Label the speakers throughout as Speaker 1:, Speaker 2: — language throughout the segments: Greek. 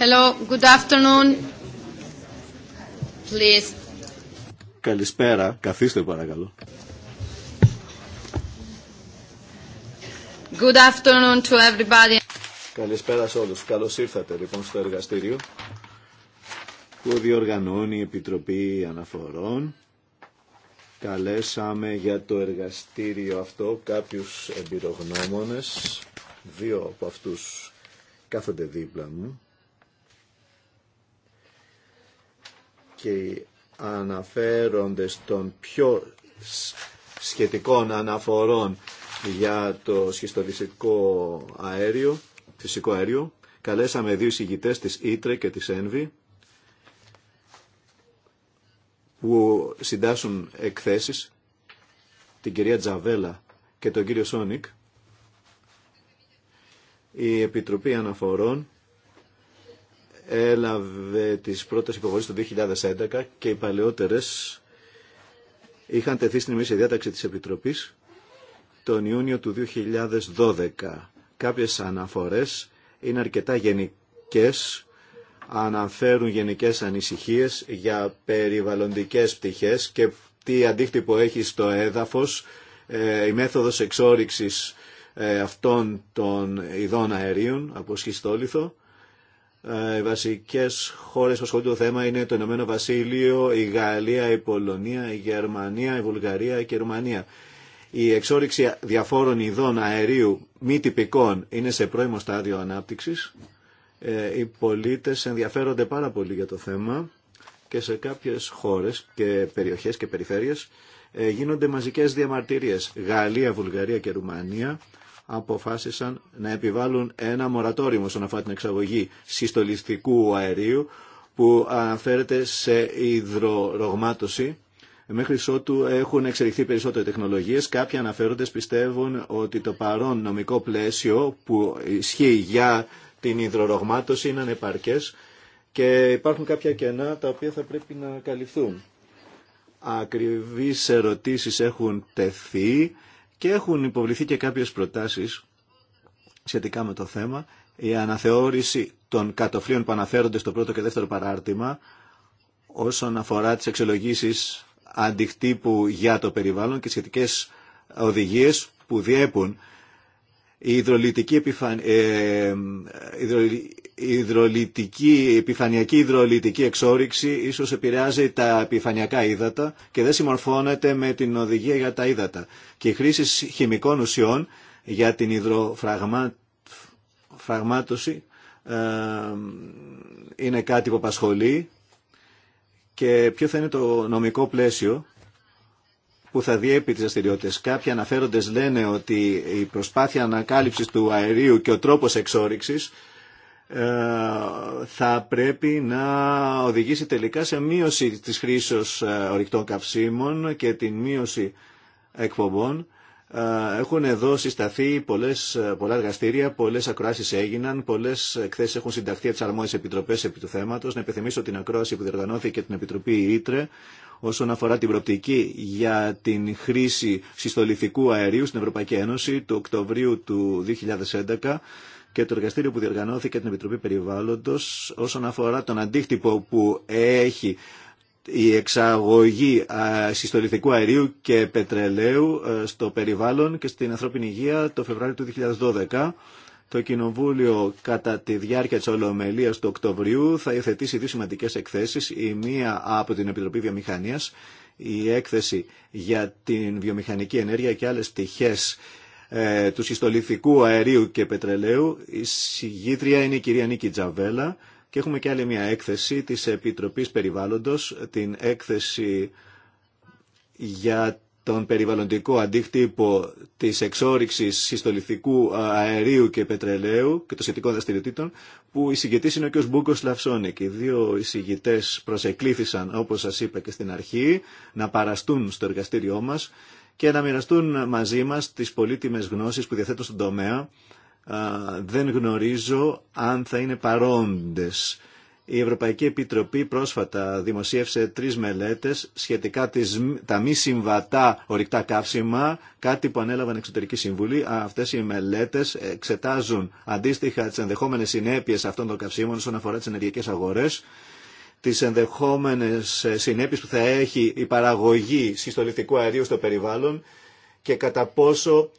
Speaker 1: Hello, good afternoon. Please.
Speaker 2: Καλησπέρα, καθίστε παρακαλώ.
Speaker 1: Good afternoon to everybody.
Speaker 2: Καλησπέρα σε όλους. Καλώς ήρθατε λοιπόν στο εργαστήριο που διοργανώνει η Επιτροπή Αναφορών. Καλέσαμε για το εργαστήριο αυτό κάποιους εμπειρογνώμονες. Δύο από αυτούς κάθονται δίπλα μου και αναφέρονται στον πιο σχετικών αναφορών για το σχιστοδυσικό αέριο, φυσικό αέριο. Καλέσαμε δύο συγγητές της Ήτρε και της Ένβη που συντάσσουν εκθέσεις, την κυρία Τζαβέλα και τον κύριο Σόνικ. Η Επιτροπή Αναφορών έλαβε τις πρώτες υποχωρήσεις το 2011 και οι παλαιότερες είχαν τεθεί στην ημερήσια διάταξη της Επιτροπής τον Ιούνιο του 2012. Κάποιες αναφορές είναι αρκετά γενικές, αναφέρουν γενικές ανησυχίες για περιβαλλοντικές πτυχές και τι αντίκτυπο έχει στο έδαφος ε, η μέθοδος εξόριξης ε, αυτών των ειδών αερίων από σχιστόλιθο ε, οι βασικέ χώρε που ασχολούνται το θέμα είναι το Ηνωμένο Βασίλειο, η Γαλλία, η Πολωνία, η Γερμανία, η Βουλγαρία και η Ρουμανία. Η εξόριξη διαφόρων ειδών αερίου μη τυπικών είναι σε πρώιμο στάδιο ανάπτυξης. Ε, οι πολίτες ενδιαφέρονται πάρα πολύ για το θέμα και σε κάποιες χώρες και περιοχές και περιφέρειες ε, γίνονται μαζικέ διαμαρτυρίε. Γαλλία, Βουλγαρία και Ρουμανία αποφάσισαν να επιβάλλουν ένα μορατόριο όσον αφορά εξαγωγή συστολιστικού αερίου που αναφέρεται σε υδρορογμάτωση. Μέχρι ότου έχουν εξελιχθεί περισσότερες τεχνολογίες. Κάποιοι αναφέροντες πιστεύουν ότι το παρόν νομικό πλαίσιο που ισχύει για την υδρορογμάτωση είναι ανεπαρκές και υπάρχουν κάποια κενά τα οποία θα πρέπει να καλυφθούν. Ακριβείς ερωτήσεις έχουν τεθεί και έχουν υποβληθεί και κάποιες προτάσεις σχετικά με το θέμα. Η αναθεώρηση των κατοφλίων που αναφέρονται στο πρώτο και δεύτερο παράρτημα όσον αφορά τις εξολογήσεις αντιχτύπου για το περιβάλλον και σχετικές οδηγίες που διέπουν η υδρολυτική, ε, υδρολυτική, επιφανειακή υδρολυτική εξόριξη ίσως επηρεάζει τα επιφανειακά ύδατα και δεν συμμορφώνεται με την οδηγία για τα ύδατα. Και η χρήση χημικών ουσιών για την υδροφραγμάτωση ε, είναι κάτι που απασχολεί και ποιο θα είναι το νομικό πλαίσιο που θα διέπει τι δραστηριότητε. Κάποιοι αναφέροντε λένε ότι η προσπάθεια ανακάλυψη του αερίου και ο τρόπο εξόριξη ε, θα πρέπει να οδηγήσει τελικά σε μείωση της χρήσης ε, ορυκτών καυσίμων και την μείωση εκπομπών. Ε, έχουν εδώ συσταθεί πολλές, πολλά εργαστήρια, πολλές ακροάσεις έγιναν, πολλές εκθέσεις έχουν συνταχθεί από τις αρμόδιες επιτροπές επί του θέματος. Να επιθυμίσω την ακρόαση που διοργανώθηκε την Επιτροπή Ήτρε, όσον αφορά την προοπτική για την χρήση συστολιθικού αερίου στην Ευρωπαϊκή Ένωση του Οκτωβρίου του 2011 και το εργαστήριο που διοργανώθηκε την Επιτροπή Περιβάλλοντος όσον αφορά τον αντίκτυπο που έχει η εξαγωγή συστολιθικού αερίου και πετρελαίου ε, στο περιβάλλον και στην ανθρώπινη υγεία το Φεβράριο του 2012 το Κοινοβούλιο κατά τη διάρκεια της Ολομελίας του Οκτωβριού θα υιοθετήσει δύο σημαντικές εκθέσεις. Η μία από την Επιτροπή Βιομηχανίας, η έκθεση για την βιομηχανική ενέργεια και άλλες πτυχές ε, του συστολιθικού αερίου και πετρελαίου. Η συγγήτρια είναι η κυρία Νίκη Τζαβέλα και έχουμε και άλλη μια έκθεση της Επιτροπής Περιβάλλοντος, την έκθεση για τον περιβαλλοντικό αντίκτυπο της εξόριξης συστολιθικού αερίου και πετρελαίου και των σχετικών δραστηριοτήτων που η είναι ο κ. Μπούκος Λαυσόνικ. Οι δύο εισηγητές προσεκλήθησαν, όπως σας είπα και στην αρχή, να παραστούν στο εργαστήριό μας και να μοιραστούν μαζί μας τις πολύτιμες γνώσεις που διαθέτουν στον τομέα. Δεν γνωρίζω αν θα είναι παρόντες η Ευρωπαϊκή Επιτροπή πρόσφατα δημοσίευσε τρεις μελέτες σχετικά τα μη συμβατά ορυκτά καύσιμα, κάτι που ανέλαβαν εξωτερική συμβουλή. Αυτές οι μελέτες εξετάζουν αντίστοιχα τις ενδεχόμενες συνέπειες αυτών των καυσίμων όσον αφορά τις ενεργειακές αγορές, τις ενδεχόμενες ε, συνέπειες που θα έχει η παραγωγή συστολιστικού αερίου στο περιβάλλον και κατά πόσο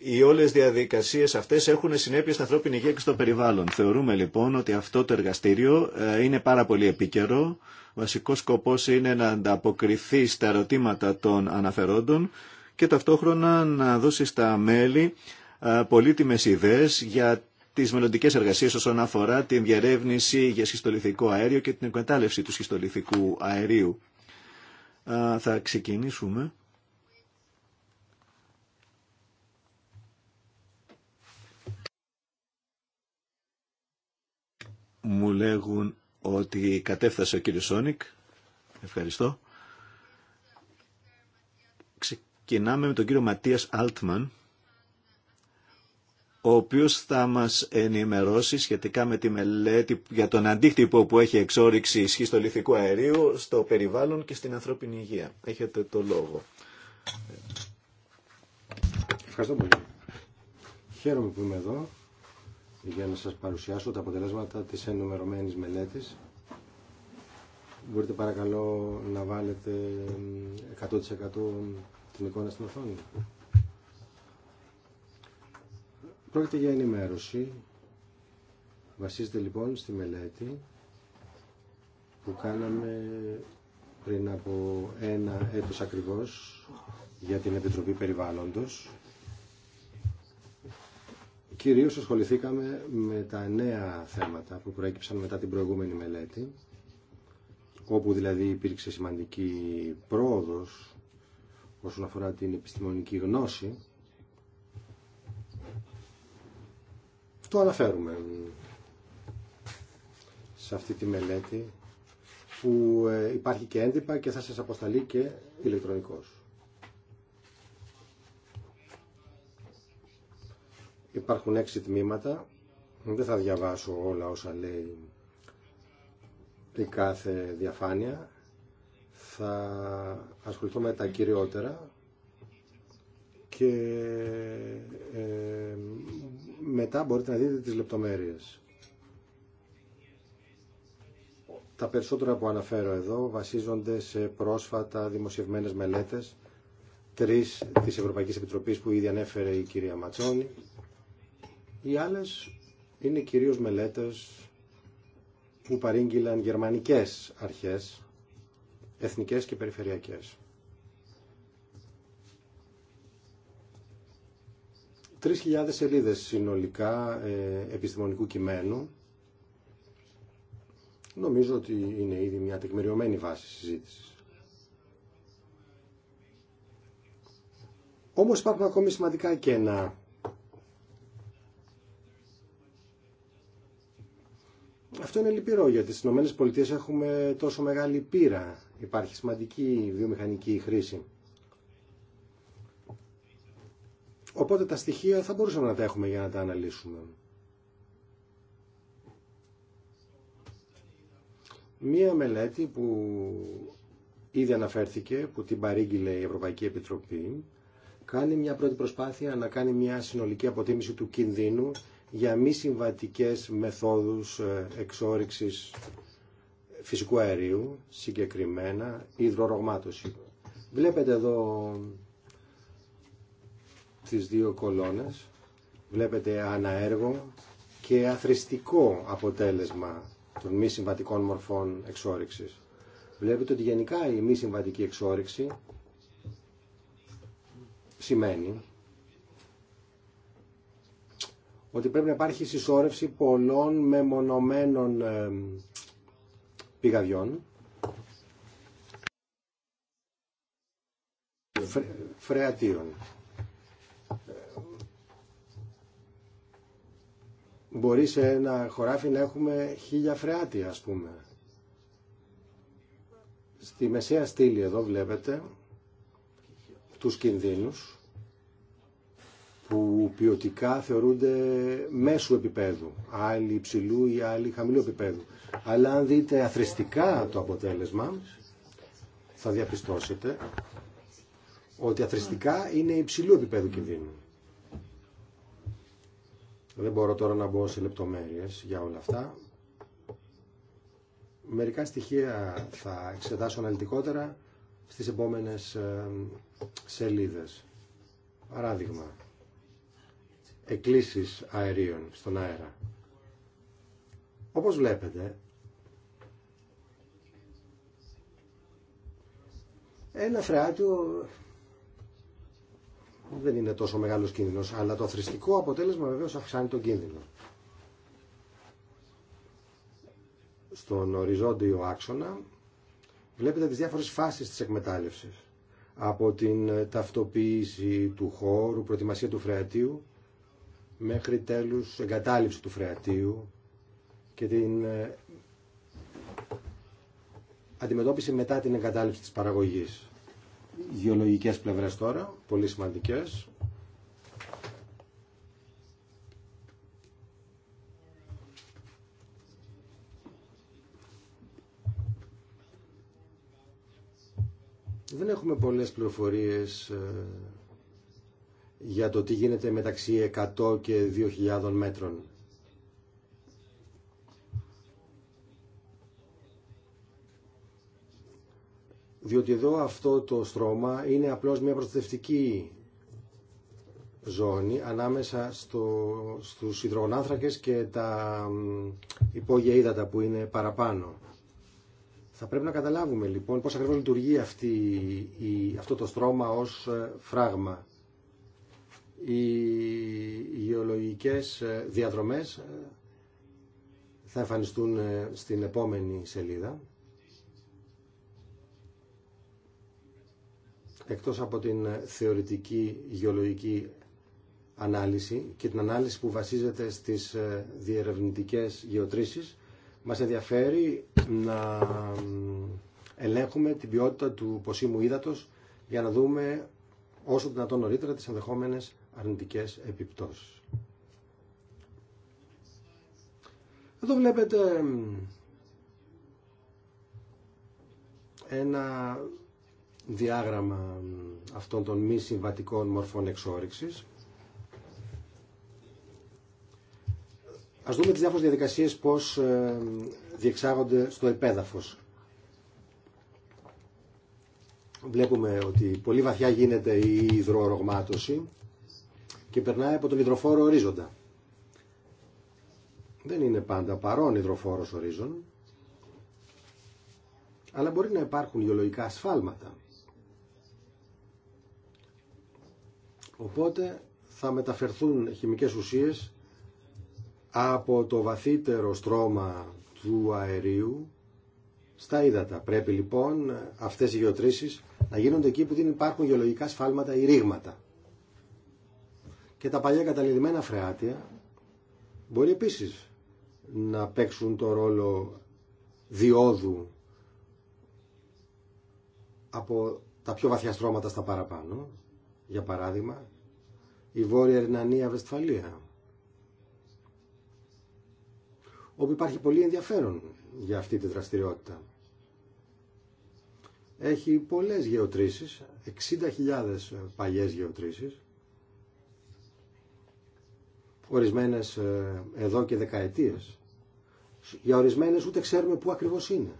Speaker 2: οι όλε διαδικασίε αυτέ έχουν συνέπειε στην ανθρώπινη υγεία και στο περιβάλλον. Θεωρούμε λοιπόν ότι αυτό το εργαστήριο ε, είναι πάρα πολύ επίκαιρο. Βασικό σκοπό είναι να ανταποκριθεί στα ερωτήματα των αναφερόντων και ταυτόχρονα να δώσει στα μέλη ε, πολύτιμε ιδέε για τι μελλοντικέ εργασίε όσον αφορά την διερεύνηση για σχιστολιθικό αέριο και την εκμετάλλευση του σχιστολιθικού αερίου. Ε, θα ξεκινήσουμε Μου λέγουν ότι κατέφθασε ο κύριος Σόνικ. Ευχαριστώ. Ξεκινάμε με τον κύριο Ματίας Αλτμαν, ο οποίος θα μας ενημερώσει σχετικά με τη μελέτη για τον αντίκτυπο που έχει εξόριξη ισχύ στο λιθικό αερίο στο περιβάλλον και στην ανθρώπινη υγεία. Έχετε το λόγο.
Speaker 3: Ευχαριστώ πολύ. Χαίρομαι που είμαι εδώ για να σας παρουσιάσω τα αποτελέσματα της ενημερωμένης μελέτης. Μπορείτε παρακαλώ να βάλετε 100% την εικόνα στην οθόνη. Πρόκειται για ενημέρωση. Βασίζεται λοιπόν στη μελέτη που κάναμε πριν από ένα έτος ακριβώς για την Επιτροπή Περιβάλλοντος Κυρίως ασχοληθήκαμε με τα νέα θέματα που προέκυψαν μετά την προηγούμενη μελέτη, όπου δηλαδή υπήρξε σημαντική πρόοδος όσον αφορά την επιστημονική γνώση. Το αναφέρουμε σε αυτή τη μελέτη που ε, υπάρχει και έντυπα και θα σας αποσταλεί και ηλεκτρονικός. Υπάρχουν έξι τμήματα. Δεν θα διαβάσω όλα όσα λέει η κάθε διαφάνεια. Θα ασχοληθώ με τα κυριότερα και ε, μετά μπορείτε να δείτε τις λεπτομέρειες. Τα περισσότερα που αναφέρω εδώ βασίζονται σε πρόσφατα δημοσιευμένες μελέτες, τρεις της Ευρωπαϊκής Επιτροπής που ήδη ανέφερε η κυρία Ματσόνη, οι άλλες είναι κυρίως μελέτες που παρήγγειλαν γερμανικές αρχές, εθνικές και περιφερειακές. Τρεις χιλιάδες σελίδες συνολικά ε, επιστημονικού κειμένου. Νομίζω ότι είναι ήδη μια τεκμηριωμένη βάση συζήτησης. Όμως υπάρχουν ακόμη σημαντικά κενά Αυτό είναι λυπηρό γιατί στι ΗΠΑ έχουμε τόσο μεγάλη πείρα. Υπάρχει σημαντική βιομηχανική χρήση. Οπότε τα στοιχεία θα μπορούσαμε να τα έχουμε για να τα αναλύσουμε. Μία μελέτη που ήδη αναφέρθηκε, που την παρήγγειλε η Ευρωπαϊκή Επιτροπή, κάνει μια πρώτη προσπάθεια να κάνει μια συνολική αποτίμηση του κινδύνου για μη συμβατικές μεθόδους ε, εξόρυξης φυσικού αερίου, συγκεκριμένα υδρορογμάτωση. Βλέπετε εδώ τις δύο κολόνες, βλέπετε αναέργο και αθρηστικό αποτέλεσμα των μη συμβατικών μορφών εξόρυξης. Βλέπετε ότι γενικά η μη συμβατική εξόρυξη σημαίνει ότι πρέπει να υπάρχει συσσόρευση πολλών μεμονωμένων ε, πηγαδιών. Φρε, φρεατίων. Μπορεί σε ένα χωράφι να έχουμε χίλια φρεάτια, ας πούμε. Στη μεσαία στήλη εδώ βλέπετε τους κινδύνους που ποιοτικά θεωρούνται μέσου επίπεδου, άλλοι υψηλού ή άλλοι χαμηλού επίπεδου. Αλλά αν δείτε αθρηστικά το αποτέλεσμα, θα διαπιστώσετε ότι αθρηστικά είναι υψηλού επίπεδου κινδύνου. Δεν μπορώ τώρα να μπω σε λεπτομέρειες για όλα αυτά. Μερικά στοιχεία θα εξετάσω αναλυτικότερα στις επόμενες ε, σελίδες. Παράδειγμα, εκκλήσεις αερίων στον αέρα. Όπως βλέπετε, ένα φρεάτιο δεν είναι τόσο μεγάλος κίνδυνος, αλλά το θρηστικό αποτέλεσμα βεβαίως αυξάνει τον κίνδυνο. Στον οριζόντιο άξονα βλέπετε τις διάφορες φάσεις της εκμετάλλευσης. Από την ταυτοποίηση του χώρου, προετοιμασία του φρεατίου, μέχρι τέλους εγκατάλειψη του φρεατίου και την ε, αντιμετώπιση μετά την εγκατάλειψη της παραγωγής. Γεωλογικές πλευρές τώρα, πολύ σημαντικές. Δεν έχουμε πολλές πληροφορίες ε, για το τι γίνεται μεταξύ 100 και 2.000 μέτρων. Διότι εδώ αυτό το στρώμα είναι απλώς μια προστατευτική ζώνη ανάμεσα στο, στους υδρογονάνθρακες και τα υπόγεια ύδατα που είναι παραπάνω. Θα πρέπει να καταλάβουμε λοιπόν πώς ακριβώς λειτουργεί αυτή, η, αυτό το στρώμα ως ε, φράγμα οι γεωλογικές ε, διαδρομές ε, θα εμφανιστούν ε, στην επόμενη σελίδα. Εκτός από την θεωρητική γεωλογική ανάλυση και την ανάλυση που βασίζεται στις διερευνητικές γεωτρήσεις, μας ενδιαφέρει να ελέγχουμε την ποιότητα του ποσίμου ύδατος για να δούμε όσο δυνατόν νωρίτερα τις ενδεχόμενες αρνητικές επιπτώσεις. Εδώ βλέπετε ένα διάγραμμα αυτών των μη συμβατικών μορφών εξόριξης. Ας δούμε τις διάφορες διαδικασίες πώς ε, διεξάγονται στο επέδαφος. Βλέπουμε ότι πολύ βαθιά γίνεται η υδροορογμάτωση και περνάει από τον υδροφόρο ορίζοντα. Δεν είναι πάντα παρόν υδροφόρος ορίζον, αλλά μπορεί να υπάρχουν γεωλογικά ασφάλματα. Οπότε θα μεταφερθούν χημικές ουσίες από το βαθύτερο στρώμα του αερίου στα ύδατα. Πρέπει λοιπόν αυτές οι γεωτρήσεις να γίνονται εκεί που δεν υπάρχουν γεωλογικά σφάλματα ή ρήγματα και τα παλιά εγκαταλειδημένα φρεάτια μπορεί επίσης να παίξουν το ρόλο διόδου από τα πιο βαθιά στρώματα στα παραπάνω. Για παράδειγμα, η Βόρεια Ρινανία Ερνανία-Βεστφαλία, όπου υπάρχει πολύ ενδιαφέρον για αυτή τη δραστηριότητα. Έχει πολλές γεωτρήσεις, 60.000 παλιές γεωτρήσεις, ορισμένες ε, εδώ και δεκαετίες. Για ορισμένες ούτε ξέρουμε πού ακριβώς είναι.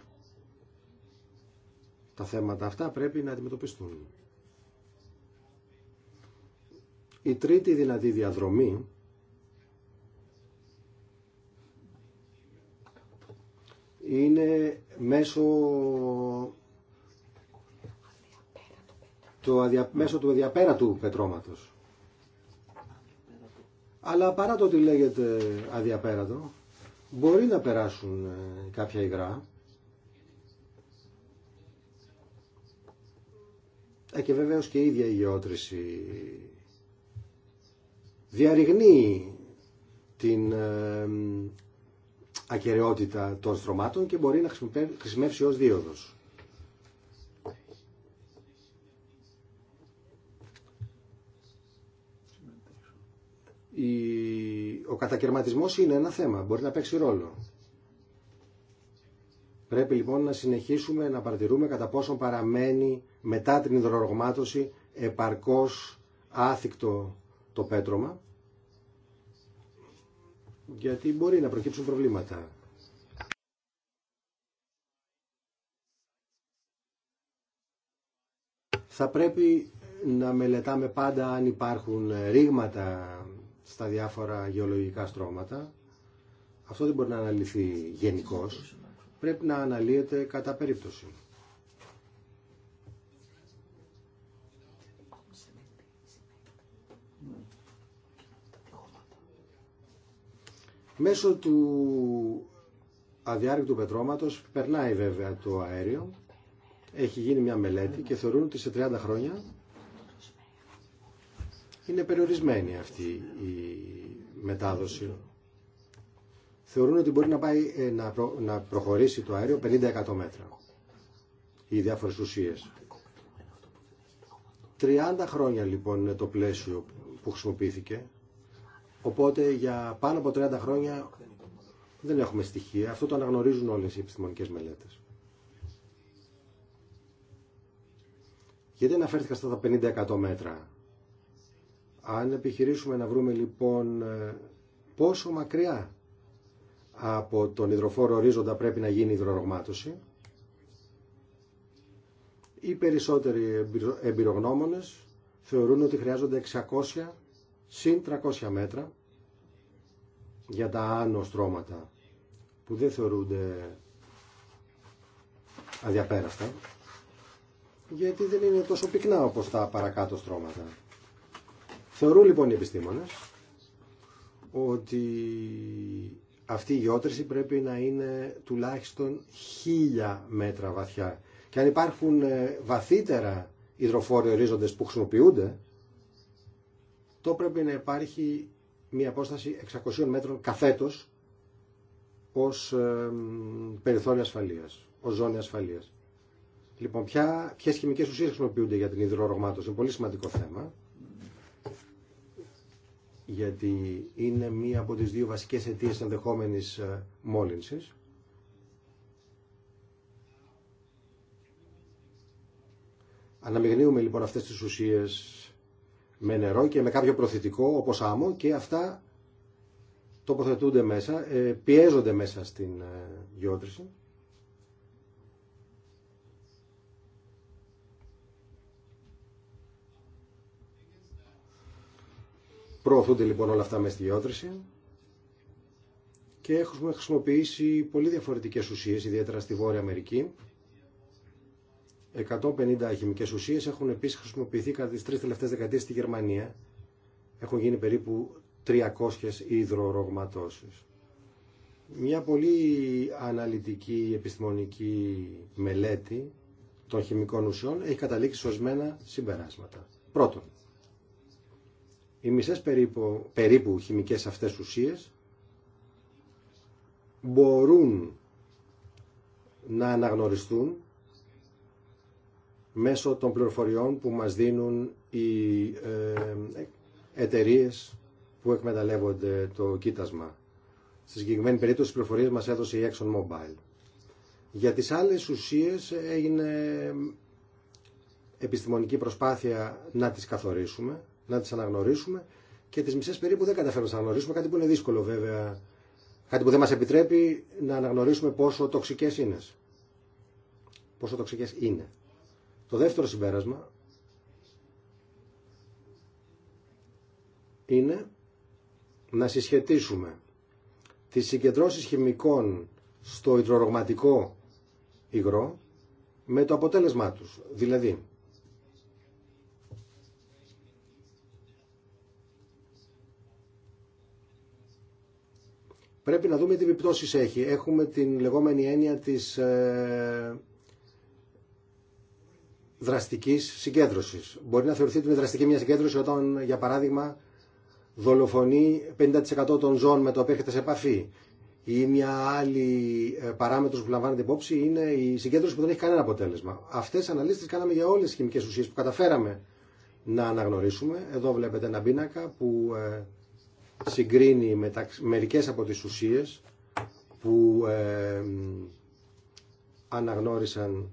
Speaker 3: Τα θέματα αυτά πρέπει να αντιμετωπιστούν. Η τρίτη δυνατή δηλαδή διαδρομή είναι μέσω το αδια... μέσω του αδιαπέρατου πετρώματος αλλά παρά το ότι λέγεται αδιαπέρατο, μπορεί να περάσουν ε, κάποια υγρά. Ε, και βεβαίως και η ίδια η γεώτρηση διαρριγνύει την ε, ακαιρεότητα των στρωμάτων και μπορεί να χρησιμεύσει ως δίωδος. ο κατακαιρματισμός είναι ένα θέμα, μπορεί να παίξει ρόλο. Πρέπει λοιπόν να συνεχίσουμε να παρατηρούμε κατά πόσο παραμένει μετά την υδρορογμάτωση επαρκώς άθικτο το πέτρωμα γιατί μπορεί να προκύψουν προβλήματα. Θα πρέπει να μελετάμε πάντα αν υπάρχουν ρήγματα στα διάφορα γεωλογικά στρώματα. Αυτό δεν μπορεί να αναλυθεί γενικώ. Πρέπει να αναλύεται κατά περίπτωση. Μέσω του αδιάρρηκτου πετρώματος περνάει βέβαια το αέριο. Έχει γίνει μια μελέτη και θεωρούν ότι σε 30 χρόνια είναι περιορισμένη αυτή η μετάδοση. Θεωρούν ότι μπορεί να, πάει, ε, να, να προχωρήσει το αέριο 50 εκατόμετρα οι διάφορες ουσίες. 30 χρόνια λοιπόν είναι το πλαίσιο που χρησιμοποιήθηκε. Οπότε για πάνω από 30 χρόνια δεν έχουμε στοιχεία. Αυτό το αναγνωρίζουν όλες οι επιστημονικές μελέτες. Γιατί αναφέρθηκα στα 50 εκατό μέτρα. Αν επιχειρήσουμε να βρούμε λοιπόν ε, πόσο μακριά από τον υδροφόρο ορίζοντα πρέπει να γίνει η υδρορογμάτωση, οι περισσότεροι εμπειρογνώμονες θεωρούν ότι χρειάζονται 600 συν 300 μέτρα για τα άνω στρώματα που δεν θεωρούνται αδιαπέραστα γιατί δεν είναι τόσο πυκνά όπως τα παρακάτω στρώματα. Θεωρούν λοιπόν οι επιστήμονες ότι αυτή η γεώτρηση πρέπει να είναι τουλάχιστον χίλια μέτρα βαθιά. Και αν υπάρχουν ε, βαθύτερα υδροφόροι ορίζοντες που χρησιμοποιούνται, το πρέπει να υπάρχει μια απόσταση 600 μέτρων καθέτος ως ε, περιθώριο ασφαλείας, ως ζώνη ασφαλείας. Λοιπόν, ποιε ποιες χημικές ουσίες χρησιμοποιούνται για την υδρορογμάτωση, είναι πολύ σημαντικό θέμα γιατί είναι μία από τις δύο βασικές αιτίες ενδεχόμενης ε, μόλυνσης. Αναμειγνύουμε λοιπόν αυτές τις ουσίες με νερό και με κάποιο προθετικό όπως άμμο και αυτά τοποθετούνται μέσα, ε, πιέζονται μέσα στην ε, γεώτρηση. Προωθούνται λοιπόν όλα αυτά με στη γεώτρηση και έχουμε χρησιμοποιήσει πολύ διαφορετικές ουσίες, ιδιαίτερα στη Βόρεια Αμερική. 150 χημικές ουσίες έχουν επίσης χρησιμοποιηθεί κατά τις τρεις τελευταίες δεκαετίες στη Γερμανία. Έχουν γίνει περίπου 300 υδρορογματώσεις. Μια πολύ αναλυτική επιστημονική μελέτη των χημικών ουσιών έχει καταλήξει σωσμένα συμπεράσματα. Πρώτον, οι μισές περίπου, περίπου χημικές αυτές ουσίες μπορούν να αναγνωριστούν μέσω των πληροφοριών που μας δίνουν οι ε, εταιρείες που εκμεταλλεύονται το κοίτασμα. Στη συγκεκριμένη περίπτωση, τις πληροφορίες μας έδωσε η Exxon Mobile. Για τις άλλες ουσίες έγινε επιστημονική προσπάθεια να τις καθορίσουμε να τι αναγνωρίσουμε και τις μισές περίπου δεν καταφέρουμε να αναγνωρίσουμε, κάτι που είναι δύσκολο βέβαια, κάτι που δεν μας επιτρέπει να αναγνωρίσουμε πόσο τοξικές είναι. Πόσο τοξικές είναι. Το δεύτερο συμπέρασμα είναι να συσχετίσουμε τις συγκεντρώσεις χημικών στο υδρορογματικό υγρό με το αποτέλεσμά τους. Δηλαδή, Πρέπει να δούμε τι επιπτώσεις έχει. Έχουμε την λεγόμενη έννοια της ε, δραστικής συγκέντρωσης. Μπορεί να θεωρηθεί ότι είναι δραστική μια συγκέντρωση όταν, για παράδειγμα, δολοφονεί 50% των ζώων με το οποίο έρχεται σε επαφή. Ή μια άλλη ε, παράμετρος που λαμβάνεται υπόψη είναι η μια αλλη παραμετρο που λαμβανεται υποψη ειναι η συγκεντρωση που δεν έχει κανένα αποτέλεσμα. Αυτές οι αναλύσεις κάναμε για όλες τις χημικές ουσίες που καταφέραμε να αναγνωρίσουμε. Εδώ βλέπετε ένα πίνακα που ε, συγκρίνει μερικές από τις ουσίες που ε, αναγνώρισαν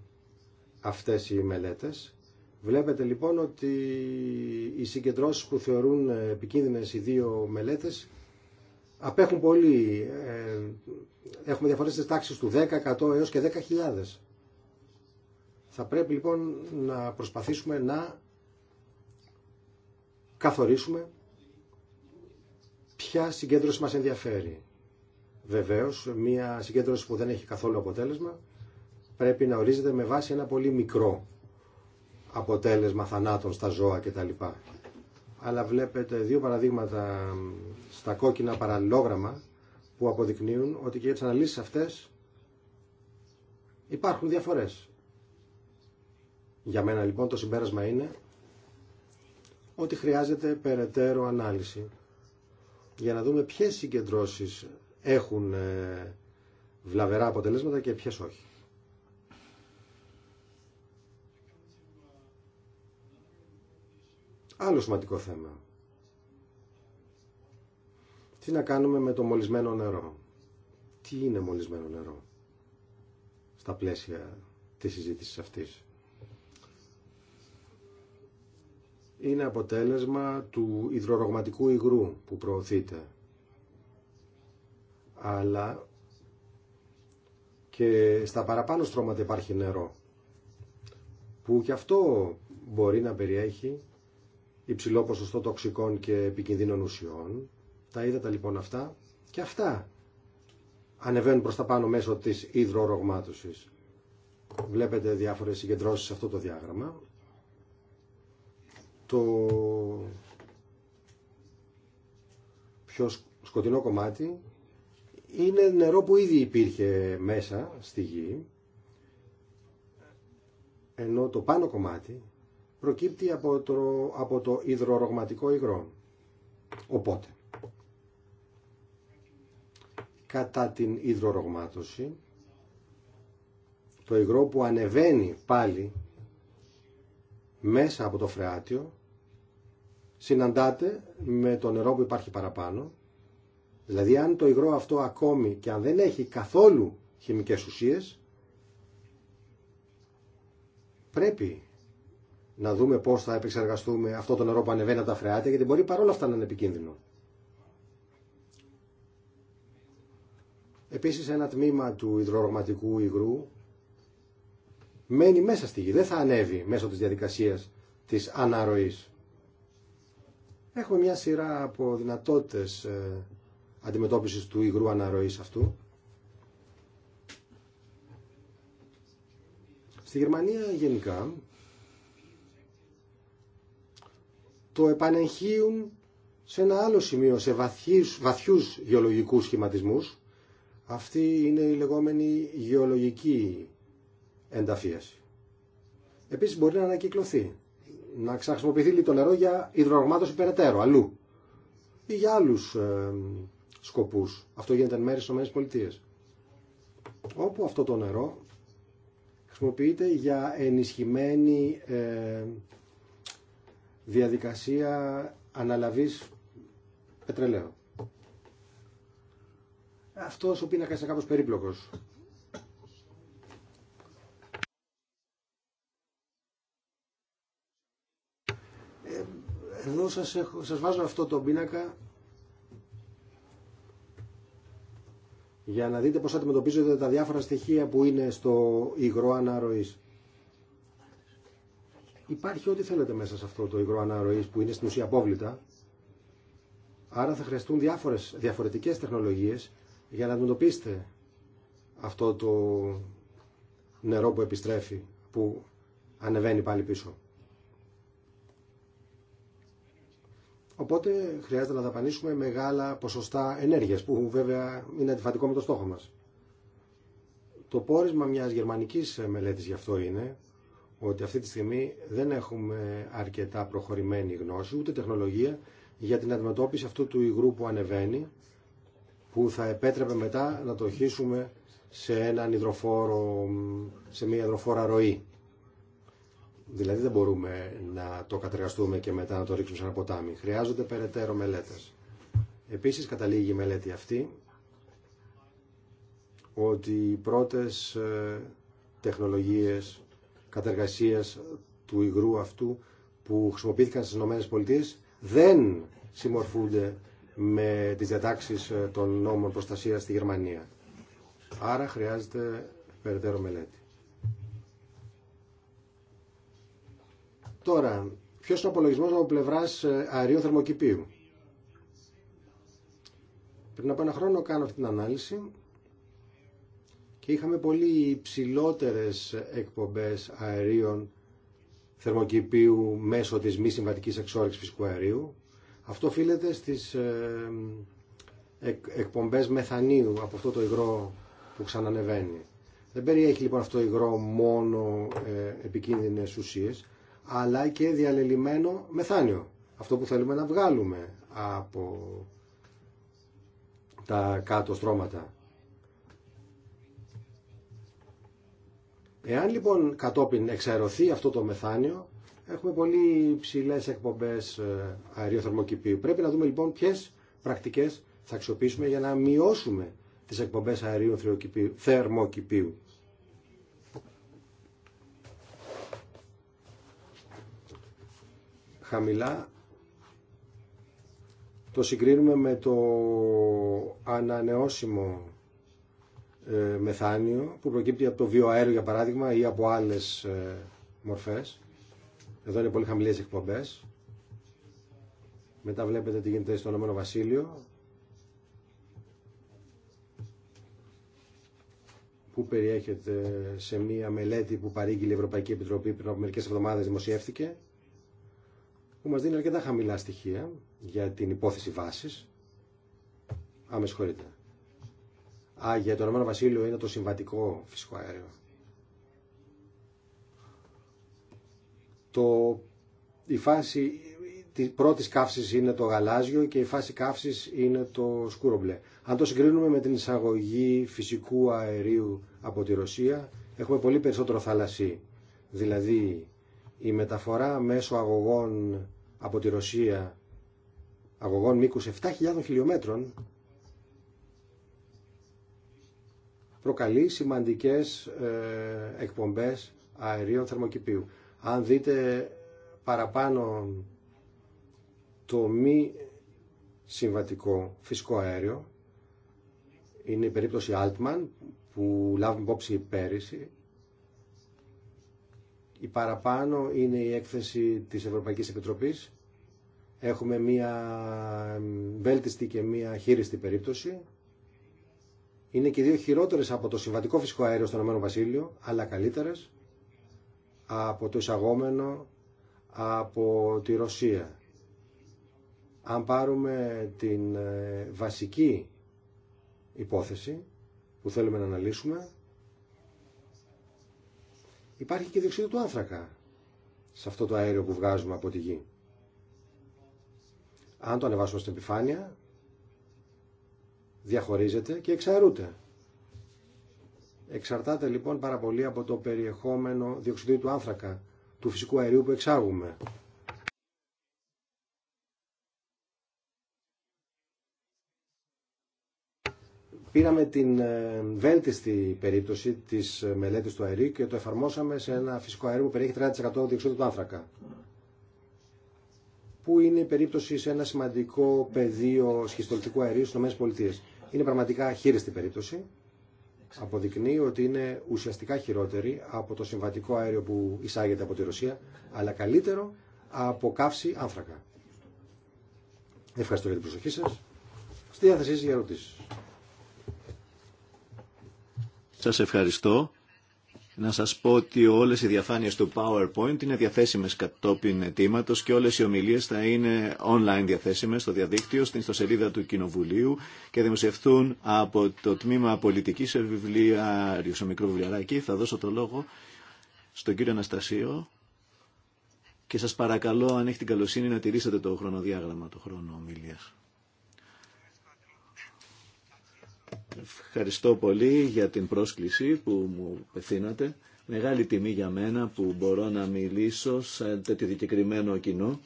Speaker 3: αυτές οι μελέτες. Βλέπετε λοιπόν ότι οι συγκεντρώσεις που θεωρούν ε, επικίνδυνες οι δύο μελέτες απέχουν πολύ. Ε, έχουμε διαφορές στις τάξεις του 10, 100 έως και 10.000. Θα πρέπει λοιπόν να προσπαθήσουμε να καθορίσουμε ποια συγκέντρωση μας ενδιαφέρει. Βεβαίως, μια συγκέντρωση που δεν έχει καθόλου αποτέλεσμα πρέπει να ορίζεται με βάση ένα πολύ μικρό αποτέλεσμα θανάτων στα ζώα κτλ. Αλλά βλέπετε δύο παραδείγματα στα κόκκινα παραλληλόγραμμα που αποδεικνύουν ότι και για τις αναλύσεις αυτές υπάρχουν διαφορές. Για μένα λοιπόν το συμπέρασμα είναι ότι χρειάζεται περαιτέρω ανάλυση για να δούμε ποιες συγκεντρώσεις έχουν ε, βλαβερά αποτελέσματα και ποιες όχι. Άλλο σημαντικό θέμα. Τι να κάνουμε με το μολυσμένο νερό. Τι είναι μολυσμένο νερό στα πλαίσια της συζήτησης αυτής. είναι αποτέλεσμα του υδρορογματικού υγρού που προωθείται. Αλλά και στα παραπάνω στρώματα υπάρχει νερό που και αυτό μπορεί να περιέχει υψηλό ποσοστό τοξικών και επικινδύνων ουσιών. Τα είδατε λοιπόν αυτά και αυτά ανεβαίνουν προς τα πάνω μέσω της υδρορογμάτωσης. Βλέπετε διάφορες συγκεντρώσεις σε αυτό το διάγραμμα το πιο σκοτεινό κομμάτι είναι νερό που ήδη υπήρχε μέσα στη γη ενώ το πάνω κομμάτι προκύπτει από το, από το υδρορογματικό υγρό. Οπότε, κατά την υδρορογμάτωση, το υγρό που ανεβαίνει πάλι μέσα από το φρεάτιο συναντάται με το νερό που υπάρχει παραπάνω. Δηλαδή αν το υγρό αυτό ακόμη και αν δεν έχει καθόλου χημικές ουσίες, πρέπει να δούμε πώς θα επεξεργαστούμε αυτό το νερό που ανεβαίνει από τα φρεάτια, γιατί μπορεί παρόλα αυτά να είναι επικίνδυνο. Επίσης ένα τμήμα του υδρορογματικού υγρού μένει μέσα στη γη, δεν θα ανέβει μέσω της διαδικασίας της αναρροής. Έχουμε μια σειρά από δυνατότητες ε, αντιμετώπισης του υγρού αναρροής αυτού. Στη Γερμανία γενικά το επανεγχύουν σε ένα άλλο σημείο, σε βαθιούς, βαθιούς γεωλογικούς σχηματισμούς. Αυτή είναι η λεγόμενη γεωλογική ενταφίαση. Επίσης μπορεί να ανακυκλωθεί να χρησιμοποιηθεί το νερό για υδρογμάτωση περαιτέρω, αλλού. Ή για άλλου ε, σκοπούς. Αυτό γίνεται εν μέρει στις ΗΠΑ. Όπου αυτό το νερό χρησιμοποιείται για ενισχυμένη ε, διαδικασία αναλαβής πετρελαίου. Αυτός ο πίνακας είναι κάπως περίπλοκος. Εδώ σας, σας βάζω αυτό το πίνακα για να δείτε πώς αντιμετωπίζετε τα διάφορα στοιχεία που είναι στο υγρό αναρροής. Υπάρχει ό,τι θέλετε μέσα σε αυτό το υγρό αναρροής που είναι στην ουσία απόβλητα. Άρα θα χρειαστούν διάφορες, διαφορετικές τεχνολογίες για να αντιμετωπίσετε αυτό το νερό που επιστρέφει, που ανεβαίνει πάλι πίσω. Οπότε χρειάζεται να δαπανίσουμε μεγάλα ποσοστά ενέργειας που βέβαια είναι αντιφατικό με το στόχο μας. Το πόρισμα μιας γερμανικής μελέτης γι' αυτό είναι ότι αυτή τη στιγμή δεν έχουμε αρκετά προχωρημένη γνώση ούτε τεχνολογία για την αντιμετώπιση αυτού του υγρού που ανεβαίνει που θα επέτρεπε μετά να το χύσουμε σε έναν υδροφόρο, σε μια υδροφόρα ροή. Δηλαδή δεν μπορούμε να το κατεργαστούμε και μετά να το ρίξουμε σε ένα ποτάμι. Χρειάζονται περαιτέρω μελέτες. Επίσης καταλήγει η μελέτη αυτή ότι οι πρώτες ε, τεχνολογίες κατεργασίας του υγρού αυτού που χρησιμοποιήθηκαν στις ΗΠΑ δεν συμμορφούνται με τις διατάξεις ε, των νόμων προστασίας στη Γερμανία. Άρα χρειάζεται περαιτέρω μελέτη. Τώρα, ποιος είναι ο απολογισμός από πλευράς ε, αερίου θερμοκηπίου. Πριν από ένα χρόνο κάνω αυτή την ανάλυση και είχαμε πολύ υψηλότερες εκπομπές αερίων θερμοκηπίου μέσω της μη συμβατικής εξόρυξης φυσικού αερίου. Αυτό οφείλεται στις ε, εκπομπές μεθανίου από αυτό το υγρό που ξανανεβαίνει. Δεν περιέχει λοιπόν αυτό το υγρό μόνο ε, επικίνδυνες ουσίες, αλλά και διαλελειμμένο μεθάνιο. Αυτό που θέλουμε να βγάλουμε από τα κάτω στρώματα. Εάν λοιπόν κατόπιν εξαερωθεί αυτό το μεθάνιο, έχουμε πολύ ψηλές εκπομπές ε, αεριοθερμοκηπίου. Πρέπει να δούμε λοιπόν ποιες πρακτικές θα αξιοποιήσουμε για να μειώσουμε τις εκπομπές αερίου θερμοκηπίου. χαμηλά το συγκρίνουμε με το ανανεώσιμο ε, μεθάνιο που προκύπτει από το βιοαέριο για παράδειγμα ή από άλλες ε, μορφές. Εδώ είναι πολύ χαμηλές εκπομπές. Μετά βλέπετε τι γίνεται στο Ηνωμένο Βασίλειο που περιέχεται σε μία μελέτη που παρήγγειλε η Ευρωπαϊκή Επιτροπή πριν από μερικές εβδομάδες δημοσιεύτηκε που μας δίνει αρκετά χαμηλά στοιχεία για την υπόθεση βάσης. Α, με συγχωρείτε. Α, για το Ρωμανό Βασίλειο είναι το συμβατικό φυσικό αέριο. Το, η φάση τη πρώτη καύση είναι το γαλάζιο και η φάση καύση είναι το σκούρο μπλε. Αν το συγκρίνουμε με την εισαγωγή φυσικού αερίου από τη Ρωσία, έχουμε πολύ περισσότερο θαλασσί. Δηλαδή, η μεταφορά μέσω αγωγών από τη Ρωσία αγωγών μήκους 7.000 χιλιόμετρων προκαλεί σημαντικές ε, εκπομπές αερίων θερμοκηπίου. Αν δείτε παραπάνω το μη συμβατικό φυσικό αέριο, είναι η περίπτωση Altman που λάβουμε υπόψη πέρυσι, η παραπάνω είναι η έκθεση της Ευρωπαϊκής Επιτροπής. Έχουμε μία βέλτιστη και μία χείριστη περίπτωση. Είναι και δύο χειρότερες από το συμβατικό φυσικό αέριο στον Ηνωμένο Βασίλειο, αλλά καλύτερες από το εισαγόμενο από τη Ρωσία. Αν πάρουμε την ε, βασική υπόθεση που θέλουμε να αναλύσουμε, Υπάρχει και διοξείδιο του άνθρακα σε αυτό το αέριο που βγάζουμε από τη γη. Αν το ανεβάσουμε στην επιφάνεια, διαχωρίζεται και εξαερούται. Εξαρτάται λοιπόν πάρα πολύ από το περιεχόμενο διοξιδίου του άνθρακα, του φυσικού αερίου που εξάγουμε. Πήραμε την ε, βέλτιστη περίπτωση τη ε, μελέτη του αερίου και το εφαρμόσαμε σε ένα φυσικό αέριο που περιέχει 30% διοξείδιο του άνθρακα. Που είναι η περίπτωση σε ένα σημαντικό πεδίο σχιστολτικού αερίου στις ΗΠΑ. Είναι πραγματικά χείριστη περίπτωση. Αποδεικνύει ότι είναι ουσιαστικά χειρότερη από το συμβατικό αέριο που εισάγεται από τη Ρωσία, αλλά καλύτερο από καύση άνθρακα. Ευχαριστώ για την προσοχή σας. Στη διάθεσή σα για ερωτήσεις.
Speaker 2: Σας ευχαριστώ. Να σας πω ότι όλες οι διαφάνειες του PowerPoint είναι διαθέσιμες κατόπιν αιτήματο και όλες οι ομιλίες θα είναι online διαθέσιμες στο διαδίκτυο, στην ιστοσελίδα του Κοινοβουλίου και δημοσιευθούν από το τμήμα πολιτικής σε βιβλία, σε μικρό βιβλιαράκι. Θα δώσω το λόγο στον κύριο Αναστασίο και σας παρακαλώ αν έχει την καλοσύνη να τηρήσετε το χρονοδιάγραμμα του χρόνου ομιλίας. Ευχαριστώ πολύ για την πρόσκληση που μου πεθύνατε. Μεγάλη τιμή για μένα που μπορώ να μιλήσω σε τέτοιο δικαιωμένο κοινό.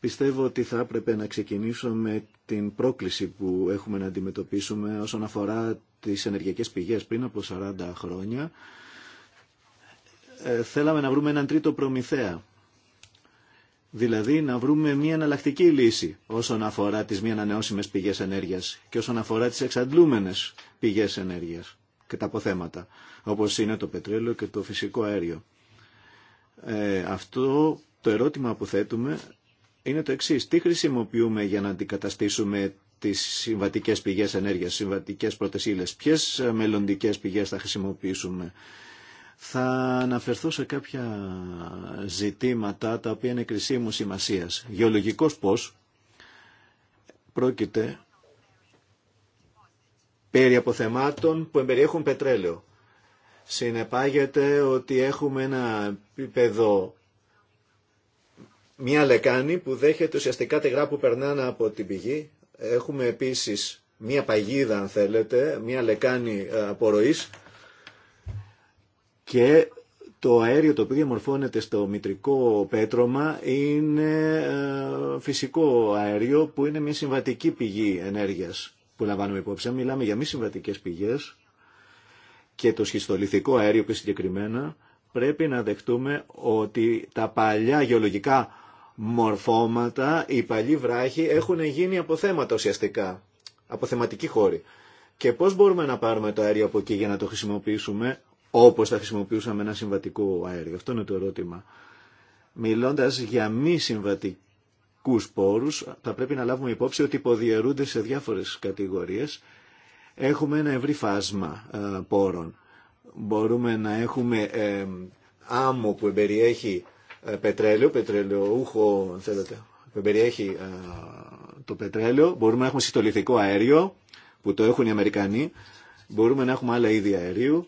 Speaker 2: Πιστεύω ότι θα έπρεπε να ξεκινήσω με την πρόκληση που έχουμε να αντιμετωπίσουμε όσον αφορά τις ενεργειακές πηγές πριν από 40 χρόνια. Ε, θέλαμε να βρούμε έναν τρίτο προμηθέα Δηλαδή να βρούμε μια εναλλακτική λύση όσον αφορά τις μη ανανεώσιμες πηγές ενέργειας και όσον αφορά τις εξαντλούμενες πηγές ενέργειας και τα αποθέματα, όπως είναι το πετρέλαιο και το φυσικό αέριο. Ε, αυτό το ερώτημα που θέτουμε είναι το εξής. Τι χρησιμοποιούμε για να αντικαταστήσουμε τις συμβατικές πηγές ενέργειας, συμβατικές πρώτες ύλες. Ποιες μελλοντικές πηγές θα χρησιμοποιήσουμε θα αναφερθώ σε κάποια ζητήματα τα οποία είναι κρισίμου σημασίας. Γεωλογικός πώς πρόκειται περί αποθεμάτων που εμπεριέχουν πετρέλαιο. Συνεπάγεται ότι έχουμε ένα επίπεδο μία λεκάνη που δέχεται ουσιαστικά τη που περνάνε από την πηγή. Έχουμε επίσης μία παγίδα αν θέλετε, μία λεκάνη ε, απορροής και το αέριο το οποίο διαμορφώνεται στο μητρικό πέτρωμα είναι ε, φυσικό αέριο που είναι μια συμβατική πηγή ενέργειας που λαμβάνουμε υπόψη. Μιλάμε για μη συμβατικές πηγές και το σχιστολιθικό αέριο πιο συγκεκριμένα πρέπει να δεχτούμε ότι τα παλιά γεωλογικά μορφώματα, οι παλιοί βράχοι έχουν γίνει αποθέματα ουσιαστικά, αποθεματικοί χώροι. Και πώς μπορούμε να πάρουμε το αέριο από εκεί για να το χρησιμοποιήσουμε όπως θα χρησιμοποιούσαμε ένα συμβατικό αέριο. Αυτό είναι το ερώτημα. Μιλώντας για μη συμβατικούς πόρους, θα πρέπει να λάβουμε υπόψη ότι υποδιαιρούνται σε διάφορες κατηγορίες. Έχουμε ένα ευρύ φάσμα ε, πόρων. Μπορούμε να έχουμε ε, άμμο που εμπεριέχει ε, πετρέλαιο, αν θέλετε, που εμπεριέχει το πετρέλαιο. Μπορούμε να έχουμε συστολιθικό αέριο, που το έχουν οι Αμερικανοί. Μπορούμε να έχουμε άλλα είδη αερίου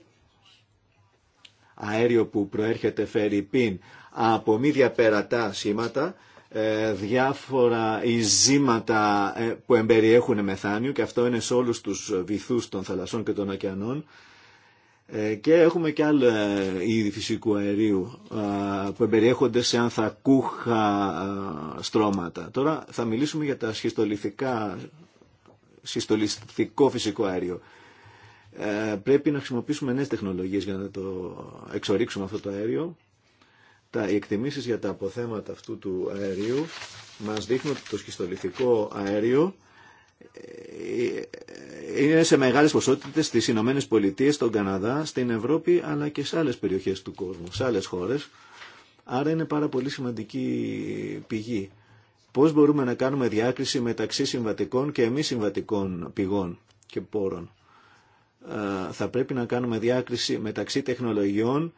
Speaker 2: αέριο που προέρχεται φερρυπίν από μη διαπερατά σήματα, ε, διάφορα ειζήματα ε, που εμπεριέχουν μεθάνιο και αυτό είναι σε όλους τους βυθούς των θαλασσών και των ωκεανών ε, και έχουμε και άλλα είδη φυσικού αερίου που εμπεριέχονται σε ανθρακούχα στρώματα. Τώρα θα μιλήσουμε για τα σχιστολιθικά, σχιστολιστικό φυσικό αέριο. Ε, πρέπει να χρησιμοποιήσουμε νέες τεχνολογίες για να το εξορίξουμε αυτό το αέριο. Τα, οι εκτιμήσεις για τα αποθέματα αυτού του αερίου μας δείχνουν ότι το σχιστολιθικό αέριο ε, είναι σε μεγάλες ποσότητες στις Ηνωμένες Πολιτείες, στον Καναδά, στην Ευρώπη αλλά και σε άλλες περιοχές του κόσμου, σε άλλες χώρες. Άρα είναι πάρα πολύ σημαντική πηγή. Πώς μπορούμε να κάνουμε διάκριση μεταξύ συμβατικών και μη συμβατικών πηγών και πόρων. Ε, θα πρέπει να κάνουμε διάκριση μεταξύ τεχνολογιών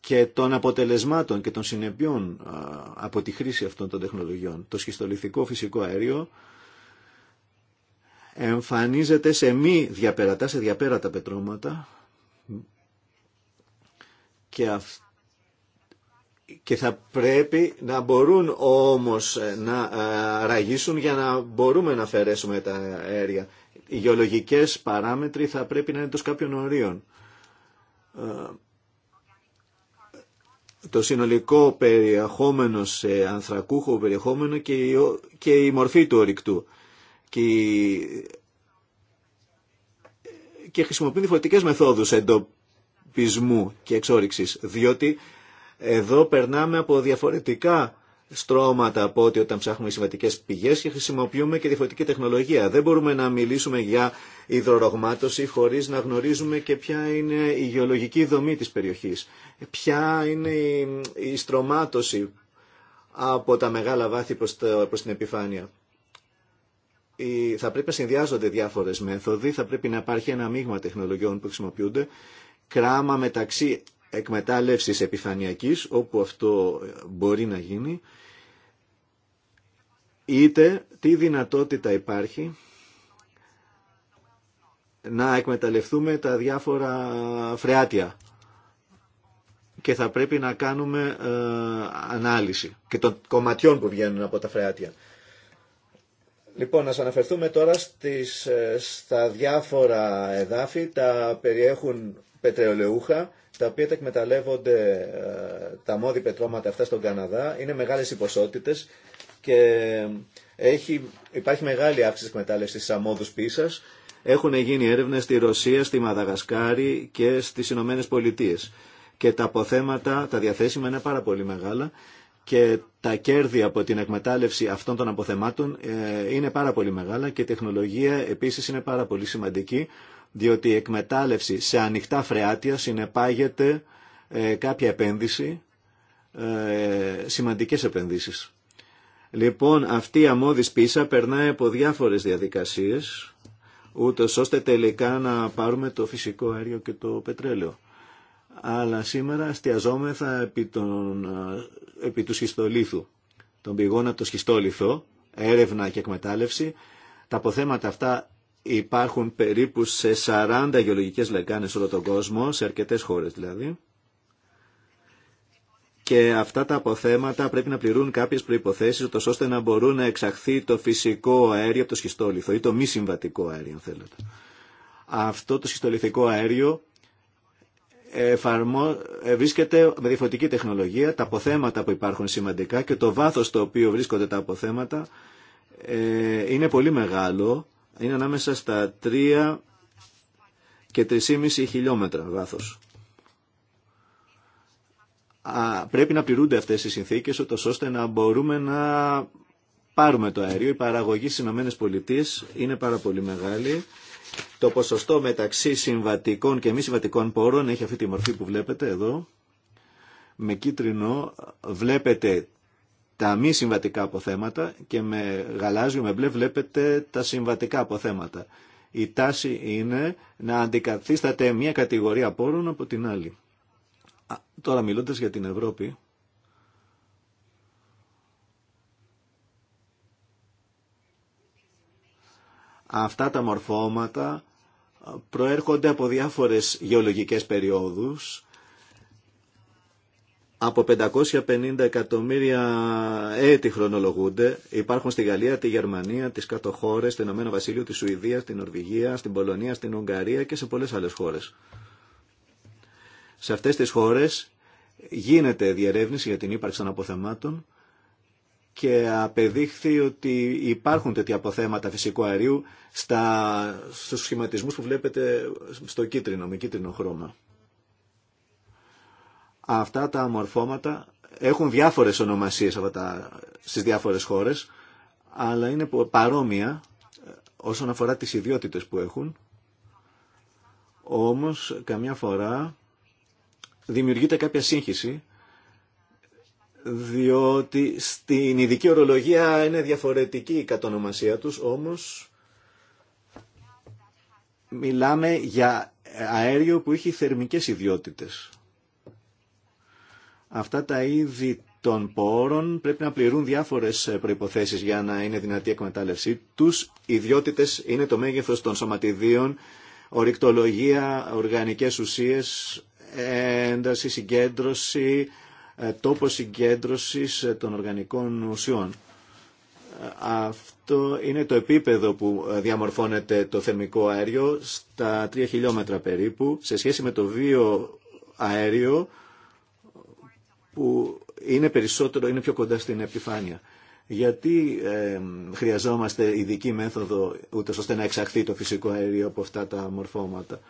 Speaker 2: και των αποτελεσμάτων και των συνεπειών ε, από τη χρήση αυτών των τεχνολογιών. Το σχιστολιθικό φυσικό αέριο εμφανίζεται σε μη διαπερατά, σε διαπέρατα πετρώματα και και θα πρέπει να μπορούν όμως να ε, ραγίσουν για να μπορούμε να αφαιρέσουμε τα αέρια οι γεωλογικές παράμετροι θα πρέπει να είναι εντός κάποιων ορίων. Ε, το συνολικό περιεχόμενο σε ανθρακούχο περιεχόμενο και η, μορφή του ορυκτού. Και, και χρησιμοποιούν διαφορετικέ μεθόδους εντοπισμού και εξόριξης, διότι εδώ περνάμε από διαφορετικά στρώματα από ότι όταν ψάχνουμε συμβατικέ πηγέ και χρησιμοποιούμε και διαφορετική τεχνολογία. Δεν μπορούμε να μιλήσουμε για υδρορογμάτωση χωρί να γνωρίζουμε και ποια είναι η γεωλογική δομή τη περιοχή. Ποια είναι η στρωμάτωση από τα μεγάλα βάθη προς, την επιφάνεια. Η, θα πρέπει να συνδυάζονται διάφορες μέθοδοι, θα πρέπει να υπάρχει ένα μείγμα τεχνολογιών που χρησιμοποιούνται, κράμα μεταξύ εκμετάλλευσης επιφανειακής, όπου αυτό μπορεί να γίνει, είτε τι δυνατότητα υπάρχει να εκμεταλλευτούμε τα διάφορα φρεάτια και θα πρέπει να κάνουμε ε, ανάλυση και των κομματιών που βγαίνουν από τα φρεάτια. Λοιπόν, να αναφερθούμε τώρα στις, ε, στα διάφορα εδάφη, τα περιέχουν πετρεολεούχα, τα οποία τα εκμεταλλεύονται ε, τα μόδι πετρώματα αυτά στον Καναδά. Είναι μεγάλες οι και έχει, υπάρχει μεγάλη αύξηση εκμετάλλευση τη αμμόδου πίσας. Έχουν γίνει έρευνες στη Ρωσία, στη Μαδαγασκάρη και στις Ηνωμένε Πολιτείε. Και τα αποθέματα, τα διαθέσιμα είναι πάρα πολύ μεγάλα και τα κέρδη από την εκμετάλλευση αυτών των αποθεμάτων ε, είναι πάρα πολύ μεγάλα και η τεχνολογία επίσης είναι πάρα πολύ σημαντική διότι η εκμετάλλευση σε ανοιχτά φρεάτια συνεπάγεται ε, κάποια επένδυση, ε, σημαντικές επενδύσεις. Λοιπόν, αυτή η αμμώδης πίσα περνάει από διάφορες διαδικασίες, ούτω ώστε τελικά να πάρουμε το φυσικό αέριο και το πετρέλαιο. Αλλά σήμερα αστιαζόμεθα επί, τον, επί του σχιστολίθου, τον πηγών από το σχιστόλιθο, έρευνα και εκμετάλλευση. Τα αποθέματα αυτά υπάρχουν περίπου σε 40 γεωλογικές λεκάνες όλο τον κόσμο, σε αρκετές χώρες δηλαδή και αυτά τα αποθέματα πρέπει να πληρούν κάποιες προϋποθέσεις ώστε να μπορούν να εξαχθεί το φυσικό αέριο από το σχιστόλιθο ή το μη συμβατικό αέριο αν θέλετε. Αυτό το σχιστολιθικό αέριο βρίσκεται με διαφορετική τεχνολογία, τα αποθέματα που υπάρχουν σημαντικά και το βάθος στο οποίο βρίσκονται τα αποθέματα ε, είναι πολύ μεγάλο, είναι ανάμεσα στα 3 και 3,5 χιλιόμετρα βάθος πρέπει να πληρούνται αυτές οι συνθήκες ώστε να μπορούμε να πάρουμε το αέριο. Η παραγωγή στις ΗΠΑ είναι πάρα πολύ μεγάλη. Το ποσοστό μεταξύ συμβατικών και μη συμβατικών πόρων έχει αυτή τη μορφή που βλέπετε εδώ. Με κίτρινο βλέπετε τα μη συμβατικά αποθέματα και με γαλάζιο, με μπλε βλέπετε τα συμβατικά αποθέματα. Η τάση είναι να αντικαθίσταται μια κατηγορία πόρων από την άλλη τώρα μιλώντας για την Ευρώπη, αυτά τα μορφώματα προέρχονται από διάφορες γεωλογικές περιόδους, από 550 εκατομμύρια έτη χρονολογούνται. Υπάρχουν στη Γαλλία, τη Γερμανία, τις κάτω χώρες, το Ηνωμένο Βασίλειο, τη Σουηδία, την Νορβηγία, στην Πολωνία, στην Ουγγαρία και σε πολλές άλλες χώρες. Σε αυτές τις χώρες γίνεται διερεύνηση για την ύπαρξη των αποθεμάτων και απεδείχθη ότι υπάρχουν τέτοια αποθέματα φυσικού αερίου στα, στους σχηματισμούς που βλέπετε στο κίτρινο, με κίτρινο χρώμα. Αυτά τα μορφώματα έχουν διάφορες ονομασίες αυτά τα, στις διάφορες χώρες, αλλά είναι παρόμοια ε, όσον αφορά τις ιδιότητες που έχουν. Όμως, καμιά φορά δημιουργείται κάποια σύγχυση διότι στην ειδική ορολογία είναι διαφορετική η κατονομασία τους, όμως μιλάμε για αέριο που έχει θερμικές ιδιότητες. Αυτά τα είδη των πόρων πρέπει να πληρούν διάφορες προϋποθέσεις για να είναι δυνατή η εκμετάλλευσή τους. ιδιότητες είναι το μέγεθος των σωματιδίων, ορυκτολογία, οργανικές ουσίες, ένταση, συγκέντρωση, ε, τόπο συγκέντρωσης ε, των οργανικών ουσιών. Ε, αυτό είναι το επίπεδο που διαμορφώνεται το θερμικό αέριο στα 3 χιλιόμετρα περίπου σε σχέση με το βίο αέριο που είναι περισσότερο, είναι πιο κοντά στην επιφάνεια. Γιατί χρειαζόμαστε ειδική μέθοδο ούτως ώστε να εξαχθεί το φυσικό αέριο από αυτά τα μορφώματα,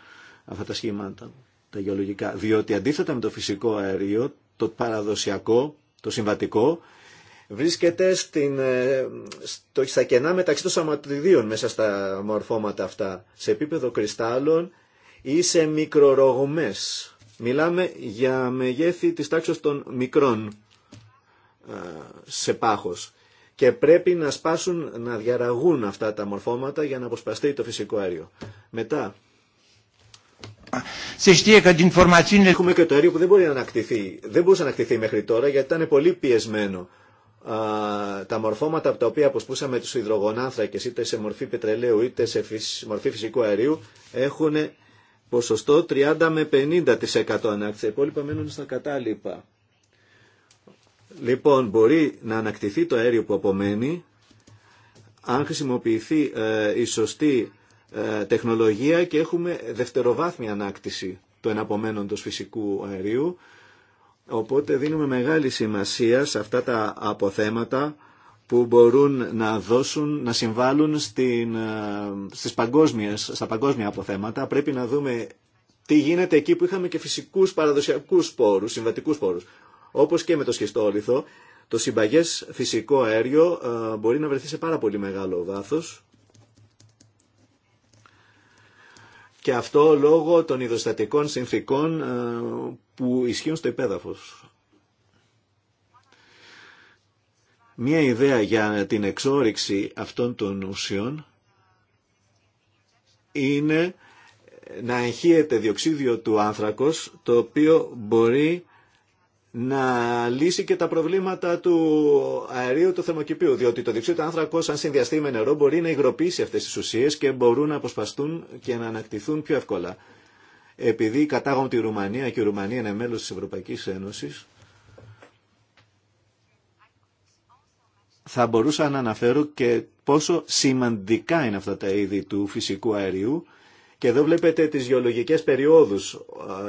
Speaker 2: αυτά τα σχήματα τα γεωλογικά. Διότι αντίθετα με το φυσικό αέριο, το παραδοσιακό, το συμβατικό, βρίσκεται στην, ε, στο, στα κενά μεταξύ των σωματιδίων μέσα στα μορφώματα αυτά, σε επίπεδο κρυστάλλων ή σε μικρορογμές. Μιλάμε για μεγέθη της τάξης των μικρών ε, σε πάχος και πρέπει να σπάσουν, να διαραγούν αυτά τα μορφώματα για να αποσπαστεί το φυσικό αέριο. Μετά, σε Έχουμε και το αέριο που δεν μπορεί να ανακτηθεί. Δεν μπορούσε να ανακτηθεί μέχρι τώρα γιατί ήταν πολύ πιεσμένο. Α, τα μορφώματα από τα οποία αποσπούσαμε του υδρογονάνθρακε είτε σε μορφή πετρελαίου είτε σε μορφή φυσικού αερίου έχουν ποσοστό 30 με 50% ανάκτηση. Οι υπόλοιποι μένουν στα κατάλοιπα. Λοιπόν, μπορεί να ανακτηθεί το αέριο που απομένει αν χρησιμοποιηθεί ε, η σωστή ε, τεχνολογία και έχουμε δευτεροβάθμια ανάκτηση του εναπομένοντος φυσικού αερίου. Οπότε δίνουμε μεγάλη σημασία σε αυτά τα αποθέματα που μπορούν να δώσουν, να συμβάλλουν στην, ε, στις παγκόσμιες, στα παγκόσμια αποθέματα. Πρέπει να δούμε τι γίνεται εκεί που είχαμε και φυσικούς παραδοσιακούς πόρους, συμβατικούς πόρους. Όπως και με το σχιστόλιθο, το συμπαγές φυσικό αέριο ε, μπορεί να βρεθεί σε πάρα πολύ μεγάλο βάθος Και αυτό λόγω των υδροστατικών συνθήκων ε, που ισχύουν στο υπέδαφος. Μία ιδέα για την εξόριξη αυτών των ουσιών είναι να εγχύεται διοξίδιο του άνθρακος το οποίο μπορεί να λύσει και τα προβλήματα του αερίου του θερμοκηπίου. Διότι το διοξείδιο του άνθρακο, αν συνδυαστεί με νερό, μπορεί να υγροποιήσει αυτέ τι ουσίε και μπορούν να αποσπαστούν και να ανακτηθούν πιο εύκολα. Επειδή κατάγονται τη Ρουμανία και η Ρουμανία είναι μέλο τη Ευρωπαϊκή Ένωση, θα μπορούσα να αναφέρω και πόσο σημαντικά είναι αυτά τα είδη του φυσικού αερίου και εδώ βλέπετε τις γεωλογικές περιόδους,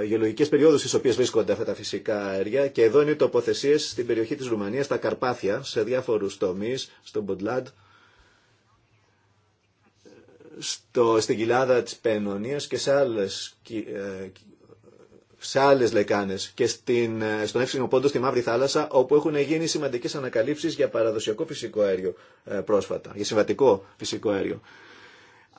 Speaker 2: γεωλογικές περιόδους στις οποίες βρίσκονται αυτά τα φυσικά αέρια και εδώ είναι οι τοποθεσίες στην περιοχή της Ρουμανίας, στα Καρπάθια, σε διάφορους τομείς, στον Μποντλάντ, στο, στην κοιλάδα της Πενωνίας και σε άλλες, ε, σε άλλες λεκάνες και στην, ε, στον εύξηνο πόντο στη Μαύρη Θάλασσα όπου έχουν γίνει σημαντικές ανακαλύψεις για παραδοσιακό φυσικό αέριο ε, πρόσφατα, για συμβατικό φυσικό αέριο.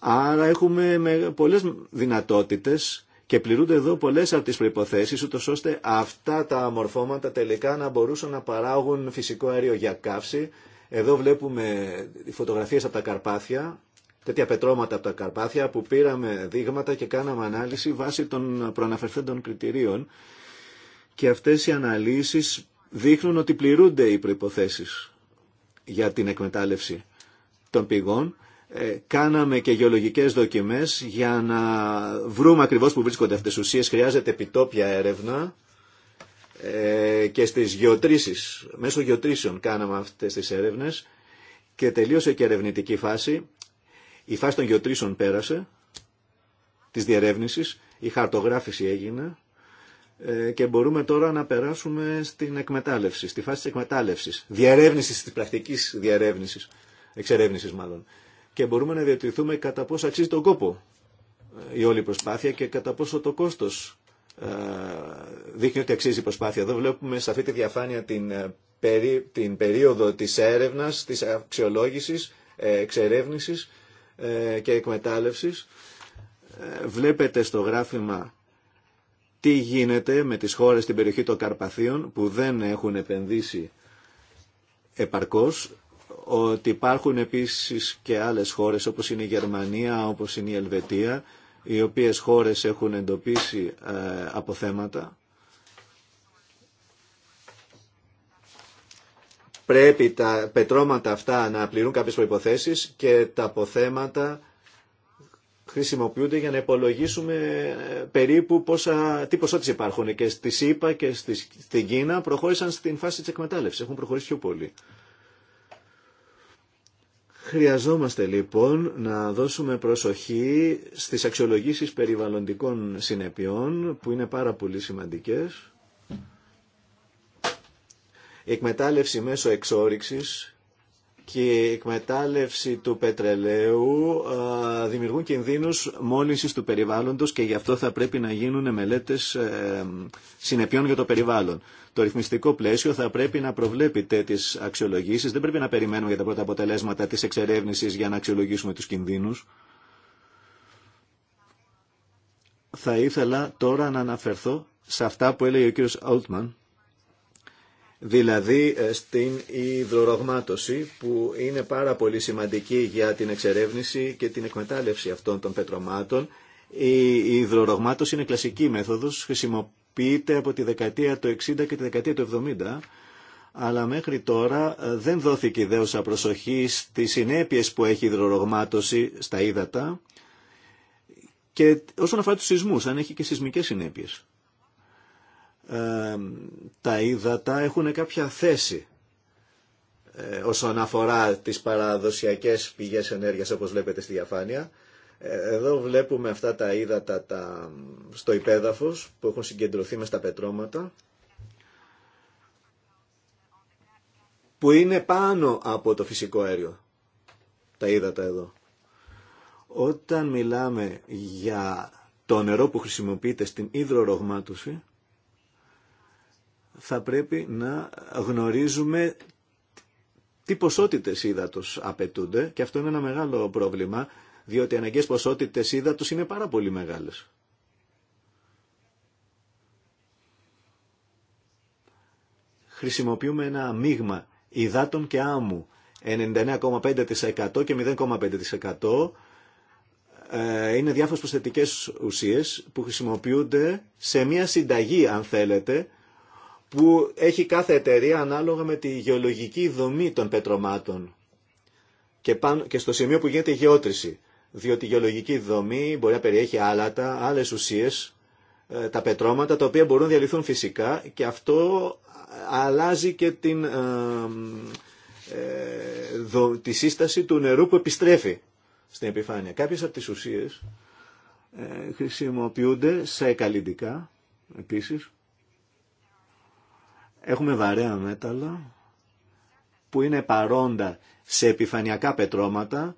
Speaker 2: Άρα έχουμε πολλές δυνατότητες και πληρούνται εδώ πολλές από τις προϋποθέσεις, ούτως ώστε αυτά τα μορφώματα τελικά να μπορούσαν να παράγουν φυσικό αέριο για καύση. Εδώ βλέπουμε φωτογραφίες από τα Καρπάθια, τέτοια πετρώματα από τα Καρπάθια, που πήραμε δείγματα και κάναμε ανάλυση βάσει των προαναφερθέντων κριτηρίων. Και αυτές οι αναλύσεις δείχνουν ότι πληρούνται οι προϋποθέσεις για την εκμετάλλευση των πηγών ε, κάναμε και γεωλογικές δοκιμές για να βρούμε ακριβώς που βρίσκονται αυτές τις ουσίες. Χρειάζεται επιτόπια έρευνα ε, και στις γεωτρήσεις, μέσω γεωτρήσεων κάναμε αυτές τις έρευνες και τελείωσε και ερευνητική φάση. Η φάση των γεωτρήσεων πέρασε, της διερεύνησης, η χαρτογράφηση έγινε ε, και μπορούμε τώρα να περάσουμε στην εκμετάλλευση, στη φάση της εκμετάλλευσης, διερεύνησης, της πρακτικής διερεύνησης, εξερεύνησης μάλλον και μπορούμε να διατηρηθούμε κατά πόσο αξίζει τον κόπο ε, η όλη προσπάθεια και κατά πόσο το κόστος ε, δείχνει ότι αξίζει η προσπάθεια. Εδώ βλέπουμε σε αυτή τη διαφάνεια την, ε, περί, την περίοδο της έρευνας, της αξιολόγησης, εξερεύνησης και εκμετάλλευσης. Βλέπετε στο γράφημα τι γίνεται με τις χώρες στην περιοχή των Καρπαθίων που δεν έχουν επενδύσει επαρκώς ότι υπάρχουν επίσης και άλλες χώρες όπως είναι η Γερμανία, όπως είναι η Ελβετία, οι οποίες χώρες έχουν εντοπίσει ε, αποθέματα. Πρέπει τα πετρώματα αυτά να πληρούν κάποιες προϋποθέσεις και τα αποθέματα χρησιμοποιούνται για να υπολογίσουμε ε, περίπου πόσα, τι ποσότητες υπάρχουν και στη ΣΥΠΑ και στη, στην Κίνα προχώρησαν στην φάση της εκμετάλλευσης, έχουν προχωρήσει πιο πολύ. Χρειαζόμαστε λοιπόν να δώσουμε προσοχή στις αξιολογήσεις περιβαλλοντικών συνεπειών που είναι πάρα πολύ σημαντικές. Η εκμετάλλευση μέσω εξόριξης και η εκμετάλλευση του πετρελαίου δημιουργούν κινδύνους μόλυνσης του περιβάλλοντος και γι' αυτό θα πρέπει να γίνουν μελέτες ε, συνεπιών για το περιβάλλον. Το ρυθμιστικό πλαίσιο θα πρέπει να προβλέπει τέτοιες αξιολογήσεις. Δεν πρέπει να περιμένουμε για τα πρώτα αποτελέσματα της εξερεύνησης για να αξιολογήσουμε τους κινδύνους. Θα ήθελα τώρα να αναφερθώ σε αυτά που έλεγε ο κ. Όλτμαν δηλαδή ε, στην υδρορογμάτωση που είναι πάρα πολύ σημαντική για την εξερεύνηση και την εκμετάλλευση αυτών των πετρωμάτων. Η υδρορογμάτωση είναι κλασική μέθοδος, χρησιμοποιείται από τη δεκαετία του 60 και τη δεκαετία του 70 αλλά μέχρι τώρα ε, δεν δόθηκε ιδέως προσοχή στις συνέπειες που έχει η υδρορογμάτωση στα ύδατα και όσον αφορά τους σεισμούς, αν έχει και σεισμικές συνέπειες τα ύδατα έχουν κάποια θέση ε, όσον αφορά τις παραδοσιακές πηγές ενέργειας όπως βλέπετε στη διαφάνεια. Ε, εδώ βλέπουμε αυτά τα ύδατα τα, στο υπέδαφος που έχουν συγκεντρωθεί με στα πετρώματα που είναι πάνω από το φυσικό αέριο. Τα ύδατα εδώ. Όταν μιλάμε για το νερό που χρησιμοποιείται στην υδρορογμάτωση θα πρέπει να γνωρίζουμε τι ποσότητες ύδατος απαιτούνται και αυτό είναι ένα μεγάλο πρόβλημα διότι οι αναγκαίες ποσότητες ύδατος είναι πάρα πολύ μεγάλες. Χρησιμοποιούμε ένα μείγμα υδάτων και άμμου 99,5% και 0,5% ε, είναι διάφορες προσθετικές ουσίες που χρησιμοποιούνται σε μια συνταγή αν θέλετε που έχει κάθε εταιρεία ανάλογα με τη γεωλογική δομή των πετρωμάτων και, και στο σημείο που γίνεται η γεώτρηση. Διότι η γεωλογική δομή μπορεί να περιέχει άλατα, άλλες ουσίες, ε, τα πετρώματα τα οποία μπορούν να διαλυθούν φυσικά και αυτό αλλάζει και την, ε, ε, τη σύσταση του νερού που επιστρέφει στην επιφάνεια. Κάποιες από τις ουσίες ε, χρησιμοποιούνται σε καλλιντικά επίσης Έχουμε βαρέα μέταλλα που είναι παρόντα σε επιφανειακά πετρώματα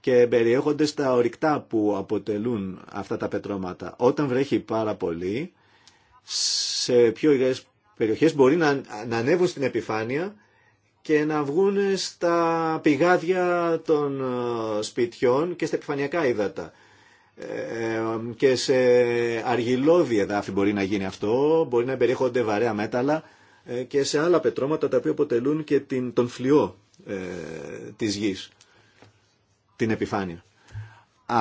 Speaker 2: και περιέχονται στα ορυκτά που αποτελούν αυτά τα πετρώματα. Όταν βρέχει πάρα πολύ, σε πιο υγρές περιοχές μπορεί να, να ανέβουν στην επιφάνεια και να βγουν στα πηγάδια των ε, σπιτιών και στα επιφανειακά ύδατα. Ε, και σε αργυλώδη εδάφη μπορεί να γίνει αυτό, μπορεί να περιέχονται βαρέα μέταλλα ε, και σε άλλα πετρώματα τα οποία αποτελούν και την, τον φλοιό ε, της γης, την επιφάνεια. Α,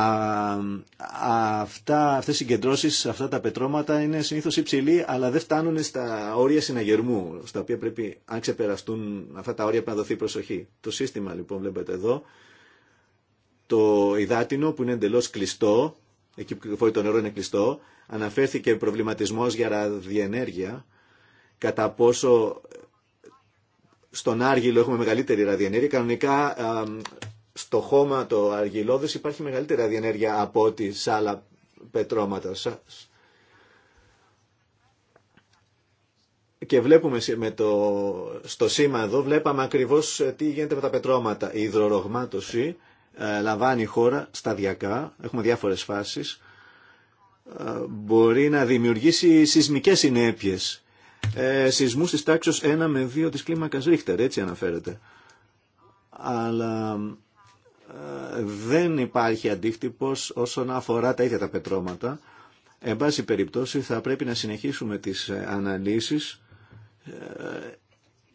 Speaker 2: αυτά, αυτές οι συγκεντρώσεις, αυτά τα πετρώματα είναι συνήθως υψηλοί αλλά δεν φτάνουν στα όρια συναγερμού στα οποία πρέπει αν ξεπεραστούν αυτά τα όρια πρέπει να δοθεί προσοχή. Το σύστημα λοιπόν βλέπετε εδώ το υδάτινο που είναι εντελώς κλειστό εκεί που κυκλοφορεί το νερό είναι κλειστό αναφέρθηκε προβληματισμός για ραδιενέργεια κατά πόσο στον άργυλο έχουμε μεγαλύτερη ραδιενέργεια. Κανονικά στο χώμα το αργυλώδες υπάρχει μεγαλύτερη ραδιενέργεια από ό,τι σε άλλα πετρώματα. Και βλέπουμε με το, στο σήμα εδώ, βλέπαμε ακριβώς ε, τι γίνεται με τα πετρώματα. Η υδρορογμάτωση ε, λαμβάνει η χώρα σταδιακά, έχουμε διάφορες φάσεις, ε, μπορεί να δημιουργήσει σεισμικές συνέπειες ε, σεισμούς της τάξης 1 με 2 της κλίμακας Ρίχτερ, έτσι αναφέρεται. Αλλά ε, δεν υπάρχει αντίκτυπος όσον αφορά τα ίδια τα πετρώματα. Εν πάση περιπτώσει θα πρέπει να συνεχίσουμε τις ε, αναλύσεις ε,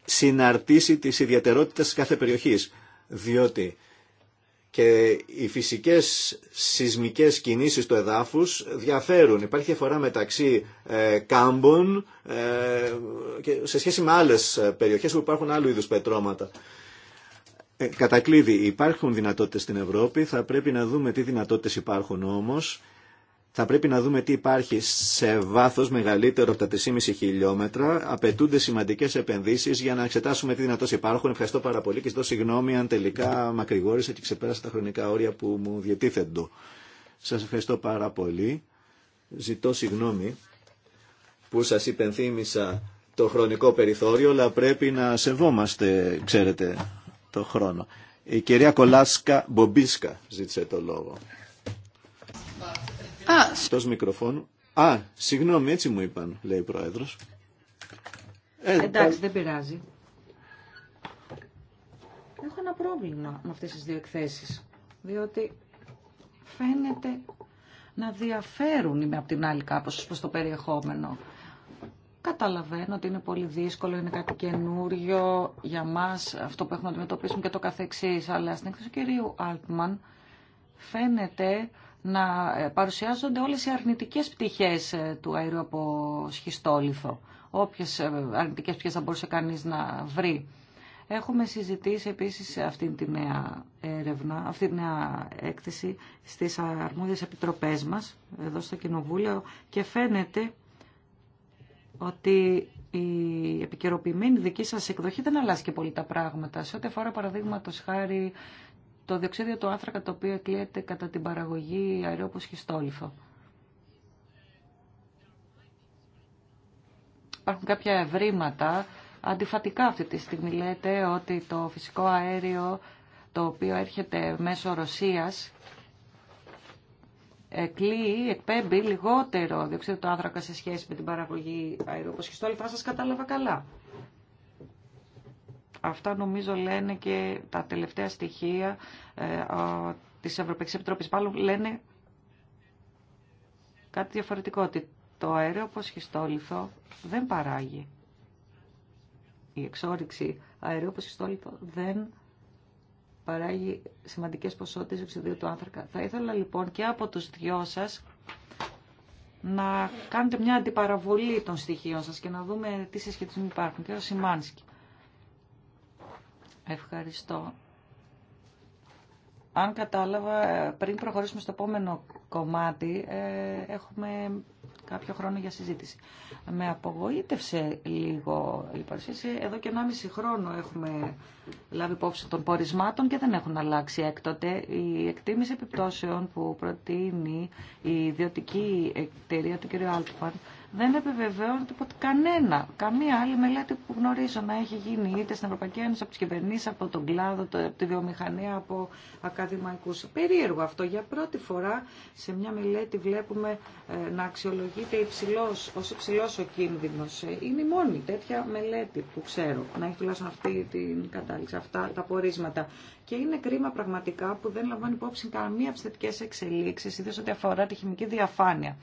Speaker 2: συναρτήσει τις ιδιαιτερότητες κάθε περιοχής, διότι και οι φυσικές σεισμικές κινήσεις του εδάφους διαφέρουν. Υπάρχει διαφορά μεταξύ ε, κάμπων ε, και σε σχέση με άλλες ε, περιοχές που υπάρχουν άλλου είδους πετρώματα. Ε, Κατακλείδη, υπάρχουν δυνατότητες στην Ευρώπη, θα πρέπει να δούμε τι δυνατότητες υπάρχουν όμως θα πρέπει να δούμε τι υπάρχει σε βάθος μεγαλύτερο από τα 3,5 χιλιόμετρα. Απαιτούνται σημαντικές επενδύσεις για να εξετάσουμε τι δυνατότητε υπάρχουν. Ευχαριστώ πάρα πολύ και ζητώ συγγνώμη αν τελικά μακρηγόρησα και ξεπέρασα τα χρονικά όρια που μου διατίθεντο. Σας ευχαριστώ πάρα πολύ. Ζητώ συγγνώμη που σας υπενθύμησα το χρονικό περιθώριο, αλλά πρέπει να σεβόμαστε, ξέρετε, το χρόνο. Η κυρία Κολάσκα Μπομπίσκα ζήτησε το λόγο. Α, μικροφώνου. Α, συγγνώμη, έτσι μου είπαν, λέει ο Πρόεδρος.
Speaker 1: Ε, εντάξει, δεν πειράζει. Έχω ένα πρόβλημα με αυτές τις δύο εκθέσεις, διότι φαίνεται να διαφέρουν η από την άλλη κάπως προς το περιεχόμενο. Καταλαβαίνω ότι είναι πολύ δύσκολο, είναι κάτι καινούριο για μας, αυτό που έχουμε να αντιμετωπίσουμε και το καθεξής, αλλά στην έκθεση του κυρίου Αλπμαν φαίνεται να ε, παρουσιάζονται όλες οι αρνητικές πτυχές ε, του αερίου από σχιστόλιθο. Όποιες ε, αρνητικές πτυχές θα μπορούσε κανείς να βρει. Έχουμε συζητήσει επίσης αυτή τη νέα έρευνα, αυτή τη νέα έκθεση στις αρμόδιες επιτροπές μας εδώ στο Κοινοβούλιο και φαίνεται ότι η επικαιροποιημένη δική σας εκδοχή δεν αλλάζει και πολύ τα πράγματα. Σε ό,τι αφορά παραδείγματος χάρη το διοξίδιο του άνθρακα το οποίο εκλείεται κατά την παραγωγή αερίου χιστόλιφο. Υπάρχουν κάποια ευρήματα αντιφατικά αυτή τη στιγμή. Λέτε ότι το φυσικό αέριο το οποίο έρχεται μέσω Ρωσίας εκλείει, εκπέμπει λιγότερο διοξείδιο του άνθρακα σε σχέση με την παραγωγή αερίου χιστόλιφο. σας κατάλαβα καλά. Αυτά νομίζω λένε και τα τελευταία στοιχεία ε, της Ευρωπαϊκής Επιτροπής. Πάλι λένε κάτι διαφορετικό, ότι το αέριο όπως χιστόλιθο δεν παράγει. Η εξόριξη αερίου δεν παράγει σημαντικές ποσότητες οξυδίου του άνθρακα. Θα ήθελα λοιπόν και από τους δυο σας να κάνετε μια αντιπαραβολή των στοιχείων σας και να δούμε τι συσχετισμοί υπάρχουν. Κύριο Σιμάνσκι. Ευχαριστώ. Αν κατάλαβα, πριν προχωρήσουμε στο επόμενο κομμάτι, ε, έχουμε κάποιο χρόνο για συζήτηση. Με απογοήτευσε λίγο η παρουσίαση. Εδώ και 1,5 χρόνο έχουμε λάβει υπόψη των πορισμάτων και δεν έχουν αλλάξει έκτοτε. Η εκτίμηση επιπτώσεων που προτείνει η ιδιωτική εταιρεία του κ. Άλτφαν δεν επιβεβαιώνεται από κανένα, καμία άλλη μελέτη που γνωρίζω να έχει γίνει είτε στην Ευρωπαϊκή Ένωση, από τι κυβερνήσει, από τον κλάδο, από τη βιομηχανία, από ακαδημαϊκού. Περίεργο αυτό. Για πρώτη φορά σε μια μελέτη βλέπουμε ε, να αξιολογείται ω υψηλό ο κίνδυνο. Ε, είναι η μόνη τέτοια μελέτη που ξέρω να έχει τουλάχιστον αυτή την κατάληξη, αυτά τα πορίσματα. Και είναι κρίμα πραγματικά που δεν λαμβάνει υπόψη καμία από τι θετικέ εξελίξει, ιδίω ό,τι αφορά τη χημική διαφάνεια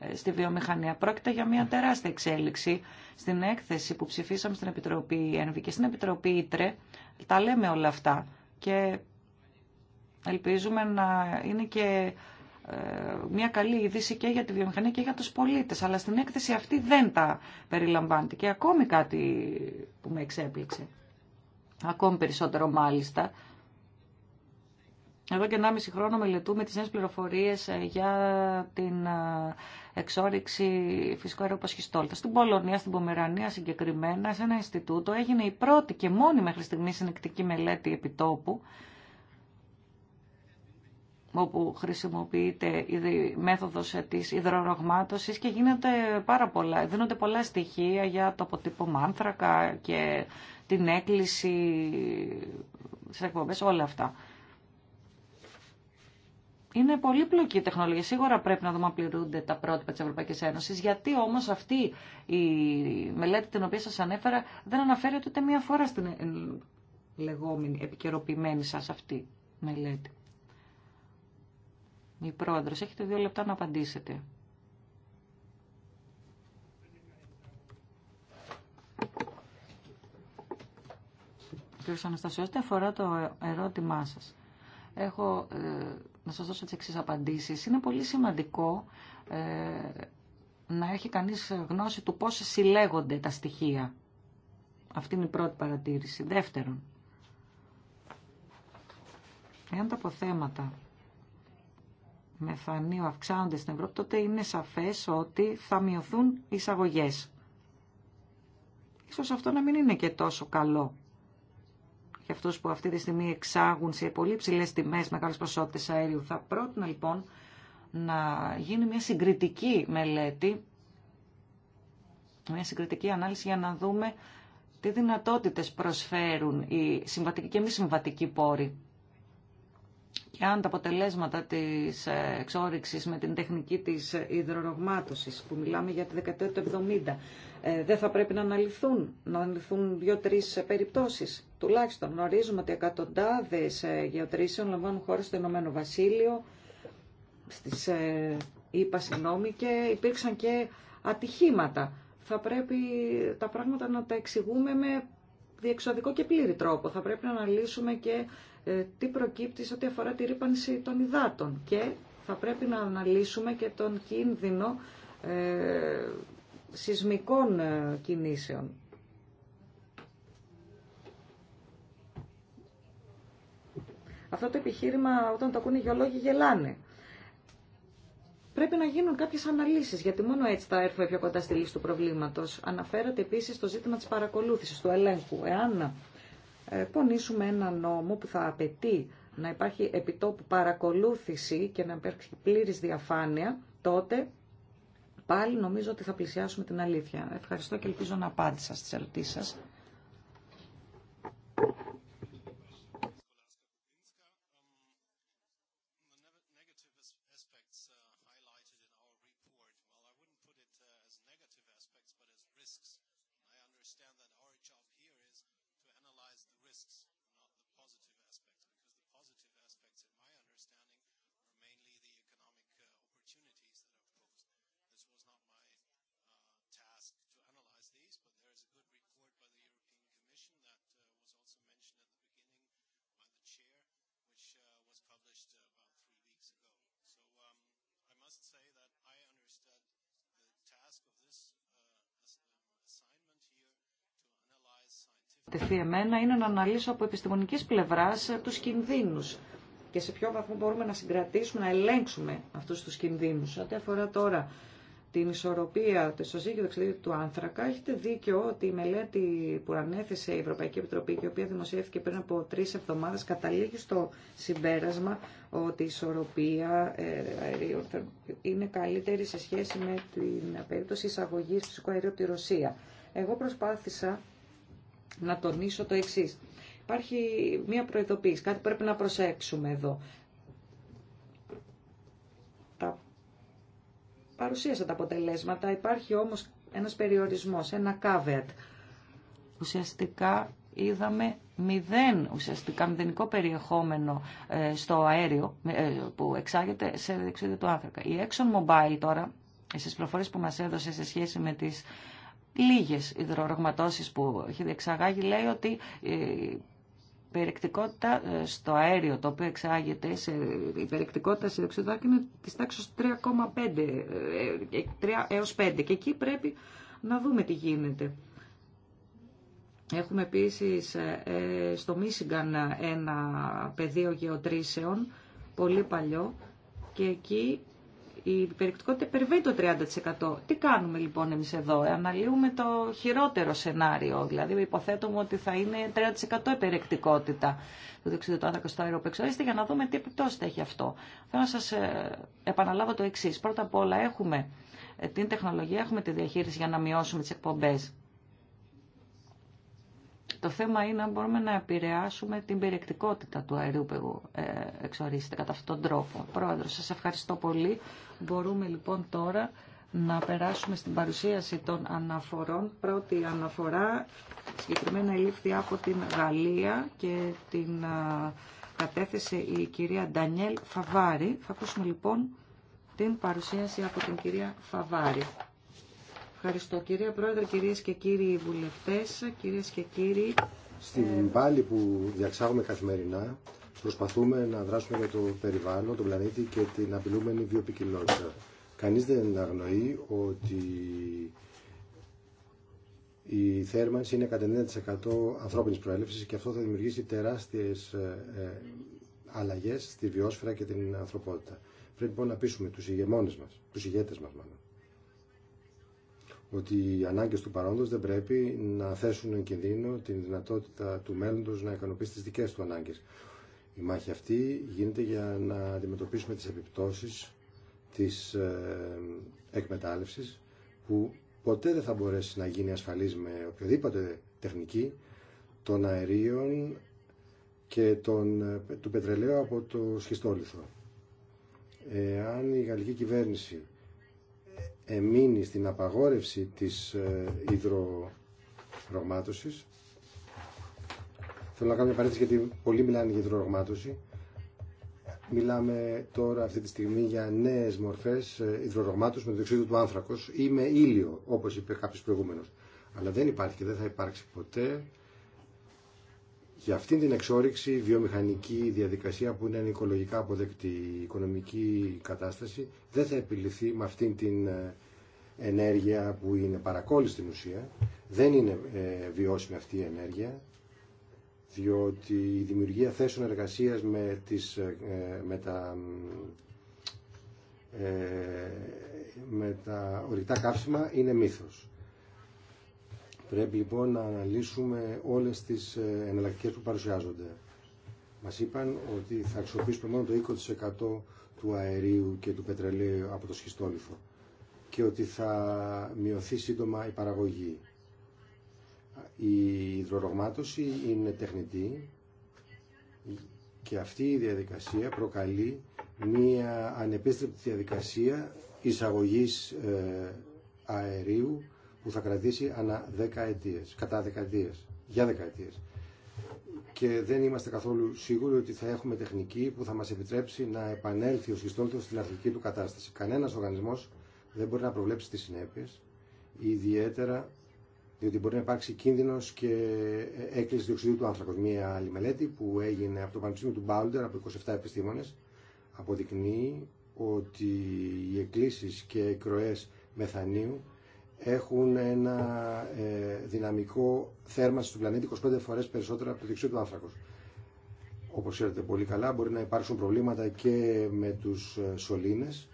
Speaker 1: ε, στη βιομηχανία. Πρόκειται για μια τεράστια εξέλιξη στην έκθεση που ψηφίσαμε στην Επιτροπή ΕΝΒ και στην Επιτροπή ΙΤΡΕ. Τα λέμε όλα αυτά και ελπίζουμε να είναι και ε, μια καλή είδηση και για τη βιομηχανία και για τους πολίτες. Αλλά στην έκθεση αυτή δεν τα περιλαμβάνεται. Και ακόμη κάτι που με εξέπληξε, ακόμη περισσότερο μάλιστα, εδώ και 1,5 χρόνο μελετούμε τις νέες πληροφορίες ε, για την ε, εξόριξη φυσικού αερίου πασχιστόλτα. Στην Πολωνία, στην Πομερανία συγκεκριμένα, σε ένα Ινστιτούτο, έγινε η πρώτη και μόνη μέχρι στιγμή συνεκτική μελέτη επιτόπου, όπου χρησιμοποιείται η μέθοδος ε, της υδρορογμάτωσης και γίνονται πάρα πολλά, δίνονται πολλά στοιχεία για το αποτύπωμα άνθρακα και την έκκληση σε εκπομπές, όλα αυτά. Είναι πολύ πλοκή η τεχνολογία. Σίγουρα πρέπει να δούμε αν πληρούνται τα πρότυπα τη Ευρωπαϊκή Ένωση. Γιατί όμω αυτή η μελέτη την οποία σα ανέφερα δεν αναφέρει ούτε μία φορά στην λεγόμενη επικαιροποιημένη σα αυτή μελέτη. Η πρόεδρο, έχετε δύο λεπτά να απαντήσετε. Κύριε Αναστασιώστη, αφορά το ερώτημά σας. Έχω ε, να σας δώσω τις εξής απαντήσεις. Είναι πολύ σημαντικό ε, να έχει κανείς γνώση του πώς συλλέγονται τα στοιχεία. Αυτή είναι η πρώτη παρατήρηση. Δεύτερον, εάν τα αποθέματα μεθανίου αυξάνονται στην Ευρώπη, τότε είναι σαφές ότι θα μειωθούν οι εισαγωγές. Ίσως αυτό να μην είναι και τόσο καλό και αυτούς που αυτή τη στιγμή εξάγουν σε πολύ ψηλέ τιμές μεγάλες ποσότητες αέριου. Θα πρότεινα λοιπόν να γίνει μια συγκριτική μελέτη, μια συγκριτική ανάλυση για να δούμε τι δυνατότητες προσφέρουν οι συμβατικοί και μη συμβατικοί πόροι και αν τα αποτελέσματα της εξόριξης με την τεχνική της υδρορογμάτωσης που μιλάμε για τη δεκαετία του 70 ε, δεν θα πρέπει να αναλυθούν, να αναλυθούν δύο-τρεις περιπτώσεις τουλάχιστον γνωρίζουμε ότι εκατοντάδες ε, γεωτρήσεων λαμβάνουν χώρα στο Ηνωμένο Βασίλειο, στις ε, είπα συγγνώμη, και υπήρξαν και ατυχήματα. Θα πρέπει τα πράγματα να τα εξηγούμε με διεξοδικό και πλήρη τρόπο. Θα πρέπει να αναλύσουμε και ε, τι προκύπτει σε ό,τι αφορά τη ρήπανση των υδάτων και θα πρέπει να αναλύσουμε και τον κίνδυνο σεισμικών κινήσεων. Αυτό το επιχείρημα όταν το ακούνε οι γεωλόγοι γελάνε. Πρέπει να γίνουν κάποιε αναλύσει, γιατί μόνο έτσι θα έρθουμε πιο κοντά στη λύση του προβλήματο. Αναφέρατε επίση το ζήτημα τη παρακολούθηση, του ελέγχου. Εάν ε, πονήσουμε ένα νόμο που θα απαιτεί να υπάρχει επιτόπου παρακολούθηση και να υπάρχει πλήρης διαφάνεια, τότε πάλι νομίζω ότι θα πλησιάσουμε την αλήθεια. Ευχαριστώ και ελπίζω να απάντησα στις ερωτήσεις σας. Δηλαδή εμένα είναι να αναλύσω από επιστημονική πλευρά ε, του κινδύνου. και σε ποιο βαθμό μπορούμε να συγκρατήσουμε, να ελέγξουμε αυτού του κινδύνου. Ό,τι αφορά τώρα την ισορροπία του ισοζύγιο δεξιδίου του άνθρακα, έχετε δίκιο ότι η μελέτη που ανέθεσε η Ευρωπαϊκή Επιτροπή και η οποία δημοσιεύθηκε πριν από τρει εβδομάδε καταλήγει στο συμπέρασμα ότι η ισορροπία ε, είναι καλύτερη σε σχέση με την περίπτωση εισαγωγή φυσικού αερίου από τη Ρωσία. Εγώ προσπάθησα να τονίσω το εξή. Υπάρχει μία προειδοποίηση, κάτι πρέπει να προσέξουμε εδώ. Τα παρουσίασα τα αποτελέσματα, υπάρχει όμως ένας περιορισμός, ένα caveat. Ουσιαστικά είδαμε μηδέν ουσιαστικά μηδενικό περιεχόμενο ε, στο αέριο ε, που εξάγεται σε διεξίδιο του άνθρακα. Η Exxon Mobile τώρα, στις πληροφορίες που μας έδωσε σε σχέση με τις λίγες υδρορογματώσεις που έχει διεξαγάγει λέει ότι η περιεκτικότητα ε, στο αέριο το οποίο εξάγεται, σε, η περιεκτικότητα σε διοξιδάκι είναι της τάξης 3,5 3 ε, ε, έως 5 και εκεί πρέπει να δούμε τι γίνεται. Έχουμε επίσης στο Μίσιγκαν ένα πεδίο γεωτρήσεων, πολύ παλιό, και εκεί η περιεκτικότητα περιβαίνει το 30%. Τι κάνουμε λοιπόν εμείς εδώ, αναλύουμε το χειρότερο σενάριο, δηλαδή υποθέτουμε ότι θα είναι 30% υπερεκτικότητα του διοξιδίου του άνθρακα στο αεροπεξοέστη για να δούμε τι επιπτώσεις έχει αυτό. Θέλω να σας ε, επαναλάβω το εξή. Πρώτα απ' όλα έχουμε ε, την τεχνολογία, έχουμε τη διαχείριση για να μειώσουμε τις εκπομπές το θέμα είναι αν μπορούμε να επηρεάσουμε την περιεκτικότητα του αερίου που ε, εξορίζεται κατά αυτόν τον τρόπο. Πρόεδρο, σας ευχαριστώ πολύ. Μπορούμε λοιπόν τώρα να περάσουμε στην παρουσίαση των αναφορών. Πρώτη αναφορά συγκεκριμένα ελήφθη από την Γαλλία και την ε, κατέθεσε η κυρία Ντανιέλ Φαβάρη. Θα ακούσουμε λοιπόν την παρουσίαση από την κυρία Φαβάρη. Ευχαριστώ κυρία Πρόεδρε, κυρίες και κύριοι βουλευτές, κυρίες και κύριοι. Στην
Speaker 3: πάλη ε, που διαξάγουμε καθημερινά προσπαθούμε να δράσουμε για το περιβάλλον, τον πλανήτη και την απειλούμενη βιοπικιλότητα. Κανείς δεν αγνοεί ότι η θέρμανση είναι κατά 90% ανθρώπινης προέλευσης και αυτό θα δημιουργήσει τεράστιες ε, ε, αλλαγές στη βιόσφαιρα και την ανθρωπότητα. Πρέπει λοιπόν να πείσουμε τους ηγεμόνες μας, τους ηγέτες μας μάλλον ότι οι ανάγκε του παρόντο δεν πρέπει να θέσουν εν κινδύνο την δυνατότητα του μέλλοντος να ικανοποιήσει τις δικέ του ανάγκες. Η μάχη αυτή γίνεται για να αντιμετωπίσουμε τις επιπτώσεις της ε, εκμετάλλευσης που ποτέ δεν θα μπορέσει να γίνει ασφαλή με οποιοδήποτε τεχνική των αερίων και των, ε, του πετρελαίου από το σχιστόλιθο. Αν η γαλλική κυβέρνηση εμείνει στην απαγόρευση της ε, υδρορογμάτωσης. Θέλω να κάνω μια παρένθεση γιατί πολλοί μιλάνε για υδρορογμάτωση. Μιλάμε τώρα αυτή τη στιγμή για νέες μορφές ε, υδρορογμάτωσης με το διοξείδιο του άνθρακος ή με ήλιο όπως είπε κάποιος προηγούμενος. Αλλά δεν υπάρχει και δεν θα υπάρξει ποτέ για αυτήν την εξόριξη βιομηχανική διαδικασία που είναι οικολογικά αποδεκτή οικονομική κατάσταση δεν θα επιληθεί με αυτήν την ε, ενέργεια που είναι παρακόλληση στην ουσία. Δεν είναι ε, βιώσιμη αυτή η ενέργεια διότι η δημιουργία θέσεων εργασίας με, τις, ε, με τα με τα ορυκτά καύσιμα είναι μύθος. Πρέπει λοιπόν να αναλύσουμε όλες τις ε, εναλλακτικές που παρουσιάζονται. Μας είπαν ότι θα αξιοποιήσουμε μόνο το 20% του αερίου και του πετρελαίου από το σχιστόλιθο και ότι θα μειωθεί σύντομα η παραγωγή. Η υδρορογμάτωση είναι τεχνητή και αυτή η διαδικασία προκαλεί μία ανεπίστρεπτη διαδικασία εισαγωγής ε, αερίου που θα κρατήσει ανά δεκαετίες, κατά δεκαετίες, για δεκαετίες. Και δεν είμαστε καθόλου σίγουροι ότι θα έχουμε τεχνική που θα μας επιτρέψει να επανέλθει ο σχιστόλτος στην αρχική του κατάσταση. Κανένας οργανισμός δεν μπορεί να προβλέψει τις συνέπειες, ιδιαίτερα διότι μπορεί να υπάρξει κίνδυνο και έκκληση διοξιδίου του άνθρακο. Μία άλλη μελέτη που έγινε από το Πανεπιστήμιο του Μπάουντερ από 27 επιστήμονε αποδεικνύει ότι οι εκκλήσει και οι μεθανίου έχουν ένα ε, δυναμικό θέρμανση του πλανήτη 25 φορές περισσότερο από το δεξί του άνθρακος. Όπως ξέρετε πολύ καλά μπορεί να υπάρξουν προβλήματα και με τους ε, σωλήνες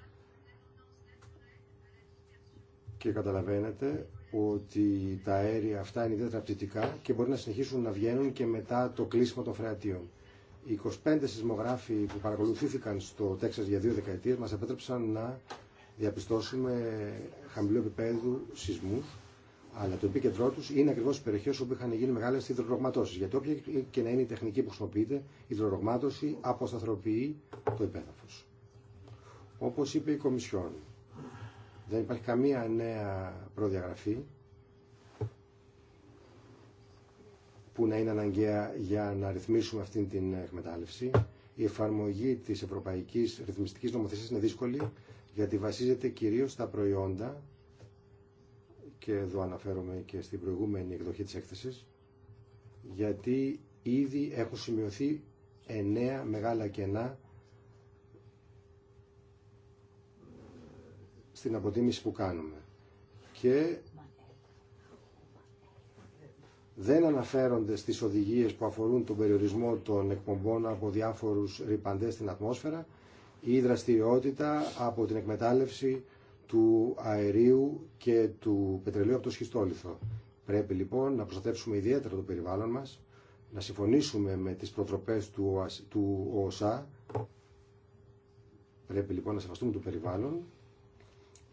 Speaker 3: και καταλαβαίνετε ότι τα αέρια αυτά είναι ιδιαίτερα πτυτικά και μπορεί να συνεχίσουν να βγαίνουν και μετά το κλείσιμο των φρεατίων. Οι 25 σεισμογράφοι που παρακολουθήθηκαν στο Τέξας για δύο δεκαετίες μας επέτρεψαν να διαπιστώσουμε χαμηλού επίπεδου σεισμού, αλλά το επίκεντρό του είναι ακριβώ στι περιοχέ όπου είχαν γίνει μεγάλε υδρορογματώσει. Γιατί όποια και να είναι η τεχνική που χρησιμοποιείται, η υδρορογμάτωση αποσταθροποιεί το υπέδαφο. Όπω είπε η Κομισιόν, δεν υπάρχει καμία νέα προδιαγραφή που να είναι αναγκαία για να ρυθμίσουμε αυτή την εκμετάλλευση. Η εφαρμογή της Ευρωπαϊκής ρυθμιστική νομοθεσία είναι δύσκολη γιατί βασίζεται κυρίως στα προϊόντα και εδώ αναφέρομαι και στην προηγούμενη εκδοχή της έκθεσης γιατί ήδη έχουν σημειωθεί εννέα μεγάλα κενά στην αποτίμηση που κάνουμε και δεν αναφέρονται στις οδηγίες που αφορούν τον περιορισμό των εκπομπών από διάφορους ρηπαντές στην ατμόσφαιρα η δραστηριότητα από την εκμετάλλευση του αερίου και του πετρελαίου από το σχιστόλιθο. Πρέπει λοιπόν να προστατεύσουμε ιδιαίτερα το περιβάλλον μας, να συμφωνήσουμε με τις προτροπές του ΟΣΑ, πρέπει λοιπόν να σεβαστούμε το περιβάλλον,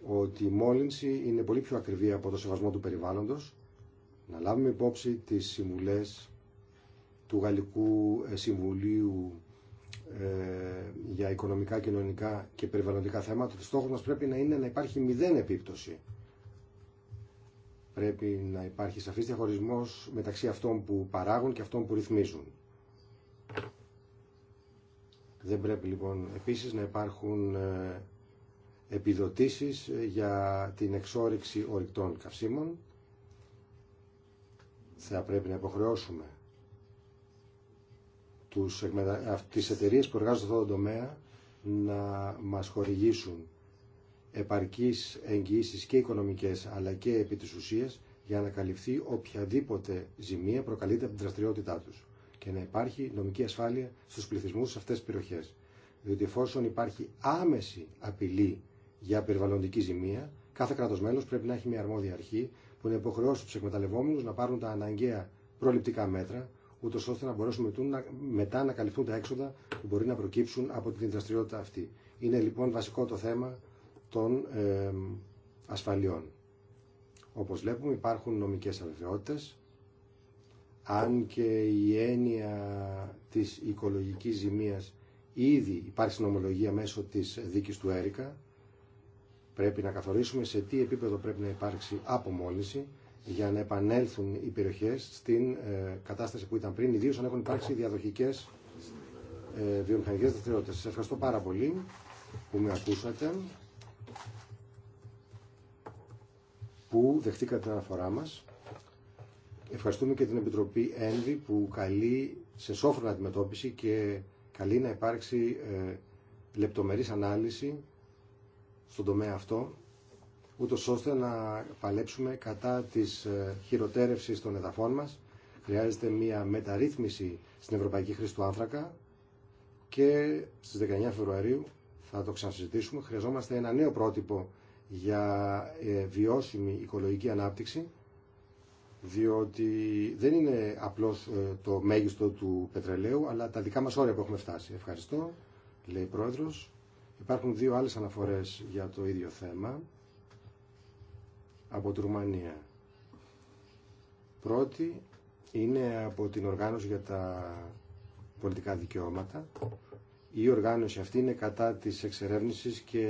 Speaker 3: ότι η μόλυνση είναι πολύ πιο ακριβή από το σεβασμό του περιβάλλοντος, να λάβουμε υπόψη τις συμβουλές του Γαλλικού Συμβουλίου ε, για οικονομικά, κοινωνικά και περιβαλλοντικά θέματα, το στόχος μας πρέπει να είναι να υπάρχει μηδέν επίπτωση. Πρέπει να υπάρχει σαφής διαχωρισμός μεταξύ αυτών που παράγουν και αυτών που ρυθμίζουν. Δεν πρέπει λοιπόν επίσης να υπάρχουν ε, επιδοτήσεις ε, για την εξόρυξη ορυκτών καυσίμων. Θα πρέπει να υποχρεώσουμε τους, τις εταιρείες που εργάζονται σε αυτό το τομέα να μας χορηγήσουν επαρκείς εγγυήσει και οικονομικές αλλά και επί της ουσίας για να καλυφθεί οποιαδήποτε ζημία προκαλείται από την δραστηριότητά τους και να υπάρχει νομική ασφάλεια στους πληθυσμούς σε αυτές τις περιοχές. Διότι εφόσον υπάρχει άμεση απειλή για περιβαλλοντική ζημία, κάθε κράτος μέλος πρέπει να έχει μια αρμόδια αρχή που είναι υποχρεώσει τους εκμεταλλευόμενους να πάρουν τα αναγκαία προληπτικά μέτρα ούτω ώστε να μπορέσουμε μετά να καλυφθούν τα έξοδα που μπορεί να προκύψουν από την δραστηριότητα αυτή. Είναι λοιπόν βασικό το θέμα των ε, ασφαλιών. Όπως βλέπουμε υπάρχουν νομικές αβεβαιότητες, αν και η έννοια της οικολογικής ζημίας ήδη υπάρχει ομολογία μέσω της δίκης του Έρικα, πρέπει να καθορίσουμε σε τι επίπεδο πρέπει να υπάρξει απομόλυνση για να επανέλθουν οι περιοχέ στην ε, κατάσταση που ήταν πριν, ιδίω αν έχουν υπάρξει διαδοχικές ε, βιομηχανικές Σα ευχαριστώ πάρα πολύ που με ακούσατε, που δεχτήκατε την αναφορά μας. Ευχαριστούμε και την Επιτροπή Ένδη που καλεί σε σόφρονα αντιμετώπιση και καλεί να υπάρξει ε, λεπτομερής ανάλυση στον τομέα αυτό ούτω ώστε να παλέψουμε κατά της ε, χειροτέρευσης των εδαφών μας. Χρειάζεται μια μεταρρύθμιση στην Ευρωπαϊκή Χρήση του Άνθρακα και στις 19 Φεβρουαρίου θα το ξανασυζητήσουμε. Χρειαζόμαστε ένα νέο πρότυπο για ε, βιώσιμη οικολογική ανάπτυξη διότι δεν είναι απλώς ε, το μέγιστο του πετρελαίου, αλλά τα δικά μας όρια που έχουμε φτάσει. Ευχαριστώ, λέει η Πρόεδρος. Υπάρχουν δύο άλλες αναφορές για το ίδιο θέμα από τη Ρουμανία. Πρώτη είναι από την οργάνωση για τα πολιτικά δικαιώματα. Η οργάνωση αυτή είναι κατά της εξερεύνησης και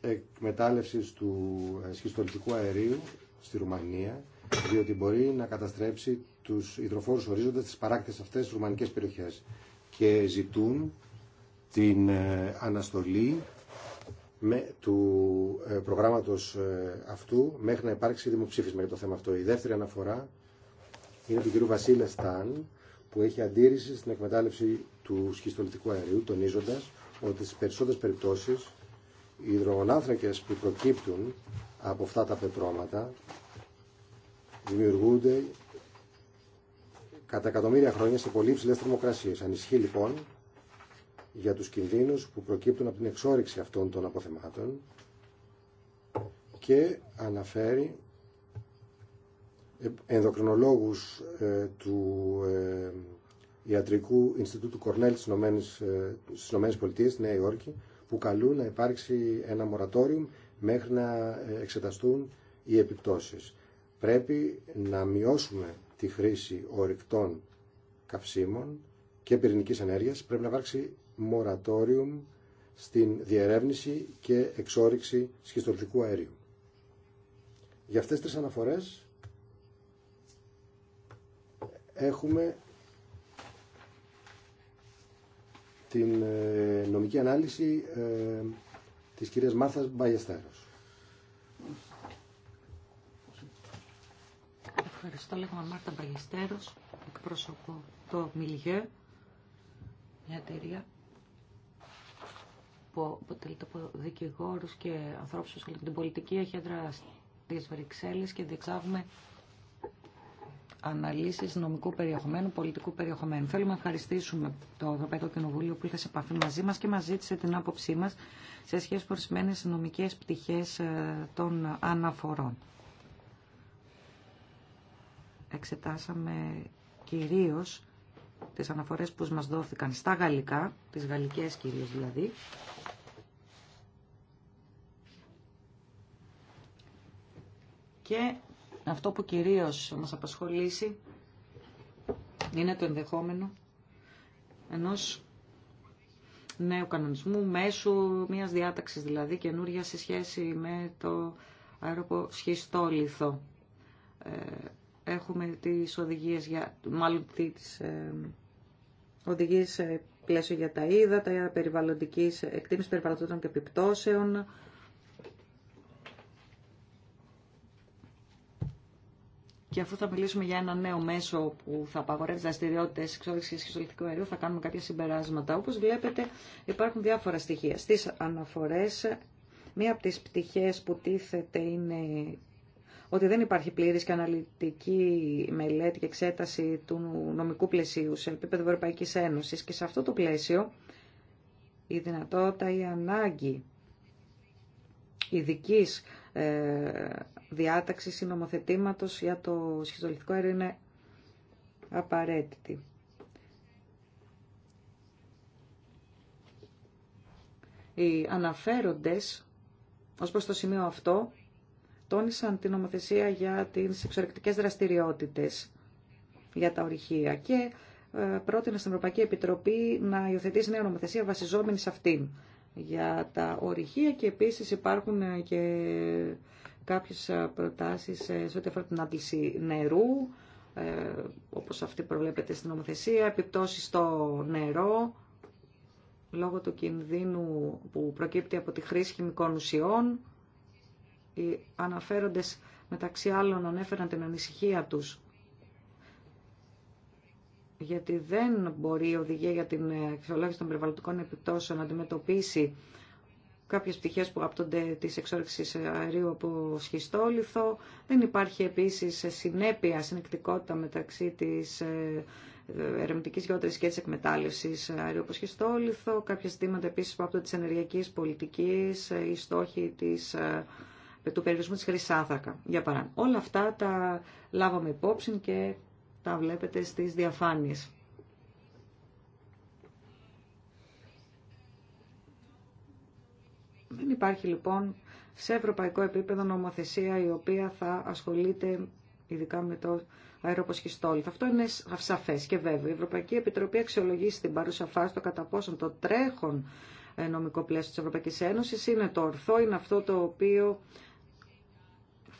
Speaker 3: εκμετάλλευσης του ε, σχιστολιτικού αερίου στη Ρουμανία, διότι μπορεί να καταστρέψει τους υδροφόρους ορίζοντας τις παράκτες αυτές τις ρουμανικές περιοχές και ζητούν την ε, αναστολή του ε, προγράμματος ε, αυτού μέχρι να υπάρξει δημοψήφισμα για το θέμα αυτό. Η δεύτερη αναφορά είναι του κ. Βασίλε Στάν που έχει αντίρρηση στην εκμετάλλευση του σχιστολιτικού αερίου τονίζοντας ότι στις περισσότερες περιπτώσεις οι υδρογονάνθρακες που προκύπτουν από αυτά τα πετρώματα δημιουργούνται κατά εκατομμύρια χρόνια σε πολύ υψηλές θερμοκρασίες. Ανισχύει λοιπόν για τους κινδύνους που προκύπτουν από την εξόριξη αυτών των αποθεμάτων και αναφέρει ενδοκρινολόγους ε, του ε, Ιατρικού Ινστιτούτου Κορνέλ ε, στις Ηνωμένες, στις Νέα Υόρκη, που καλούν να υπάρξει ένα μορατόριο μέχρι να εξεταστούν οι επιπτώσεις. Πρέπει να μειώσουμε τη χρήση ορυκτών καυσίμων και πυρηνικής ενέργειας. Πρέπει να υπάρξει moratorium στην διερεύνηση και εξόριξη σχιστολιτικού αερίου. Για αυτές τις αναφορές έχουμε την ε, νομική ανάλυση ε, της κυρίας Μάρθας Μπαγεστέρος.
Speaker 1: Ευχαριστώ. Λέγομαι Μάρθα Μπαγιστέρος. εκπροσωπώ το Μιλιέ, μια εταιρεία που αποτελείται από δικηγόρους και ανθρώπους που την πολιτική έχει έδρα στις και διεξάγουμε αναλύσεις νομικού περιεχομένου, πολιτικού περιεχομένου. Θέλουμε να ευχαριστήσουμε το Ευρωπαϊκό Κοινοβούλιο που ήρθε σε επαφή μαζί μας και μας ζήτησε την άποψή μας σε σχέση με ορισμένε νομικές πτυχές ε, των αναφορών. Εξετάσαμε κυρίως τις αναφορές που μας δόθηκαν στα γαλλικά, τις γαλλικές κυρίως δηλαδή, και αυτό που κυρίως μας απασχολήσει είναι το ενδεχόμενο ενός νέου κανονισμού μέσου μιας διάταξης δηλαδή καινούρια σε σχέση με το αεροποσχιστόλιθο. Ε, έχουμε τις οδηγίες για, μάλλον τις ε, οδηγίες πλαίσιο για τα ύδατα, περιβαλλοντικής, εκτίμηση περιβαλλοντικών και επιπτώσεων. Και αφού θα μιλήσουμε για ένα νέο μέσο που θα απαγορεύει δραστηριότητε εξόριξη και σχιστολιθικού αερίου, θα κάνουμε κάποια συμπεράσματα. Όπω βλέπετε, υπάρχουν διάφορα στοιχεία. Στι αναφορέ, μία από τι πτυχέ που τίθεται είναι ότι δεν υπάρχει πλήρης και αναλυτική μελέτη και εξέταση του νομικού πλαισίου σε επίπεδο Ευρωπαϊκής Ένωσης και σε αυτό το πλαίσιο η δυνατότητα, η ανάγκη ειδική ε, διάταξης ή νομοθετήματος για το σχιστολιθικό αέριο είναι απαραίτητη. Οι αναφέροντες ως προς το σημείο αυτό τόνισαν την νομοθεσία για τις εξορρεκτικές δραστηριότητες για τα ορυχεία και ε, πρότεινα στην Ευρωπαϊκή Επιτροπή να υιοθετήσει νέα νομοθεσία βασιζόμενη σε αυτήν για τα ορυχεία και επίσης υπάρχουν ε, και κάποιες ε, προτάσεις σε ό,τι αφορά την άντληση νερού, όπως αυτή προβλέπεται στην νομοθεσία, επιπτώσεις στο νερό, λόγω του κινδύνου που προκύπτει από τη χρήση χημικών ουσιών, οι αναφέροντες μεταξύ άλλων ανέφεραν την ανησυχία τους γιατί δεν μπορεί η οδηγία για την εξολόγηση των περιβαλλοντικών επιπτώσεων να αντιμετωπίσει κάποιες πτυχές που άπτονται της εξόρυξης αερίου από σχιστόλιθο. Δεν υπάρχει επίσης συνέπεια, συνεκτικότητα μεταξύ της ε, ερευνητικής γεώτρησης και της εκμετάλλευσης αερίου από σχιστόλιθο. Κάποια ζητήματα επίσης που της ενεργειακής πολιτικής, ε, της ε, του περιορισμού της Χρυσάθακα, για παράδειγμα. Όλα αυτά τα λάβαμε υπόψη και τα βλέπετε στις διαφάνειες. Δεν υπάρχει λοιπόν σε ευρωπαϊκό επίπεδο νομοθεσία η οποία θα ασχολείται ειδικά με το αεροποσχιστόλι. Αυτό είναι σαφέ και βέβαιο. Η Ευρωπαϊκή Επιτροπή αξιολογεί στην παρούσα φάση το κατά πόσο το τρέχον ε, νομικό πλαίσιο τη Ευρωπαϊκή Ένωση είναι το ορθό, είναι αυτό το οποίο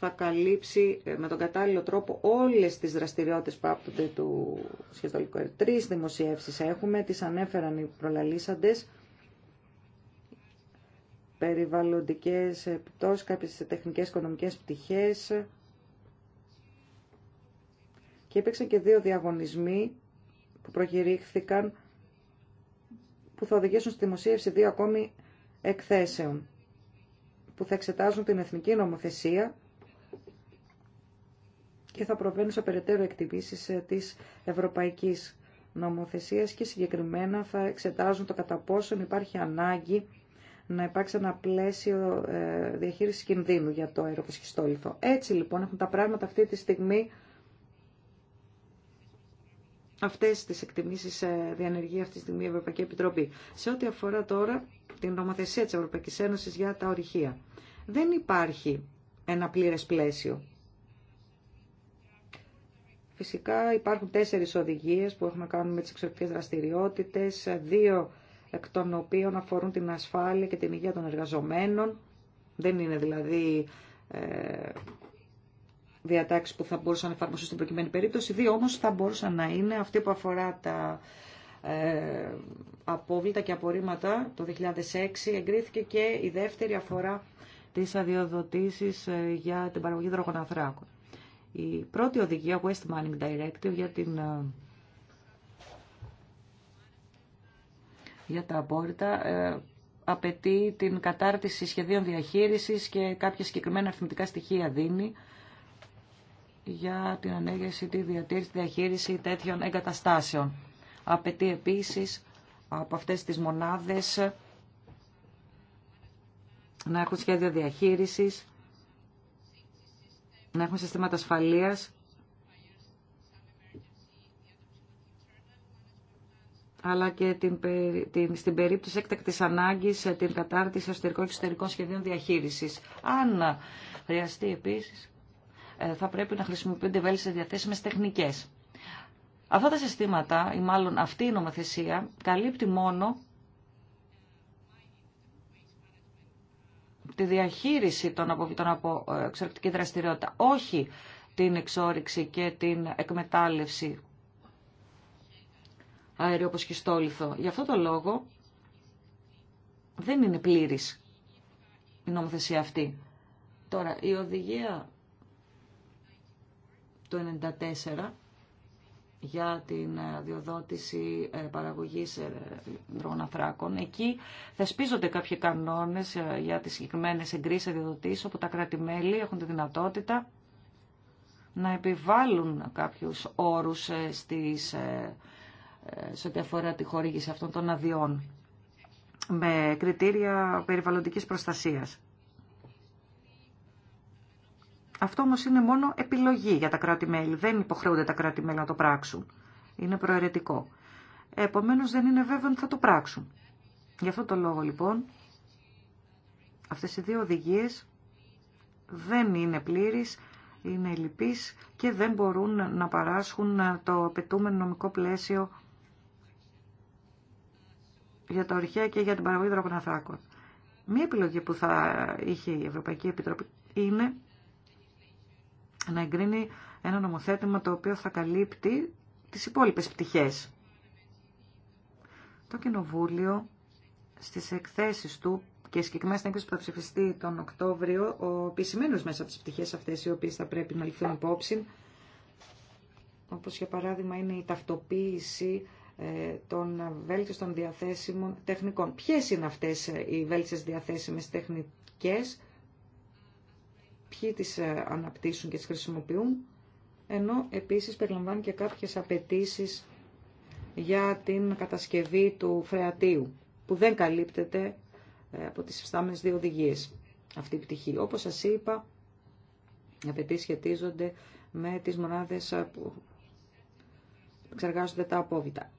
Speaker 1: θα καλύψει ε, με τον κατάλληλο τρόπο όλες τις δραστηριότητες που άπτονται του σχεστολικού ΕΡΤ. Τρεις δημοσιεύσεις έχουμε, τις ανέφεραν οι προλαλήσαντες, περιβαλλοντικές επιπτώσεις, κάποιες τεχνικές οικονομικές πτυχές και υπήρξαν και δύο διαγωνισμοί που προκηρύχθηκαν που θα οδηγήσουν στη δημοσίευση δύο ακόμη εκθέσεων που θα εξετάζουν την εθνική νομοθεσία και θα προβαίνουν σε περαιτέρω εκτιμήσει ε, τη Ευρωπαϊκή Νομοθεσία και συγκεκριμένα θα εξετάζουν το κατά πόσον υπάρχει ανάγκη να υπάρξει ένα πλαίσιο ε, διαχείρισης κινδύνου για το αεροποσχιστόλιθο. Έτσι λοιπόν έχουν τα πράγματα αυτή τη στιγμή αυτές τις εκτιμήσεις ε, διανεργεί αυτή τη στιγμή η Ευρωπαϊκή Επιτροπή. Σε ό,τι αφορά τώρα την νομοθεσία της Ευρωπαϊκής Ένωσης για τα ορυχεία. Δεν υπάρχει ένα πλήρες πλαίσιο Φυσικά υπάρχουν τέσσερις οδηγίες που έχουν να κάνουν με τις εξωτερικές δραστηριότητες, δύο εκ των οποίων αφορούν την ασφάλεια και την υγεία των εργαζομένων. Δεν είναι δηλαδή ε, διατάξεις που θα μπορούσαν να εφαρμοστούν στην προκειμένη περίπτωση. Δύο όμως θα μπορούσαν να είναι αυτή που αφορά τα ε, απόβλητα και απορρίμματα το 2006. Εγκρίθηκε και η δεύτερη αφορά τις αδειοδοτήσεις ε, για την παραγωγή δρογοναθράκων. Η πρώτη οδηγία, West Mining Directive, για, την, ε, για τα απόρριτα, ε, απαιτεί την κατάρτιση σχεδίων διαχείρισης και κάποια συγκεκριμένα αριθμητικά στοιχεία δίνει για την ανέγερση, τη διατήρηση, τη διαχείριση τέτοιων εγκαταστάσεων. Απαιτεί επίσης από αυτές τις μονάδες να έχουν σχέδιο διαχείρισης να έχουμε συστήματα ασφαλείας, αλλά και την, την, στην περίπτωση έκτακτης ανάγκης ε, την κατάρτιση εσωτερικών και εξωτερικών σχεδίων διαχείρισης. Αν χρειαστεί επίσης, ε, θα πρέπει να χρησιμοποιούνται σε διαθέσιμες τεχνικές. Αυτά τα συστήματα, ή μάλλον αυτή η νομοθεσία, καλύπτει μόνο τη διαχείριση των αποβλήτων από ε, εξορρυκτική δραστηριότητα, όχι την εξόριξη και την εκμετάλλευση αέριο όπως στόλιθο. Γι' αυτό το λόγο δεν είναι πλήρης η νομοθεσία αυτή. Τώρα, η οδηγία του 94 για την ε, διοδότηση ε, παραγωγής ε, δρόμων θράκων. Εκεί θεσπίζονται κάποιοι κανόνες για τις συγκεκριμένε εγκρίσεις διοδοτήσεις, όπου τα κράτη-μέλη έχουν τη δυνατότητα να επιβάλλουν κάποιους όρους στις, σε ό,τι αφορά τη χορήγηση αυτών των αδειών με κριτήρια περιβαλλοντικής προστασίας. Αυτό όμω είναι μόνο επιλογή για τα κράτη-μέλη. Δεν υποχρεούνται τα κράτη-μέλη να το πράξουν. Είναι προαιρετικό. Επομένω, δεν είναι βέβαιο ότι θα το πράξουν. Γι' αυτό το λόγο λοιπόν αυτές οι δύο οδηγίε δεν είναι πλήρεις, είναι λυπεί και δεν μπορούν να παράσχουν το απαιτούμενο νομικό πλαίσιο για τα ορυχεία και για την παραγωγή δραπαναθράκων. Μία επιλογή που θα είχε η Ευρωπαϊκή Επιτροπή είναι να εγκρίνει ένα νομοθέτημα το οποίο θα καλύπτει τις υπόλοιπες πτυχές. Το Κοινοβούλιο στις εκθέσεις του και συγκεκριμένα στην έκθεση που θα ψηφιστεί τον Οκτώβριο, ο επισημένος μέσα από τις πτυχές αυτές οι οποίες θα πρέπει να ληφθούν υπόψη, όπως για παράδειγμα είναι η ταυτοποίηση ε, των βέλτιστων διαθέσιμων τεχνικών. Ποιες είναι αυτές ε, οι βέλτιστες διαθέσιμες τεχνικές, ποιοι τις ε, αναπτύσσουν και τις χρησιμοποιούν, ενώ επίσης περιλαμβάνει και κάποιες απαιτήσει για την κατασκευή του φρεατίου, που δεν καλύπτεται ε, από τις ευστάμενες δύο οδηγίες αυτή η πτυχή. Όπως σας είπα, οι απαιτήσει σχετίζονται με τις μονάδες ε, που εξεργάζονται τα απόβητα.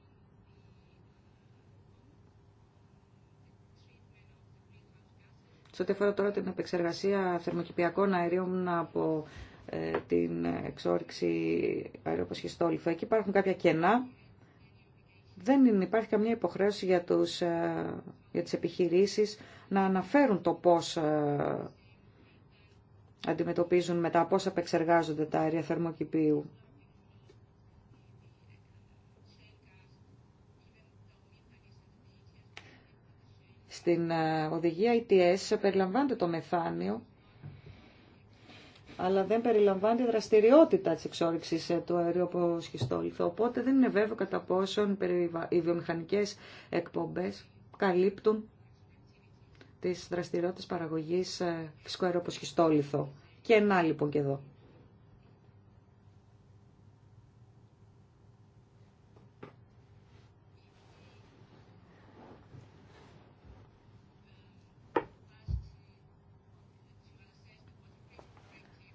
Speaker 1: Σε ό,τι αφορά τώρα την επεξεργασία θερμοκηπιακών αερίων από ε, την εξόρυξη αεροποσχεστόλυφα, εκεί υπάρχουν κάποια κενά. Δεν υπάρχει καμία υποχρέωση για, τους, ε, για τις επιχειρήσεις να αναφέρουν το πώς ε, αντιμετωπίζουν μετά πώς επεξεργάζονται τα αέρια θερμοκηπίου. Στην ε, οδηγία ITS e περιλαμβάνεται το μεθάνιο, αλλά δεν περιλαμβάνει η δραστηριότητα της εξόρυξης ε, του αερίου από σχιστόλιθο. Οπότε δεν είναι βέβαιο κατά πόσον οι βιομηχανικές εκπομπές καλύπτουν τις δραστηριότητες παραγωγής ε, φυσικού αερίου από σχιστόλιθο. Και να λοιπόν και εδώ.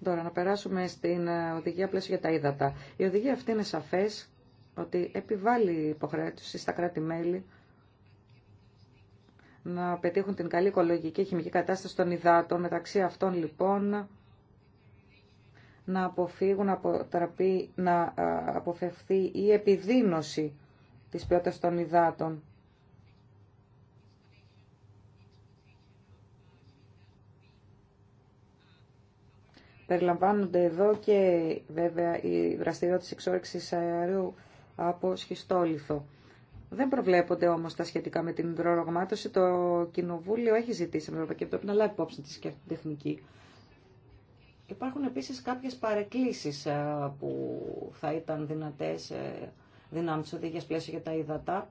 Speaker 1: Τώρα να περάσουμε στην ε, οδηγία πλαίσιο για τα ύδατα. Η οδηγία αυτή είναι σαφές ότι επιβάλλει υποχρέωση στα κράτη-μέλη να πετύχουν την καλή οικολογική και χημική κατάσταση των υδάτων. Μεταξύ αυτών λοιπόν να αποφύγουν, να, αποτραπεί, να αποφευθεί η επιδείνωση της ποιότητας των υδάτων Περιλαμβάνονται εδώ και βέβαια οι της εξόρυξης αερίου από σχιστόλιθο. Δεν προβλέπονται όμως τα σχετικά με την υδρορογμάτωση. Το Κοινοβούλιο έχει ζητήσει την Ευρωπαϊκή Επιτροπή να λάβει υπόψη της και τεχνική. Υπάρχουν επίσης κάποιες παρεκκλήσεις ε, που θα ήταν δυνατές ε, δυνάμεις οδηγίας πλαίσιο για τα υδατά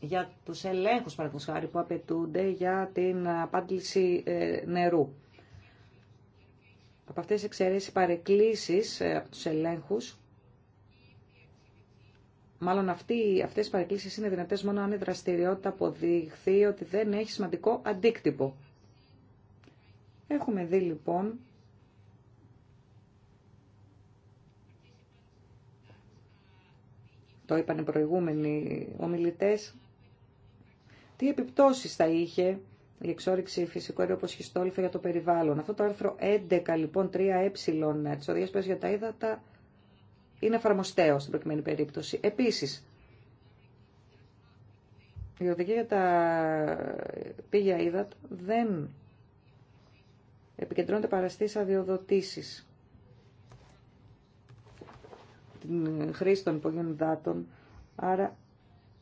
Speaker 1: για τους ελέγχους παραδείγματος που απαιτούνται για την απάντηση ε, νερού. Από αυτές τις εξαιρέσεις παρεκκλήσεις ε, από τους ελέγχους, μάλλον αυτοί, αυτές οι παρεκκλήσεις είναι δυνατές μόνο αν η δραστηριότητα αποδειχθεί ότι δεν έχει σημαντικό αντίκτυπο. Έχουμε δει λοιπόν το είπαν οι προηγούμενοι ομιλητές, τι επιπτώσεις θα είχε η εξόριξη φυσικού αερίου όπως για το περιβάλλον. Αυτό το άρθρο 11 λοιπόν 3ε τη οδηγία για τα ύδατα είναι εφαρμοστέο στην προκειμένη περίπτωση. Επίσης, η οδηγία για τα πήγια ύδατα δεν επικεντρώνεται παραστής αδειοδοτήσει την χρήση των υπογείων άρα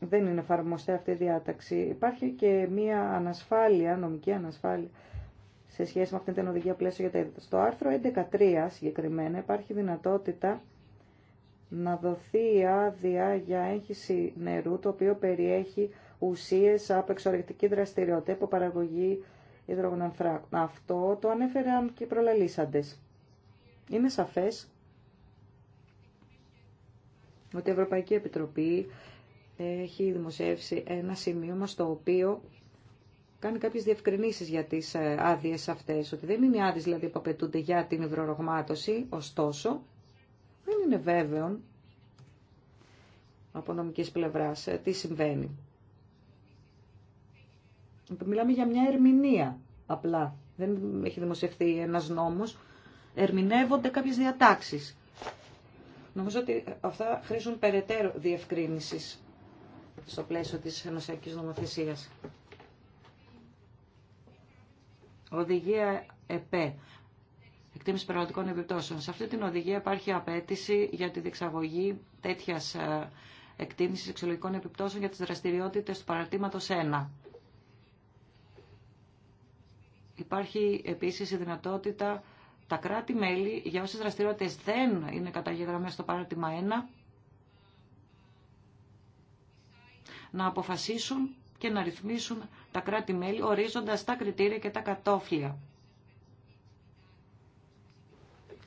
Speaker 1: δεν είναι εφαρμοστεί αυτή η διάταξη. Υπάρχει και μία ανασφάλεια, νομική ανασφάλεια, σε σχέση με αυτήν την οδηγία πλαίσιο για τα είδη. Στο άρθρο 11.3 συγκεκριμένα υπάρχει δυνατότητα να δοθεί άδεια για έγχυση νερού, το οποίο περιέχει ουσίες από εξορρεκτική δραστηριότητα, από παραγωγή υδρογονανθράκων. Αυτό το ανέφεραν και οι προλαλήσαντες. Είναι σαφές ότι η Ευρωπαϊκή Επιτροπή έχει δημοσιεύσει ένα σημείο μας στο οποίο κάνει κάποιες διευκρινήσεις για τις ε, άδειες αυτές, ότι δεν είναι οι άδειες δηλαδή που απαιτούνται για την υβρορογμάτωση, ωστόσο δεν είναι βέβαιο από νομικής πλευράς ε, τι συμβαίνει. Μιλάμε για μια ερμηνεία απλά. Δεν έχει δημοσιευθεί ένας νόμος. Ερμηνεύονται κάποιες διατάξεις. Νομίζω ότι αυτά χρήσουν περαιτέρω διευκρίνησης στο πλαίσιο της ενωσιακής νομοθεσίας. Οδηγία ΕΠΕ, εκτίμηση περιβαλλοντικών επιπτώσεων. Σε αυτή την οδηγία υπάρχει απέτηση για τη διεξαγωγή τέτοια ε, εκτίμησης εξολογικών επιπτώσεων για τις δραστηριότητε του παραρτήματος 1. Υπάρχει επίσης η δυνατότητα τα κράτη-μέλη για όσε δραστηριότητες δεν είναι καταγεγραμμένε στο παράρτημα 1 να αποφασίσουν και να ρυθμίσουν τα κράτη-μέλη ορίζοντας τα κριτήρια και τα κατόφλια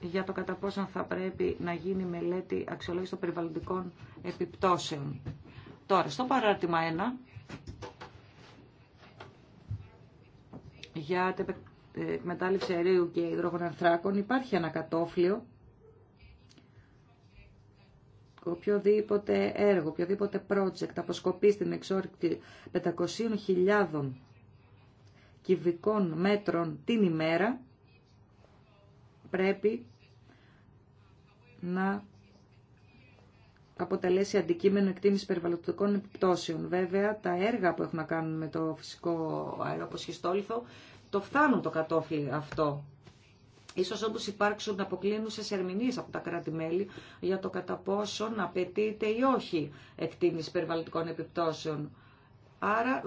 Speaker 1: για το κατά πόσο θα πρέπει να γίνει μελέτη αξιολόγηση των περιβαλλοντικών επιπτώσεων. Τώρα, στο παράρτημα 1, για την ε, εκμετάλλευση αερίου και υδρογονανθράκων, υπάρχει ένα κατόφλιο οποιοδήποτε έργο, οποιοδήποτε project αποσκοπεί στην εξόρυκτη 500.000 κυβικών μέτρων την ημέρα, πρέπει να αποτελέσει αντικείμενο εκτίμηση περιβαλλοντικών επιπτώσεων. Βέβαια, τα έργα που έχουν να κάνουν με το φυσικό αέριο, όπως το φθάνουν το κατόφλι αυτό σω όντω υπάρξουν αποκλίνούσε ερμηνείε από τα κράτη-μέλη για το κατά πόσον απαιτείται ή όχι εκτίμηση περιβαλλοντικών επιπτώσεων. Άρα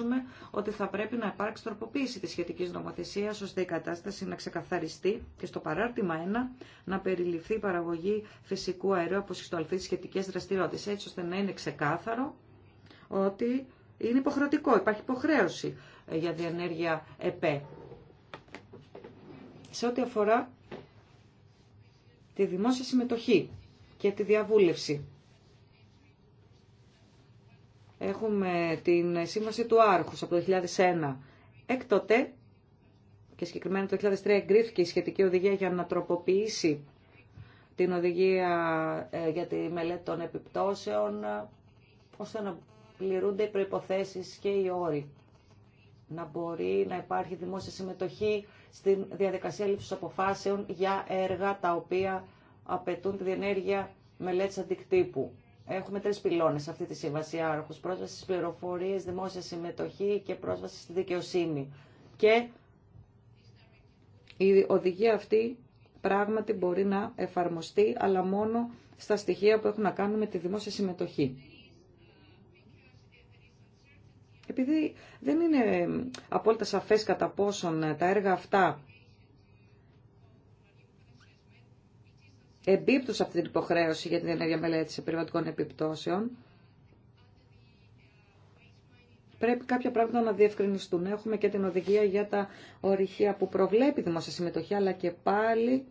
Speaker 1: να ότι θα πρέπει να υπάρξει τροποποίηση της σχετικής νομοθεσίας ώστε η κατάσταση να υπαρξει τροποποιηση τη σχετικη νομοθεσια ωστε η κατασταση να ξεκαθαριστει και στο παράρτημα 1 να περιληφθεί η παραγωγή φυσικού αερίου από στι σχετικέ δραστηριότητε, έτσι ώστε να είναι ξεκάθαρο ότι είναι υποχρεωτικό, υπάρχει υποχρέωση για διενέργεια ΕΠΕ. Σε ό,τι αφορά τη δημόσια συμμετοχή και τη διαβούλευση. Έχουμε την σύμβαση του Άρχους από το 2001. Έκτοτε και συγκεκριμένα το 2003 εγκρίθηκε η σχετική οδηγία για να τροποποιήσει την οδηγία ε, για τη μελέτη των επιπτώσεων ώστε να πληρούνται οι προϋποθέσεις και οι όροι να μπορεί να υπάρχει δημόσια συμμετοχή στη διαδικασία λήψης αποφάσεων για έργα τα οποία απαιτούν τη διενέργεια μελέτης αντικτύπου. Έχουμε τρεις πυλώνες σε αυτή τη σύμβαση άρχους. Πρόσβαση στι πληροφορίες, δημόσια συμμετοχή και πρόσβαση στη δικαιοσύνη. Και η οδηγία αυτή πράγματι μπορεί να εφαρμοστεί, αλλά μόνο στα στοιχεία που έχουν να κάνουν με τη δημόσια συμμετοχή. Επειδή δεν είναι απόλυτα σαφές κατά πόσον ε, τα έργα αυτά εμπίπτουν σε αυτή την υποχρέωση για την ενέργεια μελέτη σε επιπτώσεων, πρέπει κάποια πράγματα να διευκρινιστούν. Έχουμε και την οδηγία για τα ορυχεία που προβλέπει δημόσια συμμετοχή, αλλά και πάλι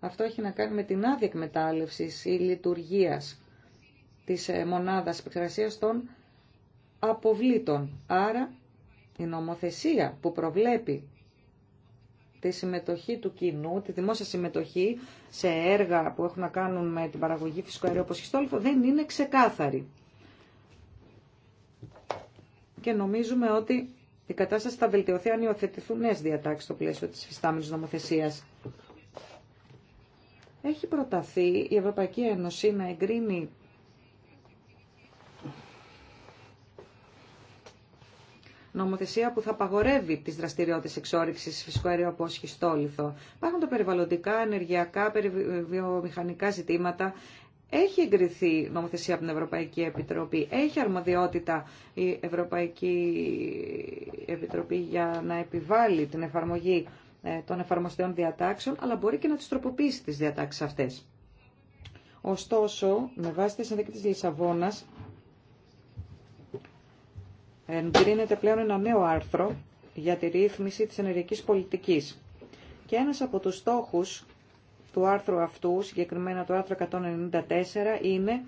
Speaker 1: αυτό έχει να κάνει με την άδεια εκμετάλλευση ή λειτουργία τη ε, μονάδα επεξεργασία των αποβλήτων. Άρα η νομοθεσία που προβλέπει τη συμμετοχή του κοινού, τη δημόσια συμμετοχή σε έργα που έχουν να κάνουν με την παραγωγή φυσικού αερίου όπως δεν είναι ξεκάθαρη. Και νομίζουμε ότι η κατάσταση θα βελτιωθεί αν υιοθετηθούν νέες διατάξεις στο πλαίσιο της φυστάμενης νομοθεσία. Έχει προταθεί η Ευρωπαϊκή Ένωση να εγκρίνει νομοθεσία που θα απαγορεύει τις δραστηριότητες εξόριξης φυσικού αερίου από σχιστόλιθο. Υπάρχουν τα περιβαλλοντικά, ενεργειακά, βιομηχανικά ζητήματα. Έχει εγκριθεί νομοθεσία από την Ευρωπαϊκή Επιτροπή. Έχει αρμοδιότητα η Ευρωπαϊκή Επιτροπή για να επιβάλλει την εφαρμογή ε, των εφαρμοστέων διατάξεων, αλλά μπορεί και να τις τροποποιήσει τις διατάξεις αυτές. Ωστόσο, με βάση τη συνδίκη της Λισαβόνας, εγκρίνεται πλέον ένα νέο άρθρο για τη ρύθμιση της ενεργειακής πολιτικής. Και ένας από τους στόχους του άρθρου αυτού, συγκεκριμένα το άρθρο 194, είναι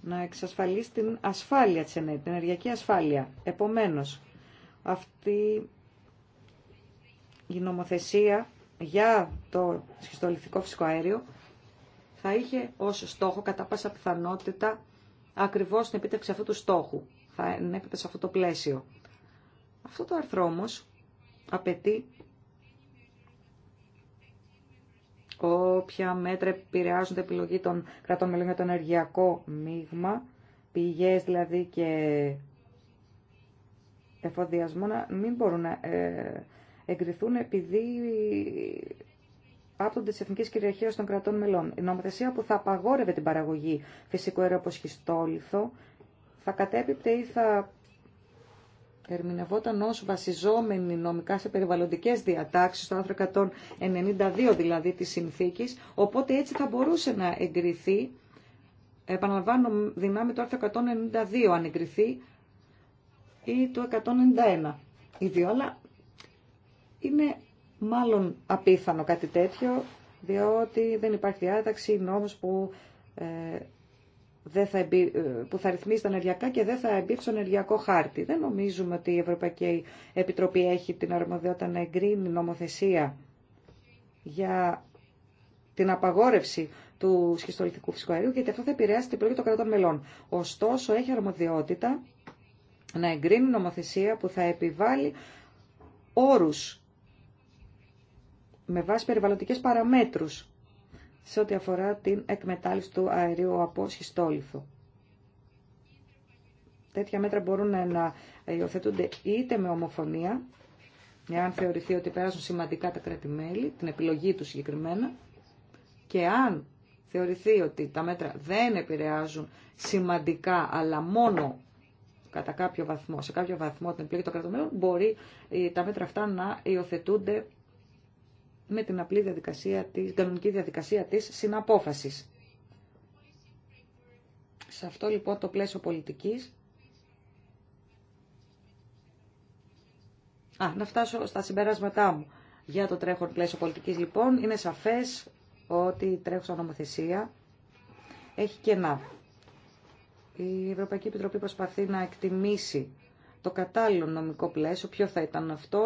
Speaker 1: να εξασφαλίσει την ασφάλεια της ενέργειας, την ενεργειακή ασφάλεια. Επομένως, αυτή η νομοθεσία για το σχιστολιθικό φυσικό αέριο θα είχε ως στόχο κατά πάσα πιθανότητα ακριβώς την επίτευξη αυτού του στόχου θα ενέπεται σε αυτό το πλαίσιο. Αυτό το άρθρο όμως απαιτεί όποια μέτρα επηρεάζουν την επιλογή των κρατών μελών για το ενεργειακό μείγμα, πηγές δηλαδή και εφοδιασμό να μην μπορούν να ε, εγκριθούν επειδή άπτονται τη εθνική κυριαρχία των κρατών μελών. Η νομοθεσία που θα απαγόρευε την παραγωγή φυσικού αερίου θα κατέπιπτε ή θα ερμηνευόταν ως βασιζόμενη νομικά σε περιβαλλοντικές διατάξεις, το άρθρο 192 δηλαδή της συνθήκης, οπότε έτσι θα μπορούσε να εγκριθεί, επαναλαμβάνω δυνάμει το άρθρο 192 αν εγκριθεί, ή το 191. Οι αλλά είναι μάλλον απίθανο κάτι τέτοιο, διότι δεν υπάρχει διάταξη νόμος που ε, δεν θα εμπει... Ε, που θα ρυθμίσει τα ενεργειακά και δεν θα εμπίπτει στον ενεργειακό χάρτη. Δεν νομίζουμε ότι η Ευρωπαϊκή Επιτροπή έχει την αρμοδιότητα να εγκρίνει νομοθεσία για την απαγόρευση του σχιστολιτικού φυσικού αερίου, γιατί αυτό θα επηρεάσει την πρόοδο των κρατών μελών. Ωστόσο, έχει αρμοδιότητα να εγκρίνει νομοθεσία που θα επιβάλλει όρους με βάση περιβαλλοντικές παραμέτρους σε ό,τι αφορά την εκμετάλλευση του αερίου από σχιστόλιθο. Τέτοια μέτρα μπορούν να υιοθετούνται είτε με ομοφωνία, εάν θεωρηθεί ότι πέρασαν σημαντικά τα κρατη την επιλογή του συγκεκριμένα, και αν θεωρηθεί ότι τα μέτρα δεν επηρεάζουν σημαντικά, αλλά μόνο κατά κάποιο βαθμό, σε κάποιο βαθμό την επιλογή των κρατομέλων, μπορεί ε, τα μέτρα αυτά να υιοθετούνται με την απλή διαδικασία της, την κανονική διαδικασία της συναπόφασης. Σε αυτό λοιπόν το πλαίσιο πολιτικής, Α, να φτάσω στα συμπεράσματά μου. Για το τρέχον πλαίσιο πολιτικής λοιπόν, είναι σαφές ότι η τρέχουσα νομοθεσία έχει κενά. Η Ευρωπαϊκή Επιτροπή προσπαθεί να εκτιμήσει το κατάλληλο νομικό πλαίσιο, ποιο θα ήταν αυτό,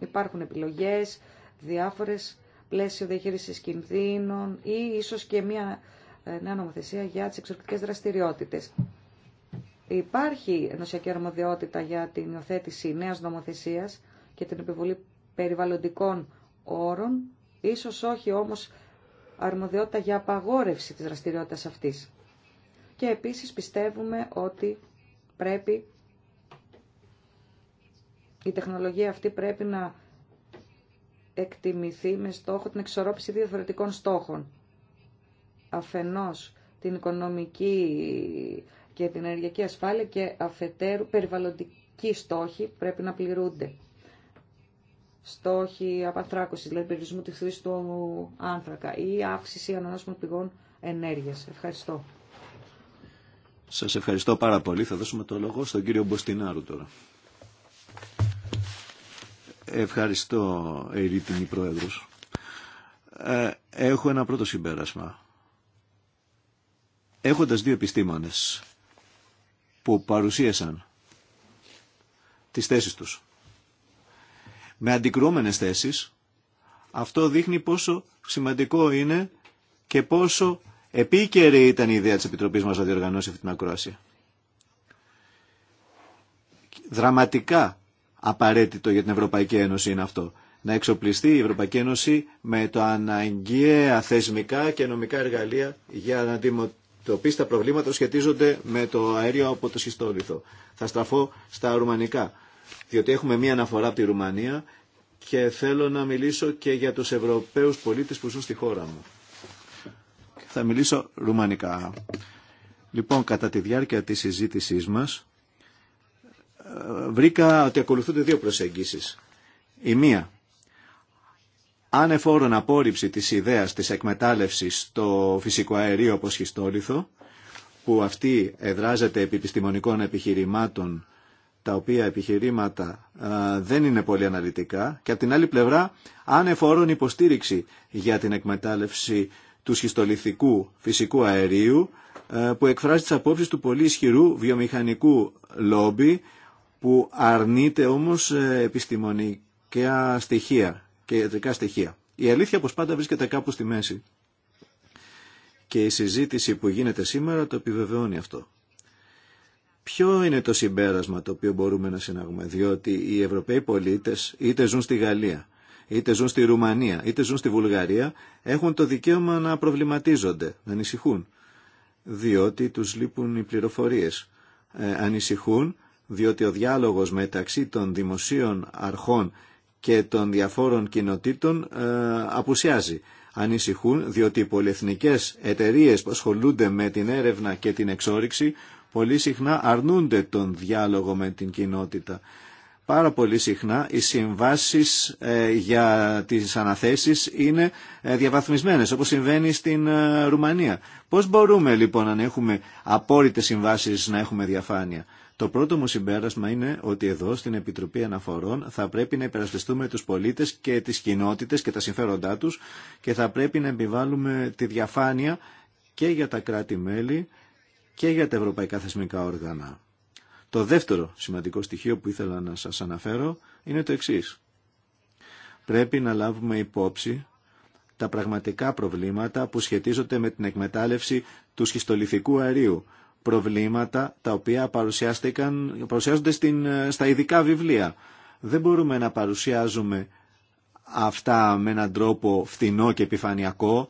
Speaker 1: υπάρχουν επιλογές, διάφορες πλαίσιο διαχείρισης κινδύνων ή ίσως και μια ε, νέα νομοθεσία για τις εξωτερικέ δραστηριότητες. Υπάρχει ενωσιακή αρμοδιότητα για την υιοθέτηση νέας νομοθεσίας και την επιβολή περιβαλλοντικών όρων, ίσως όχι όμως αρμοδιότητα για απαγόρευση της δραστηριότητας αυτής. Και επίσης πιστεύουμε ότι πρέπει η τεχνολογία αυτή πρέπει να εκτιμηθεί με στόχο την εξορρόπηση διαφορετικών στόχων. Αφενός την οικονομική και την ενεργειακή ασφάλεια και αφετέρου περιβαλλοντικοί στόχοι πρέπει να πληρούνται. Στόχοι απανθράκωσης, δηλαδή περιορισμού τη χρήση του άνθρακα ή αύξηση ανανεώσιμων πηγών ενέργειας. Ευχαριστώ.
Speaker 2: Σας ευχαριστώ πάρα πολύ. Θα δώσουμε το λόγο στον κύριο Μποστινάρου τώρα. Ευχαριστώ, Ερήτηνη Πρόεδρος. Ε, έχω ένα πρώτο συμπέρασμα. Έχοντας δύο επιστήμονες που παρουσίασαν τις θέσεις τους με αντικρούμενες θέσεις, αυτό δείχνει πόσο σημαντικό είναι και πόσο επίκαιρη ήταν η ιδέα της Επιτροπής μας να διοργανώσει αυτή την ακρόαση. Δραματικά απαραίτητο για την Ευρωπαϊκή Ένωση είναι αυτό. Να εξοπλιστεί η Ευρωπαϊκή Ένωση με το αναγκαία θεσμικά και νομικά εργαλεία για να αντιμετωπίσει τα προβλήματα που σχετίζονται με το αέριο από το σχιστόλιθο. Θα στραφώ στα ρουμανικά, διότι έχουμε μία αναφορά από τη Ρουμανία και θέλω να μιλήσω και για τους Ευρωπαίους πολίτες που ζουν στη χώρα μου. Θα μιλήσω ρουμανικά. Λοιπόν, κατά τη διάρκεια της συζήτησής μας, βρήκα ότι ακολουθούνται δύο προσεγγίσεις. Η μία, ανεφόρον απόρριψη της ιδέας της εκμετάλλευσης στο φυσικό αερίο όπως χιστόλιθο, που αυτή εδράζεται επί επιστημονικών επιχειρημάτων, τα οποία επιχειρήματα δεν είναι πολύ αναλυτικά, και από την άλλη πλευρά, ανεφόρον υποστήριξη για την εκμετάλλευση του σχιστολιθικού φυσικού αερίου, που εκφράζει τις απόψεις του πολύ ισχυρού βιομηχανικού λόμπι που αρνείται όμως ε, επιστημονικά στοιχεία και ιατρικά στοιχεία. Η αλήθεια όπως πάντα βρίσκεται κάπου στη μέση. Και η συζήτηση που γίνεται σήμερα το επιβεβαιώνει αυτό. Ποιο είναι το συμπέρασμα το οποίο μπορούμε να συναγούμε, διότι οι Ευρωπαίοι πολίτες είτε ζουν στη Γαλλία, είτε ζουν στη Ρουμανία, είτε ζουν στη Βουλγαρία, έχουν το δικαίωμα να προβληματίζονται, να ανησυχούν, διότι τους λείπουν οι πληροφορίες. Ε, ανησυχούν διότι ο διάλογος μεταξύ των δημοσίων αρχών και των διαφόρων κοινοτήτων ε, απουσιάζει. Ανησυχούν διότι οι πολυεθνικές εταιρείες που ασχολούνται με την έρευνα και την εξόριξη πολύ συχνά αρνούνται τον διάλογο με την κοινότητα. Πάρα πολύ συχνά οι συμβάσεις ε, για τις αναθέσεις είναι ε, διαβαθμισμένες, όπως συμβαίνει στην Ρουμανία. Πώς μπορούμε λοιπόν αν έχουμε απόρριτες συμβάσεις να έχουμε διαφάνεια. Το πρώτο μου συμπέρασμα είναι ότι εδώ στην Επιτροπή Αναφορών θα πρέπει να υπερασπιστούμε τους πολίτες και τις κοινότητες και τα συμφέροντά τους και θα πρέπει να επιβάλλουμε τη διαφάνεια και για τα κράτη-μέλη και για τα ευρωπαϊκά θεσμικά όργανα. Το δεύτερο σημαντικό στοιχείο που ήθελα να σας αναφέρω είναι το εξής. Πρέπει να λάβουμε υπόψη τα πραγματικά προβλήματα που σχετίζονται με την εκμετάλλευση του σχιστολιθικού αερίου προβλήματα τα οποία παρουσιάστηκαν, παρουσιάζονται ε, στα ειδικά βιβλία. Δεν μπορούμε να παρουσιάζουμε αυτά με έναν τρόπο φθηνό και επιφανειακό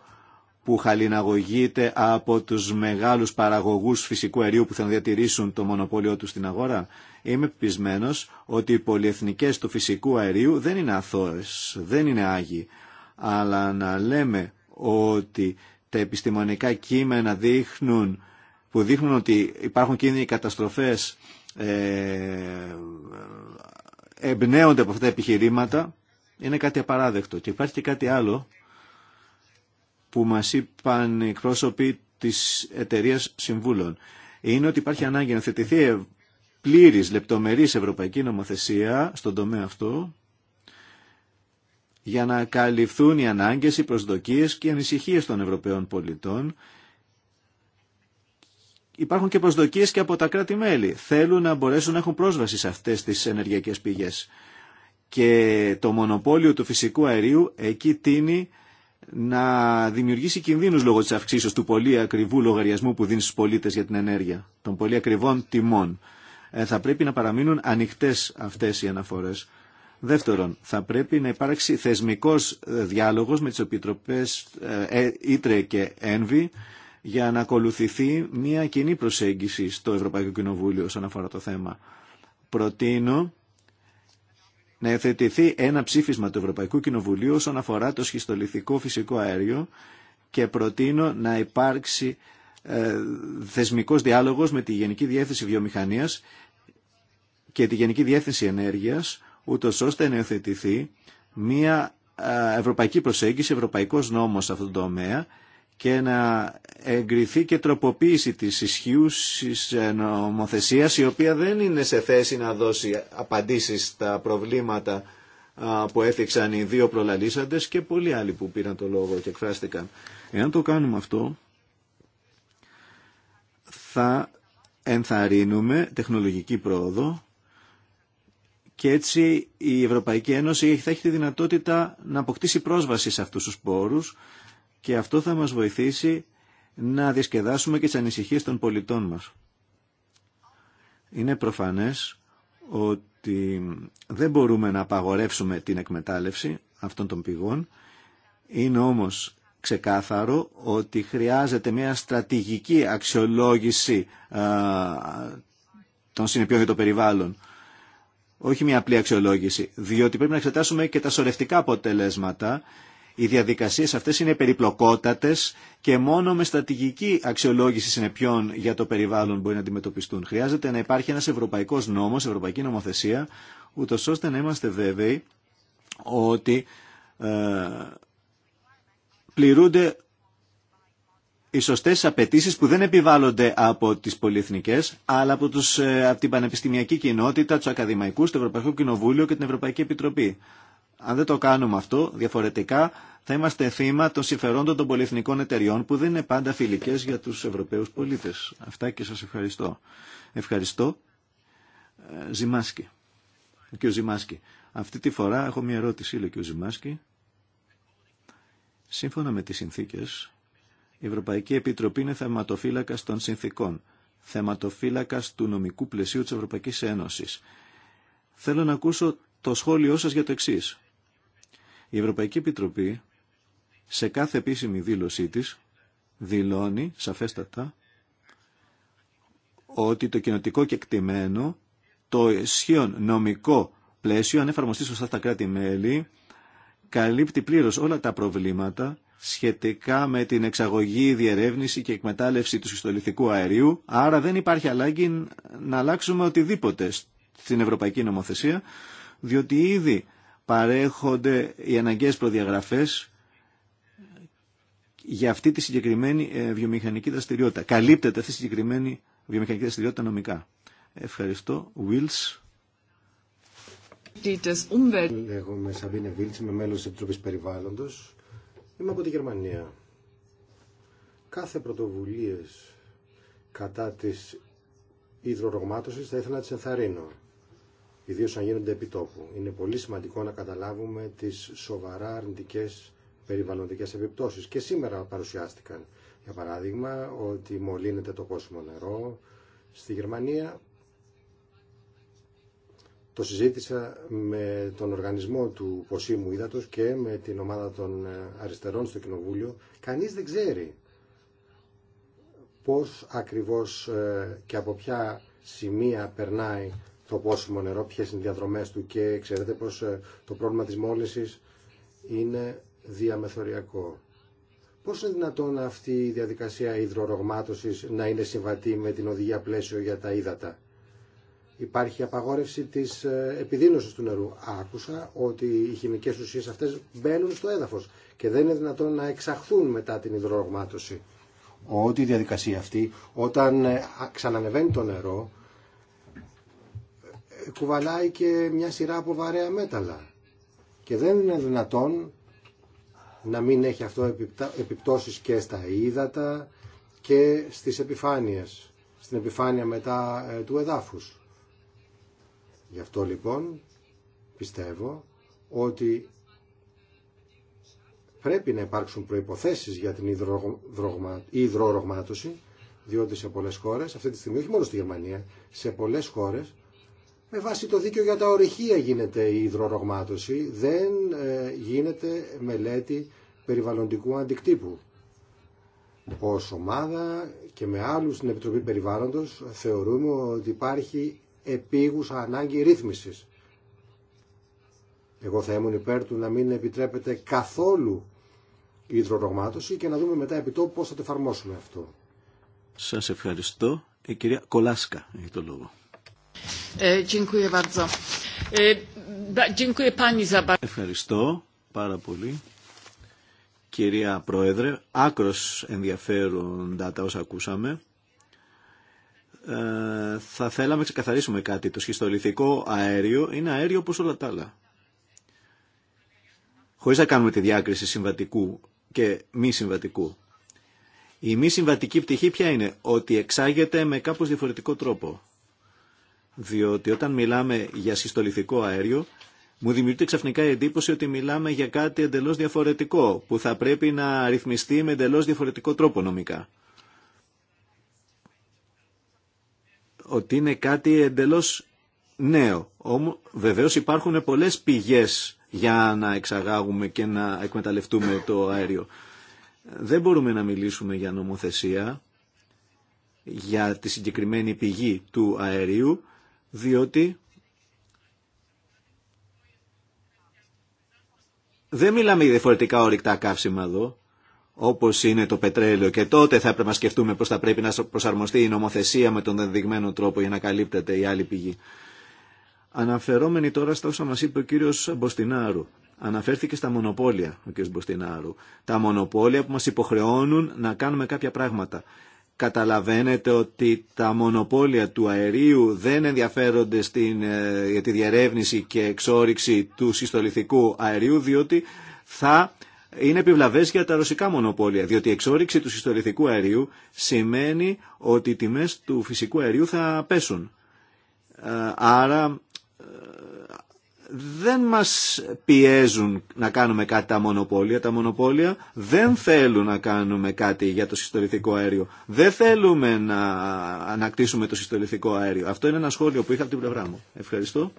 Speaker 2: που χαλιναγωγείται από τους μεγάλους παραγωγούς φυσικού αερίου που θα διατηρήσουν το μονοπόλιο τους στην αγορά. Είμαι πεισμένο ότι οι πολυεθνικές του φυσικού αερίου δεν είναι αθώες, δεν είναι άγιοι. Αλλά να λέμε ότι τα επιστημονικά κείμενα δείχνουν που δείχνουν ότι υπάρχουν κίνδυνοι καταστροφές ε, εμπνέονται από αυτά τα επιχειρήματα είναι κάτι απαράδεκτο. Και υπάρχει και κάτι άλλο που μας είπαν οι εκπρόσωποι της εταιρεία συμβούλων. Είναι ότι υπάρχει ανάγκη να θετηθεί πλήρης λεπτομερής ευρωπαϊκή νομοθεσία στον τομέα αυτό για να καλυφθούν οι ανάγκες, οι προσδοκίες και οι ανησυχίες των Ευρωπαίων πολιτών υπάρχουν και προσδοκίε και από τα κράτη-μέλη. Θέλουν να μπορέσουν να έχουν πρόσβαση σε αυτές τι ενεργειακές πηγές. Και το μονοπόλιο του φυσικού αερίου εκεί τίνει να δημιουργήσει κινδύνους λόγω της αυξήσεως του πολύ ακριβού λογαριασμού που δίνει στους πολίτες για την ενέργεια, των πολύ ακριβών τιμών. Ε, θα πρέπει να παραμείνουν ανοιχτές αυτές οι αναφορές. Δεύτερον, θα πρέπει να υπάρξει θεσμικός διάλογος με τις επιτροπές ε, ε Ήτρε και για να ακολουθηθεί μια κοινή προσέγγιση στο Ευρωπαϊκό Κοινοβούλιο όσον αφορά το θέμα. Προτείνω να εθετηθεί ένα ψήφισμα του Ευρωπαϊκού Κοινοβουλίου όσον αφορά το σχιστολιθικό φυσικό αέριο και προτείνω να υπάρξει ε, θεσμικός διάλογος με τη Γενική Διεύθυνση Βιομηχανίας και τη Γενική Διεύθυνση Ενέργειας, ούτω ώστε να υιοθετηθεί μια ε, ευρωπαϊκή προσέγγιση, ευρωπαϊκός νόμος σε αυτό το τομέα και να εγκριθεί και τροποποίηση της ισχύουσης ε, νομοθεσίας η οποία δεν είναι σε θέση να δώσει απαντήσεις στα προβλήματα που έφτιαξαν οι δύο προλαλήσαντες και πολλοί άλλοι που πήραν το λόγο και εκφράστηκαν. Εάν το κάνουμε αυτό θα ενθαρρύνουμε τεχνολογική πρόοδο και έτσι η Ευρωπαϊκή Ένωση θα έχει τη δυνατότητα να αποκτήσει πρόσβαση σε αυτούς τους πόρους και αυτό θα μας βοηθήσει να διασκεδάσουμε και τις ανησυχίες των πολιτών μας. Είναι προφανές ότι δεν μπορούμε να απαγορεύσουμε την εκμετάλλευση αυτών των πηγών. Είναι όμως ξεκάθαρο ότι χρειάζεται μια στρατηγική αξιολόγηση των συνεπειών για το περιβάλλον. Όχι μια απλή αξιολόγηση, διότι πρέπει να εξετάσουμε και τα σωρευτικά αποτελέσματα οι διαδικασίες αυτές είναι περιπλοκότατες και μόνο με στρατηγική αξιολόγηση συνεπιών για το περιβάλλον μπορεί να αντιμετωπιστούν. Χρειάζεται να υπάρχει ένας ευρωπαϊκός νόμος, ευρωπαϊκή νομοθεσία, ούτω ώστε να είμαστε βέβαιοι ότι ε, πληρούνται οι σωστέ απαιτήσει που δεν επιβάλλονται από τι πολυεθνικέ, αλλά από, τους, ε, από την πανεπιστημιακή κοινότητα, του ακαδημαϊκού, το Ευρωπαϊκό Κοινοβούλιο και την Ευρωπαϊκή Επιτροπή. Αν δεν το κάνουμε αυτό, διαφορετικά θα είμαστε θύμα των συμφερόντων των πολυεθνικών εταιριών που δεν είναι πάντα φιλικές για τους Ευρωπαίους πολίτες. Αυτά και σας ευχαριστώ. Ευχαριστώ. Ε, Ζημάσκη. Ο Ζημάσκη. Αυτή τη φορά έχω μια ερώτηση, λέει ο κ. Ζημάσκη. Σύμφωνα με τις συνθήκες, η Ευρωπαϊκή Επιτροπή είναι θεματοφύλακα των συνθήκων, θεματοφύλακα του νομικού πλαισίου τη Ευρωπαϊκή Ένωση. Θέλω να ακούσω το σχόλιο σας για το εξής. Η Ευρωπαϊκή Επιτροπή σε κάθε επίσημη δήλωσή της δηλώνει σαφέστατα ότι το κοινοτικό κεκτημένο, το ισχύον νομικό πλαίσιο, αν εφαρμοστεί σωστά στα κράτη-μέλη, καλύπτει πλήρως όλα τα προβλήματα σχετικά με την εξαγωγή, διερεύνηση και εκμετάλλευση του συστολιθικού αερίου, άρα δεν υπάρχει ανάγκη να αλλάξουμε οτιδήποτε στην Ευρωπαϊκή Νομοθεσία, διότι ήδη παρέχονται οι αναγκαίες προδιαγραφές για αυτή τη συγκεκριμένη ε, βιομηχανική δραστηριότητα. Καλύπτεται αυτή η συγκεκριμένη βιομηχανική δραστηριότητα νομικά. Ευχαριστώ. Wills.
Speaker 3: Λέγομαι Σαβίνε Βίλτς, είμαι μέλος της Επιτροπής Περιβάλλοντος. Είμαι από τη Γερμανία. Κάθε πρωτοβουλίες κατά της υδρορογμάτωσης θα ήθελα να τις ενθαρρύνω ιδίως αν γίνονται επί τόπου. Είναι πολύ σημαντικό να καταλάβουμε τις σοβαρά αρνητικές περιβαλλοντικές επιπτώσεις και σήμερα παρουσιάστηκαν. Για παράδειγμα, ότι μολύνεται το κόσμο νερό στη Γερμανία. Το συζήτησα με τον οργανισμό του Ποσίμου Ήδατος και με την ομάδα των αριστερών στο Κοινοβούλιο. Κανείς δεν ξέρει πώς ακριβώς ε, και από ποια σημεία περνάει το πόσιμο νερό, ποιε είναι οι διαδρομέ του και ξέρετε πω ε, το πρόβλημα τη μόλυνση είναι διαμεθοριακό. Πώ είναι δυνατόν αυτή η διαδικασία υδρορογμάτωση να είναι συμβατή με την οδηγία πλαίσιο για τα ύδατα. Υπάρχει απαγόρευση τη ε, επιδείνωση του νερού. Άκουσα ότι οι χημικέ ουσίε αυτέ μπαίνουν στο έδαφο και δεν είναι δυνατόν να εξαχθούν μετά την υδρορογμάτωση. Ότι η διαδικασία αυτή όταν ε, ξανανεβαίνει το νερό κουβαλάει και μια σειρά από βαρέα μέταλλα. Και δεν είναι δυνατόν να μην έχει αυτό επιπτώσεις και στα ύδατα και στις επιφάνειες, στην επιφάνεια μετά ε, του εδάφους. Γι' αυτό λοιπόν πιστεύω ότι πρέπει να υπάρξουν προϋποθέσεις για την υδρορογμάτωση, διότι σε πολλές χώρες, αυτή τη στιγμή όχι μόνο στη Γερμανία, σε πολλές χώρες με βάση το δίκαιο για τα ορυχεία γίνεται η υδρορογμάτωση, δεν ε, γίνεται μελέτη περιβαλλοντικού αντικτύπου. Ως ομάδα και με άλλους στην Επιτροπή Περιβάλλοντος θεωρούμε ότι υπάρχει επίγουσα ανάγκη ρύθμισης. Εγώ θα ήμουν υπέρ του να μην επιτρέπεται καθόλου η υδρορογμάτωση και να δούμε μετά επί τόπου πώς θα το εφαρμόσουμε αυτό.
Speaker 2: Σας ευχαριστώ. Η κυρία Κολάσκα έχει το λόγο.
Speaker 1: Ε, ε,
Speaker 2: Ευχαριστώ πάρα πολύ. Κυρία Πρόεδρε, άκρος ενδιαφέροντα τα όσα ακούσαμε. Ε, θα θέλαμε να ξεκαθαρίσουμε κάτι. Το σχιστολιθικό αέριο είναι αέριο όπως όλα τα άλλα. Χωρίς να κάνουμε τη διάκριση συμβατικού και μη συμβατικού. Η μη συμβατική πτυχή ποια είναι, ότι εξάγεται με κάπως διαφορετικό τρόπο. Διότι όταν μιλάμε για συστολιθικό αέριο, μου δημιουργείται ξαφνικά η εντύπωση ότι μιλάμε για κάτι εντελώς διαφορετικό, που θα πρέπει να ρυθμιστεί με εντελώς διαφορετικό τρόπο νομικά. Ότι είναι κάτι εντελώς νέο. Όμως, βεβαίως υπάρχουν πολλές πηγές για να εξαγάγουμε και να εκμεταλλευτούμε το αέριο. Δεν μπορούμε να μιλήσουμε για νομοθεσία, για τη συγκεκριμένη πηγή του αερίου, διότι δεν μιλάμε για διαφορετικά ορυκτά καύσιμα εδώ, όπως είναι το πετρέλαιο και τότε θα έπρεπε να σκεφτούμε πώς θα πρέπει να προσαρμοστεί η νομοθεσία με τον δεδειγμένο τρόπο για να καλύπτεται η άλλη πηγή. Αναφερόμενοι τώρα στα όσα μας είπε ο κύριος Μποστινάρου. Αναφέρθηκε στα μονοπόλια ο κύριος Μποστινάρου. Τα μονοπόλια που μας υποχρεώνουν να κάνουμε κάποια πράγματα. Καταλαβαίνετε ότι τα μονοπόλια του αερίου δεν ενδιαφέρονται στην, ε, για τη διερεύνηση και εξόριξη του συστολιθικού αερίου διότι θα είναι επιβλαβές για τα ρωσικά μονοπόλια διότι η εξόριξη του συστολιθικού αερίου σημαίνει ότι οι τιμές του φυσικού αερίου θα πέσουν. Ε, άρα ε, δεν μας πιέζουν να κάνουμε κάτι τα μονοπόλια. Τα μονοπόλια δεν θέλουν να κάνουμε κάτι για το συστολιθικό αέριο. Δεν θέλουμε να ανακτήσουμε το συστολιθικό αέριο. Αυτό είναι ένα σχόλιο που είχα από την πλευρά μου. Ευχαριστώ.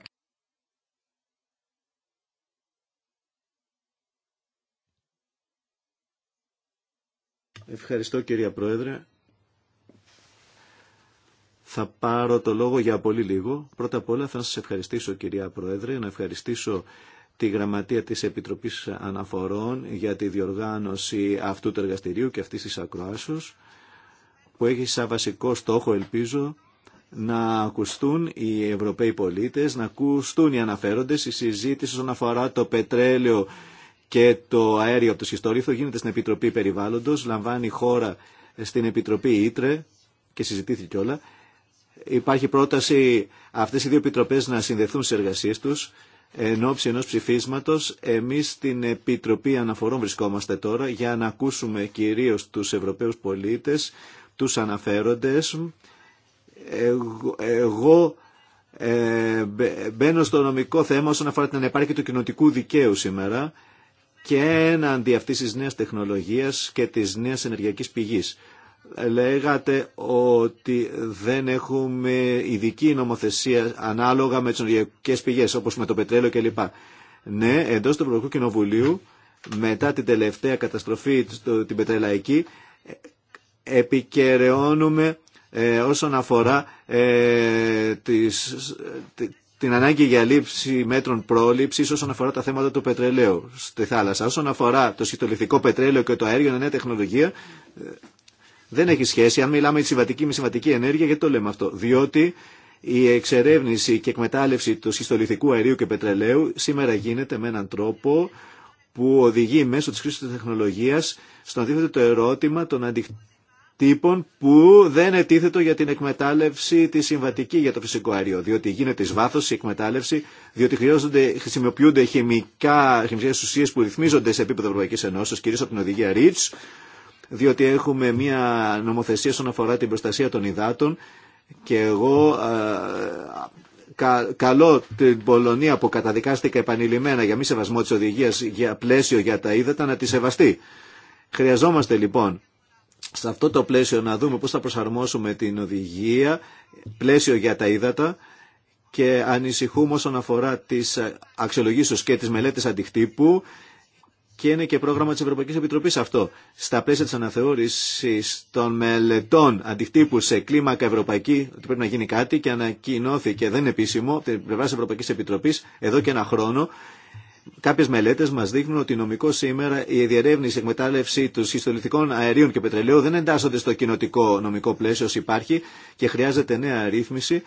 Speaker 2: Ευχαριστώ κυρία Πρόεδρε. Θα πάρω το λόγο για πολύ λίγο. Πρώτα απ' όλα θα σας ευχαριστήσω κυρία Πρόεδρε, να ευχαριστήσω τη Γραμματεία της Επιτροπής Αναφορών για τη διοργάνωση αυτού του εργαστηρίου και αυτής της ακροάσεως που έχει σαν βασικό στόχο, ελπίζω, να ακουστούν οι Ευρωπαίοι πολίτες, να ακουστούν οι αναφέροντες, η συζήτηση όσον αφορά το πετρέλαιο και το αέριο από το σχιστορίθο γίνεται στην Επιτροπή Περιβάλλοντος, λαμβάνει χώρα στην Επιτροπή Ήτρε και συζητήθηκε όλα. Υπάρχει πρόταση αυτές οι δύο επιτροπές να συνδεθούν σε εργασίες τους εν ώψη ενός ψηφίσματος. Εμείς στην Επιτροπή Αναφορών βρισκόμαστε τώρα για να ακούσουμε κυρίως τους Ευρωπαίους πολίτες, τους αναφέροντες. Εγώ, ε, μπαίνω στο νομικό θέμα όσον αφορά την ανεπάρκεια του κοινοτικού δικαίου σήμερα και έναντι αυτής της νέας τεχνολογίας και της νέας ενεργειακής πηγής λέγατε ότι δεν έχουμε ειδική νομοθεσία ανάλογα με τις ενεργειακές πηγές όπως με το πετρέλαιο κλπ. Ναι, εντός του Ευρωπαϊκού Κοινοβουλίου μετά την τελευταία καταστροφή την πετρελαϊκή επικαιρεώνουμε ε, όσον αφορά ε, τις, την ανάγκη για λήψη μέτρων πρόληψης όσον αφορά τα θέματα του πετρελαίου στη θάλασσα. Όσον αφορά το σχητολιθικό πετρέλαιο και το αέριο, είναι νέα τεχνολογία. Δεν έχει σχέση αν μιλάμε για συμβατική με συμβατική ενέργεια, γιατί το λέμε αυτό. Διότι η εξερεύνηση και εκμετάλλευση του συστολιθικού αερίου και πετρελαίου σήμερα γίνεται με έναν τρόπο που οδηγεί μέσω της χρήσης της τεχνολογίας στο αντίθετο το ερώτημα των αντικτύπων που δεν ετίθετο για την εκμετάλλευση τη συμβατική για το φυσικό αέριο, διότι γίνεται εις βάθος η εκμετάλλευση, διότι χρειάζονται, χρησιμοποιούνται χημικά, χημικές ουσίες που ρυθμίζονται σε επίπεδο Ευρωπαϊκή Ενώσης, κυρίως από την οδηγία REACH, διότι έχουμε μια νομοθεσία όσον αφορά την προστασία των υδάτων και εγώ ε, κα, καλώ την Πολωνία που καταδικάστηκε επανειλημμένα για μη σεβασμό της οδηγίας για πλαίσιο για τα ύδατα να τη σεβαστεί. Χρειαζόμαστε λοιπόν σε αυτό το πλαίσιο να δούμε πώς θα προσαρμόσουμε την οδηγία, πλαίσιο για τα ύδατα και ανησυχούμε όσον αφορά τις αξιολογήσεις και τις μελέτες αντιχτύπου και είναι και πρόγραμμα της Ευρωπαϊκής Επιτροπής αυτό. Στα πλαίσια της αναθεώρησης των μελετών αντιχτύπου σε κλίμακα ευρωπαϊκή, ότι πρέπει να γίνει κάτι και ανακοινώθηκε, δεν επίσημο, από την πλευρά της Ευρωπαϊκής Επιτροπής, εδώ και ένα χρόνο, Κάποιε μελέτε μα δείχνουν ότι νομικό σήμερα η διερεύνηση εκμετάλλευση των συστολιθικών αερίων και πετρελαίου δεν εντάσσονται στο κοινοτικό νομικό πλαίσιο υπάρχει και χρειάζεται νέα ρύθμιση.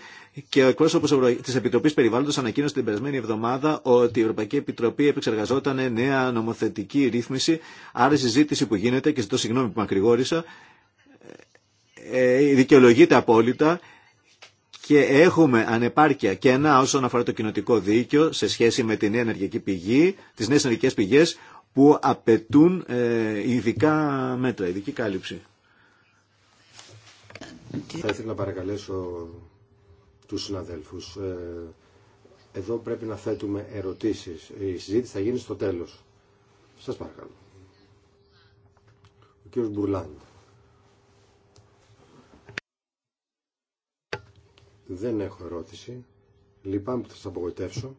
Speaker 2: Και ο εκπρόσωπο τη Επιτροπή Περιβάλλοντο ανακοίνωσε την περασμένη εβδομάδα ότι η Ευρωπαϊκή Επιτροπή επεξεργαζόταν νέα νομοθετική ρύθμιση. Άρα η συζήτηση που γίνεται, και ζητώ συγγνώμη που μακρηγόρησα, ε, ε, δικαιολογείται απόλυτα και έχουμε ανεπάρκεια και ένα όσον αφορά το κοινοτικό δίκαιο σε σχέση με τη ενεργειακή πηγή, τις νέες ενεργειακές πηγές που απαιτούν ε, ειδικά μέτρα, ειδική κάλυψη.
Speaker 3: Θα ήθελα να παρακαλέσω τους συναδέλφους. Ε, εδώ πρέπει να θέτουμε ερωτήσεις. Η συζήτηση θα γίνει στο τέλος. Σας παρακαλώ. Ο κύριος Μπουρλάντ. Δεν έχω ερώτηση. Λυπάμαι που θα σα απογοητεύσω,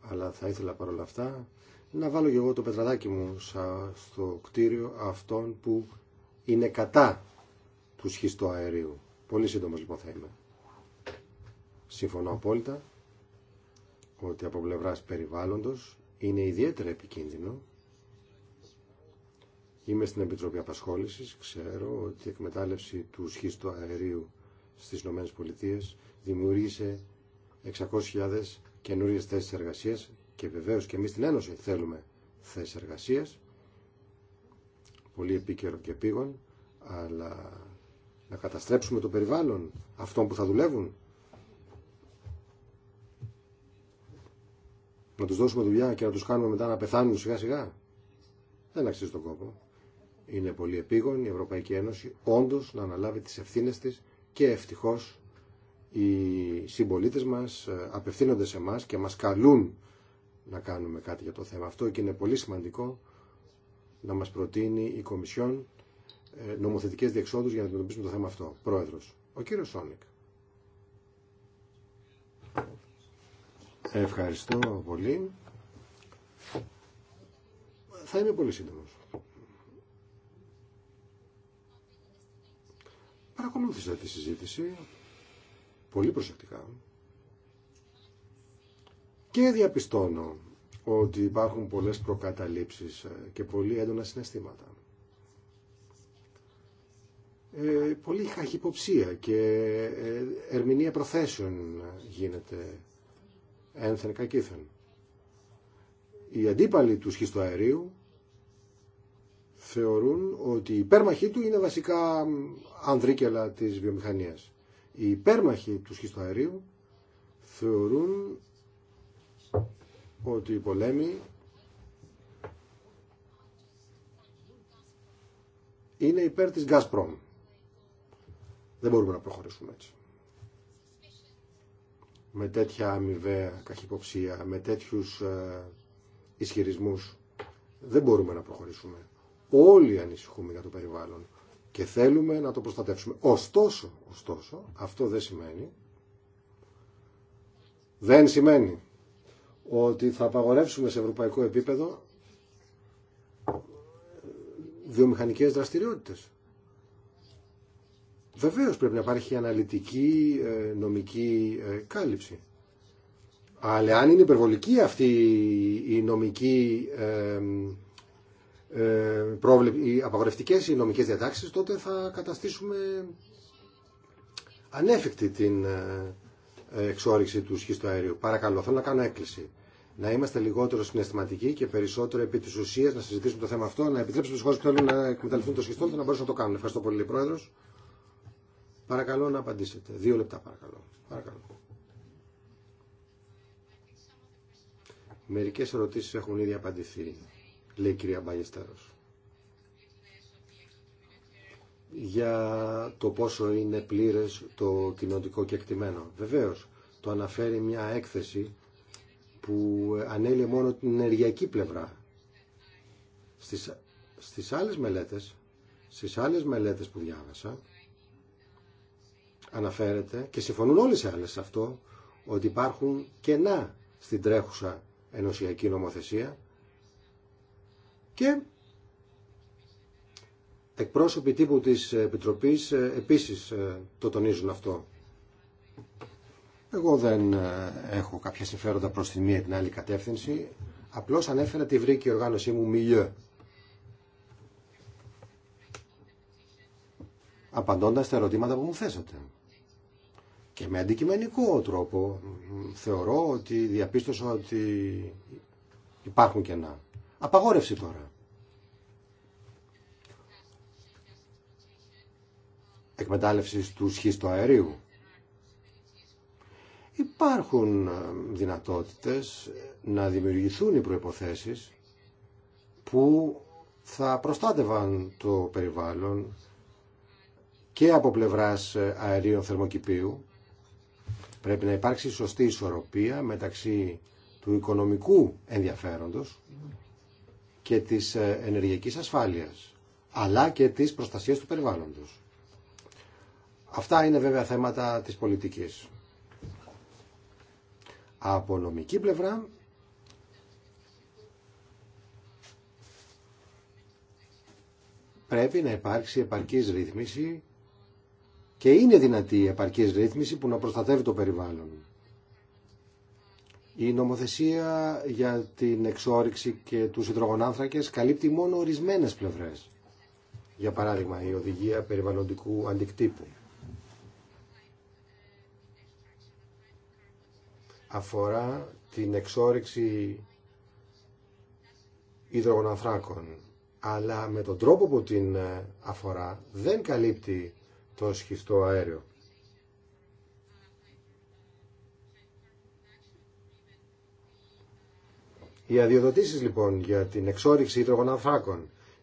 Speaker 3: αλλά θα ήθελα παρόλα αυτά να βάλω και εγώ το πετραδάκι μου στο κτίριο αυτών που είναι κατά του σχιστού αερίου. Πολύ σύντομο λοιπόν θα είμαι. Συμφωνώ απόλυτα ότι από πλευρά περιβάλλοντος είναι ιδιαίτερα επικίνδυνο. Είμαι στην Επιτροπή Απασχόλησης, ξέρω ότι η εκμετάλλευση του σχίστου αερίου στις Ηνωμένες Πολιτείες δημιούργησε 600.000 καινούριε θέσεις εργασίας και βεβαίω και εμείς στην Ένωση θέλουμε θέσει εργασία, πολύ επίκαιρο και επίγον αλλά να καταστρέψουμε το περιβάλλον αυτών που θα δουλεύουν να τους δώσουμε δουλειά και να τους κάνουμε μετά να πεθάνουν σιγά σιγά δεν αξίζει τον κόπο είναι πολύ επίγον η Ευρωπαϊκή Ένωση όντως να αναλάβει τις ευθύνες της και ευτυχώς οι συμπολίτες μας ε, απευθύνονται σε μας και μας καλούν να κάνουμε κάτι για το θέμα αυτό και είναι πολύ σημαντικό να μας προτείνει η Κομισιόν ε, νομοθετικές διεξόδους για να αντιμετωπίσουμε το θέμα αυτό. Πρόεδρος, ο κύριος Σόνικ. Ευχαριστώ πολύ. Θα είμαι πολύ σύντομος. παρακολούθησα τη συζήτηση πολύ προσεκτικά και διαπιστώνω ότι υπάρχουν πολλές προκαταλήψεις ε, και πολύ έντονα συναισθήματα. Ε, πολύ χαχυποψία και ε, ερμηνεία προθέσεων γίνεται ένθεν κακήθεν. Οι αντίπαλοι του σχιστοαερίου θεωρούν ότι η υπέρμαχή του είναι βασικά ανδρίκελα της βιομηχανίας. Οι υπέρμαχοι του σχιστοαερίου θεωρούν ότι οι πολέμοι είναι υπέρ της Gazprom. Δεν μπορούμε να προχωρήσουμε έτσι. Με τέτοια αμοιβαία καχυποψία, με τέτοιους ισχυρισμού ε, ισχυρισμούς, δεν μπορούμε να προχωρήσουμε. Όλοι ανησυχούμε για το περιβάλλον και θέλουμε να το προστατεύσουμε. Ωστόσο, ωστόσο, αυτό δεν σημαίνει, δεν σημαίνει ότι θα απαγορεύσουμε σε ευρωπαϊκό επίπεδο βιομηχανικές δραστηριότητες. Βεβαίως πρέπει να υπάρχει αναλυτική ε, νομική ε, κάλυψη. Αλλά αν είναι υπερβολική αυτή η νομική ε, ε, οι απαγορευτικές οι νομικές διατάξεις, τότε θα καταστήσουμε ανέφικτη την ε, εξόριξη του σχίστου αερίου. Παρακαλώ, θέλω να κάνω έκκληση. Να είμαστε λιγότερο συναισθηματικοί και περισσότερο επί τη ουσία να συζητήσουμε το θέμα αυτό, να επιτρέψουμε στου χώρε που θέλουν να εκμεταλλευτούν το σχιστό να μπορέσουν να το κάνουν. Ευχαριστώ πολύ, Πρόεδρο. Παρακαλώ να απαντήσετε. Δύο λεπτά, παρακαλώ. παρακαλώ. Μερικέ ερωτήσει έχουν ήδη απαντηθεί λέει η κυρία Για το πόσο είναι πλήρες το κοινωνικό κεκτημένο. Βεβαίως, το αναφέρει μια έκθεση που ανέλει μόνο την ενεργειακή πλευρά. Στις, στις άλλες μελέτες, στις άλλες μελέτες που διάβασα, αναφέρεται και συμφωνούν όλες οι άλλες σε αυτό, ότι υπάρχουν κενά στην τρέχουσα ενωσιακή νομοθεσία και εκπρόσωποι τύπου της Επιτροπής ε, επίσης ε, το τονίζουν αυτό. Εγώ δεν ε, έχω κάποια συμφέροντα προς τη μία ή την άλλη κατεύθυνση. Απλώς ανέφερα τη βρήκε η οργάνωσή μου μιλιό. Απαντώντας τα ερωτήματα που μου θέσατε. Και με αντικειμενικό τρόπο θεωρώ ότι διαπίστωσα ότι υπάρχουν κενά. Απαγόρευση τώρα. Εκμετάλλευση του σχίστου αερίου. Υπάρχουν ε, δυνατότητες να δημιουργηθούν οι προϋποθέσεις που θα προστάτευαν το περιβάλλον και από πλευράς ε, αερίων θερμοκηπίου. Πρέπει να υπάρξει σωστή ισορροπία μεταξύ του οικονομικού ενδιαφέροντος και της ε, ενεργειακής ασφάλειας, αλλά και της προστασίας του περιβάλλοντος. Αυτά είναι βέβαια θέματα της πολιτικής. Από νομική πλευρά, πρέπει να υπάρξει επαρκής ρύθμιση και είναι δυνατή η επαρκής ρύθμιση που να προστατεύει το περιβάλλον. Η νομοθεσία για την εξόριξη και τους υδρογονάνθρακες καλύπτει μόνο ορισμένες πλευρές. Για παράδειγμα, η οδηγία περιβαλλοντικού αντικτύπου. Αφορά την εξόριξη υδρογονανθράκων, αλλά με τον τρόπο που την αφορά δεν καλύπτει το σχιστό αέριο. Οι αδειοδοτήσεις λοιπόν για την εξόριξη υδρογων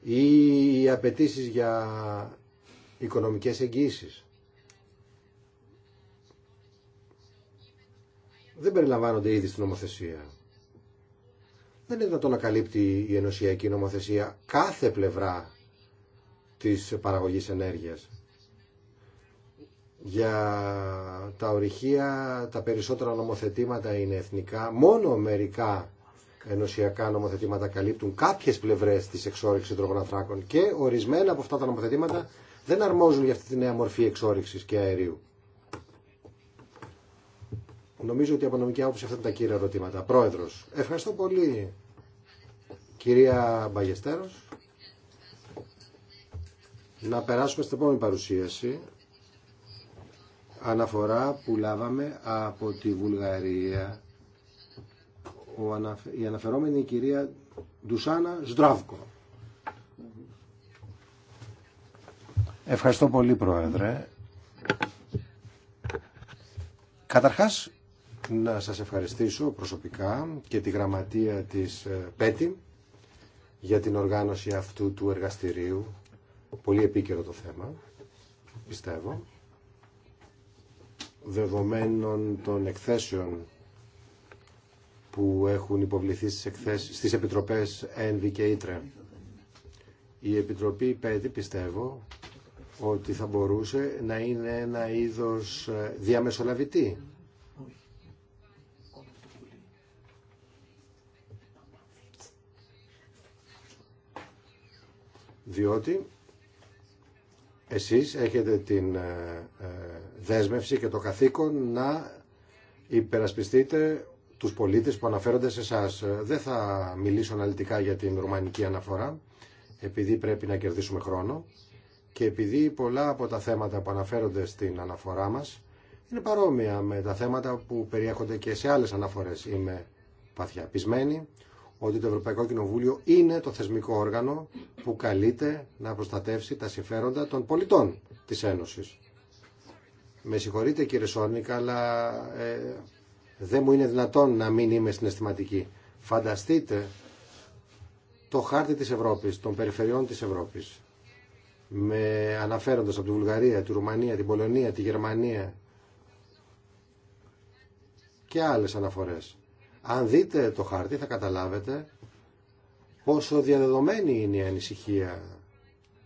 Speaker 3: η οι απαιτησει για οικονομικες εγγυσει νομοθεσία κάθε πλευρά της παραγωγής ενέργειας. Για τα ορυχεία τα περισσότερα νομοθετήματα είναι εθνικά, μόνο μερικά ενωσιακά νομοθετήματα καλύπτουν κάποιες πλευρές της εξόριξης των ανθράκων και ορισμένα από αυτά τα νομοθετήματα δεν αρμόζουν για αυτή τη νέα μορφή εξόριξης και αερίου. Νομίζω ότι από νομική άποψη αυτά είναι τα κύρια ερωτήματα. Πρόεδρος, ευχαριστώ πολύ κυρία Μπαγεστέρο, Να περάσουμε στην επόμενη παρουσίαση. Αναφορά που λάβαμε από τη Βουλγαρία ο Η αναφερόμενη κυρία Ντουσάνα Στράβκο. Ευχαριστώ πολύ Πρόεδρε. Καταρχάς να σας ευχαριστήσω προσωπικά και τη γραμματεία της ε, ΠΕΤΗ για την οργάνωση αυτού του εργαστηρίου. Πολύ επίκαιρο το θέμα, πιστεύω. Δεδομένων των εκθέσεων που έχουν υποβληθεί στις, εκθέσεις, στις επιτροπές και ΙΤΡΕ. Η Επιτροπή ΠΕΤΗ πιστεύω ότι θα μπορούσε να είναι ένα είδος ε, διαμεσολαβητή. Διότι εσείς έχετε την ε, ε, δέσμευση και το καθήκον να υπερασπιστείτε τους πολίτες που αναφέρονται σε εσά. Ε, δεν θα μιλήσω αναλυτικά για την ρουμανική αναφορά, επειδή πρέπει να κερδίσουμε χρόνο και επειδή πολλά από τα θέματα που αναφέρονται στην αναφορά μας είναι παρόμοια με τα θέματα που περιέχονται και σε άλλες αναφορές. Είμαι βαθιά. πεισμένη ότι το Ευρωπαϊκό Κοινοβούλιο είναι το θεσμικό όργανο που καλείται να προστατεύσει τα συμφέροντα των πολιτών της Ένωσης. Με συγχωρείτε κύριε Σόρνικα, αλλά ε, δεν μου είναι δυνατόν να μην είμαι συναισθηματική. Φανταστείτε το χάρτη της Ευρώπης, των περιφερειών της Ευρώπης, με αναφέροντας από τη Βουλγαρία, τη Ρουμανία, την Πολωνία, τη Γερμανία και άλλες αναφορές. Αν δείτε το χάρτη θα καταλάβετε πόσο διαδεδομένη είναι η ανησυχία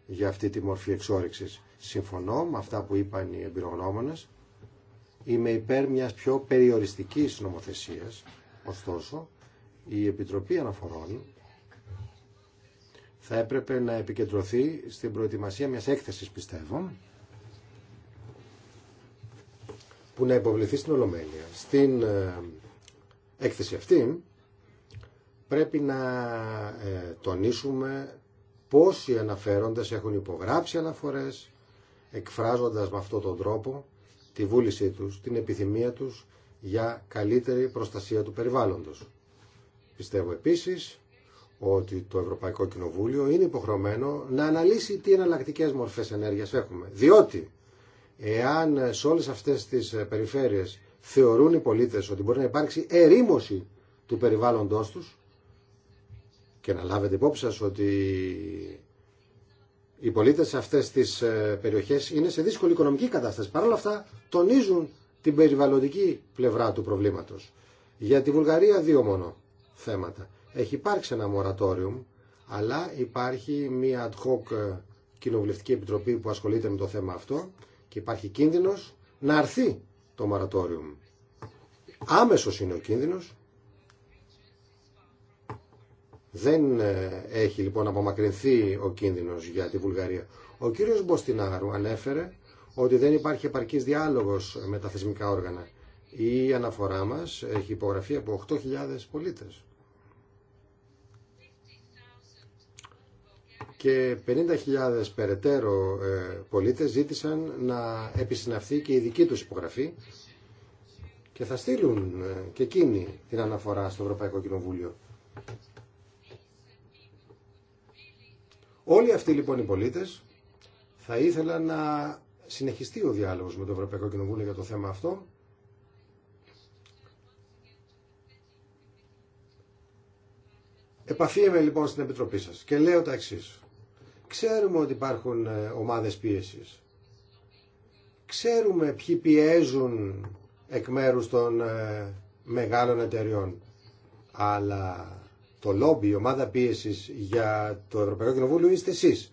Speaker 3: για αυτή τη μορφή εξόριξης. Συμφωνώ με αυτά που είπαν οι εμπειρογνώμονες Είμαι υπέρ μιας πιο περιοριστικής νομοθεσίας, ωστόσο η Επιτροπή Αναφορών θα έπρεπε να επικεντρωθεί στην προετοιμασία μιας έκθεσης, πιστεύω, που να υποβληθεί στην Ολομέλεια. Στην ε, έκθεση αυτή πρέπει να ε, τονίσουμε πόσοι αναφέροντες έχουν υπογράψει αναφορές, εκφράζοντας με αυτόν τον τρόπο τη βούλησή τους, την επιθυμία τους για καλύτερη προστασία του περιβάλλοντος. Πιστεύω επίσης ότι το Ευρωπαϊκό Κοινοβούλιο είναι υποχρεωμένο να αναλύσει τι εναλλακτικές μορφές ενέργειας έχουμε. Διότι εάν σε όλες αυτές τις περιφέρειες θεωρούν οι πολίτες ότι μπορεί να υπάρξει ερήμωση του περιβάλλοντος τους και να λάβετε υπόψη σας ότι οι πολίτες σε αυτές τις ε, περιοχές είναι σε δύσκολη οικονομική κατάσταση. Παρ' όλα αυτά τονίζουν την περιβαλλοντική πλευρά του προβλήματος. Για τη Βουλγαρία δύο μόνο θέματα. Έχει υπάρξει ένα moratorium, αλλά υπάρχει μια ad hoc ε, κοινοβουλευτική επιτροπή που ασχολείται με το θέμα αυτό και υπάρχει κίνδυνο να αρθεί το moratorium. Άμεσο είναι ο κίνδυνος δεν ε, έχει λοιπόν απομακρυνθεί ο κίνδυνος για τη Βουλγαρία. Ο κύριος Μποστινάρου ανέφερε ότι δεν υπάρχει επαρκής διάλογος με τα θεσμικά όργανα. Η αναφορά μας έχει υπογραφεί από 8.000 πολίτες. Και 50.000 περαιτέρω ε, πολίτες ζήτησαν να επισυναυθεί και η δική τους υπογραφή και θα στείλουν ε, και εκείνοι την αναφορά στο Ευρωπαϊκό Κοινοβούλιο. Όλοι αυτοί λοιπόν οι πολίτες θα ήθελαν να συνεχιστεί ο διάλογος με το Ευρωπαϊκό Κοινοβούλιο για το θέμα αυτό. Επαφίεμαι λοιπόν στην Επιτροπή σας και λέω τα εξή. Ξέρουμε ότι υπάρχουν ε, ομάδες πίεσης. Ξέρουμε ποιοι πιέζουν εκ μέρους των ε, μεγάλων εταιριών. Αλλά το λόμπι, η ομάδα πίεση για το Ευρωπαϊκό Κοινοβούλιο είστε εσεί.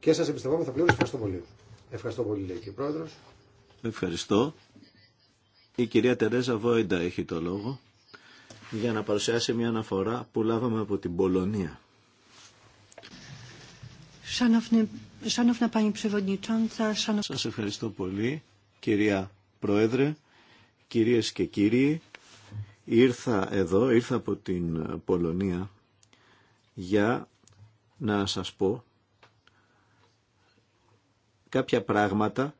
Speaker 3: Και σα εμπιστευόμαστε πλήρω. Ευχαριστώ πολύ. Ευχαριστώ πολύ, λέει και πρόεδρο.
Speaker 2: Ευχαριστώ. Η κυρία Τερέζα Βόιντα έχει το λόγο για να παρουσιάσει μια αναφορά που λάβαμε από την Πολωνία. Σας ευχαριστώ πολύ, κυρία Πρόεδρε, κυρίες και κύριοι. Ήρθα εδώ, ήρθα από την Πολωνία για να σας πω κάποια πράγματα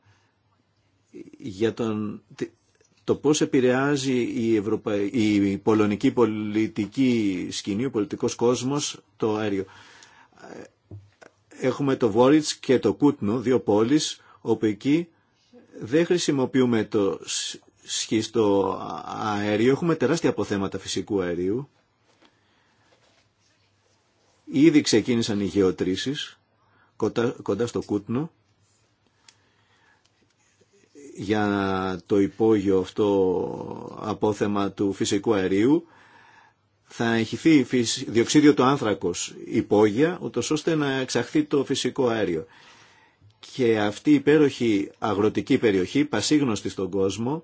Speaker 2: για τον, το πώς επηρεάζει η, Ευρωπα... η πολωνική πολιτική σκηνή, ο πολιτικός κόσμος, το αέριο. Έχουμε το Βόριτς και το Κούτνο, δύο πόλεις, όπου εκεί δεν χρησιμοποιούμε το σχίστο αέριο. Έχουμε τεράστια αποθέματα φυσικού αερίου. Ήδη ξεκίνησαν οι γεωτρήσεις κοντά στο Κούτνο για το υπόγειο αυτό απόθεμα του φυσικού αερίου θα εγχυθεί διοξίδιο το άνθρακος υπόγεια, ούτως ώστε να εξαχθεί το φυσικό αέριο. Και αυτή η υπέροχη αγροτική περιοχή, πασίγνωστη στον κόσμο,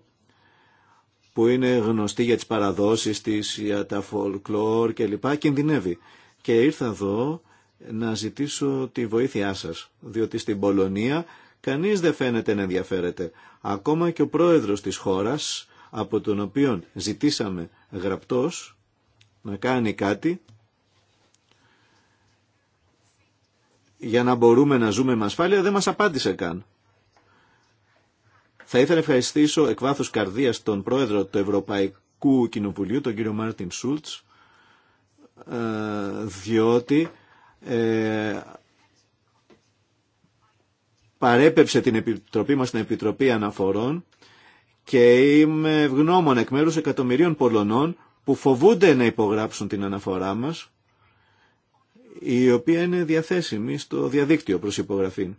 Speaker 2: που είναι γνωστή για τις παραδόσεις της, για τα folklore κλπ. κινδυνεύει. Και ήρθα εδώ να ζητήσω τη βοήθειά σας, διότι στην Πολωνία κανείς δεν φαίνεται να ενδιαφέρεται. Ακόμα και ο πρόεδρος της χώρας, από τον οποίο ζητήσαμε γραπτός να κάνει κάτι, για να μπορούμε να ζούμε με ασφάλεια, δεν μας απάντησε καν. Θα ήθελα να ευχαριστήσω εκ βάθους καρδίας τον πρόεδρο του Ευρωπαϊκού Κοινοβουλίου, τον κύριο Μάρτιν Σούλτς, ε, διότι ε, παρέπεψε την Επιτροπή μας στην Επιτροπή Αναφορών και είμαι ευγνώμων εκ μέρους εκατομμυρίων Πολωνών που φοβούνται να υπογράψουν την αναφορά μας, η οποία είναι διαθέσιμη στο διαδίκτυο προς υπογραφή.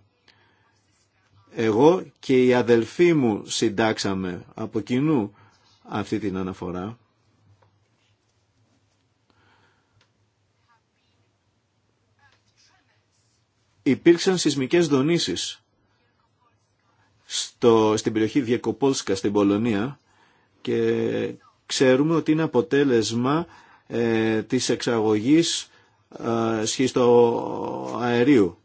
Speaker 2: Εγώ και οι αδελφοί μου συντάξαμε από κοινού αυτή την αναφορά. Υπήρξαν σεισμικές δονήσεις στο, στην περιοχή Διεκοπόλσκα στην Πολωνία και ξέρουμε ότι είναι αποτέλεσμα ε, της εξαγωγής ε, σχιστοαερίου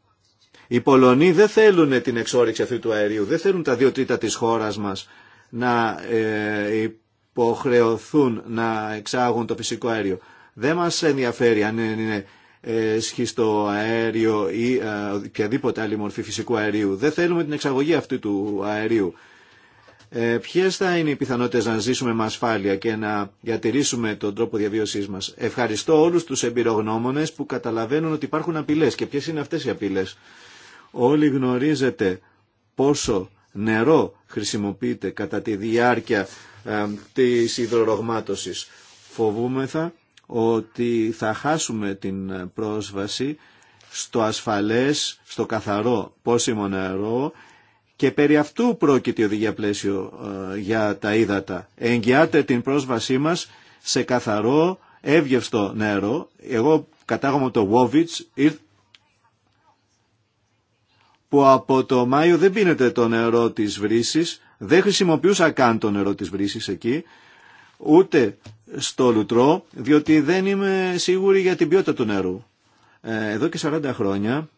Speaker 2: οι Πολωνοί δεν θέλουν την εξόριξη αυτού του αερίου, δεν θέλουν τα δύο τρίτα της χώρας μας να ε, υποχρεωθούν να εξάγουν το φυσικό αέριο. Δεν μας ενδιαφέρει αν είναι ε, σχιστό αέριο ή ε, οποιαδήποτε άλλη μορφή φυσικού αερίου. Δεν θέλουμε την εξαγωγή αυτού του αερίου. Ε, Ποιε θα είναι οι πιθανότητε να ζήσουμε με ασφάλεια και να διατηρήσουμε τον τρόπο διαβίωσή μα. Ευχαριστώ όλου του εμπειρογνώμονε που καταλαβαίνουν ότι υπάρχουν απειλέ και ποιε είναι αυτέ οι απειλέ. Όλοι γνωρίζετε πόσο νερό χρησιμοποιείται κατά τη διάρκεια ε, της υδρορογμάτωσης. Φοβούμεθα ότι θα χάσουμε την πρόσβαση στο ασφαλές, στο καθαρό πόσιμο νερό και περί αυτού πρόκειται η οδηγία πλαίσιο ε, για τα ύδατα. Εγγυάται την πρόσβασή μας σε καθαρό, εύγευστο νερό. Εγώ κατάγομαι το Wovitz, που από το Μάιο δεν πίνεται το νερό της βρύσης, δεν χρησιμοποιούσα καν το νερό της βρύσης εκεί, ούτε στο λουτρό, διότι δεν είμαι σίγουρη για την ποιότητα του νερού. Ε, εδώ και 40 χρόνια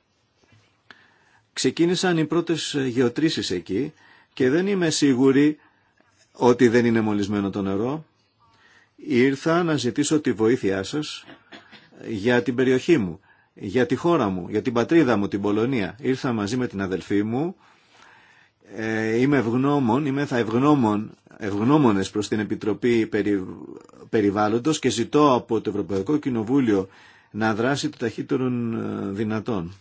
Speaker 2: ξεκίνησαν οι πρώτες γεωτρήσεις εκεί και δεν είμαι σίγουρη ότι δεν είναι μολυσμένο το νερό. Ήρθα να ζητήσω τη βοήθειά σας για την περιοχή μου για τη χώρα μου, για την πατρίδα μου, την Πολωνία. Ήρθα μαζί με την αδελφή μου. Ε, είμαι ευγνώμων, είμαι θα ευγνώμων, ευγνώμονες προς την Επιτροπή Περι, Περιβάλλοντος και ζητώ από το Ευρωπαϊκό Κοινοβούλιο να δράσει το ταχύτερον ε, δυνατόν.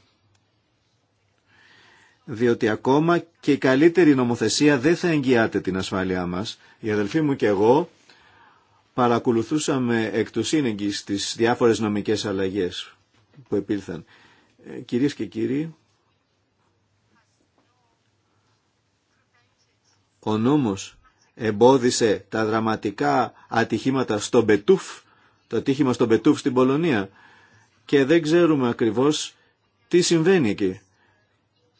Speaker 2: Διότι ακόμα και η καλύτερη νομοθεσία δεν θα εγγυάται την ασφάλειά μας. Η αδελφή μου και εγώ παρακολουθούσαμε εκ του σύνεγγυς τις διάφορες νομικές αλλαγές που επήλθαν. Ε, κυρίες και κύριοι, ο νόμος εμπόδισε τα δραματικά ατυχήματα στο Μπετούφ, το ατύχημα στο Μπετούφ στην Πολωνία και δεν ξέρουμε ακριβώς τι συμβαίνει εκεί.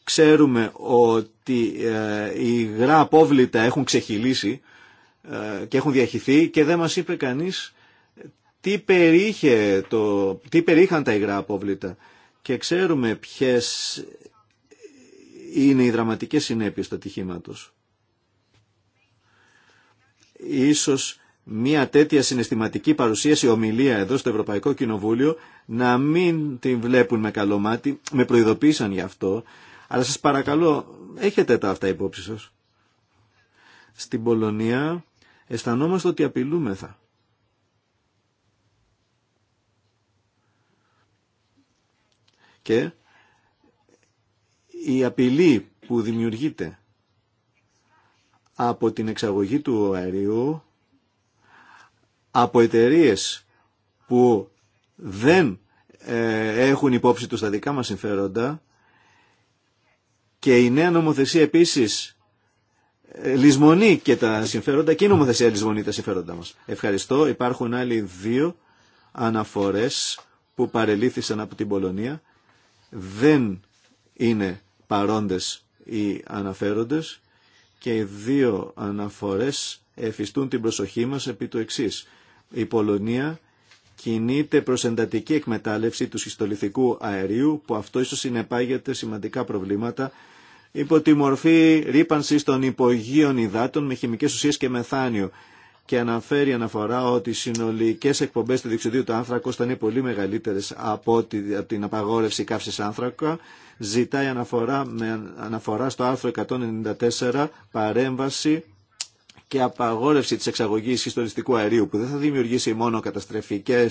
Speaker 2: Ξέρουμε ότι ε, οι υγρά απόβλητα έχουν ξεχυλήσει ε, και έχουν διαχυθεί και δεν μας είπε κανείς τι, περίχε το, τι περίχαν τα υγρά απόβλητα και ξέρουμε ποιες είναι οι δραματικές συνέπειες του ατυχήματος. Ίσως μια τέτοια συναισθηματική παρουσίαση, ομιλία εδώ στο Ευρωπαϊκό Κοινοβούλιο να μην την βλέπουν με καλό μάτι, με προειδοποίησαν γι' αυτό, αλλά σας παρακαλώ έχετε τα αυτά υπόψη σας. Στην Πολωνία αισθανόμαστε ότι απειλούμεθα. και η απειλή που δημιουργείται από την εξαγωγή του αερίου από εταιρείε που δεν ε, έχουν υπόψη τους τα δικά μας συμφέροντα και η νέα νομοθεσία επίσης ε, λησμονεί και τα συμφέροντα και η νομοθεσία λησμονεί τα συμφέροντα μας. Ευχαριστώ. Υπάρχουν άλλοι δύο αναφορές που παρελήθησαν από την Πολωνία δεν είναι παρόντες οι αναφέροντες και οι δύο αναφορές εφιστούν την προσοχή μας επί του εξής. Η Πολωνία κινείται προς εντατική εκμετάλλευση του συστολιθικού αερίου που αυτό ίσως συνεπάγεται σημαντικά προβλήματα υπό τη μορφή ρήπανση των υπογείων υδάτων με χημικές ουσίες και μεθάνιο και αναφέρει αναφορά ότι οι συνολικές εκπομπές του διοξιδίου του θα είναι πολύ μεγαλύτερε από την απαγόρευση καύση άνθρακα. Ζητάει αναφορά, με αναφορά στο άρθρο 194 παρέμβαση και απαγόρευση τη εξαγωγή ιστοριστικού αερίου που δεν θα δημιουργήσει μόνο καταστρεφικέ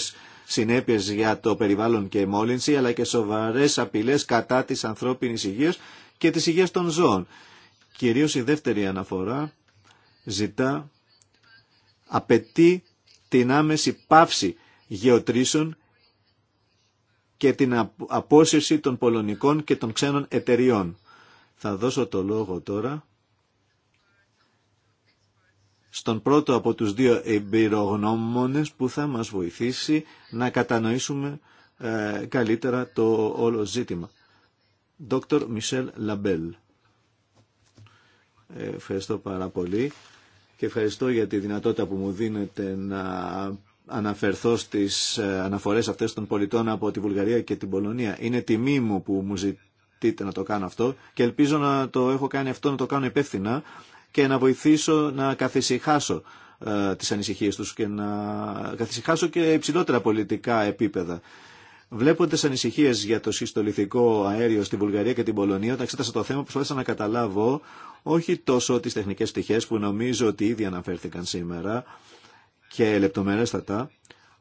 Speaker 2: συνέπειε για το περιβάλλον και η μόλυνση αλλά και σοβαρέ απειλέ κατά τη ανθρώπινη υγεία και τη υγεία των ζώων. Κυρίω η δεύτερη αναφορά ζητά απαιτεί την άμεση πάυση γεωτρήσεων και την απόσυρση των πολωνικών και των ξένων εταιριών. Θα δώσω το λόγο τώρα στον πρώτο από τους δύο εμπειρογνώμονες που θα μας βοηθήσει να κατανοήσουμε ε, καλύτερα το όλο ζήτημα. Δόκτωρ Μισελ Λαμπέλ. Ε, ευχαριστώ πάρα πολύ και ευχαριστώ για τη δυνατότητα που μου δίνετε να αναφερθώ στις ε, αναφορές αυτές των πολιτών από τη Βουλγαρία και την Πολωνία. Είναι τιμή μου που μου ζητείτε να το κάνω αυτό και ελπίζω να το έχω κάνει αυτό, να το κάνω υπεύθυνα και να βοηθήσω να καθησυχάσω ε, τις ανησυχίες τους και να καθησυχάσω και υψηλότερα πολιτικά επίπεδα. Βλέποντα ανησυχίε για το συστολιθικό αέριο στη Βουλγαρία και την Πολωνία, όταν εξέτασα το θέμα, προσπάθησα να καταλάβω όχι τόσο τι τεχνικέ πτυχέ που νομίζω ότι ήδη αναφέρθηκαν σήμερα και λεπτομερέστατα,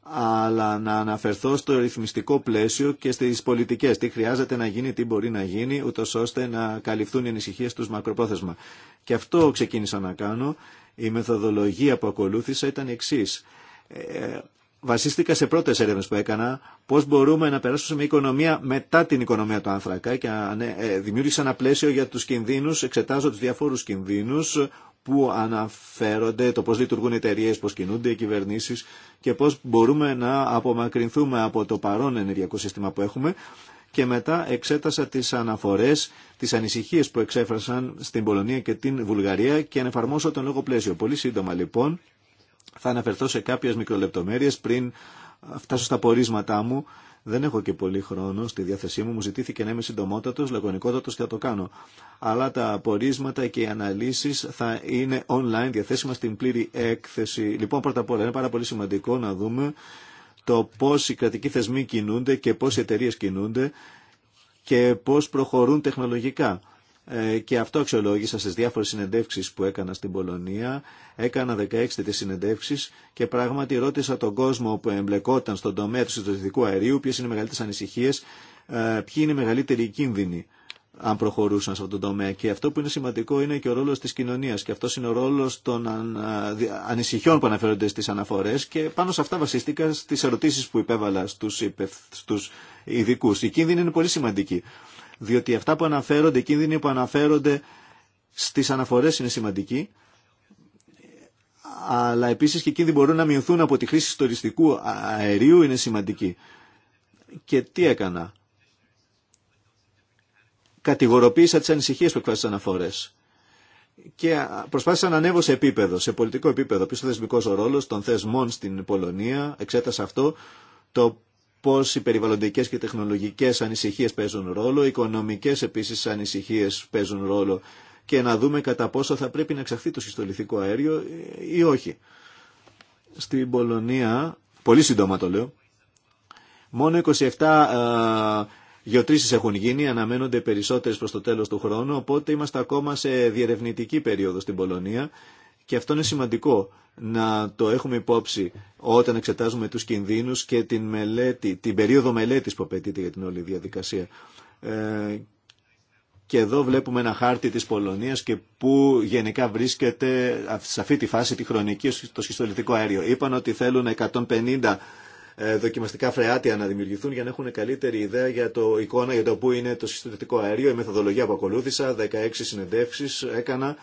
Speaker 2: αλλά να αναφερθώ στο ρυθμιστικό πλαίσιο και στι πολιτικέ. Τι χρειάζεται να γίνει, τι μπορεί να γίνει, ούτω ώστε να καλυφθούν οι ανησυχίε του μακροπρόθεσμα. Και αυτό ξεκίνησα να κάνω. Η μεθοδολογία που ακολούθησα ήταν εξή ε, βασίστηκα σε πρώτες έρευνες που έκανα πώς μπορούμε να περάσουμε σε οικονομία μετά την οικονομία του άνθρακα και ναι, ε, δημιούργησα ένα πλαίσιο για τους κινδύνους, εξετάζω τους διαφόρους κινδύνους που αναφέρονται, το πώς λειτουργούν οι εταιρείε, πώς κινούνται οι κυβερνήσεις και πώς μπορούμε να απομακρυνθούμε από το παρόν ενεργειακό σύστημα που έχουμε και μετά εξέτασα τις αναφορές, τις ανησυχίες που εξέφρασαν στην Πολωνία και την Βουλγαρία και ανεφαρμόσα τον λόγο πλαίσιο. Πολύ σύντομα λοιπόν θα αναφερθώ σε κάποιες μικρολεπτομέρειες πριν φτάσω στα πορίσματά μου. Δεν έχω και πολύ χρόνο στη διάθεσή μου. Μου ζητήθηκε να είμαι συντομότατο, λακωνικότατο και θα το κάνω. Αλλά τα πορίσματα και οι αναλύσεις θα είναι online διαθέσιμα στην πλήρη έκθεση. Λοιπόν, πρώτα απ' όλα είναι πάρα πολύ σημαντικό να δούμε το πώ οι κρατικοί θεσμοί κινούνται και πώ οι εταιρείε κινούνται και πώς προχωρούν τεχνολογικά. Ε, και αυτό αξιολόγησα στις διάφορες συνεντεύξεις που έκανα στην Πολωνία. Έκανα 16 τις συνεντεύξεις και πράγματι ρώτησα τον κόσμο που εμπλεκόταν στον τομέα του συντοτικού αερίου ποιες είναι οι μεγαλύτερες ανησυχίες, ε, ποιοι είναι οι μεγαλύτεροι κίνδυνοι αν προχωρούσαν σε αυτόν τον τομέα. Και αυτό που είναι σημαντικό είναι και ο ρόλος της κοινωνίας και αυτό είναι ο ρόλος των ανησυχιών που αναφέρονται στις αναφορές και πάνω σε αυτά βασίστηκα στις ερωτήσεις που υπέβαλα στους, ειδικού. Η κίνδυνη είναι πολύ σημαντική διότι αυτά που αναφέρονται, οι κίνδυνοι που αναφέρονται στις αναφορές είναι σημαντικοί, αλλά επίσης και οι κίνδυνοι μπορούν να μειωθούν από τη χρήση στοριστικού αερίου είναι σημαντικοί. Και τι έκανα. Κατηγοροποίησα τις ανησυχίες που εκφράζει αναφορές και προσπάθησα να ανέβω σε επίπεδο, σε πολιτικό επίπεδο, πίσω θεσμικός ο θεσμικό ρόλο των θεσμών στην Πολωνία. Εξέτασα αυτό. Το πώ οι περιβαλλοντικέ και τεχνολογικές ανησυχίε παίζουν ρόλο, οι οικονομικές επίσης ανησυχίες παίζουν ρόλο και να δούμε κατά πόσο θα πρέπει να εξαχθεί το συστολιθικό αέριο ή όχι. Στην Πολωνία, πολύ σύντομα το λέω, μόνο 27 ε, Γεωτρήσεις έχουν γίνει, αναμένονται περισσότερες προς το τέλος του χρόνου, οπότε είμαστε ακόμα σε διερευνητική περίοδο στην Πολωνία και αυτό είναι σημαντικό να το έχουμε υπόψη όταν εξετάζουμε τους κινδύνους και την, μελέτη, την περίοδο μελέτης που απαιτείται για την όλη διαδικασία. Ε, και εδώ βλέπουμε ένα χάρτη της Πολωνίας και που γενικά βρίσκεται σε αυτή τη φάση τη χρονική στο σχιστολιτικό αέριο. Είπαν ότι θέλουν 150 ε, δοκιμαστικά φρεάτια να δημιουργηθούν για να έχουν καλύτερη ιδέα για το εικόνα για το που είναι το συστηματικό αέριο. Η μεθοδολογία που ακολούθησα, 16 συνεντεύξεις έκανα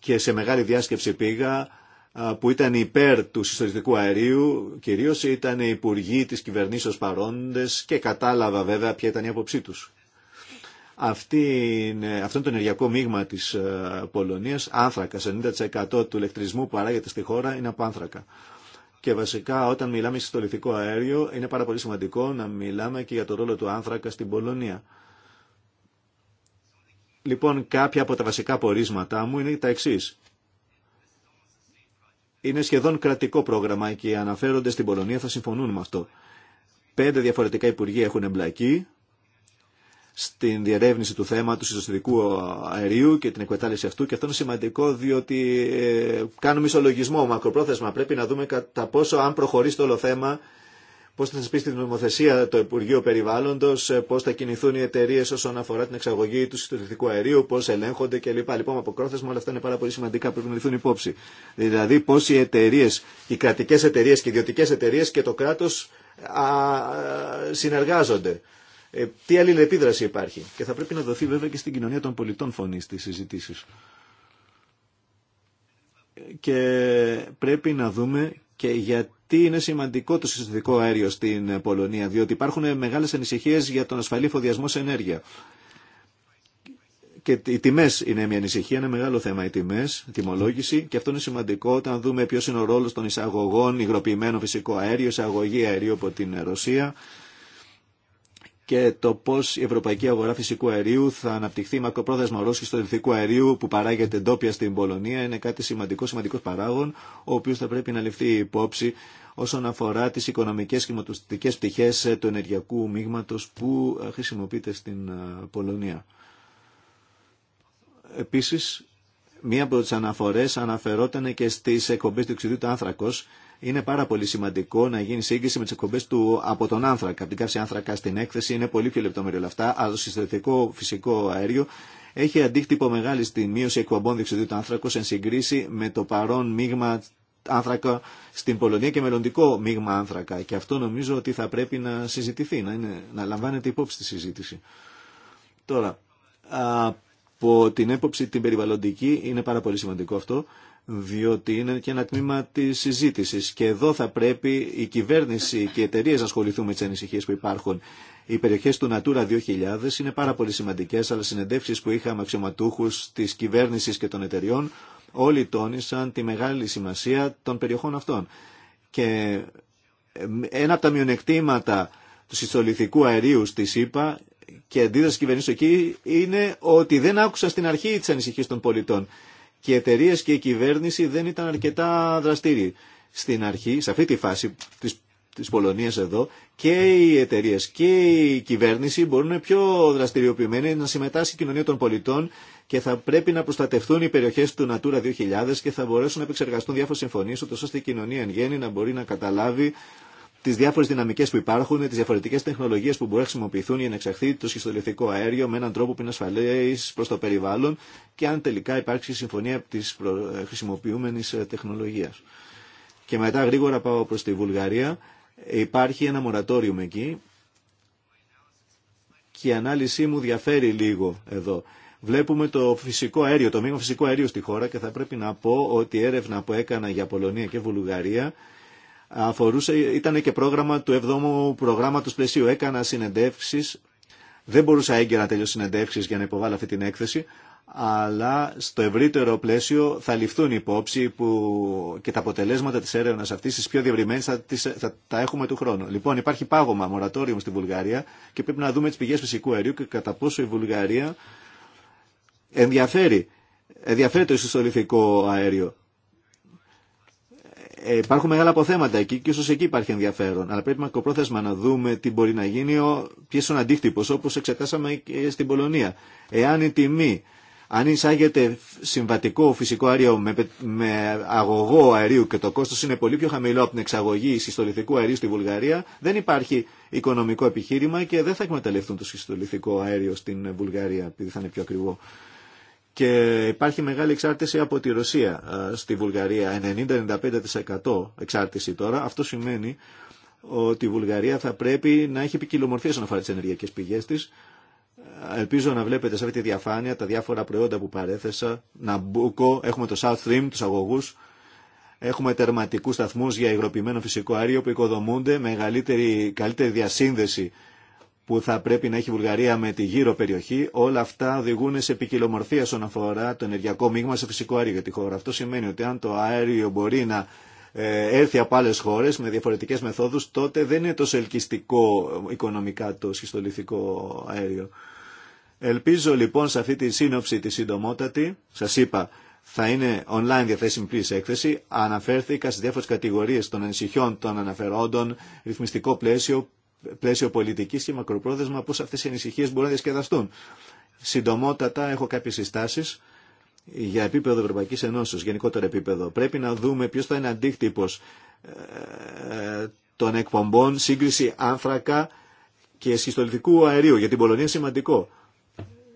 Speaker 2: και σε μεγάλη διάσκεψη πήγα που ήταν υπέρ του συστοριστικού αερίου, κυρίως ήταν υπουργοί της κυβερνήσεως παρόντες και κατάλαβα βέβαια ποια ήταν η άποψή τους. αυτό είναι το ενεργειακό μείγμα της Πολωνίας, άνθρακα, 90% του ηλεκτρισμού που παράγεται στη χώρα είναι από άνθρακα. Και βασικά όταν μιλάμε συστολιθικό αέριο είναι πάρα πολύ σημαντικό να μιλάμε και για το ρόλο του άνθρακα στην Πολωνία. Λοιπόν, κάποια από τα βασικά πορίσματά μου είναι τα εξή. Είναι σχεδόν κρατικό πρόγραμμα και οι αναφέροντες στην Πολωνία θα συμφωνούν με αυτό. Πέντε διαφορετικά υπουργεία έχουν εμπλακεί στην διερεύνηση του θέματος του αερίου και την εκμετάλλευση αυτού και αυτό είναι σημαντικό διότι ε, κάνουμε ισολογισμό μακροπρόθεσμα. Πρέπει να δούμε κατά πόσο αν προχωρήσει το όλο θέμα πώς θα πει την νομοθεσία το Υπουργείο Περιβάλλοντος, ε, πώς θα κινηθούν οι εταιρείε όσον αφορά την εξαγωγή του συστολιστικού αερίου, πώς ελέγχονται κλπ. Λοιπόν, αποκρόθεσμα όλα αυτά είναι πάρα πολύ σημαντικά, πρέπει να ληφθούν υπόψη. Δηλαδή πώς οι εταιρείε, οι κρατικές εταιρείε και οι ιδιωτικές εταιρείε και το κράτος συνεργάζονται. Ε, τι αλληλεπίδραση υπάρχει. Και θα πρέπει να δοθεί βέβαια και στην κοινωνία των πολιτών φωνή στι συζητήσει. Και πρέπει να δούμε και για τι είναι σημαντικό το συστατικό αέριο στην Πολωνία, διότι υπάρχουν μεγάλε ανησυχίε για τον ασφαλή φοδιασμό σε ενέργεια. Και οι τιμέ είναι μια ανησυχία, ένα μεγάλο θέμα οι τιμέ, τιμολόγηση. Και αυτό είναι σημαντικό όταν δούμε ποιο είναι ο ρόλο των εισαγωγών υγροποιημένο φυσικό αέριο, εισαγωγή αερίου από την Ρωσία και το πώ η ευρωπαϊκή αγορά φυσικού αερίου θα αναπτυχθεί μακροπρόθεσμα ορόσχη του ελληνικού αερίου που παράγεται ντόπια στην Πολωνία είναι κάτι σημαντικό, σημαντικό παράγον, ο οποίο θα πρέπει να ληφθεί υπόψη όσον αφορά τις οικονομικές και χρηματοστατικές πτυχές ε, του ενεργειακού μείγματος που ε, χρησιμοποιείται στην ε, Πολωνία. Επίσης, μία από τις αναφορές αναφερόταν και στις εκπομπές του οξυδίου του άνθρακος. Είναι πάρα πολύ σημαντικό να γίνει σύγκριση με τις εκπομπές του από τον άνθρακα, από την καύση άνθρακα στην έκθεση. Είναι πολύ πιο λεπτομερή όλα αυτά, αλλά το συστατικό φυσικό αέριο έχει αντίκτυπο μεγάλη στη μείωση εκπομπών διοξιδίου του άνθρακο εν συγκρίση με το παρόν μείγμα άνθρακα στην Πολωνία και μελλοντικό μείγμα άνθρακα. Και αυτό νομίζω ότι θα πρέπει να συζητηθεί, να, είναι, να λαμβάνεται υπόψη τη συζήτηση. Τώρα, από την έποψη την περιβαλλοντική είναι πάρα πολύ σημαντικό αυτό, διότι είναι και ένα τμήμα τη συζήτηση. Και εδώ θα πρέπει η κυβέρνηση και οι εταιρείε να ασχοληθούν με τι ανησυχίε που υπάρχουν. Οι περιοχέ του Natura 2000 είναι πάρα πολύ σημαντικέ, αλλά συνεντεύξει που είχαμε αξιωματούχου τη κυβέρνηση και των εταιριών Όλοι τόνισαν τη μεγάλη σημασία των περιοχών αυτών. Και ένα από τα μειονεκτήματα του συστολιθικού αερίου στη ΣΥΠΑ και αντίδραση κυβερνήσεων εκεί είναι ότι δεν άκουσα στην αρχή τι ανησυχίε των πολιτών. Και οι εταιρείε και η κυβέρνηση δεν ήταν αρκετά δραστήριοι στην αρχή, σε αυτή τη φάση τη της Πολωνίας εδώ και οι εταιρείε και η κυβέρνηση μπορούν πιο δραστηριοποιημένοι να συμμετάσχει η κοινωνία των πολιτών και θα πρέπει να προστατευτούν οι περιοχέ του Natura 2000 και θα μπορέσουν να επεξεργαστούν διάφορε συμφωνίε, ώστε η κοινωνία εν γέννη να μπορεί να καταλάβει τι διάφορε δυναμικέ που υπάρχουν, τι διαφορετικέ τεχνολογίε που μπορεί να χρησιμοποιηθούν για να εξαχθεί το σχιστολιθικό αέριο με έναν τρόπο που είναι ασφαλέ προ το περιβάλλον και αν τελικά υπάρξει συμφωνία τη χρησιμοποιούμενη ε, τεχνολογία. Και μετά γρήγορα πάω προ τη Βουλγαρία. Υπάρχει ένα μορατόριο εκεί και η ανάλυση μου διαφέρει λίγο εδώ. Βλέπουμε το φυσικό αέριο, το μείγμα φυσικό αέριο στη χώρα και θα πρέπει να πω ότι η έρευνα που έκανα για Πολωνία και Βουλγαρία αφορούσε, ήταν και πρόγραμμα του 7ου προγράμματος πλαισίου. Έκανα συνεντεύξεις, δεν μπορούσα έγκαιρα να τελειώσω συνεντεύξεις για να υποβάλω αυτή την έκθεση, αλλά στο ευρύτερο πλαίσιο θα ληφθούν υπόψη που και τα αποτελέσματα της έρευνας αυτής, τις πιο διευρυμένες, θα, τις, τα έχουμε του χρόνου. Λοιπόν, υπάρχει πάγωμα μορατόριο στη Βουλγαρία και πρέπει να δούμε τις πηγές φυσικού αερίου και κατά πόσο η Βουλγαρία ενδιαφέρει, ενδιαφέρει το ισοσορυφικό αέριο. Ε, υπάρχουν μεγάλα αποθέματα εκεί και ίσω εκεί υπάρχει ενδιαφέρον. Αλλά πρέπει μακροπρόθεσμα να δούμε τι μπορεί να γίνει, ποιος είναι ο αντίκτυπος, όπω εξετάσαμε και στην Πολωνία. Εάν η τιμή, αν εισάγεται συμβατικό φυσικό αέριο με, με αγωγό αερίου και το κόστο είναι πολύ πιο χαμηλό από την εξαγωγή συστολιθικού αερίου στη Βουλγαρία, δεν υπάρχει οικονομικό επιχείρημα και δεν θα εκμεταλλευτούν το συστολιθικό αέριο στην Βουλγαρία, επειδή θα είναι πιο ακριβό και υπάρχει μεγάλη εξάρτηση από τη Ρωσία στη Βουλγαρία, 90-95% εξάρτηση τώρα. Αυτό σημαίνει ότι η Βουλγαρία θα πρέπει να έχει ποικιλομορφία όσον αφορά τι ενεργειακέ πηγέ τη. Ελπίζω να βλέπετε σε αυτή τη διαφάνεια τα διάφορα προϊόντα που παρέθεσα. Να Ναμπούκο, έχουμε το South Stream, του αγωγού. Έχουμε τερματικού σταθμού για υγροποιημένο φυσικό αέριο που οικοδομούνται, μεγαλύτερη, καλύτερη διασύνδεση που θα πρέπει να έχει η Βουλγαρία με τη γύρω περιοχή, όλα αυτά οδηγούν σε ποικιλομορφία όσον αφορά το ενεργειακό μείγμα σε φυσικό αέριο για τη χώρα. Αυτό σημαίνει ότι αν το αέριο μπορεί να ε, έρθει από άλλε χώρε με διαφορετικέ μεθόδου, τότε δεν είναι τόσο ελκυστικό οικονομικά το σχιστολιθικό αέριο. Ελπίζω λοιπόν σε αυτή τη σύνοψη τη συντομότατη, σα είπα, θα είναι online διαθέσιμη πλήρη έκθεση. Αναφέρθηκα στι διάφορε κατηγορίε των ανησυχιών των αναφερόντων, ρυθμιστικό πλαίσιο, πλαίσιο πολιτική και μακροπρόθεσμα πώ αυτέ οι ανησυχίε μπορούν να διασκεδαστούν. Συντομότατα έχω κάποιε συστάσει για επίπεδο Ευρωπαϊκή Ενώση, γενικότερο επίπεδο. Πρέπει να δούμε ποιο θα είναι αντίκτυπος ε, των εκπομπών, σύγκριση άνθρακα και σχιστολιτικού αερίου. Για την Πολωνία είναι σημαντικό.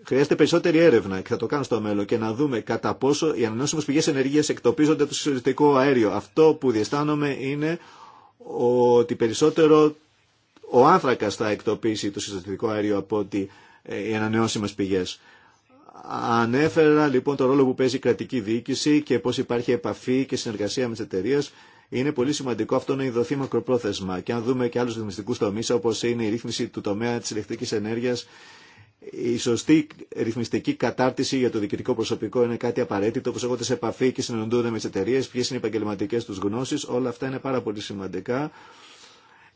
Speaker 2: Χρειάζεται περισσότερη έρευνα και θα το κάνω στο μέλλον και να δούμε κατά πόσο οι ανανεώσιμε πηγέ ενεργεία εκτοπίζονται το συστολιτικό αέριο. Αυτό που διαισθάνομαι είναι ότι περισσότερο ο άνθρακα θα εκτοπίσει το συστατικό αέριο από ότι ε, οι ανανεώσιμε πηγέ. Ανέφερα λοιπόν το ρόλο που παίζει η κρατική διοίκηση και πώ υπάρχει επαφή και συνεργασία με τι εταιρείε. Είναι πολύ σημαντικό αυτό να ειδωθεί μακροπρόθεσμα. Και αν δούμε και άλλου ρυθμιστικού τομείς όπω είναι η ρύθμιση του τομέα τη ηλεκτρική ενέργεια, η σωστή ρυθμιστική κατάρτιση για το διοικητικό προσωπικό είναι κάτι απαραίτητο, όπω έχονται σε επαφή και συναντούνται με τι εταιρείε, ποιε είναι οι επαγγελματικέ του γνώσει. Όλα αυτά είναι πάρα πολύ σημαντικά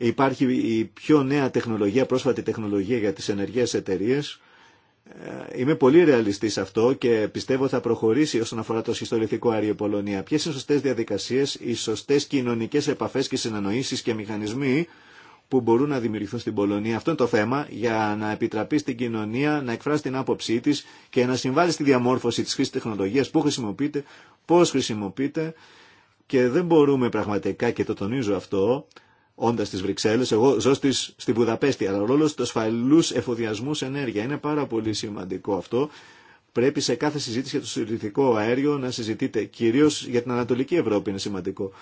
Speaker 2: Υπάρχει η πιο νέα τεχνολογία, πρόσφατη τεχνολογία για τις ενεργές εταιρείε. Ε, είμαι πολύ ρεαλιστή σε αυτό και πιστεύω θα προχωρήσει όσον αφορά το συστολιθικό Άριο Πολωνία. Ποιε είναι οι σωστέ διαδικασίε, οι σωστέ κοινωνικέ επαφέ και συνανοήσει και μηχανισμοί που μπορούν να δημιουργηθούν στην Πολωνία. Αυτό είναι το θέμα για να επιτραπεί στην κοινωνία να εκφράσει την άποψή τη και να συμβάλλει στη διαμόρφωση τη χρήση τεχνολογία, πού χρησιμοποιείται, πώ χρησιμοποιείται. Και δεν μπορούμε πραγματικά, και το τονίζω αυτό, όντα στι Βρυξέλλε. Εγώ ζω στις, στη Βουδαπέστη, αλλά ο ρόλο του ασφαλού εφοδιασμού σε ενέργεια είναι πάρα πολύ σημαντικό αυτό. Πρέπει σε κάθε συζήτηση για το συντηρητικό αέριο να συζητείτε. Κυρίω για την Ανατολική Ευρώπη είναι σημαντικό.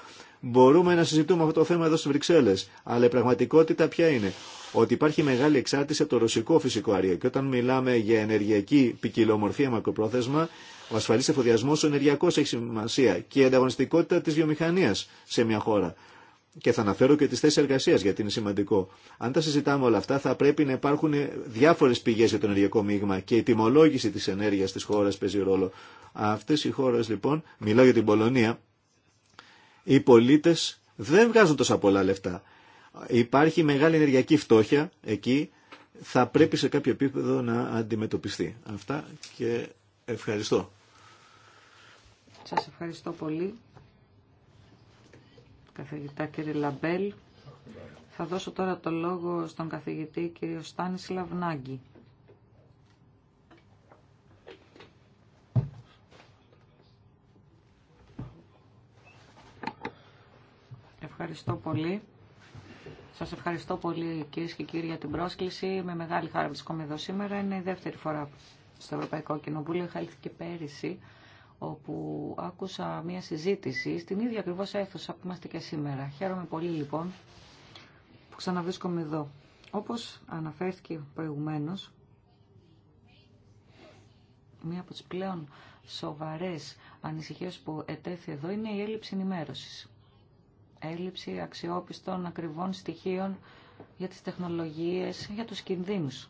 Speaker 2: Μπορούμε να συζητούμε αυτό το θέμα εδώ στι Βρυξέλλε, αλλά η πραγματικότητα ποια είναι. Ότι υπάρχει μεγάλη εξάρτηση από το ρωσικό φυσικό αέριο. Και όταν μιλάμε για ενεργειακή ποικιλομορφία μακροπρόθεσμα, ο ασφαλή εφοδιασμό ο ενεργειακό έχει σημασία και η ανταγωνιστικότητα τη βιομηχανία σε μια χώρα και θα αναφέρω και τι θέσει εργασία γιατί είναι σημαντικό. Αν τα συζητάμε όλα αυτά, θα πρέπει να υπάρχουν διάφορε πηγέ για το ενεργειακό μείγμα και η τιμολόγηση τη ενέργεια τη χώρα παίζει ρόλο. Αυτέ οι χώρε λοιπόν, μιλάω για την Πολωνία, οι πολίτε δεν βγάζουν τόσα πολλά λεφτά. Υπάρχει μεγάλη ενεργειακή φτώχεια εκεί. Θα πρέπει σε κάποιο επίπεδο να αντιμετωπιστεί. Αυτά και ευχαριστώ.
Speaker 1: Σας ευχαριστώ πολύ καθηγητά κύριε Λαμπέλ. Θα δώσω τώρα το λόγο στον καθηγητή κύριο Στάνης Λαυνάγκη. Ευχαριστώ πολύ. Σας ευχαριστώ πολύ κύριε και κύριοι για την πρόσκληση. Με μεγάλη χαρά βρισκόμαι εδώ σήμερα. Είναι η δεύτερη φορά στο Ευρωπαϊκό Κοινοβούλιο. Είχα και πέρυσι όπου άκουσα μία συζήτηση στην ίδια ακριβώς αίθουσα που είμαστε και σήμερα. Χαίρομαι πολύ λοιπόν που ξαναβρίσκομαι εδώ. Όπως αναφέρθηκε προηγουμένως, μία από τις πλέον σοβαρές ανησυχίες που ετέθη εδώ είναι η έλλειψη ενημέρωσης. Έλλειψη αξιόπιστων ακριβών στοιχείων για τις τεχνολογίες, για τους κινδύνους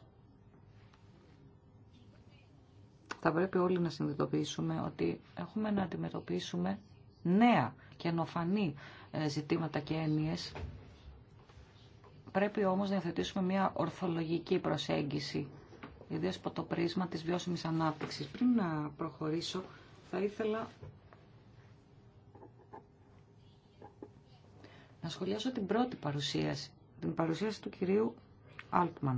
Speaker 1: Θα πρέπει όλοι να συνειδητοποιήσουμε ότι έχουμε να αντιμετωπίσουμε νέα και ενοφανή ε, ζητήματα και έννοιες. Πρέπει όμως να υιοθετήσουμε μια ορθολογική προσέγγιση, ιδίως από το πρίσμα της βιώσιμης ανάπτυξης. Πριν να προχωρήσω, θα ήθελα να σχολιάσω την πρώτη παρουσίαση, την παρουσίαση του κυρίου Altman.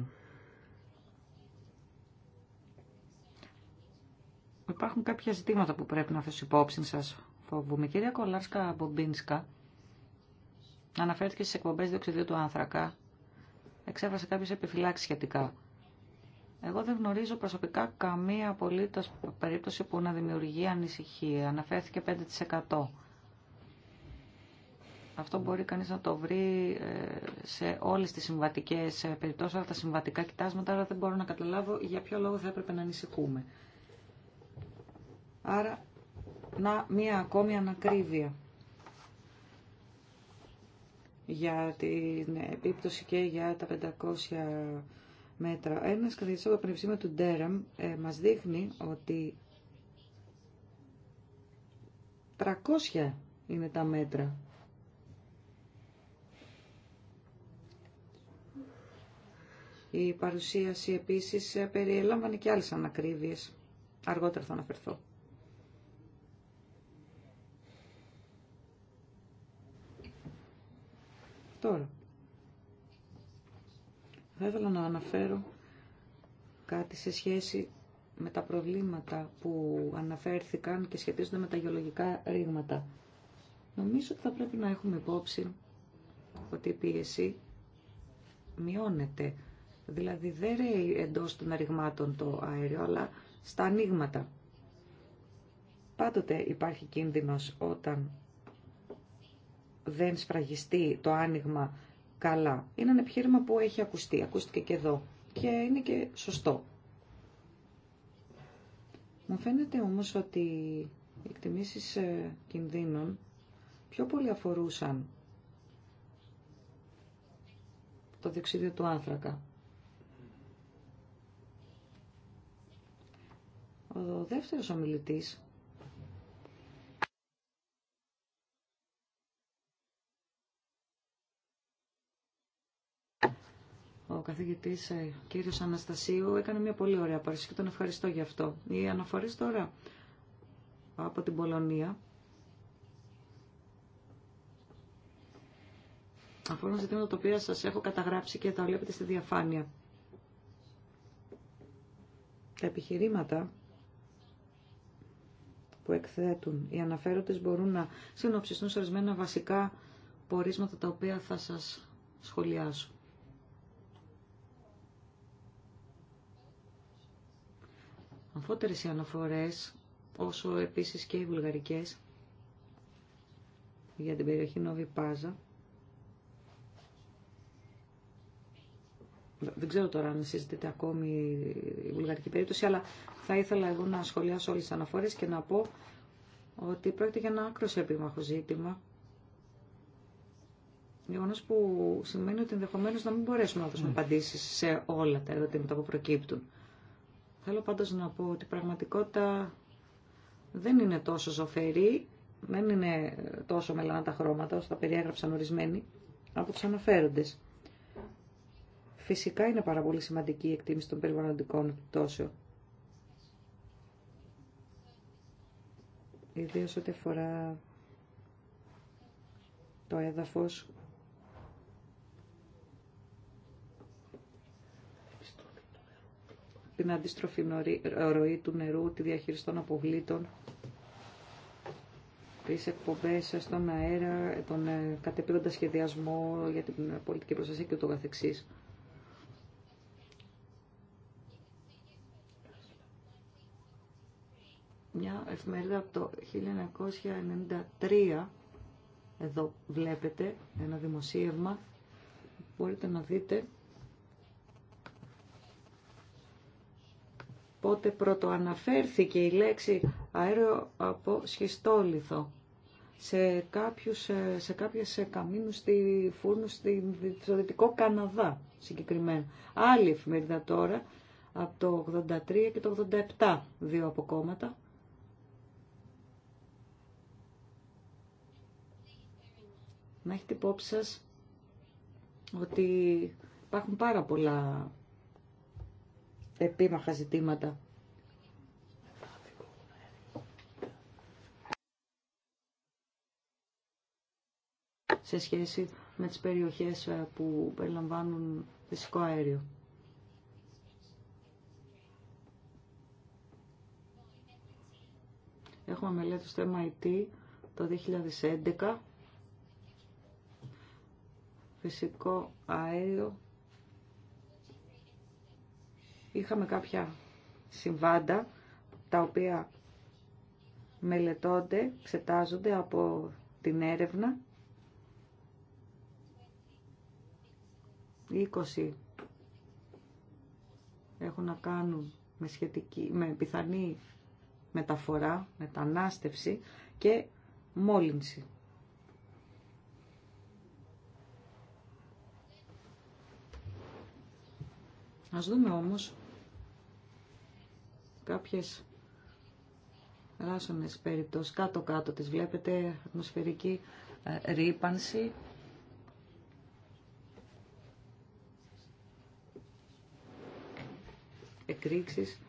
Speaker 1: Υπάρχουν κάποια ζητήματα που πρέπει να θέσω υπόψη σας, φοβούμαι. Κυρία Κολάρσκα Μπομπίνσκα, αναφέρθηκε στι εκπομπέ διοξιδίου του άνθρακα, εξέφρασε κάποιε επιφυλάξει σχετικά. Εγώ δεν γνωρίζω προσωπικά καμία απολύτω περίπτωση που να δημιουργεί ανησυχία. Αναφέρθηκε 5%. Αυτό μπορεί κανείς να το βρει ε, σε όλες τις συμβατικές περιπτώσεις, αλλά τα συμβατικά κοιτάσματα, αλλά δεν μπορώ να καταλάβω για ποιο λόγο θα έπρεπε να ανησυχούμε. Άρα, να, μία ακόμη ανακρίβεια για την επίπτωση και για τα 500 μέτρα. Ένας καθηγητής από το Πανεπιστήμιο του Ντέρεμ ε, μας δείχνει ότι 300 είναι τα μέτρα. Η παρουσίαση επίσης ε, περιέλαμβανε και άλλες ανακρίβειες. Αργότερα θα αναφερθώ. Τώρα, θα ήθελα να αναφέρω κάτι σε σχέση με τα προβλήματα που αναφέρθηκαν και σχετίζονται με τα γεωλογικά ρήγματα. Νομίζω ότι θα πρέπει να έχουμε υπόψη ότι η πίεση μειώνεται. Δηλαδή δεν ρέει εντός των ρηγμάτων το αέριο, αλλά στα ανοίγματα. Πάντοτε υπάρχει κίνδυνος όταν δεν σφραγιστεί το άνοιγμα καλά. Είναι ένα επιχείρημα που έχει ακουστεί, ακούστηκε και εδώ και είναι και σωστό. Μου φαίνεται όμως ότι οι εκτιμήσεις ε, κινδύνων πιο πολύ αφορούσαν το διοξίδιο του άνθρακα. Ο δεύτερος ομιλητής ο καθηγητής ε, κύριος Αναστασίου έκανε μια πολύ ωραία παρουσία και τον ευχαριστώ για αυτό. Οι αναφορέ τώρα από την Πολωνία αφορούν ζητήματα τα οποία σας έχω καταγράψει και τα βλέπετε στη διαφάνεια. Τα επιχειρήματα που εκθέτουν οι αναφέροντες μπορούν να συνοψιστούν σε ορισμένα βασικά πορίσματα τα οποία θα σας σχολιάσω. αμφότερες οι αναφορές, όσο επίσης και οι βουλγαρικές, για την περιοχή Νόβι Πάζα. Δεν ξέρω τώρα αν συζητείτε ακόμη η βουλγαρική περίπτωση, αλλά θα ήθελα εγώ να σχολιάσω όλες τις αναφορές και να πω ότι πρόκειται για ένα άκρο επίμαχο ζήτημα. Γεγονό που σημαίνει ότι ενδεχομένω να μην μπορέσουμε να δώσουμε ναι. απαντήσει σε όλα τα ερωτήματα που προκύπτουν. Θέλω πάντως να πω ότι η πραγματικότητα δεν είναι τόσο ζωφερή, δεν είναι τόσο μελανά τα χρώματα όσο τα περιέγραψαν ορισμένοι από τους αναφέροντες. Φυσικά είναι πάρα πολύ σημαντική η εκτίμηση των περιβαλλοντικών επιπτώσεων. Ιδίω ό,τι αφορά το έδαφος την αντίστροφη ροή του νερού, τη διαχείριση των αποβλήτων, τις εκπομπές στον αέρα, τον ε, κατεπίδοντα σχεδιασμό για την πολιτική προστασία και το καθεξής. Μια εφημερίδα από το 1993, εδώ βλέπετε ένα δημοσίευμα, μπορείτε να δείτε πότε πρωτοαναφέρθηκε η λέξη αέριο από σχιστόλιθο σε, κάποιους, ε, σε κάποιες ε, καμίνους στη φούρνο στη, στο Δυτικό Καναδά συγκεκριμένα. Άλλη εφημερίδα τώρα από το 83 και το 87 δύο από κόμματα. Να έχετε υπόψη σας ότι υπάρχουν πάρα πολλά επίμαχα ζητήματα. σε σχέση με τις περιοχές ε, που περιλαμβάνουν φυσικό αέριο. Έχουμε μελέτη στο MIT το 2011. Φυσικό αέριο είχαμε κάποια συμβάντα τα οποία μελετώνται, εξετάζονται από την έρευνα. 20 έχουν να κάνουν με, σχετική, με πιθανή μεταφορά, μετανάστευση και μόλυνση. Ας δούμε όμως κάποιες ράσονες περιπτώσεις. Κάτω-κάτω τις βλέπετε, ατμοσφαιρική ε, ρήπανση. Εκρήξεις.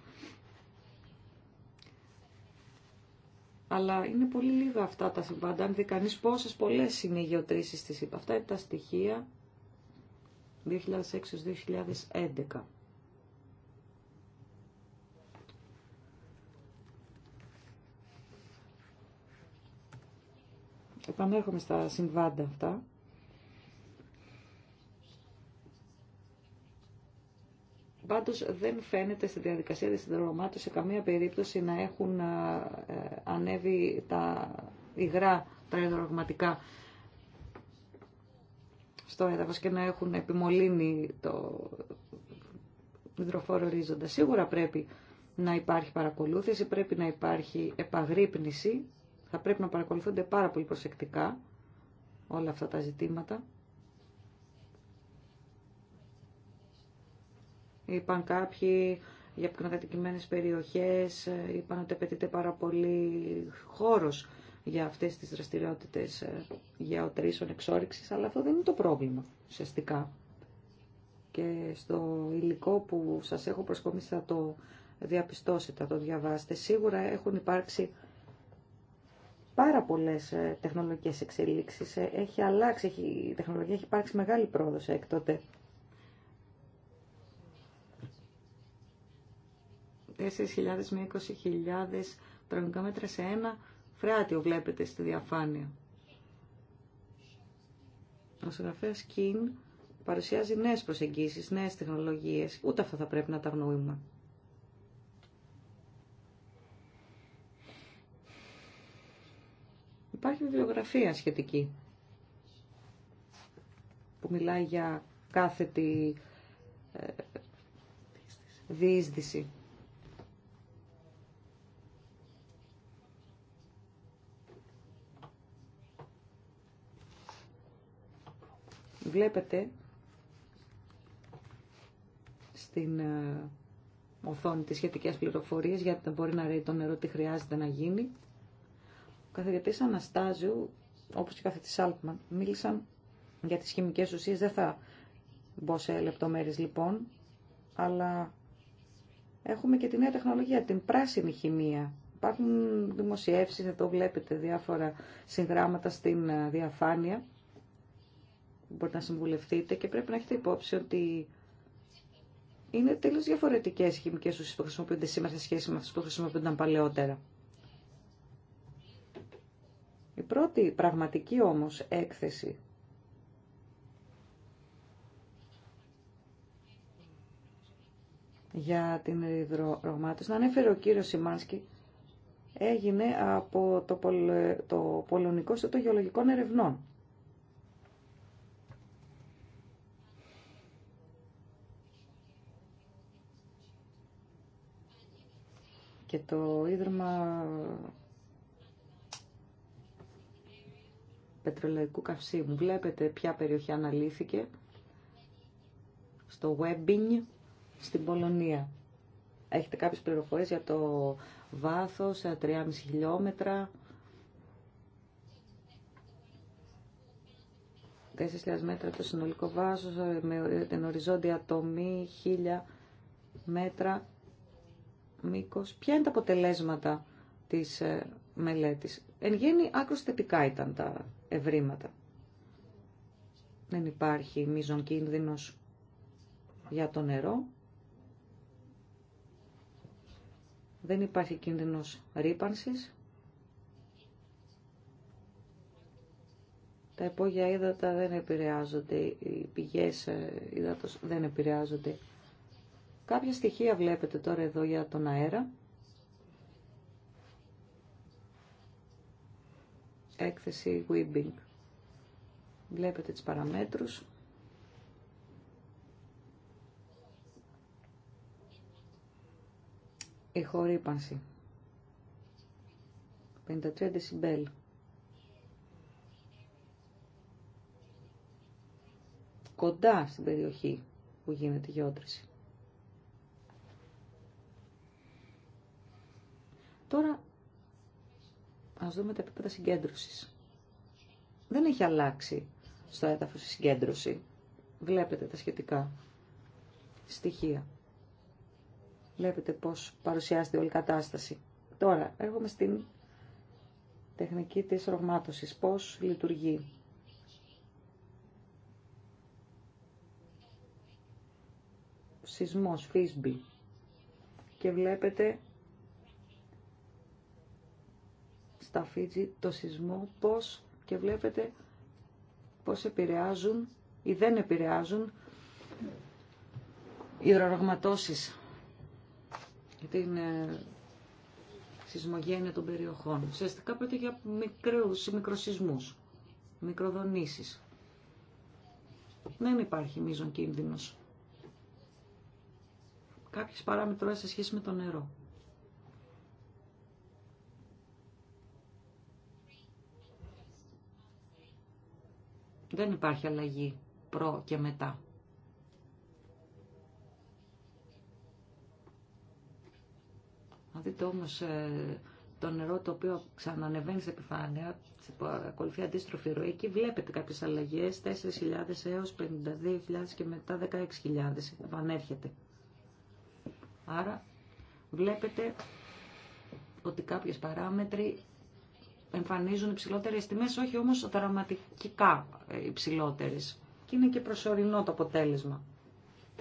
Speaker 1: Αλλά είναι πολύ λίγα αυτά τα συμβάντα. Αν δει κανείς πόσες πολλές είναι οι γεωτρήσεις της Αυτά είναι τα στοιχεία 2006-2011. Επανέρχομαι στα συμβάντα αυτά. Πάντως δεν φαίνεται στη διαδικασία της συνδρομάτων σε καμία περίπτωση να έχουν ε, ανέβει τα υγρά, τα αερογματικά στο έδαφος και να έχουν επιμολύνει το υδροφόρο ορίζοντα. Σίγουρα πρέπει να υπάρχει παρακολούθηση, πρέπει να υπάρχει επαγρύπνηση θα πρέπει να παρακολουθούνται πάρα πολύ προσεκτικά όλα αυτά τα ζητήματα. Είπαν κάποιοι για πυκνοκατοικημένες περιοχές, είπαν ότι απαιτείται πάρα πολύ χώρος για αυτές τις δραστηριότητες ε, γεωτρήσεων εξόρυξης, αλλά αυτό δεν είναι το πρόβλημα ουσιαστικά. Και στο υλικό που σας έχω προσκομίσει θα το διαπιστώσετε, θα το διαβάσετε. Σίγουρα έχουν υπάρξει πάρα πολλές ε, τεχνολογικές εξελίξεις. Ε, έχει αλλάξει, έχει, η τεχνολογία έχει υπάρξει μεγάλη πρόοδος εκ τότε. με 20.000 τετραγωνικά μέτρα σε ένα φρεάτιο βλέπετε στη διαφάνεια. Ο συγγραφέα Κιν παρουσιάζει νέες προσεγγίσεις, νέες τεχνολογίες. Ούτε αυτά θα πρέπει να τα γνωρίζουμε. Υπάρχει βιβλιογραφία σχετική που μιλάει για κάθετη ε, διείσδυση. Βλέπετε στην ε, οθόνη τις σχετικές πληροφορίες γιατί μπορεί να ρέει το νερό τι χρειάζεται να γίνει. Ο καθηγητής Αναστάζιου, όπως και ο καθηγητής Σάλτμαν, μίλησαν για τις χημικές ουσίες. Δεν θα μπω σε λεπτομέρειες λοιπόν, αλλά έχουμε και τη νέα τεχνολογία, την πράσινη χημεία. Υπάρχουν δημοσιεύσεις, εδώ βλέπετε διάφορα συγγράμματα στην ε, διαφάνεια. Μπορείτε να συμβουλευτείτε και πρέπει να έχετε υπόψη ότι είναι τελείως διαφορετικές οι χημικές ουσίες που χρησιμοποιούνται σήμερα σε σχέση με αυτές που χρησιμοποιούνταν παλαιότερα. Η πρώτη πραγματική όμως έκθεση για την υδρογμάτωση, να ανέφερε ο κύριος Σιμάνσκι, έγινε από το, το Πολωνικό στο Γεωλογικών Ερευνών. Και το Ίδρυμα πετρελαϊκού καυσίμου. Βλέπετε ποια περιοχή αναλύθηκε στο Webbing στην Πολωνία. Έχετε κάποιες πληροφορίες για το βάθος, 3,5 χιλιόμετρα, 4.000 μέτρα το συνολικό βάθος ε, με την οριζόντια τομή 1.000 μέτρα μήκος. Ποια είναι τα αποτελέσματα της ε, μελέτης. Εν γέννη θετικά ήταν τα ευρήματα. Δεν υπάρχει μείζον κίνδυνος για το νερό. Δεν υπάρχει κίνδυνος ρήπανσης. Τα υπόγεια ύδατα δεν επηρεάζονται, οι πηγές ε, ύδατος δεν επηρεάζονται. Κάποια στοιχεία βλέπετε τώρα εδώ για τον αέρα. έκθεση Weebing. Βλέπετε τις παραμέτρους. Η χορύπανση. 53 δεσιμπέλ. Κοντά στην περιοχή που γίνεται η Τώρα Ας δούμε τα επίπεδα συγκέντρωσης. Δεν έχει αλλάξει στο έδαφος η συγκέντρωση. Βλέπετε τα σχετικά στοιχεία. Βλέπετε πώς παρουσιάζεται όλη η κατάσταση. Τώρα, έρχομαι στην τεχνική της ρογμάτωσης. Πώς λειτουργεί. Σεισμός, φύσμπι. Και βλέπετε στα Φίτζη το σεισμό, πώς και βλέπετε πώς επηρεάζουν ή δεν επηρεάζουν οι ρογματώσεις για την ε, σεισμογένεια των περιοχών. Ουσιαστικά πρόκειται για μικρούς μικροσυσμούς, μικροδονήσεις. Δεν υπάρχει μείζον κίνδυνος. Κάποιες παράμετρο σε σχέση με το νερό. Δεν υπάρχει αλλαγή προ και μετά. Να δείτε όμως ε, το νερό το οποίο ξανανεβαίνει σε επιφάνεια, ακολουθεί αντίστροφη ροή, και βλέπετε κάποιες αλλαγές, 4.000 έως 52.000 και μετά 16.000 επανέρχεται. Άρα βλέπετε ότι κάποιες παράμετροι εμφανίζουν υψηλότερες τιμέ, όχι όμως δραματικά υψηλότερε. Και είναι και προσωρινό το αποτέλεσμα.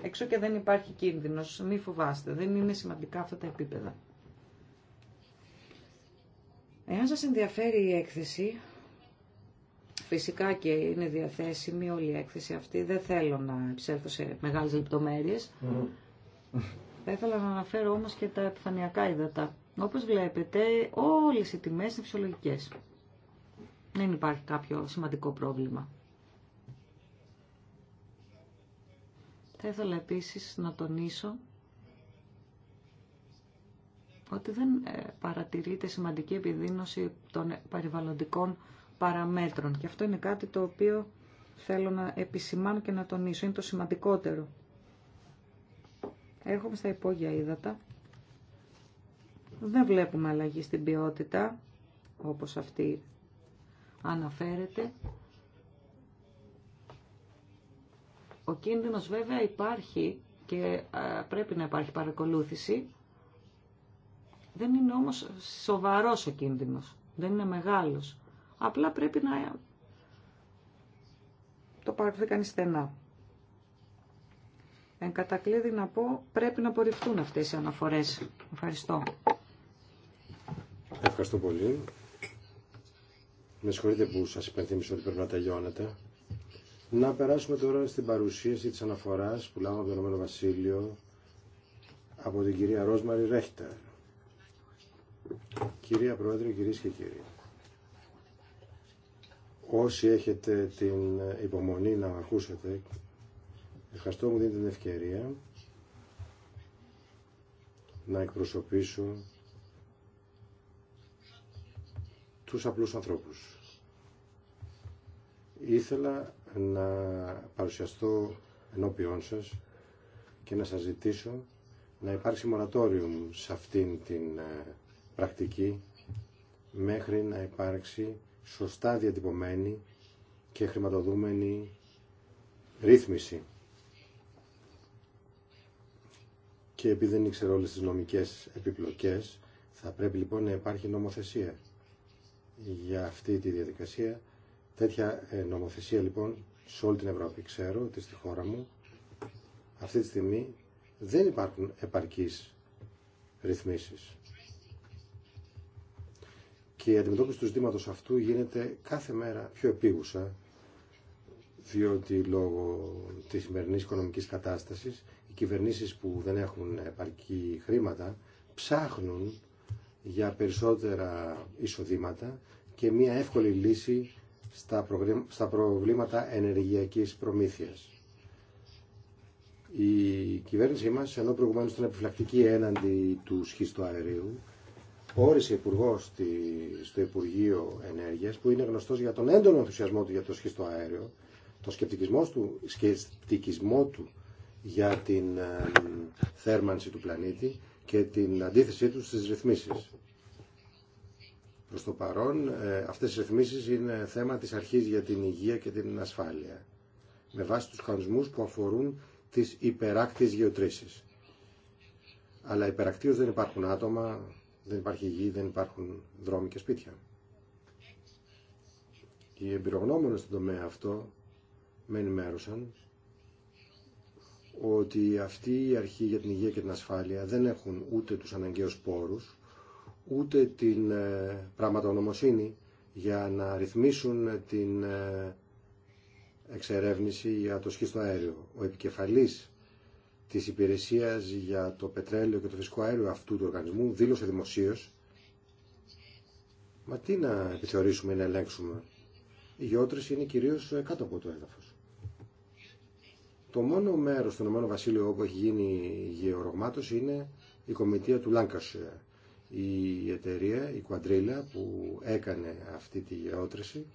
Speaker 1: Έξω και δεν υπάρχει κίνδυνος, μη φοβάστε, δεν είναι σημαντικά αυτά τα επίπεδα. Εάν σας ενδιαφέρει η έκθεση, φυσικά και είναι διαθέσιμη όλη η έκθεση αυτή, δεν θέλω να ψέλθω σε μεγάλες λεπτομέρειες. Θα ήθελα να αναφέρω όμως και τα επιφανειακά υδατά. Όπως βλέπετε, όλες οι τιμές είναι φυσιολογικές. Δεν υπάρχει κάποιο σημαντικό πρόβλημα. Θα ήθελα επίσης να τονίσω ότι δεν ε, παρατηρείται σημαντική επιδείνωση των περιβαλλοντικών παραμέτρων. Και αυτό είναι κάτι το οποίο θέλω να επισημάνω και να τονίσω. Είναι το σημαντικότερο. Έρχομαι στα υπόγεια ύδατα δεν βλέπουμε αλλαγή στην ποιότητα, όπως αυτή αναφέρεται. Ο κίνδυνος βέβαια υπάρχει και πρέπει να υπάρχει παρακολούθηση. Δεν είναι όμως σοβαρός ο κίνδυνος, δεν είναι μεγάλος. Απλά πρέπει να το παρακολουθεί στενά. Εν κατακλείδη να πω πρέπει να απορριφθούν αυτές οι αναφορές. Ευχαριστώ.
Speaker 3: Ευχαριστώ πολύ. Με συγχωρείτε που σας υπενθύμισα ότι πρέπει να τελειώνετε. Να περάσουμε τώρα στην παρουσίαση της αναφοράς που λάβαμε από το Βασίλειο από την κυρία Ρόσμαρη Ρέχτερ. Κυρία Πρόεδρε, κυρίες και κύριοι. Όσοι έχετε την υπομονή να ακούσετε, ευχαριστώ μου δίνετε την ευκαιρία να εκπροσωπήσω τους απλούς ανθρώπους. Ήθελα να παρουσιαστώ ενώπιόν σας και να σας ζητήσω να υπάρξει μορατόριο σε αυτήν την ε, πρακτική μέχρι να υπάρξει σωστά διατυπωμένη και χρηματοδούμενη ρύθμιση. Και επειδή δεν ήξερα όλες τις νομικές επιπλοκές, θα πρέπει λοιπόν να υπάρχει νομοθεσία για αυτή τη διαδικασία. Τέτοια ε, νομοθεσία λοιπόν σε όλη την Ευρώπη ξέρω ότι στη χώρα μου αυτή τη στιγμή δεν υπάρχουν επαρκείς ρυθμίσεις. Και η αντιμετώπιση του ζήτηματο αυτού γίνεται κάθε μέρα πιο επίγουσα διότι λόγω της σημερινή οικονομικής κατάστασης οι κυβερνήσεις που δεν έχουν επαρκή χρήματα ψάχνουν για περισσότερα εισοδήματα και μια εύκολη λύση στα προβλήματα ενεργειακής προμήθειας. Η κυβέρνησή μας, ενώ προηγουμένως ήταν επιφυλακτική έναντι του σχίστου αερίου, όρισε υπουργό στο Υπουργείο Ενέργειας, που είναι γνωστός για τον έντονο ενθουσιασμό του για το σχίστο αέριο, τον σκεπτικισμό του, σκεπτικισμό του για την ε, θέρμανση του πλανήτη και την αντίθεσή τους στις ρυθμίσεις. Προς το παρόν, ε, αυτές οι ρυθμίσεις είναι θέμα της αρχής για την υγεία και την ασφάλεια, με βάση τους κανονισμούς που αφορούν τις υπεράκτιες γεωτρήσεις. Αλλά υπερακτίως δεν υπάρχουν άτομα, δεν υπάρχει γη, δεν υπάρχουν δρόμοι και σπίτια. Οι εμπειρογνώμονες στον τομέα αυτό με ενημέρωσαν ότι αυτή η αρχή για την υγεία και την ασφάλεια δεν έχουν ούτε τους αναγκαίους πόρους, ούτε την ε, πραγματογνωμοσύνη για να ρυθμίσουν την ε, εξερεύνηση για το σχίστο αέριο. Ο επικεφαλής της υπηρεσίας για το πετρέλαιο και το φυσικό αέριο αυτού του οργανισμού δήλωσε δημοσίως Μα τι να επιθεωρήσουμε ή να ελέγξουμε. Οι γιώτρες είναι κυρίως κάτω από το έδαφος. Το μόνο μέρος του Ηνωμένου Βασίλειου όπου έχει γίνει γεωρογμάτωση είναι η κομιτεία του Λάγκασερ. Η εταιρεία, η Quadrilla που έκανε αυτή τη γεώτρηση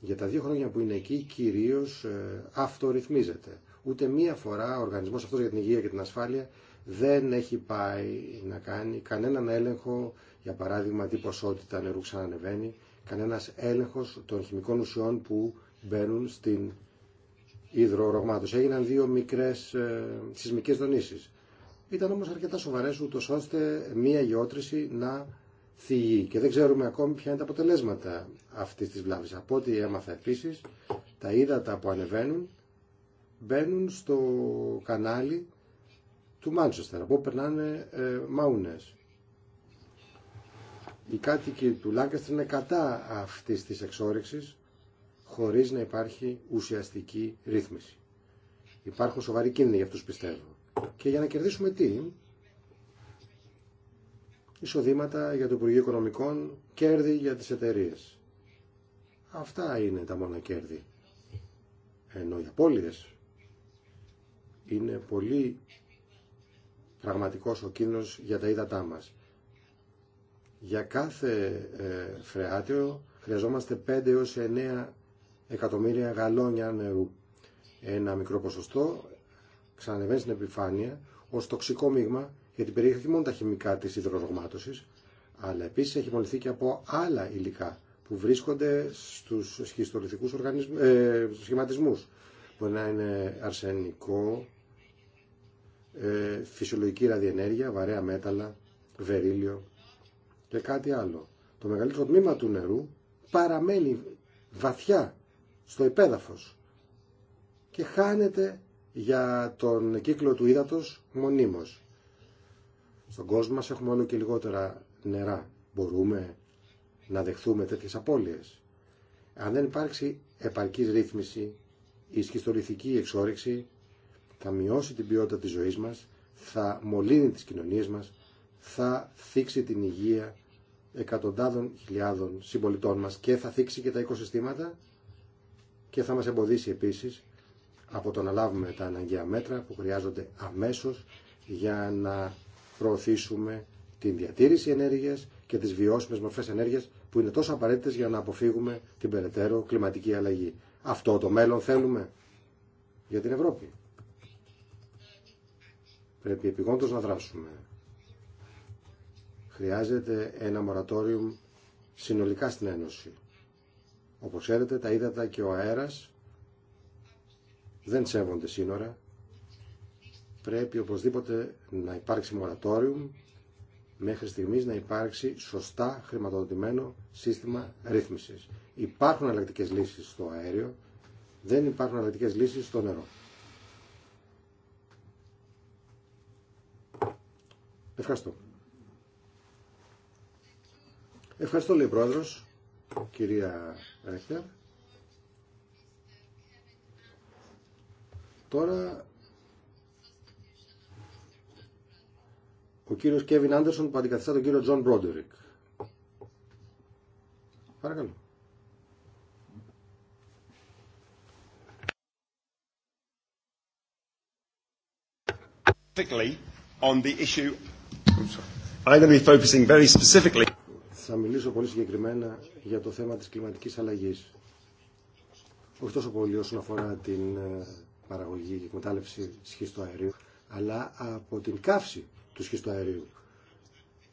Speaker 3: για τα δύο χρόνια που είναι εκεί κυρίως ε, αυτορυθμίζεται. Ούτε μία φορά ο οργανισμός αυτός για την υγεία και την ασφάλεια δεν έχει πάει να κάνει κανέναν έλεγχο, για παράδειγμα τι ποσότητα νερού ξανανεβαίνει, κανένας έλεγχος των χημικών ουσιών που μπαίνουν στην υδρορογμάτωση. Έγιναν δύο μικρές ε, σεισμικές δονήσεις. Ήταν όμως αρκετά σοβαρές ούτως ώστε μία γεώτρηση να θυγεί και δεν ξέρουμε ακόμη ποια είναι τα αποτελέσματα αυτής της βλάβης. Από ό,τι έμαθα επίσης, τα ύδατα που ανεβαίνουν μπαίνουν στο κανάλι του Μάντσεστερ, από όπου περνάνε ε, μαούνες. Οι κάτοικοι του Λάγκαστρ είναι κατά αυτής της εξόρυξη χωρίς να υπάρχει ουσιαστική ρύθμιση. Υπάρχουν σοβαροί κίνδυνοι για αυτούς πιστεύω. Και για να κερδίσουμε τι, εισοδήματα για το Υπουργείο Οικονομικών, κέρδη για τις εταιρείε. Αυτά είναι τα μόνα κέρδη. Ενώ οι απώλειες είναι πολύ πραγματικός ο κίνδυνος για τα ύδατά μας. Για κάθε ε, φρεάτιο χρειαζόμαστε 5 έως 9 εκατομμύρια γαλόνια νερού. Ένα μικρό ποσοστό ξανανεβαίνει στην επιφάνεια ω τοξικό μείγμα γιατί περιέχει μόνο τα χημικά τη υδρορογμάτωση, αλλά επίση έχει μολυνθεί και από άλλα υλικά που βρίσκονται στου σχιστολιθικού ε, σχηματισμού. Μπορεί να είναι αρσενικό, ε, φυσιολογική ραδιενέργεια, βαρέα μέταλλα, βερίλιο και κάτι άλλο. Το μεγαλύτερο τμήμα του νερού παραμένει βαθιά στο υπέδαφος και χάνεται για τον κύκλο του ύδατος μονίμως. Στον κόσμο μας έχουμε όλο και λιγότερα νερά. Μπορούμε να δεχθούμε τέτοιες απώλειες. Αν δεν υπάρξει επαρκής ρύθμιση, η σχιστολιθική εξόρυξη θα μειώσει την ποιότητα της ζωής μας, θα μολύνει τις κοινωνίες μας, θα θίξει την υγεία εκατοντάδων χιλιάδων συμπολιτών μας και θα θίξει και τα οικοσυστήματα και θα μας εμποδίσει επίσης από το να λάβουμε τα αναγκαία μέτρα που χρειάζονται αμέσως για να προωθήσουμε την διατήρηση ενέργειας και τις βιώσιμες μορφές ενέργειας που είναι τόσο απαραίτητες για να αποφύγουμε την περαιτέρω κλιματική αλλαγή. Αυτό το μέλλον θέλουμε για την Ευρώπη. Πρέπει επιγόντως να δράσουμε. Χρειάζεται ένα μορατόριο συνολικά στην Ένωση όπως ξέρετε τα ύδατα και ο αέρας δεν σέβονται σύνορα. Πρέπει οπωσδήποτε να υπάρξει μορατόριο μέχρι στιγμής να υπάρξει σωστά χρηματοδοτημένο σύστημα ρύθμισης. Υπάρχουν αλλακτικές λύσεις στο αέριο, δεν υπάρχουν αλλακτικές λύσεις στο νερό. Ευχαριστώ. Ευχαριστώ λέει ο κυρία Ρέχτερ. Τώρα ο κύριος Κέβιν Άντερσον που αντικαθιστά τον κύριο Τζον Μπρόντερικ. Παρακαλώ. On the issue, I'm sorry. I'm going to be focusing very specifically θα μιλήσω πολύ συγκεκριμένα για το θέμα της κλιματικής αλλαγής. Όχι τόσο πολύ όσον αφορά την ε, παραγωγή και εκμετάλλευση σχίστου αερίου, αλλά από την καύση του σχίστου αερίου.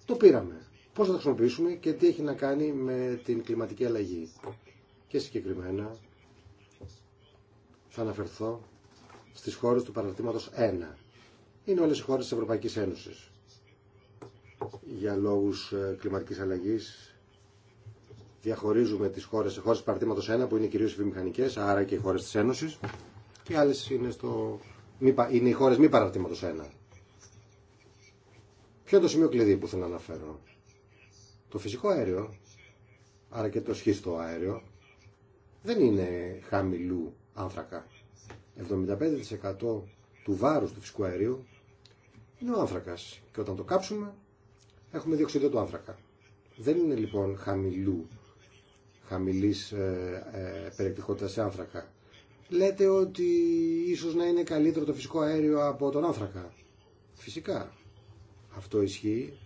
Speaker 3: Το πήραμε. Πώς θα το χρησιμοποιήσουμε και τι έχει να κάνει με την κλιματική αλλαγή. Και συγκεκριμένα θα αναφερθώ στις χώρες του παραρτήματος 1. Είναι όλες οι χώρες της Ευρωπαϊκής Ένωσης για λόγους ε, κλιματικής αλλαγής διαχωρίζουμε τις χώρες σε χώρες παρατήματος 1 που είναι κυρίως οι βιομηχανικές, άρα και οι χώρες της Ένωσης και άλλες είναι, στο... είναι οι χώρες μη παρατήματο 1. Ποιο είναι το σημείο κλειδί που θέλω να αναφέρω. Το φυσικό αέριο, άρα και το σχίστο αέριο, δεν είναι χαμηλού άνθρακα. 75% του βάρους του φυσικού αερίου είναι ο άνθρακας και όταν το κάψουμε έχουμε διοξείδιο του άνθρακα. Δεν είναι λοιπόν χαμηλού, χαμηλής ε, ε, περιεκτικότητας σε άνθρακα. Λέτε ότι ίσως να είναι καλύτερο το φυσικό αέριο από τον άνθρακα. Φυσικά. Αυτό ισχύει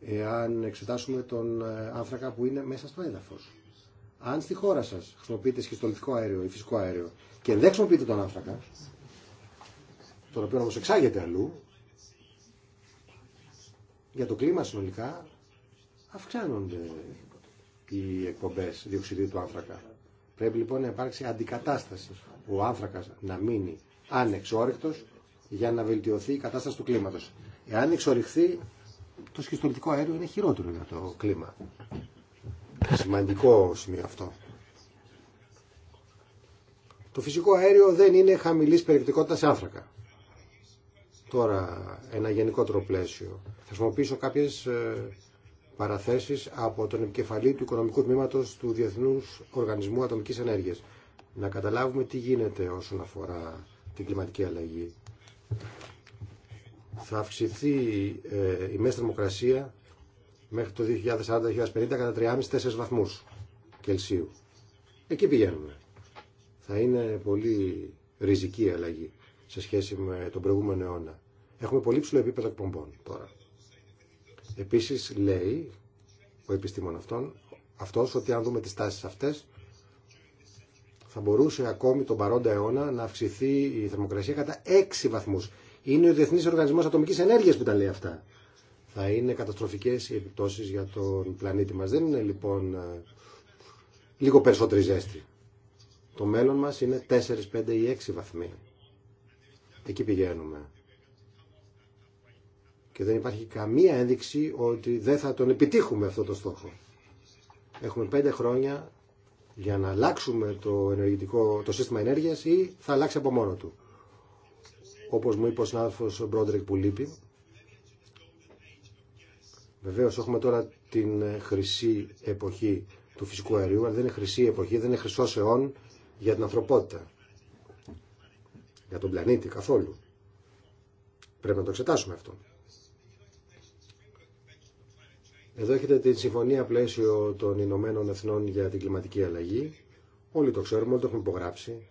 Speaker 3: εάν εξετάσουμε τον ε, άνθρακα που είναι μέσα στο έδαφος. Αν στη χώρα σας χρησιμοποιείτε σχιστολιτικό αέριο ή φυσικό αέριο και δεν χρησιμοποιείτε τον άνθρακα, τον οποίο όμως εξάγεται αλλού, για το κλίμα συνολικά αυξάνονται οι εκπομπές διοξιδίου του άνθρακα. Πρέπει λοιπόν να υπάρξει αντικατάσταση. Ο άνθρακας να μείνει ανεξόρυκτος για να βελτιωθεί η κατάσταση του κλίματος. Εάν εξορυχθεί, το σχιστολιτικό αέριο είναι χειρότερο για το κλίμα. Σημαντικό σημείο αυτό. Το φυσικό αέριο δεν είναι χαμηλής περιεκτικότητας άνθρακα. Τώρα, ένα γενικότερο πλαίσιο. Θα χρησιμοποιήσω κάποιε παραθέσει από τον επικεφαλή του οικονομικού Τμήματο του Διεθνού Οργανισμού Ατομική Ενέργεια. Να καταλάβουμε τι γίνεται όσον αφορά την κλιματική αλλαγή. Θα αυξηθεί ε, η μέση θερμοκρασία μέχρι το 2040-2050 κατά 3,5-4 βαθμούς Κελσίου. Εκεί πηγαίνουμε. Θα είναι πολύ ριζική η αλλαγή σε σχέση με τον προηγούμενο αιώνα. Έχουμε πολύ ψηλό επίπεδο εκπομπών τώρα. Επίση, λέει ο επιστήμον αυτόν, αυτός ότι αν δούμε τις τάσεις αυτές θα μπορούσε ακόμη τον παρόντα αιώνα να αυξηθεί η θερμοκρασία κατά 6 βαθμούς. Είναι ο Διεθνής Οργανισμός Ατομικής Ενέργειας που τα λέει αυτά. Θα είναι καταστροφικές οι επιπτώσεις για τον πλανήτη μας. Δεν είναι λοιπόν ε, λίγο περισσότερη ζέστη. Το μέλλον μας είναι 4, 5 ή 6 βαθμοί. Εκεί πηγαίνουμε και δεν υπάρχει καμία ένδειξη ότι δεν θα τον επιτύχουμε αυτό το στόχο. Έχουμε πέντε χρόνια για να αλλάξουμε το, ενεργητικό, το σύστημα ενέργειας ή θα αλλάξει από μόνο του. Όπως μου είπε ο συνάδελφος Μπρόντρικ που λείπει, βεβαίως έχουμε τώρα την χρυσή εποχή του φυσικού αερίου, αλλά δεν είναι χρυσή εποχή, δεν είναι χρυσός αιών για την ανθρωπότητα. Για τον πλανήτη καθόλου. Πρέπει να το εξετάσουμε αυτό. Εδώ έχετε τη συμφωνία πλαίσιο των Ηνωμένων Εθνών για την κλιματική αλλαγή. Όλοι το ξέρουμε, όλοι το έχουμε υπογράψει.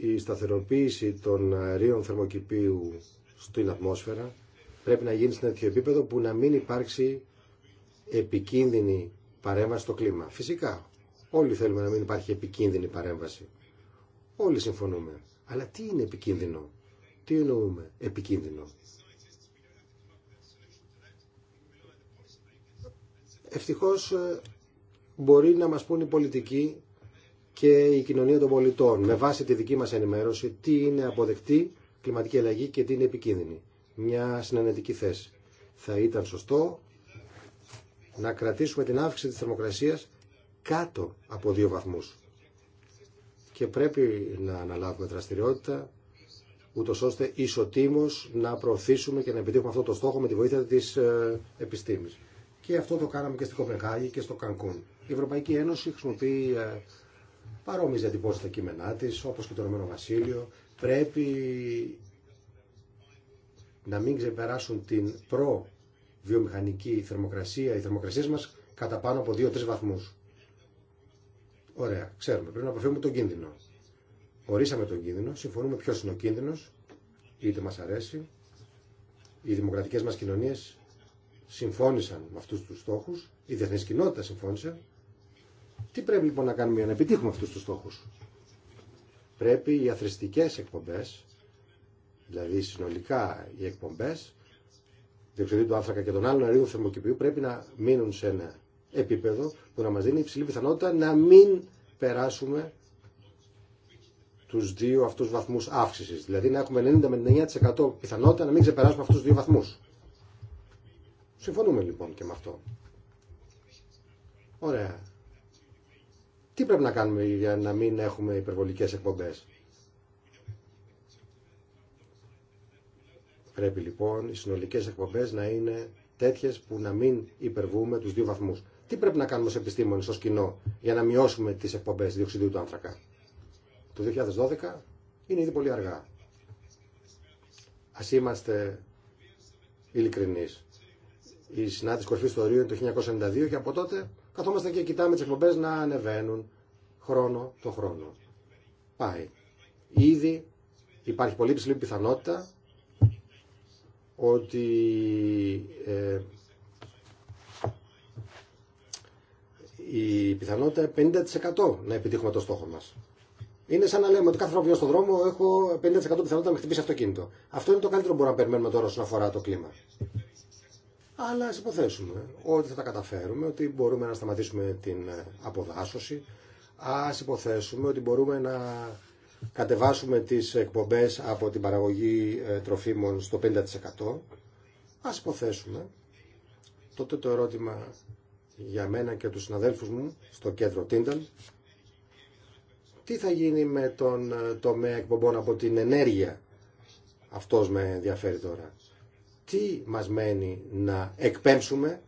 Speaker 3: Η σταθεροποίηση των αερίων θερμοκηπίου στην ατμόσφαιρα πρέπει να γίνει σε τέτοιο επίπεδο που να μην υπάρξει επικίνδυνη παρέμβαση στο κλίμα. Φυσικά, όλοι θέλουμε να μην υπάρχει επικίνδυνη παρέμβαση. Όλοι συμφωνούμε. Αλλά τι είναι επικίνδυνο, τι εννοούμε επικίνδυνο. Ευτυχώς ε, μπορεί να μας πούν οι πολιτικοί και η κοινωνία των πολιτών με βάση τη δική μας ενημέρωση τι είναι αποδεκτή κλιματική αλλαγή και τι είναι επικίνδυνη. Μια συνενετική θέση. Θα ήταν σωστό να κρατήσουμε την αύξηση της θερμοκρασίας κάτω από δύο βαθμούς. Και πρέπει να αναλάβουμε δραστηριότητα ούτω ώστε ισοτήμως να προωθήσουμε και να επιτύχουμε αυτό το στόχο με τη βοήθεια της ε, επιστήμης. Και αυτό το κάναμε και στην Κοπενχάγη και στο Κανκούν. Η Ευρωπαϊκή Ένωση χρησιμοποιεί ε, παρόμοιε διατυπώσει στα κείμενά τη, όπω και το Ρωμένο Βασίλειο. Πρέπει να μην ξεπεράσουν την προ-βιομηχανική θερμοκρασία, οι θερμοκρασίε μα κατά πάνω από 2-3 βαθμού. Ωραία, ξέρουμε. Πρέπει να αποφύγουμε τον κίνδυνο. Ορίσαμε τον κίνδυνο, συμφωνούμε ποιο είναι ο κίνδυνο, είτε μα αρέσει. Οι δημοκρατικέ μα κοινωνίε συμφώνησαν με αυτού του στόχου, η διεθνή κοινότητα συμφώνησε. Τι πρέπει λοιπόν να κάνουμε για να επιτύχουμε αυτού του στόχου. Πρέπει οι αθρηστικέ εκπομπέ, δηλαδή συνολικά οι εκπομπέ, διοξιδίου του άνθρακα και των άλλων αερίων θερμοκηπίου πρέπει να μείνουν σε ένα επίπεδο που να μα δίνει υψηλή πιθανότητα να μην περάσουμε του δύο αυτού βαθμού αύξηση. Δηλαδή να έχουμε 90 με 99% πιθανότητα να μην ξεπεράσουμε αυτού του δύο βαθμού. Συμφωνούμε λοιπόν και με αυτό. Ωραία. Τι πρέπει να κάνουμε για να μην έχουμε υπερβολικές εκπομπές. Πρέπει λοιπόν οι συνολικές εκπομπές να είναι τέτοιες που να μην υπερβούμε τους δύο βαθμούς. Τι πρέπει να κάνουμε ως επιστήμονες, ως κοινό, για να μειώσουμε τις εκπομπές διοξιδίου του άνθρακα. Το 2012 είναι ήδη πολύ αργά. Ας είμαστε ειλικρινείς η συνάντηση κορυφή στο Ρίου είναι το 1992 και από τότε καθόμαστε και κοιτάμε τι εκπομπέ να ανεβαίνουν χρόνο το χρόνο. Πάει. Ήδη υπάρχει πολύ ψηλή πιθανότητα ότι ε, η πιθανότητα 50% να επιτύχουμε το στόχο μας. Είναι σαν να λέμε ότι κάθε φορά που στον δρόμο έχω 50% πιθανότητα να με χτυπήσει αυτοκίνητο. Αυτό είναι το καλύτερο που μπορούμε να περιμένουμε τώρα όσον αφορά το κλίμα. Αλλά ας υποθέσουμε ότι θα τα καταφέρουμε, ότι μπορούμε να σταματήσουμε την ε, αποδάσωση. Α υποθέσουμε ότι μπορούμε να κατεβάσουμε τις εκπομπές από την παραγωγή ε, τροφίμων στο 50%. Ας υποθέσουμε, τότε το ερώτημα για μένα και τους συναδέλφους μου στο κέντρο Τίνταλ, τι θα γίνει με τον ε, τομέα εκπομπών από την ενέργεια. Αυτός με ενδιαφέρει τώρα τι μας μένει να εκπέμψουμε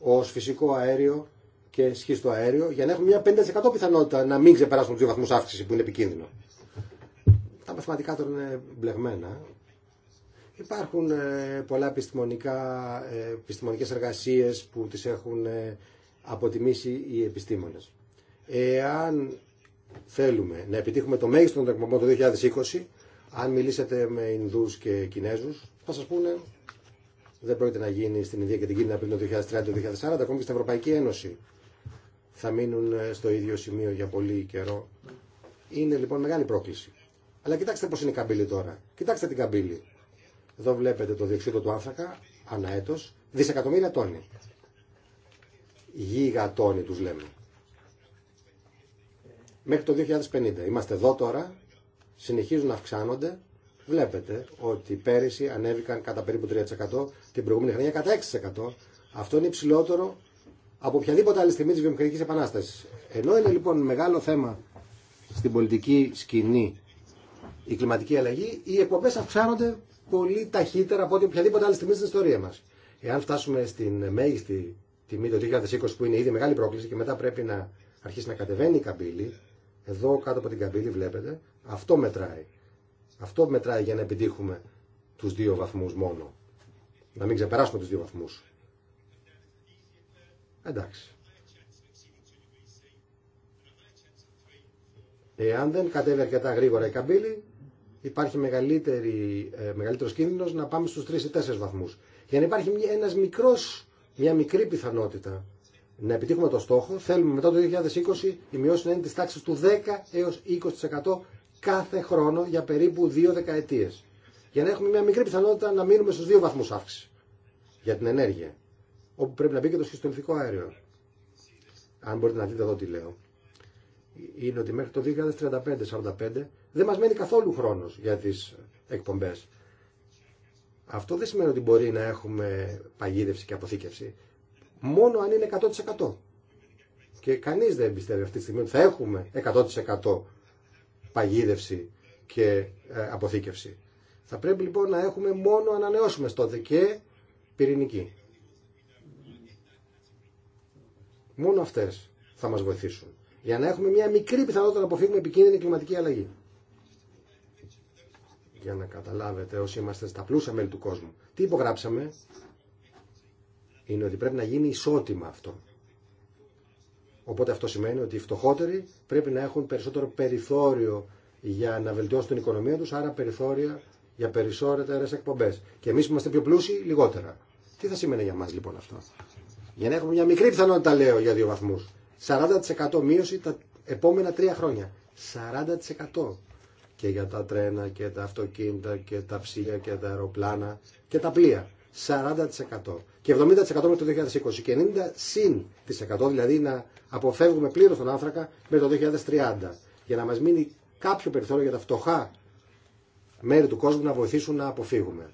Speaker 3: ως φυσικό αέριο και σχίστο αέριο για να έχουμε μια 50% πιθανότητα να μην ξεπεράσουμε τους δύο βαθμούς αύξηση που είναι επικίνδυνο. Τα μαθηματικά τώρα είναι μπλεγμένα. Υπάρχουν ε, πολλά επιστημονικά, ε, επιστημονικές εργασίες που τις έχουν ε, αποτιμήσει οι επιστήμονες. Εάν θέλουμε να επιτύχουμε το μέγιστο των εκπομπών το 2020, αν μιλήσετε με Ινδούς και Κινέζους, θα σας πούνε δεν πρόκειται να γίνει στην Ινδία και την Κίνα πριν το 2030-2040, ακόμη και στην Ευρωπαϊκή Ένωση θα μείνουν ε, στο ίδιο σημείο για πολύ καιρό. Είναι λοιπόν μεγάλη πρόκληση. Αλλά κοιτάξτε πώ είναι η καμπύλη τώρα. Κοιτάξτε την καμπύλη. Εδώ βλέπετε το διοξείδιο του άνθρακα ανά δισεκατομμύρια τόνοι. Γίγα τόνοι τους λέμε. Μέχρι το 2050. Είμαστε εδώ τώρα, συνεχίζουν να αυξάνονται βλέπετε ότι πέρυσι ανέβηκαν κατά περίπου 3%, την προηγούμενη χρονιά κατά 6%. Αυτό είναι υψηλότερο από οποιαδήποτε άλλη στιγμή τη βιομηχανική επανάσταση. Ενώ είναι λοιπόν μεγάλο θέμα στην πολιτική σκηνή η κλιματική αλλαγή, οι εκπομπέ αυξάνονται πολύ ταχύτερα από ό,τι οποιαδήποτε άλλη στιγμή στην ιστορία μα. Εάν φτάσουμε στην μέγιστη τιμή το 2020 που είναι ήδη μεγάλη πρόκληση και μετά πρέπει να αρχίσει να κατεβαίνει η καμπύλη, εδώ κάτω από την καμπύλη βλέπετε, αυτό μετράει. Αυτό μετράει για να επιτύχουμε τους δύο βαθμούς μόνο. Να μην ξεπεράσουμε τους δύο βαθμούς. Εντάξει. Εάν δεν κατέβει αρκετά γρήγορα η καμπύλη, υπάρχει μεγαλύτερη, ε, μεγαλύτερος κίνδυνος να πάμε στους 3 ή 4 βαθμούς. Για να υπάρχει ένας μικρός, μια μικρή πιθανότητα να επιτύχουμε το στόχο, θέλουμε μετά το 2020 η μειώση να είναι της τάξης του 10 έως 20% κάθε χρόνο για περίπου δύο δεκαετίε. Για να έχουμε μια μικρή πιθανότητα να μείνουμε στου δύο βαθμού αύξηση για την ενέργεια, όπου πρέπει να μπει και το σχιστολιθικό αέριο. Αν μπορείτε να δείτε εδώ τι λέω. Είναι ότι μέχρι το 2035-45 δεν μα μένει καθόλου χρόνο για τι εκπομπέ. Αυτό δεν σημαίνει ότι μπορεί να έχουμε παγίδευση και αποθήκευση. Μόνο αν είναι 100%. Και κανείς δεν πιστεύει αυτή τη στιγμή ότι θα έχουμε 100% παγίδευση και ε, αποθήκευση. Θα πρέπει λοιπόν να έχουμε μόνο ανανεώσουμε τότε και πυρηνική. Μόνο αυτές θα μας βοηθήσουν. Για να έχουμε μια μικρή πιθανότητα να αποφύγουμε επικίνδυνη κλιματική αλλαγή. Για να καταλάβετε όσοι είμαστε στα πλούσια μέλη του κόσμου. Τι υπογράψαμε είναι ότι πρέπει να γίνει ισότιμα αυτό. Οπότε αυτό σημαίνει ότι οι φτωχότεροι πρέπει να έχουν περισσότερο περιθώριο για να βελτιώσουν την οικονομία του, άρα περιθώρια για περισσότερε εκπομπέ. Και εμεί που είμαστε πιο πλούσιοι, λιγότερα. Τι θα σημαίνει για μας λοιπόν αυτό. Για να έχουμε μια μικρή πιθανότητα λέω για δύο βαθμού. 40% μείωση τα επόμενα τρία χρόνια. 40% και για τα τρένα και τα αυτοκίνητα και τα ψήλια και τα αεροπλάνα και τα πλοία. 40% και 70% μέχρι το 2020 και 90% συν δηλαδή να αποφεύγουμε πλήρως τον άνθρακα μέχρι το 2030 για να μας μείνει κάποιο περιθώριο για τα φτωχά μέρη του κόσμου να βοηθήσουν να αποφύγουμε.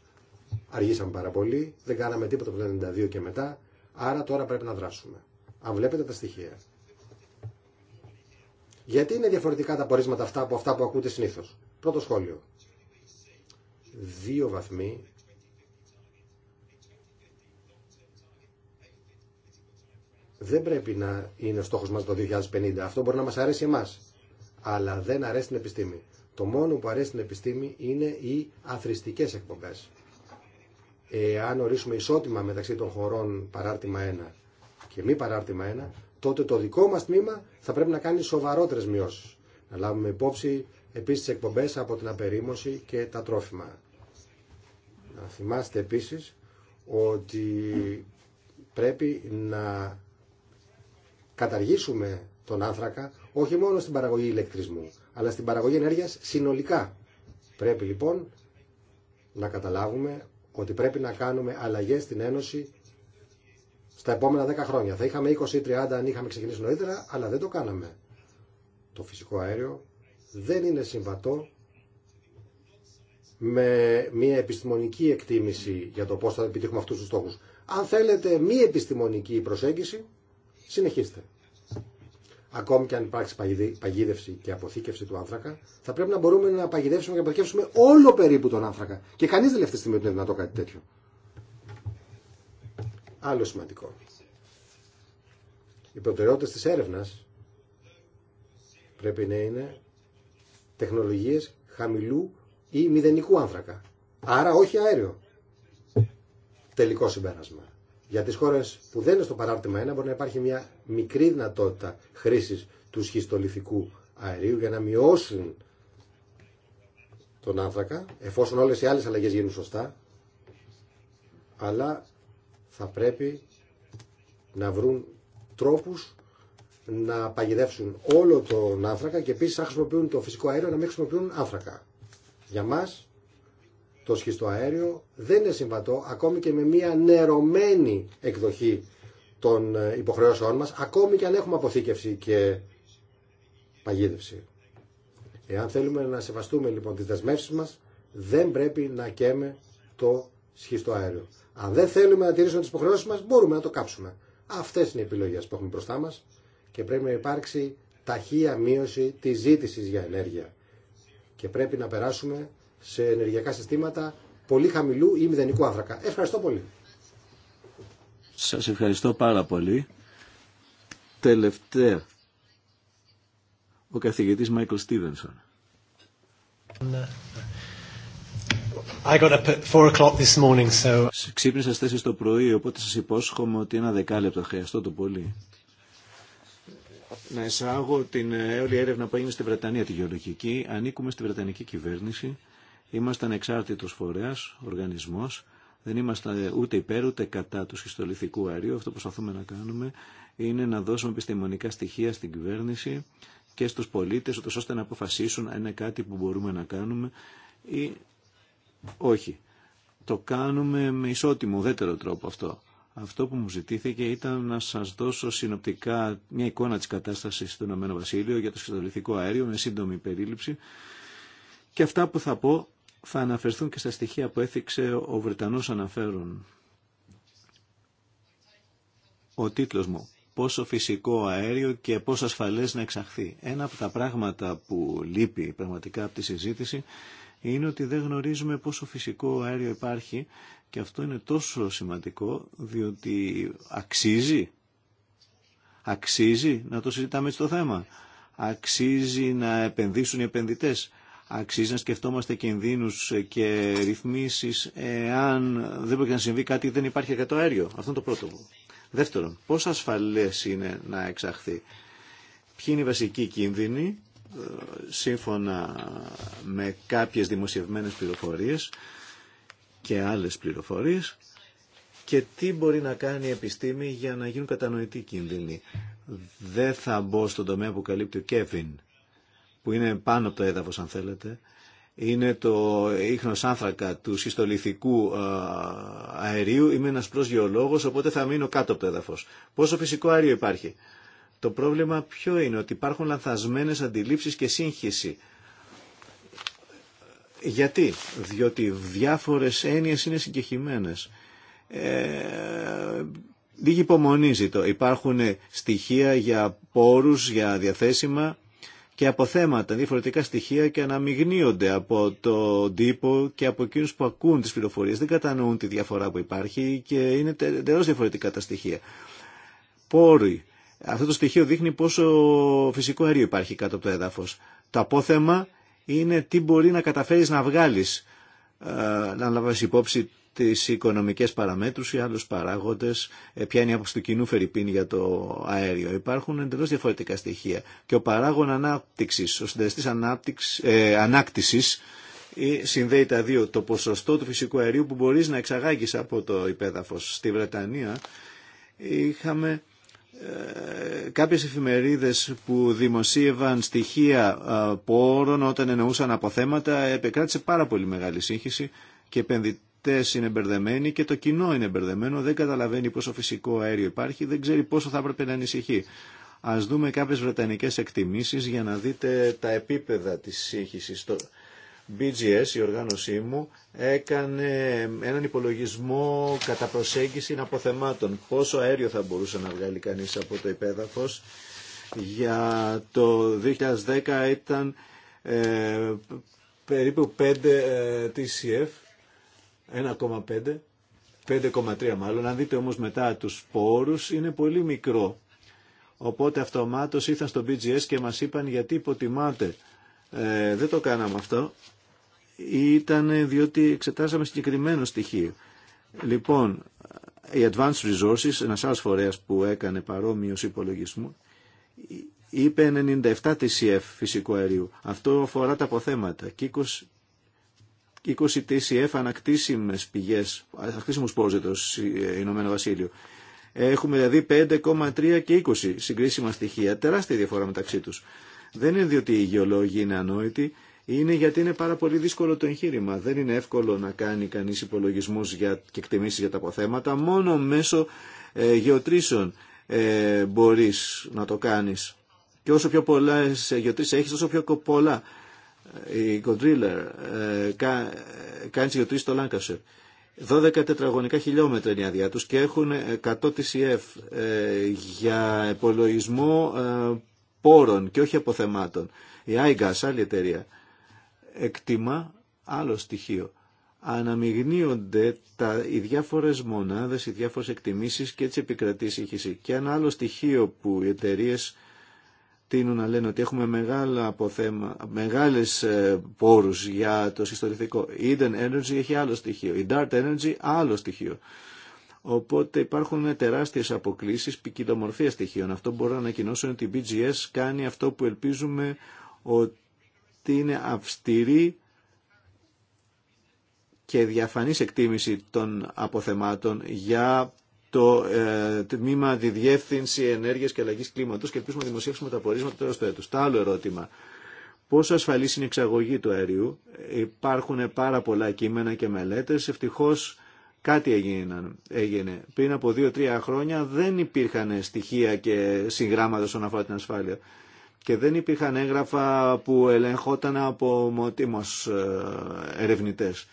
Speaker 3: Αργήσαμε πάρα πολύ, δεν κάναμε τίποτα από το 92 και μετά, άρα τώρα πρέπει να δράσουμε. Αν βλέπετε τα στοιχεία. Γιατί είναι διαφορετικά τα πορίσματα αυτά από αυτά που ακούτε συνήθως. Πρώτο σχόλιο. Δύο βαθμοί δεν πρέπει να είναι ο στόχος μας το 2050. Αυτό μπορεί να μας αρέσει εμά. αλλά δεν αρέσει την επιστήμη. Το μόνο που αρέσει την επιστήμη είναι οι αθρηστικές εκπομπές. Αν ορίσουμε ισότιμα μεταξύ των χωρών παράρτημα 1 και μη παράρτημα 1, τότε το δικό μας τμήμα θα πρέπει να κάνει σοβαρότερες μειώσεις. Να λάβουμε υπόψη επίσης εκπομπές από την απερίμωση και τα τρόφιμα. Να θυμάστε επίσης ότι πρέπει να καταργήσουμε τον άνθρακα όχι μόνο στην παραγωγή ηλεκτρισμού, αλλά στην παραγωγή ενέργειας συνολικά. Πρέπει λοιπόν να καταλάβουμε ότι πρέπει να κάνουμε αλλαγές στην Ένωση στα επόμενα 10 χρόνια. Θα είχαμε 20 ή 30 αν είχαμε ξεκινήσει νωρίτερα, αλλά δεν το κάναμε. Το φυσικό αέριο δεν είναι συμβατό με μια επιστημονική εκτίμηση για το πώς θα επιτύχουμε αυτούς τους στόχους. Αν θέλετε μη επιστημονική προσέγγιση, συνεχίστε ακόμη και αν υπάρξει παγίδευση και αποθήκευση του άνθρακα, θα πρέπει να μπορούμε να παγιδεύσουμε και να αποθηκεύσουμε όλο περίπου τον άνθρακα. Και κανεί δεν λέει αυτή τη στιγμή ότι είναι δυνατό κάτι τέτοιο. Άλλο σημαντικό. Οι προτεραιότητε τη έρευνα πρέπει να είναι τεχνολογίε χαμηλού ή μηδενικού άνθρακα. Άρα όχι αέριο. Τελικό συμπέρασμα. Για τις χώρες που δεν είναι στο παράρτημα 1 μπορεί να υπάρχει μια μικρή δυνατότητα χρήσης του σχιστολιθικού αερίου για να μειώσουν τον άνθρακα, εφόσον όλες οι άλλες αλλαγέ γίνουν σωστά, αλλά θα πρέπει να βρουν τρόπους να παγιδεύσουν όλο τον άνθρακα και επίση να χρησιμοποιούν το φυσικό αέριο να μην χρησιμοποιούν άνθρακα. Για μας το σχιστό αέριο δεν είναι συμβατό ακόμη και με μια νερωμένη εκδοχή των ε, υποχρεώσεών μας, ακόμη και αν έχουμε αποθήκευση και παγίδευση. Εάν θέλουμε να σεβαστούμε λοιπόν τις δεσμεύσεις μας, δεν πρέπει να καίμε το σχιστό αέριο. Αν δεν θέλουμε να τηρήσουμε τις υποχρεώσεις μας, μπορούμε να το κάψουμε. Αυτές είναι οι επιλογές που έχουμε μπροστά μας και πρέπει να υπάρξει ταχεία μείωση της ζήτησης για ενέργεια. Και πρέπει να περάσουμε σε ενεργειακά συστήματα πολύ χαμηλού ή μηδενικού άνθρακα. Ευχαριστώ πολύ.
Speaker 2: Σας ευχαριστώ πάρα πολύ. Τελευταία, ο καθηγητής Μάικλ Στίβενσον. I got up at four o'clock this morning, so... Ξύπνησα στις 4 το πρωί, οπότε σας υπόσχομαι ότι ένα δεκάλεπτο χρειαστώ το πολύ. Να εισάγω την ε, όλη έρευνα που έγινε στη Βρετανία, τη γεωλογική. Ανήκουμε στη Βρετανική κυβέρνηση. Είμαστε ανεξάρτητος φορέας, οργανισμός, δεν είμαστε ούτε υπέρ ούτε κατά του σχιστολιθικού αερίου. Αυτό που προσπαθούμε να κάνουμε είναι να δώσουμε επιστημονικά στοιχεία στην κυβέρνηση και στους πολίτες, ώστε να αποφασίσουν αν είναι κάτι που μπορούμε να κάνουμε ή όχι. Το κάνουμε με ισότιμο ουδέτερο τρόπο αυτό. Αυτό που μου ζητήθηκε ήταν να σας δώσω συνοπτικά μια εικόνα της κατάστασης του Ηνωμένο Βασίλειο για το σχιστολιθικό αέριο με σύντομη περίληψη και αυτά που θα πω θα αναφερθούν και στα στοιχεία που έθιξε ο Βρετανός αναφέρον. Ο τίτλος μου «Πόσο φυσικό αέριο και πόσο ασφαλές να εξαχθεί». Ένα από τα πράγματα που λείπει πραγματικά από τη συζήτηση είναι ότι δεν γνωρίζουμε πόσο φυσικό αέριο υπάρχει και αυτό είναι τόσο σημαντικό διότι αξίζει. Αξίζει να το συζητάμε στο θέμα. Αξίζει να επενδύσουν οι επενδυτές Αξίζει να σκεφτόμαστε κινδύνους και ρυθμίσεις εάν δεν μπορεί να συμβεί κάτι δεν υπάρχει αρκετό αέριο. Αυτό είναι το πρώτο. Δεύτερον, πόσο ασφαλέ είναι να εξαχθεί. Ποιοι είναι οι βασικοί κίνδυνοι ε, σύμφωνα με κάποιες δημοσιευμένες πληροφορίες και άλλες πληροφορίες και τι μπορεί να κάνει η επιστήμη για να γίνουν κατανοητοί κίνδυνοι. Δεν θα μπω στον τομέα που καλύπτει ο Κέβιν που είναι πάνω από το έδαφος αν θέλετε, είναι το ίχνος άνθρακα του συστολιθικού ε, αερίου. Είμαι ένας προσγεωλόγος οπότε θα μείνω κάτω από το έδαφος. Πόσο φυσικό αέριο υπάρχει. Το πρόβλημα ποιο είναι, ότι υπάρχουν λανθασμένες αντιλήψεις και σύγχυση. Γιατί, διότι διάφορες έννοιες είναι συγκεχημένες. Ε, λίγη υπομονή ζητώ. Υπάρχουν στοιχεία για πόρους, για διαθέσιμα, και από θέματα, διαφορετικά στοιχεία και αναμειγνύονται από το τύπο και από εκείνου που ακούν τι πληροφορίε. Δεν κατανοούν τη διαφορά που υπάρχει και είναι εντελώ διαφορετικά τα στοιχεία. Πόροι. Αυτό το στοιχείο δείχνει πόσο φυσικό αέριο υπάρχει κάτω από το έδαφος. Το απόθεμα είναι τι μπορεί να καταφέρει να βγάλεις, ε, να λάβεις υπόψη τι οικονομικέ παραμέτρου ε, η άλλου παράγοντε, ποια ειναι η αποψη του κοινού Φερρυπίν για το αέριο. Υπάρχουν εντελώ διαφορετικά στοιχεία. Και ο παράγων ανάπτυξη, ο συντελεστή ε, ή ε, συνδέει τα δύο. Το ποσοστό του φυσικού αερίου που μπορεί να εξαγάγει από το υπέδαφο. Στη Βρετανία είχαμε ε, κάποιες εφημερίδες που δημοσίευαν στοιχεία ε, πόρων όταν εννοούσαν αποθέματα επεκράτησε πάρα πολύ μεγάλη σύγχυση και καταναλωτές είναι μπερδεμένοι και το κοινό είναι μπερδεμένο, δεν καταλαβαίνει πόσο φυσικό αέριο υπάρχει, δεν ξέρει πόσο θα έπρεπε να ανησυχεί. Ας δούμε κάποιες βρετανικές εκτιμήσεις για να δείτε τα επίπεδα της σύγχυσης. Το BGS, η οργάνωσή μου, έκανε έναν υπολογισμό κατά προσέγγιση αποθεμάτων. Πόσο αέριο θα μπορούσε να βγάλει κανείς από το υπέδαφος. Για το 2010 ήταν ε, περίπου 5 ε, TCF 1,5, 5,3 μάλλον. Αν δείτε όμως μετά τους πόρους είναι πολύ μικρό. Οπότε αυτομάτως ήρθαν στο BGS και μας είπαν γιατί υποτιμάτε. Ε, δεν το κάναμε αυτό. Ήταν διότι εξετάσαμε συγκεκριμένο στοιχείο. Λοιπόν, η Advanced Resources, ένα άλλο φορέας που έκανε παρόμοιο υπολογισμού, είπε 97 TCF φυσικού αερίου. Αυτό αφορά τα αποθέματα Κίκος 20 TCF ανακτήσιμες πηγές, ανακτήσιμους πόρους το Ηνωμένο Βασίλειο. Έχουμε δηλαδή 5,3 και 20 συγκρίσιμα στοιχεία, τεράστια διαφορά μεταξύ τους. Δεν είναι διότι οι γεωλόγοι είναι ανόητοι, είναι γιατί είναι πάρα πολύ δύσκολο το εγχείρημα. Δεν είναι εύκολο να κάνει κανείς υπολογισμούς και εκτιμήσει για τα αποθέματα, μόνο μέσω ε, γεωτρήσεων ε, μπορείς να το κάνεις. Και όσο πιο πολλά γεωτρήσεις έχει τόσο πιο πολλά η ε, Κοντρίλερ κάνει συγκροτήσει στο Λάνκασερ. 12 τετραγωνικά χιλιόμετρα είναι η άδειά τους και έχουν 100 ε, TCF ε, για υπολογισμό πόρων και όχι αποθεμάτων. Η IGAS, άλλη εταιρεία, εκτιμά άλλο στοιχείο. Αναμειγνύονται τα, οι διάφορες μονάδες, οι διάφορες εκτιμήσεις και έτσι επικρατεί η σύγχυση. Και ένα άλλο στοιχείο που οι εταιρείε τείνουν να λένε ότι έχουμε μεγάλα αποθέμα, μεγάλες ε, πόρους για το συστολιθικό. Η Eden Energy έχει άλλο στοιχείο, η Dart Energy άλλο στοιχείο. Οπότε υπάρχουν τεράστιες αποκλήσεις, ποικιλομορφία στοιχείων. Αυτό μπορώ να ανακοινώσω ότι η BGS κάνει αυτό που ελπίζουμε ότι είναι αυστηρή και διαφανής εκτίμηση των αποθεμάτων για το ε, τμήμα Διδιεύθυνση Ενέργεια και Αλλαγή Κλίματο και ελπίζουμε να δημοσιεύσουμε τα απορίσματα του έτου. Το άλλο ερώτημα. Πόσο ασφαλή είναι η εξαγωγή του αερίου. Υπάρχουν πάρα πολλά κείμενα και μελέτε. Ευτυχώ κάτι έγινε. έγινε. Πριν από δύο-τρία χρόνια δεν υπήρχαν στοιχεία και συγγράμματα στον αφορά την ασφάλεια. Και δεν υπήρχαν έγγραφα που ελεγχόταν από μοτίμως ε, ερευνητές.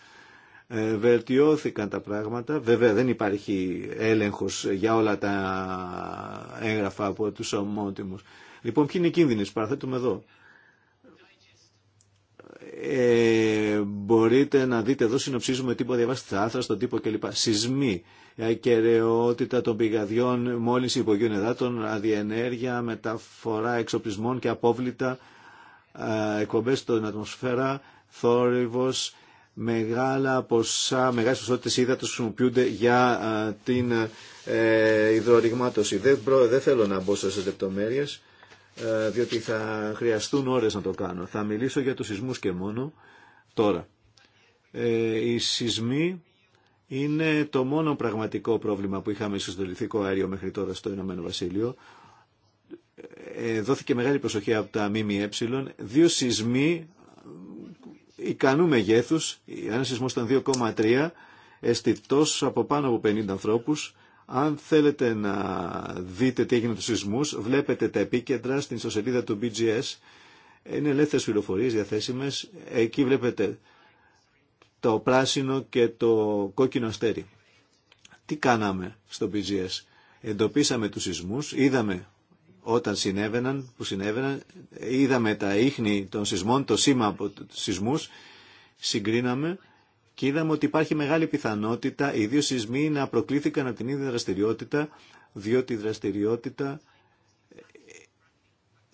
Speaker 2: Ε, βελτιώθηκαν τα πράγματα. Βέβαια δεν υπάρχει έλεγχος για όλα τα έγγραφα από τους ομότιμους. Λοιπόν, ποιοι είναι οι κίνδυνες, παραθέτουμε εδώ. Ε, μπορείτε να δείτε εδώ συνοψίζουμε τίποτα διαβάστε τα άθρα, στον τύπο κλπ. Σεισμοί, ακαιρεότητα των πηγαδιών, μόλις υπογείων εδάτων, αδιενέργεια, μεταφορά εξοπλισμών και απόβλητα, ε, εκπομπές στην ατμοσφαίρα, θόρυβος, μεγάλα ποσά, μεγάλες ποσότητες ύδατος χρησιμοποιούνται για την ε, υδρορυγμάτωση. Δεν, δεν θέλω να μπω σε λεπτομέρειες, ε, διότι θα χρειαστούν ώρες να το κάνω. Θα μιλήσω για τους σεισμούς και μόνο τώρα. Ε, οι σεισμοί είναι το μόνο πραγματικό πρόβλημα που είχαμε στο συντολιθικό αέριο μέχρι τώρα στο Ηνωμένο Βασίλειο. Ε, δόθηκε μεγάλη προσοχή από τα ΜΜΕ. Δύο σεισμοί ικανού μεγέθους, ένα σεισμός ήταν 2,3, αισθητός από πάνω από 50 ανθρώπους. Αν θέλετε να δείτε τι έγινε του σεισμούς, βλέπετε τα επίκεντρα στην ιστοσελίδα του BGS. Είναι ελεύθερες πληροφορίες διαθέσιμες. Εκεί βλέπετε το πράσινο και το κόκκινο αστέρι. Τι κάναμε στο BGS. Εντοπίσαμε τους σεισμούς, είδαμε όταν συνέβαιναν, που συνέβαιναν, είδαμε τα ίχνη των σεισμών, το σήμα από τους σεισμούς, συγκρίναμε και είδαμε ότι υπάρχει μεγάλη πιθανότητα οι δύο σεισμοί να προκλήθηκαν από την ίδια δραστηριότητα, διότι η δραστηριότητα ε,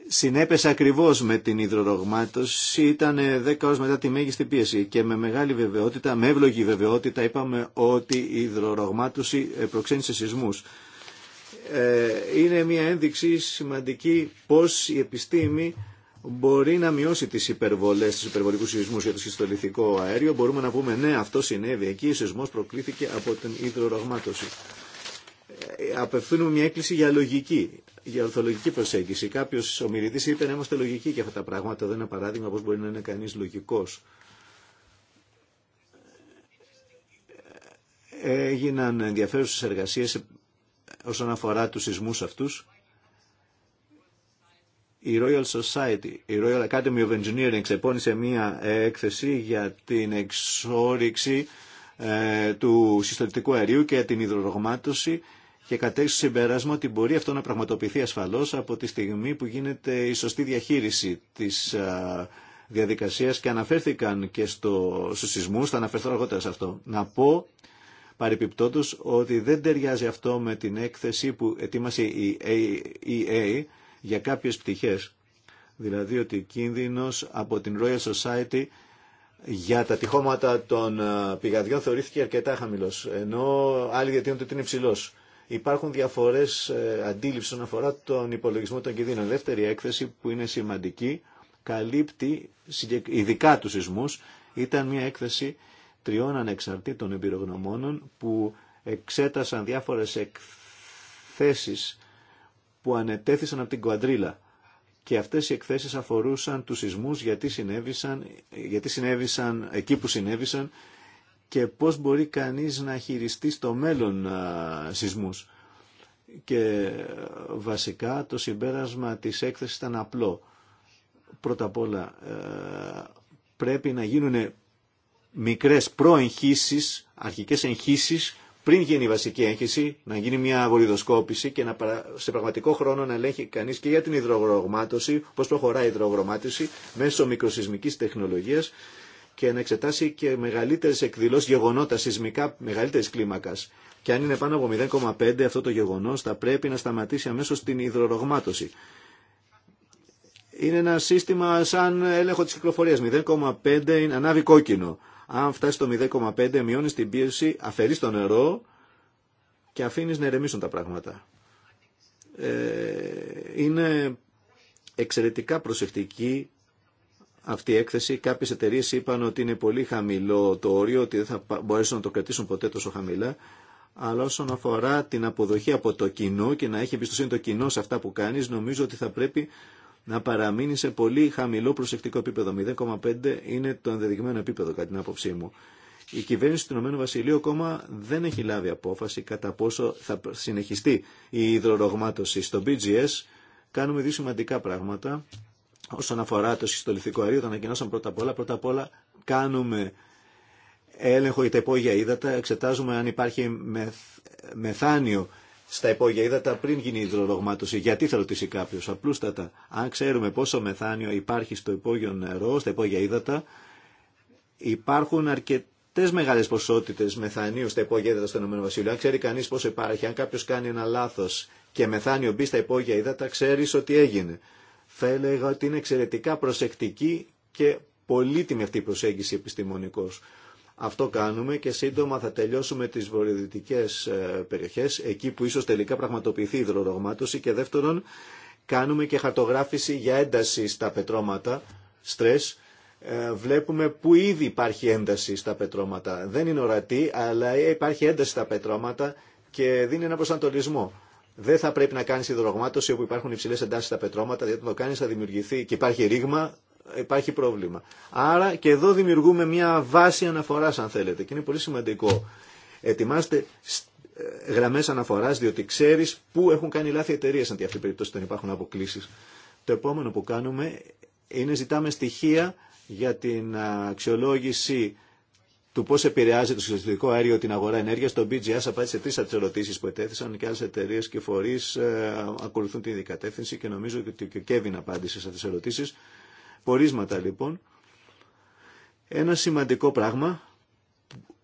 Speaker 2: συνέπεσε ακριβώς με την υδρορογμάτωση, ήταν 10 ώρες μετά τη μέγιστη πίεση και με μεγάλη βεβαιότητα, με εύλογη βεβαιότητα είπαμε ότι η υδρορογμάτωση ε, προξένησε σεισμούς. Ε, είναι μια ένδειξη σημαντική πως η επιστήμη μπορεί να μειώσει τις υπερβολές, τους υπερβολικούς σεισμούς για το σχιστολιθικό αέριο. Μπορούμε να πούμε ναι αυτό συνέβη εκεί, ο σεισμός προκλήθηκε από την υδρορογμάτωση. Ε, απευθύνουμε μια έκκληση για λογική, για ορθολογική προσέγγιση. Κάποιο ομιλητή είπε να είμαστε λογικοί και αυτά τα πράγματα. Δεν είναι παράδειγμα πώ μπορεί να είναι κανεί λογικό. Ε, έγιναν ενδιαφέρουσε εργασίε όσον αφορά τους σεισμούς αυτούς. Η Royal Society, η Royal Academy of Engineering ξεπώνησε μία έκθεση για την εξόριξη ε, του συστατικού αερίου και την υδρορογμάτωση και κατέχει στο συμπεράσμα ότι μπορεί αυτό να πραγματοποιηθεί ασφαλώς από τη στιγμή που γίνεται η σωστή διαχείριση της ε, διαδικασίας και αναφέρθηκαν και στο, στους σεισμούς, θα αναφερθώ αργότερα σε αυτό. Να πω παρεπιπτόντως ότι δεν ταιριάζει αυτό με την έκθεση που ετοίμασε η EA για κάποιες πτυχές. Δηλαδή ότι κίνδυνος από την Royal Society για τα τυχώματα των ε, πηγαδιών θεωρήθηκε αρκετά χαμηλός, ενώ άλλοι διατείνονται ότι είναι υψηλός. Υπάρχουν διαφορές ε, αντίληψη όσον αφορά τον υπολογισμό των κινδύνων. Δεύτερη έκθεση που είναι σημαντική καλύπτει ειδικά τους σεισμούς. Ήταν μια έκθεση τριών ανεξαρτήτων εμπειρογνωμόνων που εξέτασαν διάφορες εκθέσεις που ανετέθησαν από την Κουαντρίλα. Και αυτές οι εκθέσεις αφορούσαν τους σεισμούς, γιατί συνέβησαν, γιατί συνέβησαν εκεί που συνέβησαν και πώς μπορεί κανείς να χειριστεί στο μέλλον α, σεισμούς. Και βασικά το συμπέρασμα της έκθεσης ήταν απλό. Πρώτα απ' όλα ε, πρέπει να γίνουν μικρές προεγχύσεις, αρχικές εγχύσεις, πριν γίνει η βασική έγχυση, να γίνει μια βολιδοσκόπηση και σε πραγματικό χρόνο να ελέγχει κανείς και για την υδρογρογμάτωση, πώ προχωράει η υδρογρομάτωση μέσω μικροσυσμικής τεχνολογίας και να εξετάσει και μεγαλύτερε εκδηλώσει, γεγονότα σεισμικά μεγαλύτερης κλίμακας. Και αν είναι πάνω από 0,5 αυτό το γεγονός θα πρέπει να σταματήσει αμέσω την υδρορογμάτωση. Είναι ένα σύστημα σαν έλεγχο τη κυκλοφορία. 0,5 ανάβει κόκκινο. Αν φτάσει στο 0,5 μειώνει την πίεση, αφαιρεί το νερό και αφήνει να ερεμήσουν τα πράγματα. Ε, είναι εξαιρετικά προσεκτική αυτή η έκθεση. Κάποιες εταιρείε είπαν ότι είναι πολύ χαμηλό το όριο, ότι δεν θα μπορέσουν να το κρατήσουν ποτέ τόσο χαμηλά. Αλλά όσον αφορά την αποδοχή από το κοινό και να έχει εμπιστοσύνη το κοινό σε αυτά που κάνεις, νομίζω ότι θα πρέπει να παραμείνει σε πολύ χαμηλό προσεκτικό επίπεδο. 0,5 είναι το ενδεδειγμένο επίπεδο κατά την άποψή μου. Η κυβέρνηση του Ηνωμένου Βασιλείου ακόμα δεν έχει λάβει απόφαση κατά πόσο θα συνεχιστεί η υδρορογμάτωση. Στο BGS κάνουμε δύο σημαντικά πράγματα όσον αφορά το συστολιθικό αερίο. Το ανακοινώσαμε πρώτα απ' όλα. Πρώτα απ' όλα κάνουμε έλεγχο για τα υπόγεια ύδατα, εξετάζουμε αν υπάρχει μεθάνιο στα υπόγεια ύδατα πριν γίνει η υδρορογμάτωση. Γιατί θα ρωτήσει κάποιο, απλούστατα. Αν ξέρουμε πόσο μεθάνιο υπάρχει στο υπόγειο νερό, στα υπόγεια ύδατα, υπάρχουν αρκετέ μεγάλε ποσότητε μεθανίου στα υπόγεια ύδατα στο ΕΒ. Αν ξέρει κανεί πόσο υπάρχει, αν κάποιο κάνει ένα λάθο και μεθάνιο μπει στα υπόγεια ύδατα, ξέρει ότι έγινε. Θα έλεγα ότι είναι εξαιρετικά προσεκτική και πολύτιμη αυτή η προσέγγιση επιστημονικός. Αυτό κάνουμε και σύντομα θα τελειώσουμε τις βορειοδυτικές ε, περιοχές, εκεί που ίσως τελικά πραγματοποιηθεί η υδρορογμάτωση και δεύτερον κάνουμε και χαρτογράφηση για ένταση στα πετρώματα, στρες, ε, βλέπουμε που ήδη υπάρχει ένταση στα πετρώματα. Δεν είναι ορατή, αλλά υπάρχει ένταση στα πετρώματα και δίνει ένα προσανατολισμό. Δεν θα πρέπει να κάνει υδρογμάτωση όπου υπάρχουν υψηλέ εντάσει στα πετρώματα, διότι το κάνει θα δημιουργηθεί και υπάρχει ρήγμα, υπάρχει πρόβλημα. Άρα και εδώ δημιουργούμε μια βάση αναφοράς αν θέλετε και είναι πολύ σημαντικό. Ετοιμάστε ε, γραμμές αναφοράς διότι ξέρεις πού έχουν κάνει λάθη εταιρείε αντί τη αυτή περίπτωση δεν υπάρχουν αποκλήσει. Το επόμενο που κάνουμε είναι ζητάμε στοιχεία για την αξιολόγηση του πώ επηρεάζει το συστηματικό αέριο την αγορά ενέργεια. Το BGS απάντησε τρει από τι ερωτήσει που ετέθησαν και άλλε εταιρείε και φορεί ε, ακολουθούν την κατεύθυνση και νομίζω ότι και ο Κέβιν απάντησε σε αυτέ τι ερωτήσει. Πορίσματα λοιπόν. Ένα σημαντικό πράγμα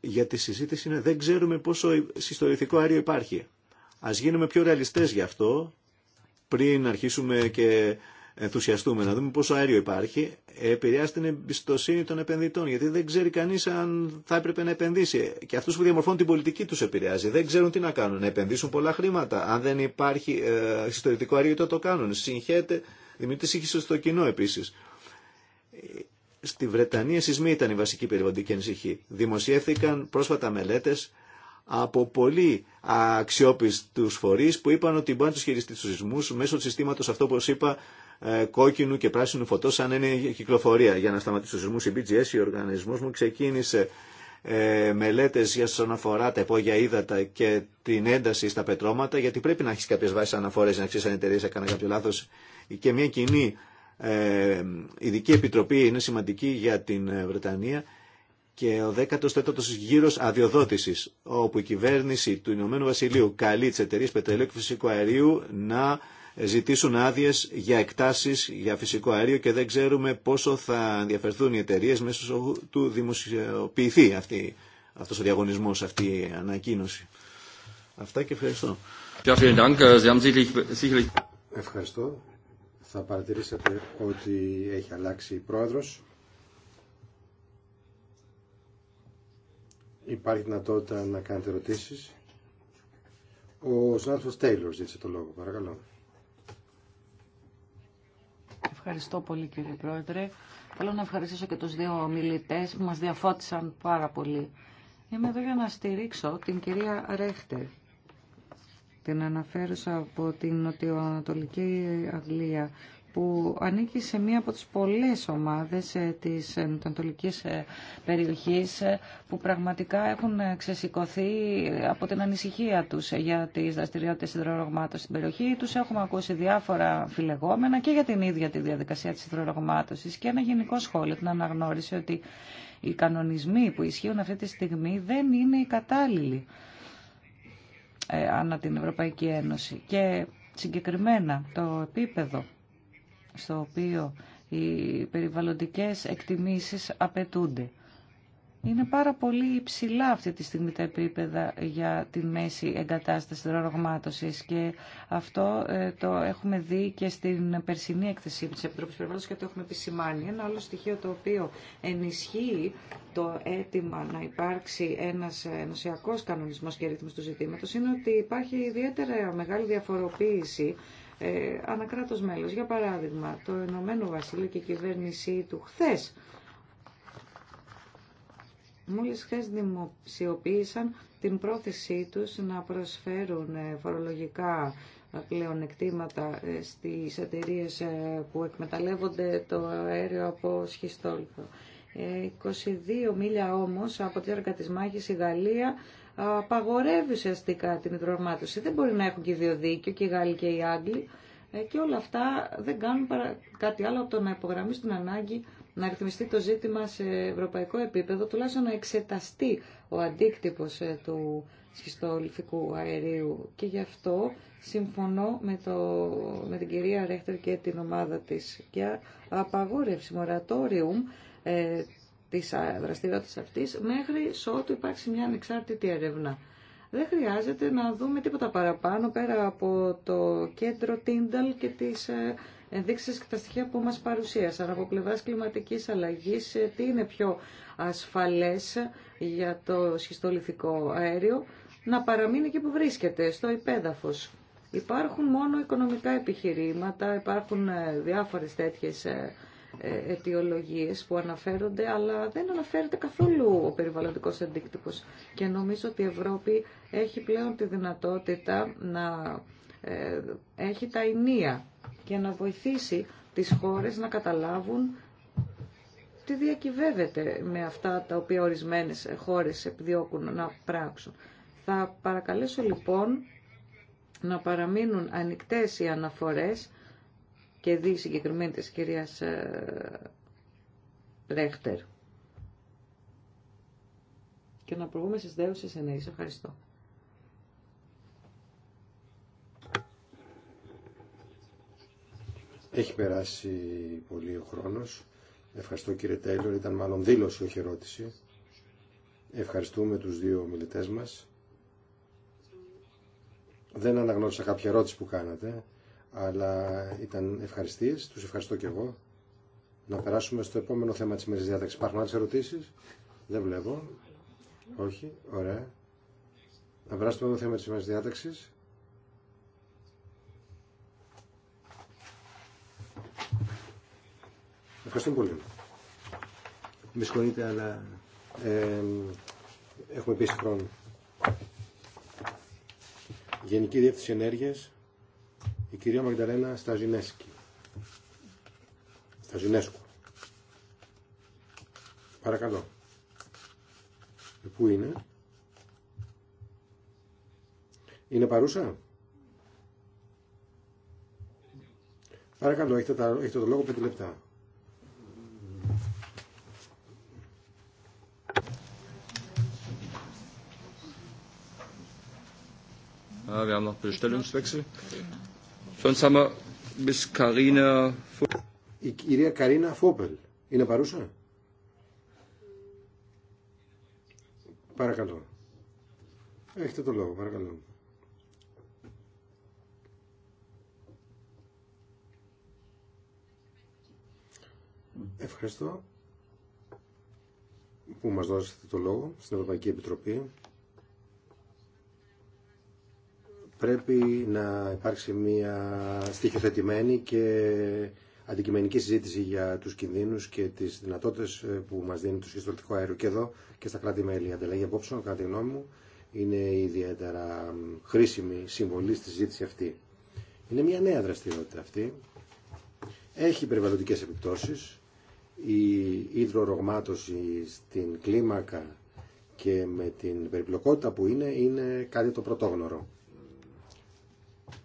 Speaker 2: για τη συζήτηση είναι δεν ξέρουμε πόσο συστοριθικό αέριο υπάρχει. Ας γίνουμε πιο ρεαλιστές γι' αυτό πριν αρχίσουμε και ενθουσιαστούμε, να δούμε πόσο αέριο υπάρχει, επηρεάζει την εμπιστοσύνη των επενδυτών. Γιατί δεν ξέρει κανεί αν θα έπρεπε να επενδύσει. Και αυτού που διαμορφώνουν την πολιτική του επηρεάζει. Δεν ξέρουν τι να κάνουν. Να επενδύσουν πολλά χρήματα. Αν δεν υπάρχει ε, ιστορικό αέριο, το, το κάνουν. Συγχαίρεται, δημιουργείται σύγχυση στο κοινό επίση. Στη Βρετανία σεισμοί ήταν η βασική περιβαλλοντική ανησυχή. Δημοσιεύθηκαν πρόσφατα μελέτες από πολύ αξιόπιστους φορείς που είπαν ότι μπορεί να τους χειριστεί τους σεισμούς μέσω του συστήματος αυτό που είπα ε, κόκκινου και πράσινου φωτό σαν είναι η κυκλοφορία. Για να σταματήσει του σεισμούς η BGS, ο οργανισμός μου ξεκίνησε ε, μελέτες για όσον αφορά τα υπόγεια ύδατα και την ένταση στα πετρώματα, γιατί πρέπει να έχει κάποιε βάσει αναφορέ, να ξέρει αν εταιρεία έκανε κάποιο λάθο, και μια κοινή η ε, ειδική επιτροπή είναι σημαντική για την ε, Βρετανία και ο 14ος γύρος αδειοδότησης, όπου η κυβέρνηση του Ηνωμένου Βασιλείου καλεί τις εταιρείε πετρελαίου και φυσικού αερίου να ζητήσουν άδειε για εκτάσεις για φυσικό αέριο και δεν ξέρουμε πόσο θα ενδιαφερθούν οι εταιρείε μέσω του δημοσιοποιηθεί αυτή, αυτός ο διαγωνισμός, αυτή η ανακοίνωση. Αυτά και ευχαριστώ.
Speaker 3: Ευχαριστώ θα παρατηρήσατε ότι έχει αλλάξει η πρόεδρος. Υπάρχει δυνατότητα να κάνετε ερωτήσεις. Ο συνάδελφος Τέιλορ ζήτησε το λόγο, παρακαλώ.
Speaker 1: Ευχαριστώ πολύ κύριε Πρόεδρε. Θέλω να ευχαριστήσω και τους δύο μιλητές που μας διαφώτισαν πάρα πολύ. Είμαι εδώ για να στηρίξω την κυρία Ρέχτερ την αναφέρουσα από την νοτιοανατολική Αγγλία που ανήκει σε μία από τις πολλές ομάδες ε, της ε, νοτιοανατολικής ε, περιοχής που πραγματικά έχουν ξεσηκωθεί από την ανησυχία τους για τις δραστηριότητες υδρορογμάτων στην περιοχή. Τους έχουμε ακούσει διάφορα φιλεγόμενα και για την ίδια τη διαδικασία της υδρορογμάτωσης και ένα γενικό σχόλιο, την αναγνώριση ότι οι κανονισμοί που ισχύουν αυτή τη στιγμή δεν είναι οι κατάλληλοι ε, ανά την Ευρωπαϊκή Ένωση. Και συγκεκριμένα το επίπεδο στο οποίο οι περιβαλλοντικές εκτιμήσεις απαιτούνται. Είναι πάρα πολύ υψηλά αυτή τη στιγμή τα επίπεδα για τη μέση εγκατάσταση δρορογμάτωσης και αυτό ε, το έχουμε δει και στην περσινή έκθεση της Επιτροπής Περιβάλλοντος και το έχουμε επισημάνει. Ένα άλλο στοιχείο το οποίο ενισχύει το αίτημα να υπάρξει ένας ενωσιακός κανονισμός και ρύθμος του ζητήματος είναι ότι υπάρχει ιδιαίτερα μεγάλη διαφοροποίηση ε, ανακράτος μέλος. Για παράδειγμα, το Ηνωμένο Βασίλειο και η κυβέρνησή του χθες μόλις χθες δημοσιοποίησαν την πρόθεσή τους να προσφέρουν ε, φορολογικά ε, πλεονεκτήματα ε, στις εταιρείε που εκμεταλλεύονται το αέριο από σχιστόλιθο. 22 μίλια όμως από τη διάρκεια της μάχης η Γαλλία απαγορεύει ουσιαστικά την υδρογμάτωση. Δεν μπορεί να έχουν και δύο δίκιο και οι Γάλλοι και οι Άγγλοι και όλα αυτά δεν κάνουν κάτι άλλο από το να υπογραμμίσουν την ανάγκη να ρυθμιστεί το ζήτημα σε ευρωπαϊκό επίπεδο, τουλάχιστον να εξεταστεί ο αντίκτυπος ε, του σχιστολυθικού αερίου. Και γι' αυτό συμφωνώ με, το, με την κυρία Ρέχτερ και την ομάδα της για απαγόρευση μορατόριου ε, της δραστηριότητας αυτής μέχρι ότου υπάρξει μια ανεξάρτητη έρευνα. Δεν χρειάζεται να δούμε τίποτα παραπάνω πέρα από το κέντρο Τίνταλ και τις ε, ενδείξεις και τα στοιχεία που μας παρουσίασαν από πλευράς κλιματικής αλλαγής, ε, τι είναι πιο ασφαλές για το σχιστολιθικό αέριο, να παραμείνει εκεί που βρίσκεται, στο υπέδαφος. Υπάρχουν μόνο οικονομικά επιχειρήματα, υπάρχουν ε, διάφορες τέτοιες ε, αιτιολογίες που αναφέρονται, αλλά δεν αναφέρεται καθόλου ο περιβαλλοντικός αντίκτυπος. Και νομίζω ότι η Ευρώπη έχει πλέον τη δυνατότητα να έχει τα ενία και να βοηθήσει τις χώρες να καταλάβουν τι διακυβεύεται με αυτά τα οποία ορισμένες χώρες επιδιώκουν να πράξουν. Θα παρακαλέσω λοιπόν να παραμείνουν ανοιχτές οι αναφορές και δι συγκεκριμένη της κυρίας ε, Ρέχτερ και να προβούμε στις δέωσες εννοείς. Ευχαριστώ.
Speaker 3: Έχει περάσει πολύ ο χρόνος. Ευχαριστώ κύριε Τέιλορ, ήταν μάλλον δήλωση όχι ερώτηση. Ευχαριστούμε τους δύο μιλητές μας. Δεν αναγνώρισα κάποια ερώτηση που κάνατε, αλλά ήταν ευχαριστίες. Τους ευχαριστώ και εγώ. Να περάσουμε στο επόμενο θέμα της ημέρης διάταξης. Υπάρχουν άλλες ερωτήσεις. Δεν βλέπω. Όχι. Ωραία. Να περάσουμε στο θέμα της ημέρης διάταξης. Ευχαριστούμε πολύ. Με συγχωρείτε, αλλά ε, έχουμε πίσει χρόνο. Γενική Διεύθυνση Ενέργειας, η κυρία Μαγδαλένα Σταζινέσκη. Σταζινέσκου. Παρακαλώ. Ε, πού είναι. Είναι παρούσα. Παρακαλώ, έχετε, έχετε το λόγο 5 λεπτά. Η κυρία Καρίνα Φόπελ είναι παρούσα. Παρακαλώ. Έχετε το λόγο, παρακαλώ. Ευχαριστώ που μα δώσετε το λόγο στην Ευρωπαϊκή Επιτροπή. πρέπει να υπάρξει μια στοιχειοθετημένη και αντικειμενική συζήτηση για τους κινδύνους και τις δυνατότητες ε, που μας δίνει το συστολικό αέριο και εδώ και στα κράτη-μέλη. Η ανταλλαγή απόψεων, κατά τη γνώμη μου, είναι ιδιαίτερα χρήσιμη συμβολή στη συζήτηση αυτή. Είναι μια νέα δραστηριότητα αυτή. Έχει περιβαλλοντικές επιπτώσεις. Η υδρορογμάτωση στην κλίμακα και με την περιπλοκότητα που είναι, είναι κάτι το πρωτόγνωρο.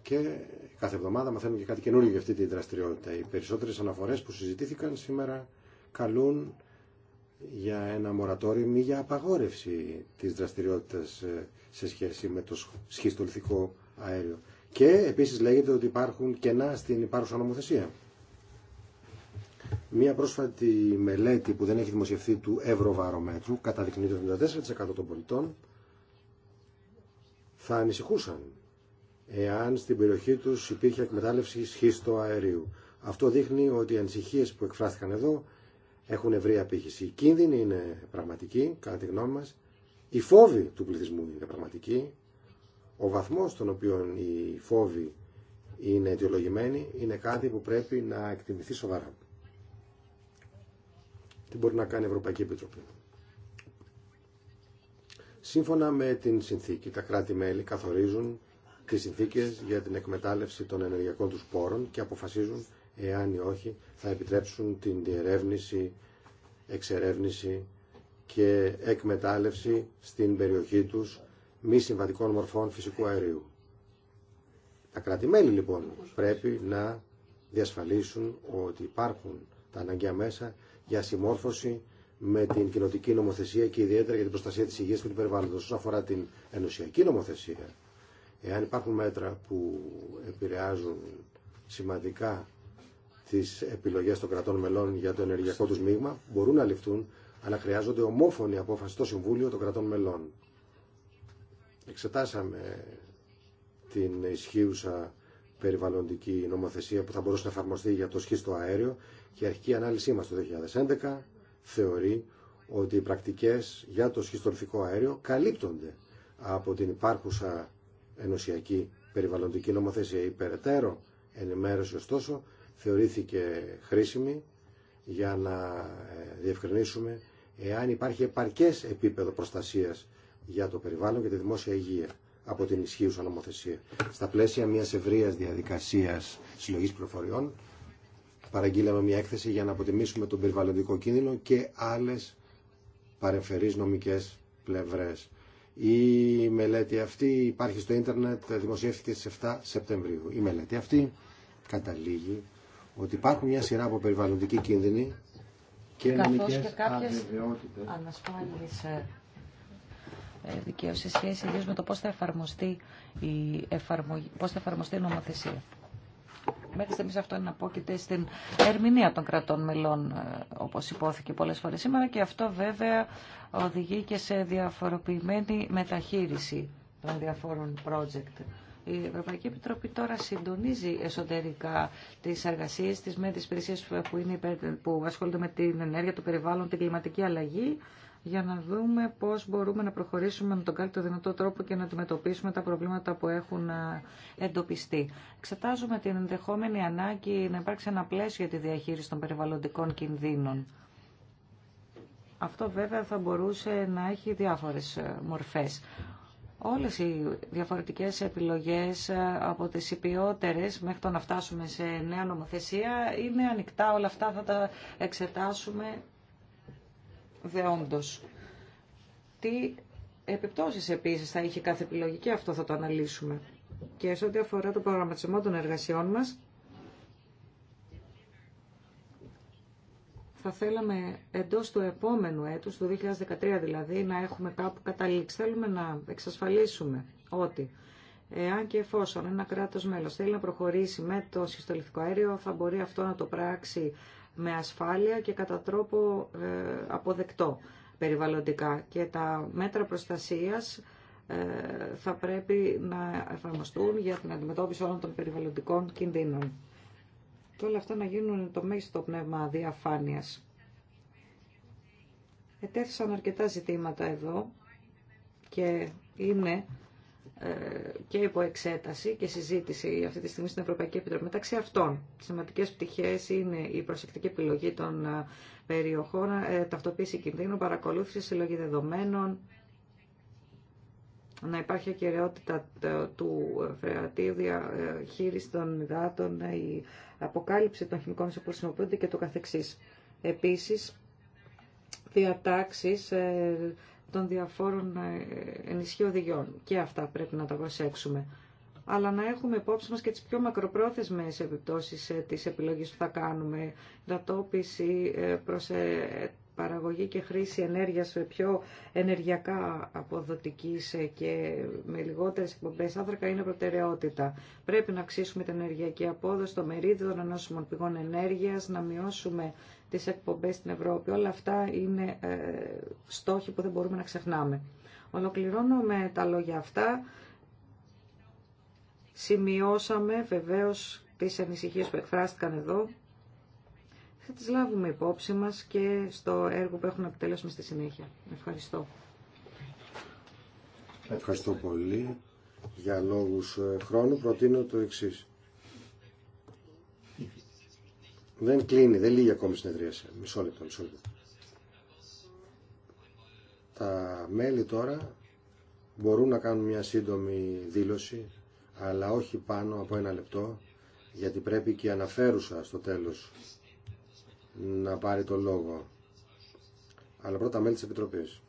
Speaker 3: Και κάθε εβδομάδα μαθαίνουμε και κάτι καινούργιο για αυτή τη δραστηριότητα. Οι περισσότερε αναφορέ που συζητήθηκαν σήμερα καλούν για ένα μορατόριο ή για απαγόρευση της δραστηριότητας ε, σε σχέση με το σχιστολιθικό αέριο. Και επίσης λέγεται ότι υπάρχουν κενά στην υπάρχουσα νομοθεσία. Μία πρόσφατη μελέτη που δεν έχει δημοσιευθεί του Ευρωβαρομέτρου καταδεικνύει το 74% των πολιτών θα ανησυχούσαν εάν στην περιοχή του υπήρχε εκμετάλλευση του αερίου. Αυτό δείχνει ότι οι ανησυχίε που εκφράστηκαν εδώ έχουν ευρεία απήχηση. Οι κίνδυνοι είναι πραγματική, κατά τη γνώμη μας. Οι φόβοι του πληθυσμού είναι πραγματικοί. Ο βαθμός στον οποίο οι φόβοι είναι αιτιολογημένοι είναι κάτι που πρέπει να εκτιμηθεί σοβαρά. Τι μπορεί να κάνει η Ευρωπαϊκή Επιτροπή. Σύμφωνα με την συνθήκη, τα κράτη-μέλη καθορίζουν τι συνθήκε για την εκμετάλλευση των ενεργειακών του πόρων και αποφασίζουν εάν ή όχι θα επιτρέψουν την διερεύνηση, εξερεύνηση και εκμετάλλευση στην περιοχή τους μη συμβατικών μορφών φυσικού αερίου. Τα κρατημέλη λοιπόν πρέπει να διασφαλίσουν ότι υπάρχουν τα αναγκαία μέσα για συμμόρφωση με την κοινοτική νομοθεσία και ιδιαίτερα για την προστασία της υγείας και του περιβάλλοντος. Όσον αφορά την ενωσιακή νομοθεσία, Εάν υπάρχουν μέτρα που επηρεάζουν σημαντικά τις επιλογές των κρατών μελών για το ενεργειακό τους μείγμα, μπορούν να ληφθούν, αλλά χρειάζονται ομόφωνη απόφαση στο Συμβούλιο των κρατών μελών. Εξετάσαμε την ισχύουσα περιβαλλοντική νομοθεσία που θα μπορούσε να εφαρμοστεί για το σχίστο αέριο και η αρχική ανάλυση μας το 2011 θεωρεί ότι οι πρακτικές για το σχιστολυθικό αέριο καλύπτονται από την υπάρχουσα ενωσιακή περιβαλλοντική νομοθεσία. Η περαιτέρω ενημέρωση ωστόσο θεωρήθηκε χρήσιμη για να ε, διευκρινίσουμε εάν υπάρχει επαρκές επίπεδο προστασίας για το περιβάλλον και τη δημόσια υγεία από την ισχύουσα νομοθεσία. Στα πλαίσια μιας ευρείας διαδικασίας συλλογής πληροφοριών παραγγείλαμε μια έκθεση για να αποτιμήσουμε τον περιβαλλοντικό κίνδυνο και άλλες παρεμφερείς νομικές πλευρές. Η μελέτη αυτή υπάρχει στο ίντερνετ, δημοσιεύτηκε στις 7 Σεπτεμβρίου. Η μελέτη αυτή καταλήγει ότι υπάρχουν μια σειρά από περιβαλλοντικοί κίνδυνοι και νομικές και κάποιες
Speaker 1: ανασφάλειες ε, ε, δικαίωση σχέση με το πώς θα εφαρμοστεί η, εφαρμογή, πώς θα εφαρμοστεί η νομοθεσία. Μέχρι στιγμής αυτό απόκειται στην ερμηνεία των κρατών μελών, ε, όπως υπόθηκε πολλές φορές σήμερα, και αυτό βέβαια οδηγεί και σε διαφοροποιημένη μεταχείριση των διαφόρων project. Η Ευρωπαϊκή Επιτροπή τώρα συντονίζει εσωτερικά τι εργασίε τη με τι υπηρεσίε που, που ασχολούνται με την ενέργεια, το περιβάλλον, την κλιματική αλλαγή για να δούμε πώς μπορούμε να προχωρήσουμε με τον καλύτερο δυνατό τρόπο και να αντιμετωπίσουμε τα προβλήματα που έχουν ε, εντοπιστεί. Εξετάζουμε την ενδεχόμενη ανάγκη να υπάρξει ένα πλαίσιο για τη διαχείριση των περιβαλλοντικών κινδύνων. Αυτό βέβαια θα μπορούσε να έχει διάφορες ε, μορφές. Όλες οι διαφορετικές επιλογές ε, από τις υπιότερες μέχρι το να φτάσουμε σε νέα νομοθεσία είναι ανοιχτά. Όλα αυτά θα τα εξετάσουμε δεόντως. Τι επιπτώσεις επίσης θα είχε κάθε επιλογή και αυτό θα το αναλύσουμε. Και σε ό,τι αφορά το προγραμματισμό των εργασιών μας, θα θέλαμε εντός του επόμενου έτους, του 2013 δηλαδή, να έχουμε κάπου καταλήξει. Θέλουμε να εξασφαλίσουμε ότι εάν και εφόσον ένα κράτος μέλος θέλει να προχωρήσει με το συστολιθικό αέριο, θα μπορεί αυτό να το πράξει με ασφάλεια και κατά τρόπο ε, αποδεκτό περιβαλλοντικά. Και τα μέτρα προστασίας ε, θα πρέπει να εφαρμοστούν για την αντιμετώπιση όλων των περιβαλλοντικών κινδύνων. Και όλα αυτά να γίνουν το μέγιστο πνεύμα διαφάνειας. Ετέθησαν αρκετά ζητήματα εδώ και είναι ε, και υπό εξέταση και συζήτηση αυτή τη στιγμή στην Ευρωπαϊκή Επιτροπή. Μεταξύ αυτών, σημαντικέ πτυχέ είναι η προσεκτική επιλογή των ε, περιοχών, ε, ταυτοποίηση κινδύνων, παρακολούθηση συλλογή δεδομένων, να υπάρχει ακαιρεότητα του φρεατίου, διαχείριση των υδάτων, η αποκάλυψη των χημικών που χρησιμοποιούνται και το καθεξής. Επίσης, διατάξεις των διαφόρων ε, ενισχύ Και αυτά πρέπει να τα προσέξουμε. Αλλά να έχουμε υπόψη μας και τις πιο μακροπρόθεσμες επιπτώσεις ε, της επιλογής που θα κάνουμε. Δατόπιση ε, προς παραγωγή και χρήση ενέργειας πιο ενεργειακά αποδοτική και με λιγότερες εκπομπές άνθρακα είναι προτεραιότητα. Πρέπει να αξίσουμε την ενεργειακή απόδοση, το μερίδιο των ανώσιμων πηγών ενέργειας, να μειώσουμε τις εκπομπές στην Ευρώπη. Όλα αυτά είναι ε, στόχοι που δεν μπορούμε να ξεχνάμε. Ολοκληρώνω με τα λόγια αυτά. Σημειώσαμε βεβαίως τις ανησυχίες που εκφράστηκαν εδώ. Θα τις λάβουμε υπόψη μας και στο έργο που έχουμε να στη συνέχεια. Ευχαριστώ.
Speaker 3: Ευχαριστώ πολύ. Για λόγους ε, χρόνου προτείνω το εξής. Δεν κλείνει, δεν λύγει ακόμη η συνεδρίαση. Μισό λεπτό, μισό λεπτό. Τα μέλη τώρα μπορούν να κάνουν μια σύντομη δήλωση, αλλά όχι πάνω από ένα λεπτό, γιατί πρέπει και αναφέρουσα στο τέλος να πάρει το λόγο. Αλλά πρώτα μέλη της Επιτροπής.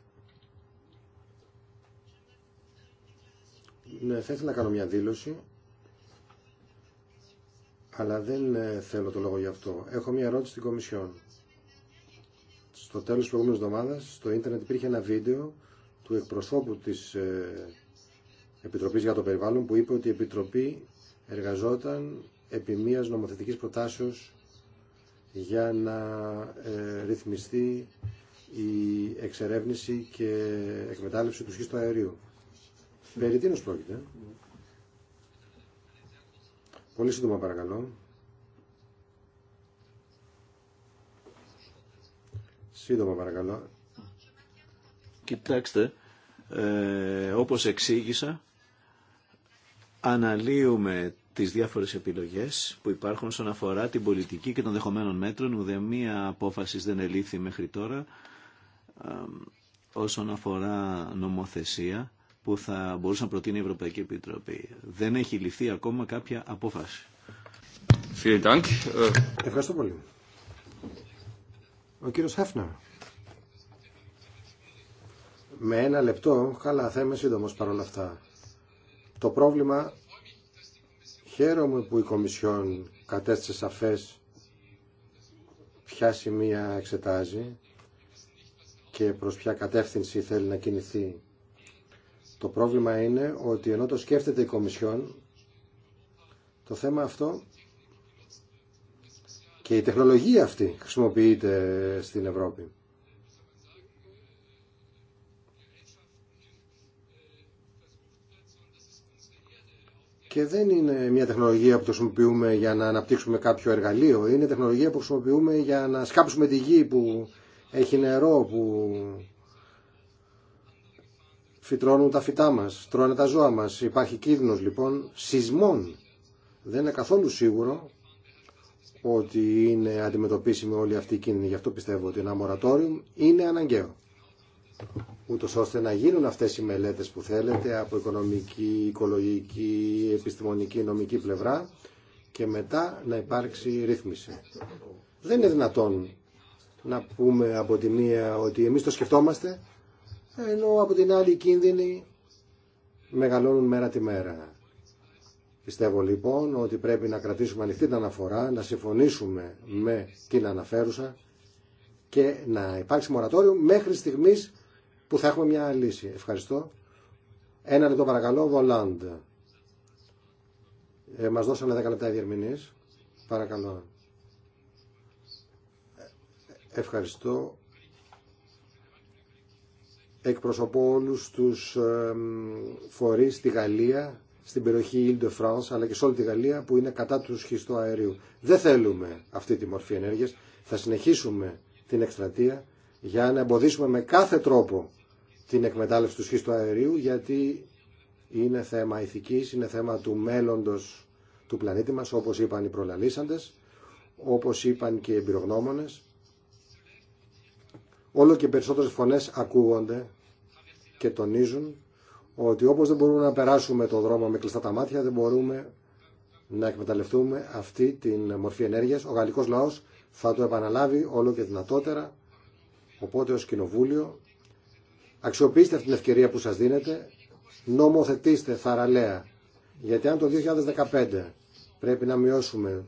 Speaker 3: Ναι, θα ήθελα να κάνω μια δήλωση αλλά δεν ε, θέλω το λόγο γι' αυτό. Έχω μια ερώτηση στην Κομισιόν. Στο τέλος της προηγούμενης εβδομάδας στο ίντερνετ υπήρχε ένα βίντεο του εκπροσώπου της ε, Επιτροπής για το Περιβάλλον που είπε ότι η Επιτροπή εργαζόταν επί μιας νομοθετικής προτάσεως για να ε, ρυθμιστεί η εξερεύνηση και εκμετάλλευση του σχίστου αερίου. Περί πρόκειται. Πολύ σύντομα παρακαλώ. Σύντομα παρακαλώ.
Speaker 2: Κοιτάξτε, ε, όπως εξήγησα, αναλύουμε τις διάφορες επιλογές που υπάρχουν όσον αφορά την πολιτική και των δεχομένων μέτρων. μία απόφαση δεν ελήφθη μέχρι τώρα ε, όσον αφορά νομοθεσία που θα μπορούσε να προτείνει η Ευρωπαϊκή Επιτροπή. Δεν έχει ληφθεί ακόμα κάποια απόφαση. Ευχαριστώ πολύ.
Speaker 3: Ο κύριος Χέφνερ. Με ένα λεπτό, καλά θα είμαι σύντομος παρόλα αυτά. Το πρόβλημα, χαίρομαι που η Κομισιόν κατέστησε σαφές ποια σημεία εξετάζει και προς ποια κατεύθυνση θέλει να κινηθεί το πρόβλημα είναι ότι ενώ το σκέφτεται η Κομισιόν, το θέμα αυτό και η τεχνολογία αυτή χρησιμοποιείται στην Ευρώπη. Και δεν είναι μια τεχνολογία που το χρησιμοποιούμε για να αναπτύξουμε κάποιο εργαλείο. Είναι τεχνολογία που χρησιμοποιούμε για να σκάψουμε τη γη που έχει νερό, που φυτρώνουν τα φυτά μας, τρώνε τα ζώα μας. Υπάρχει κίνδυνος λοιπόν σεισμών. Δεν είναι καθόλου σίγουρο ότι είναι αντιμετωπίσιμη όλη αυτή η κίνδυνη. Γι' αυτό πιστεύω ότι ένα μορατόριο είναι αναγκαίο. Ούτω ώστε να γίνουν αυτές οι μελέτες που θέλετε από οικονομική, οικολογική, επιστημονική, νομική πλευρά και μετά να υπάρξει ρύθμιση. Δεν είναι δυνατόν να πούμε από τη μία ότι εμείς το σκεφτόμαστε ενώ από την άλλη οι κίνδυνοι μεγαλώνουν μέρα τη μέρα. Πιστεύω λοιπόν ότι πρέπει να κρατήσουμε ανοιχτή την αναφορά, να συμφωνήσουμε με την αναφέρουσα και να υπάρξει μορατόριο μέχρι στιγμής που θα έχουμε μια λύση. Ευχαριστώ. Ένα λεπτό παρακαλώ, Βολάντ. Ε, μας δώσανε 10 λεπτά οι Παρακαλώ. Ε, ευχαριστώ εκπροσωπώ όλους τους φορείς στη Γαλλία, στην περιοχή Ile de France, αλλά και σε όλη τη Γαλλία που είναι κατά του σχιστό αερίου. Δεν θέλουμε αυτή τη μορφή ενέργειας. Θα συνεχίσουμε την εκστρατεία για να εμποδίσουμε με κάθε τρόπο την εκμετάλλευση του σχίστου αερίου γιατί είναι θέμα ηθικής, είναι θέμα του μέλλοντος του πλανήτη μας όπως είπαν οι προλαλήσαντες, όπως είπαν και οι εμπειρογνώμονες όλο και περισσότερες φωνές ακούγονται και τονίζουν ότι όπως δεν μπορούμε να περάσουμε το δρόμο με κλειστά τα μάτια, δεν μπορούμε να εκμεταλλευτούμε αυτή την μορφή ενέργειας. Ο γαλλικός λαός θα το επαναλάβει όλο και δυνατότερα. Οπότε ως κοινοβούλιο αξιοποιήστε αυτή την ευκαιρία που σας δίνετε, νομοθετήστε θαραλέα. Γιατί αν το 2015 πρέπει να μειώσουμε,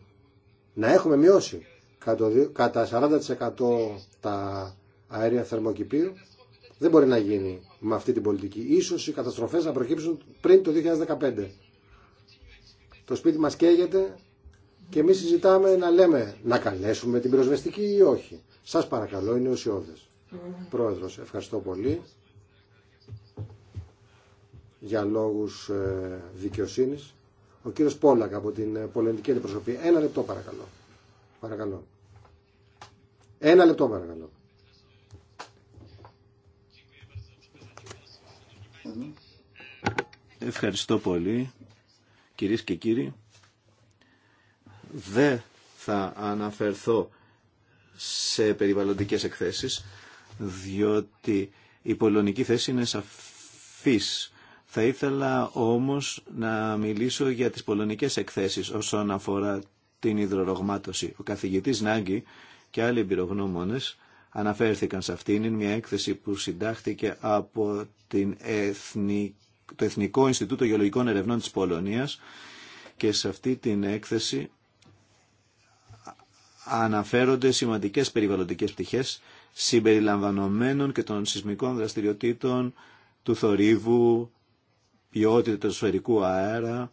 Speaker 3: να έχουμε μειώσει κατά 40% τα αέρια θερμοκηπίου δεν μπορεί να γίνει με αυτή την πολιτική. Ίσως οι καταστροφές να προκύψουν πριν το 2015. Το σπίτι μας καίγεται και εμείς συζητάμε να λέμε να καλέσουμε την πυροσβεστική ή όχι. Σας παρακαλώ, είναι ουσιώδες. Mm. Πρόεδρος, ευχαριστώ πολύ για λόγους ε, δικαιοσύνης. Ο κύριος Πόλακ από την ε, Πολεμική Αντιπροσωπή. Ένα λεπτό παρακαλώ. Παρακαλώ. Ένα λεπτό παρακαλώ.
Speaker 2: Ευχαριστώ πολύ, κυρίες και κύριοι. Δεν θα αναφερθώ σε περιβαλλοντικές εκθέσεις, διότι η πολωνική θέση είναι σαφής. Θα ήθελα όμως να μιλήσω για τις πολωνικές εκθέσεις όσον αφορά την υδρορογμάτωση. Ο καθηγητής Νάγκη και άλλοι εμπειρογνώμονες αναφέρθηκαν σε αυτήν. Είναι μια έκθεση που συντάχθηκε από την Εθνική το Εθνικό Ινστιτούτο Γεωλογικών Ερευνών της Πολωνίας και σε αυτή την έκθεση αναφέρονται σημαντικές περιβαλλοντικές πτυχές συμπεριλαμβανομένων και των σεισμικών δραστηριοτήτων του θορύβου, ποιότητα του σφαιρικού αέρα,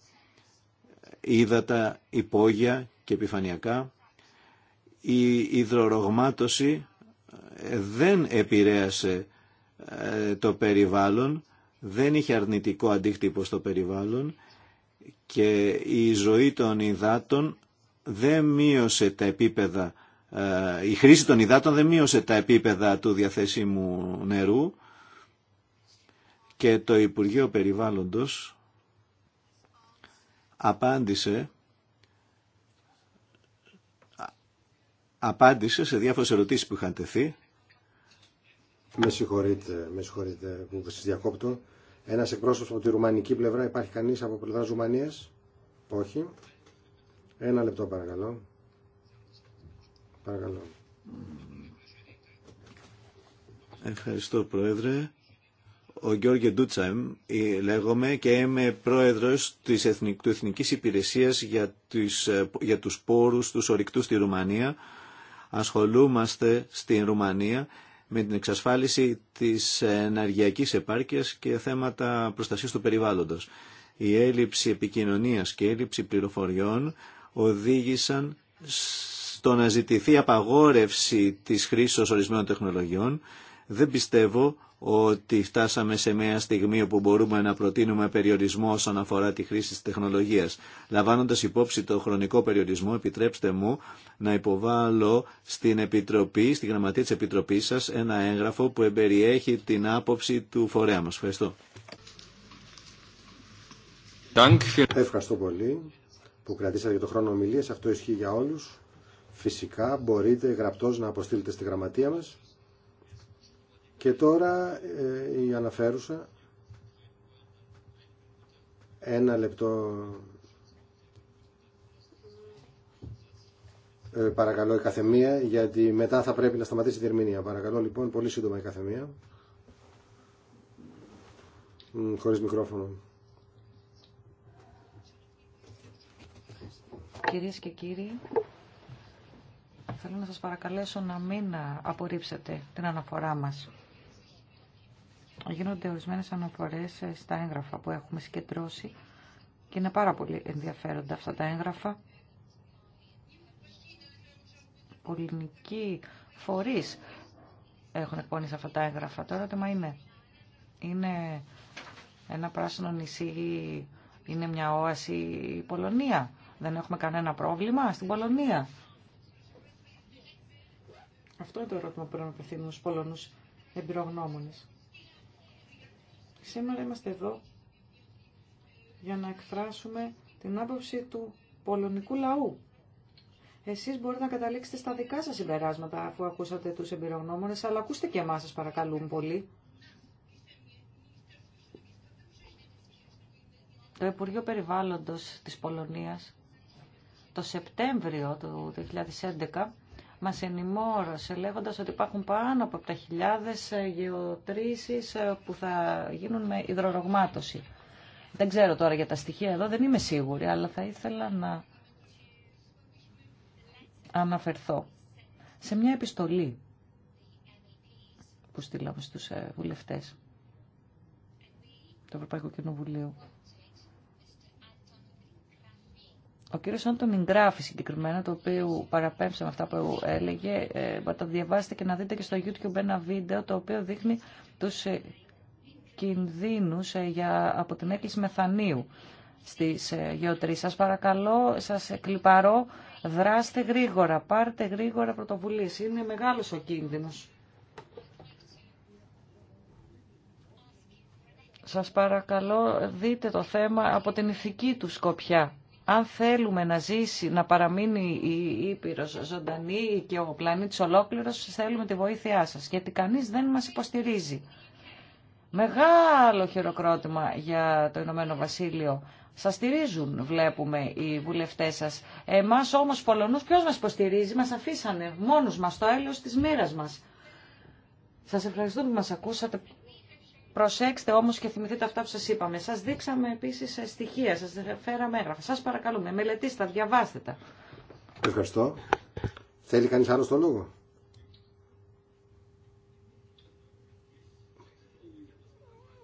Speaker 2: ύδατα, υπόγεια και επιφανειακά. Η υδρορογμάτωση δεν επηρέασε ε, το περιβάλλον δεν είχε αρνητικό αντίκτυπο στο περιβάλλον και η ζωή των υδάτων δεν μείωσε τα επίπεδα, ε, η χρήση των υδάτων δεν μείωσε τα επίπεδα του διαθέσιμου νερού και το Υπουργείο Περιβάλλοντος απάντησε απάντησε σε διάφορες ερωτήσεις που είχαν τεθεί. Με συγχωρείτε,
Speaker 3: με συγχωρείτε που σας διακόπτω. Ένα εκπρόσωπο από τη ρουμανική πλευρά, υπάρχει κανεί από πλευρά Ρουμανία. Όχι. Ένα λεπτό παρακαλώ. Παρακαλώ.
Speaker 2: Ευχαριστώ Πρόεδρε. Ο Γιώργη Ντούτσαμ ε, λέγομαι και είμαι πρόεδρος της Εθνικ, του Εθνικής Υπηρεσίας για, τις, ε, για τους πόρους, τους ορυκτούς στη Ρουμανία. Ασχολούμαστε στην Ρουμανία με την εξασφάλιση της ενεργειακής επάρκειας και θέματα προστασίας του περιβάλλοντος. Η έλλειψη επικοινωνίας και η έλλειψη πληροφοριών οδήγησαν στο να ζητηθεί απαγόρευση της χρήσης ορισμένων τεχνολογιών. Δεν πιστεύω ότι φτάσαμε σε μια στιγμή όπου μπορούμε να προτείνουμε περιορισμό όσον αφορά τη χρήση της τεχνολογίας. Λαμβάνοντας υπόψη το χρονικό περιορισμό, επιτρέψτε μου να υποβάλω στην Επιτροπή, στη Γραμματεία της Επιτροπής σας, ένα έγγραφο που εμπεριέχει την άποψη του φορέα μας. Ευχαριστώ.
Speaker 3: Ευχαριστώ πολύ που κρατήσατε το χρόνο ομιλίας. Αυτό ισχύει για όλους. Φυσικά μπορείτε γραπτώς να αποστείλετε στη γραμματεία μας και τώρα ε, η αναφέρουσα ένα λεπτό ε, παρακαλώ η καθεμία γιατί μετά θα πρέπει να σταματήσει η διερμηνία. Παρακαλώ λοιπόν πολύ σύντομα η καθεμία χωρίς μικρόφωνο.
Speaker 1: Κυρίες και κύριοι, θέλω να σας παρακαλέσω να μην ε, απορρίψετε την αναφορά μας γίνονται ορισμένε αναφορές ε, στα έγγραφα που έχουμε συγκεντρώσει και είναι πάρα πολύ ενδιαφέροντα αυτά τα έγγραφα. Πολυνικοί φορεί έχουν εκπονήσει αυτά τα έγγραφα. Τώρα το ερώτημα είναι. Είναι ένα πράσινο νησί, είναι μια όαση η Πολωνία. Δεν έχουμε κανένα πρόβλημα στην Πολωνία. Αυτό είναι το ερώτημα που πρέπει να πεθύνουμε στους Πολωνούς εμπειρογνώμονες. Σήμερα είμαστε εδώ για να εκφράσουμε την άποψη του πολωνικού λαού. Εσείς μπορείτε να καταλήξετε στα δικά σας συμπεράσματα αφού ακούσατε τους εμπειρογνώμονες, αλλά ακούστε και εμάς σας παρακαλούν πολύ. Το Υπουργείο Περιβάλλοντος της Πολωνίας το Σεπτέμβριο του 2011 μας ενημόρωσε λέγοντας ότι υπάρχουν πάνω από χιλιάδες ε, γεωτρήσεις ε, που θα γίνουν με υδρορογμάτωση. Δεν ξέρω τώρα για τα στοιχεία εδώ, δεν είμαι σίγουρη, αλλά θα ήθελα να αναφερθώ σε μια επιστολή που στείλαμε στους ε, βουλευτές του Ευρωπαϊκού Κοινοβουλίου. Ο κύριος Άντων γράφει συγκεκριμένα, το οποίο παραπέμψε με αυτά που έλεγε, ε, το διαβάσετε και να δείτε και στο YouTube ένα βίντεο το οποίο δείχνει τους ε, κινδύνους ε, για, από την έκκληση μεθανίου στις ε, γεωτρήσεις. Σας παρακαλώ, σας κλιπαρώ, δράστε γρήγορα, πάρτε γρήγορα πρωτοβουλίες. Είναι μεγάλος ο κίνδυνος. Σας παρακαλώ, δείτε το θέμα από την ηθική του σκοπιά αν θέλουμε να ζήσει, να παραμείνει η Ήπειρος ζωντανή και ο πλανήτης ολόκληρος, θέλουμε τη βοήθειά σας, γιατί κανείς δεν μας υποστηρίζει. Μεγάλο χειροκρότημα για το Ηνωμένο Βασίλειο. Σας στηρίζουν, βλέπουμε, οι βουλευτές σας. Εμάς όμως, Πολωνούς, ποιος μας υποστηρίζει, μας αφήσανε μόνους μας το έλεος της μοίρας μας. Σας ευχαριστούμε που μας ακούσατε. Προσέξτε όμως και θυμηθείτε αυτά που σας είπαμε. Σας δείξαμε επίσης ε, στοιχεία, σας φέραμε έγγραφα. Σας παρακαλούμε, μελετήστε τα, διαβάστε τα.
Speaker 3: Ευχαριστώ. Θέλει κανείς άλλο το λόγο.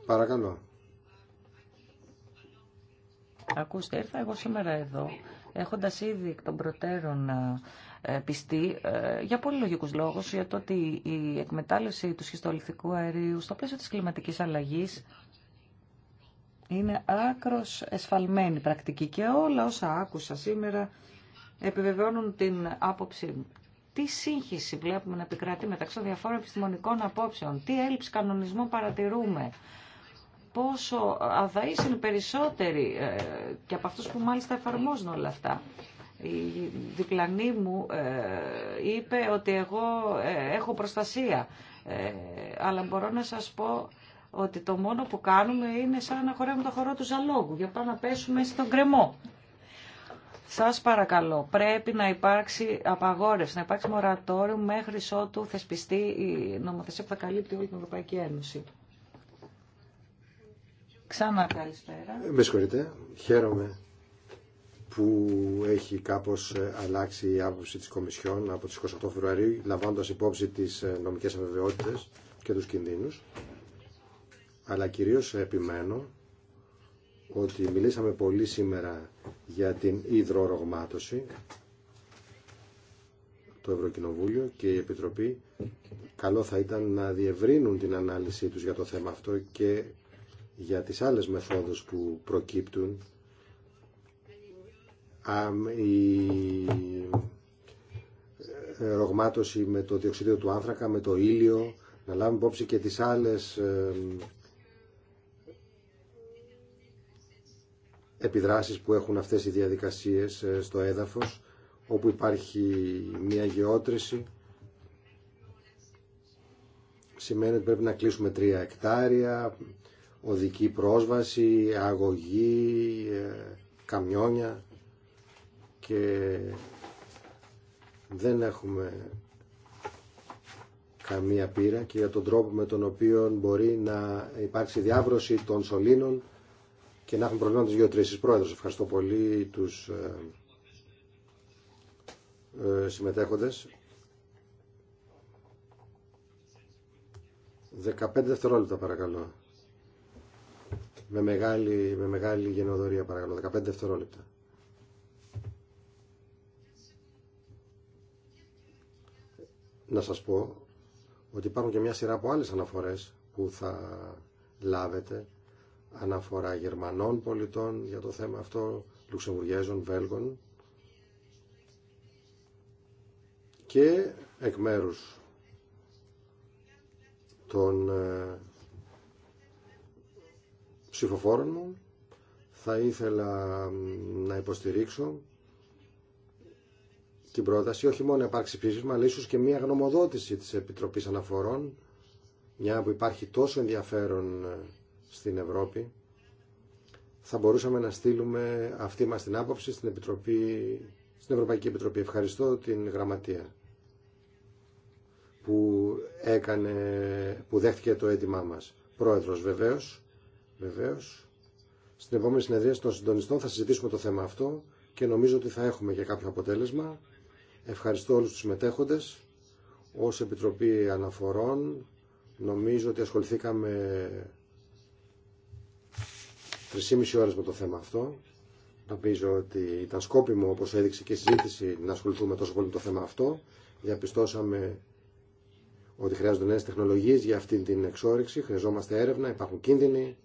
Speaker 3: Παρακαλώ.
Speaker 1: Ακούστε, ήρθα εγώ σήμερα εδώ, έχοντας ήδη εκ των προτέρων ε, πιστή ε, για πολύ λογικούς λόγους, για το ότι η εκμετάλλευση του σχιστολιθικού αερίου στο πλαίσιο της κλιματικής αλλαγής είναι άκρος εσφαλμένη πρακτική και όλα όσα άκουσα σήμερα επιβεβαιώνουν την άποψή Τι σύγχυση βλέπουμε να επικρατεί μεταξύ των διαφόρων επιστημονικών απόψεων, τι έλλειψη κανονισμού παρατηρούμε, πόσο αδαείς είναι περισσότεροι ε, και από αυτούς που μάλιστα εφαρμόζουν όλα αυτά. Η διπλανή μου ε, είπε ότι εγώ ε, έχω προστασία, ε, αλλά μπορώ να σας πω ότι το μόνο που κάνουμε είναι σαν να χορεύουμε το χορό του Ζαλόγου, για πάνω να πέσουμε στον κρεμό. Σας παρακαλώ, πρέπει να υπάρξει απαγόρευση, να υπάρξει μορατόριο μέχρι ότου θεσπιστεί η νομοθεσία που θα καλύπτει όλη την Ευρωπαϊκή Ένωση. Ξανά καλησπέρα. Με
Speaker 3: συγχωρείτε, χαίρομαι που έχει κάπως ε, αλλάξει η άποψη της Κομισιόν από τις 28 Φεβρουαρίου, λαμβάνοντας υπόψη τις ε, νομικές αβεβαιότητες και τους κινδύνους. Αλλά κυρίως επιμένω ότι μιλήσαμε πολύ σήμερα για την υδρορογμάτωση το Ευρωκοινοβούλιο και η Επιτροπή καλό θα ήταν να διευρύνουν την ανάλυση τους για το θέμα αυτό και για τις άλλες μεθόδους που προκύπτουν η ε, ρογμάτωση με το διοξιδίο του άνθρακα, με το ήλιο, να λάβουμε υπόψη και τις άλλες ε, επιδράσεις που έχουν αυτές οι διαδικασίες ε, στο έδαφος, όπου υπάρχει μια γεώτρηση, σημαίνει ότι πρέπει να κλείσουμε τρία εκτάρια, οδική πρόσβαση, αγωγή, καμιόνια και δεν έχουμε καμία πείρα και για τον τρόπο με τον οποίο μπορεί να υπάρξει διάβρωση των σωλήνων και να έχουν προβλήματα τις γεωτρήσεις. Πρόεδρος, ευχαριστώ πολύ τους ε, ε, συμμετέχοντες. 15 δευτερόλεπτα παρακαλώ. Με μεγάλη, με μεγάλη γενοδορία παρακαλώ. 15 δευτερόλεπτα. να σας πω ότι υπάρχουν και μια σειρά από άλλες αναφορές που θα λάβετε. Αναφορά Γερμανών πολιτών για το θέμα αυτό, Λουξεμβουργέζων, Βέλγων και εκ μέρους των ε, ψηφοφόρων μου θα ήθελα να υποστηρίξω την πρόταση όχι μόνο να υπάρξει ψήφισμα, αλλά ίσω και μια γνωμοδότηση τη Επιτροπή Αναφορών, μια που υπάρχει τόσο ενδιαφέρον ε, στην Ευρώπη. Θα μπορούσαμε να στείλουμε αυτή μας την άποψη στην, Επιτροπή, στην Ευρωπαϊκή Επιτροπή. Ευχαριστώ την Γραμματεία που, έκανε, που δέχτηκε το αίτημά μας. Πρόεδρος βεβαίω. βεβαίως. Στην επόμενη συνεδρία των συντονιστών θα συζητήσουμε το θέμα αυτό και νομίζω ότι θα έχουμε και κάποιο αποτέλεσμα. Ευχαριστώ όλους τους συμμετέχοντες. Ως Επιτροπή Αναφορών νομίζω ότι ασχοληθήκαμε 3,5 ώρες με το θέμα αυτό. Νομίζω ότι ήταν σκόπιμο, όπως έδειξε και η συζήτηση, να ασχοληθούμε τόσο πολύ με το θέμα αυτό. Διαπιστώσαμε ότι χρειάζονται νέες τεχνολογίες για αυτή την εξόρυξη, χρειαζόμαστε έρευνα, υπάρχουν κίνδυνοι.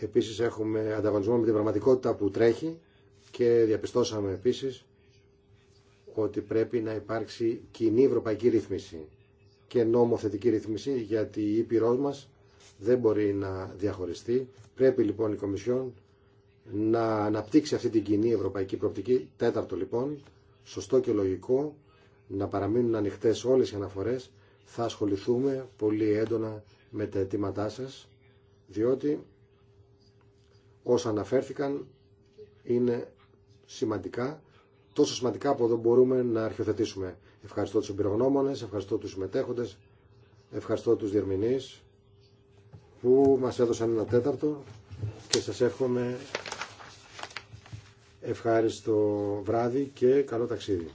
Speaker 3: Επίσης έχουμε ανταγωνισμό με την πραγματικότητα που τρέχει και διαπιστώσαμε επίσης ότι πρέπει να υπάρξει κοινή ευρωπαϊκή ρύθμιση και νομοθετική ρύθμιση γιατί η Ήπειρός μας δεν μπορεί να διαχωριστεί. Πρέπει λοιπόν η Κομισιόν να αναπτύξει αυτή την κοινή ευρωπαϊκή προοπτική. Τέταρτο λοιπόν, σωστό και λογικό, να παραμείνουν ανοιχτές όλες οι αναφορές. Θα ασχοληθούμε πολύ έντονα με τα αιτήματά σας, διότι όσα αναφέρθηκαν είναι σημαντικά τόσο σημαντικά που εδώ μπορούμε να αρχιοθετήσουμε. Ευχαριστώ τους εμπειρογνώμονες, ευχαριστώ τους συμμετέχοντες, ευχαριστώ τους διερμηνείς που μας έδωσαν ένα τέταρτο και σας εύχομαι ευχάριστο βράδυ και καλό ταξίδι.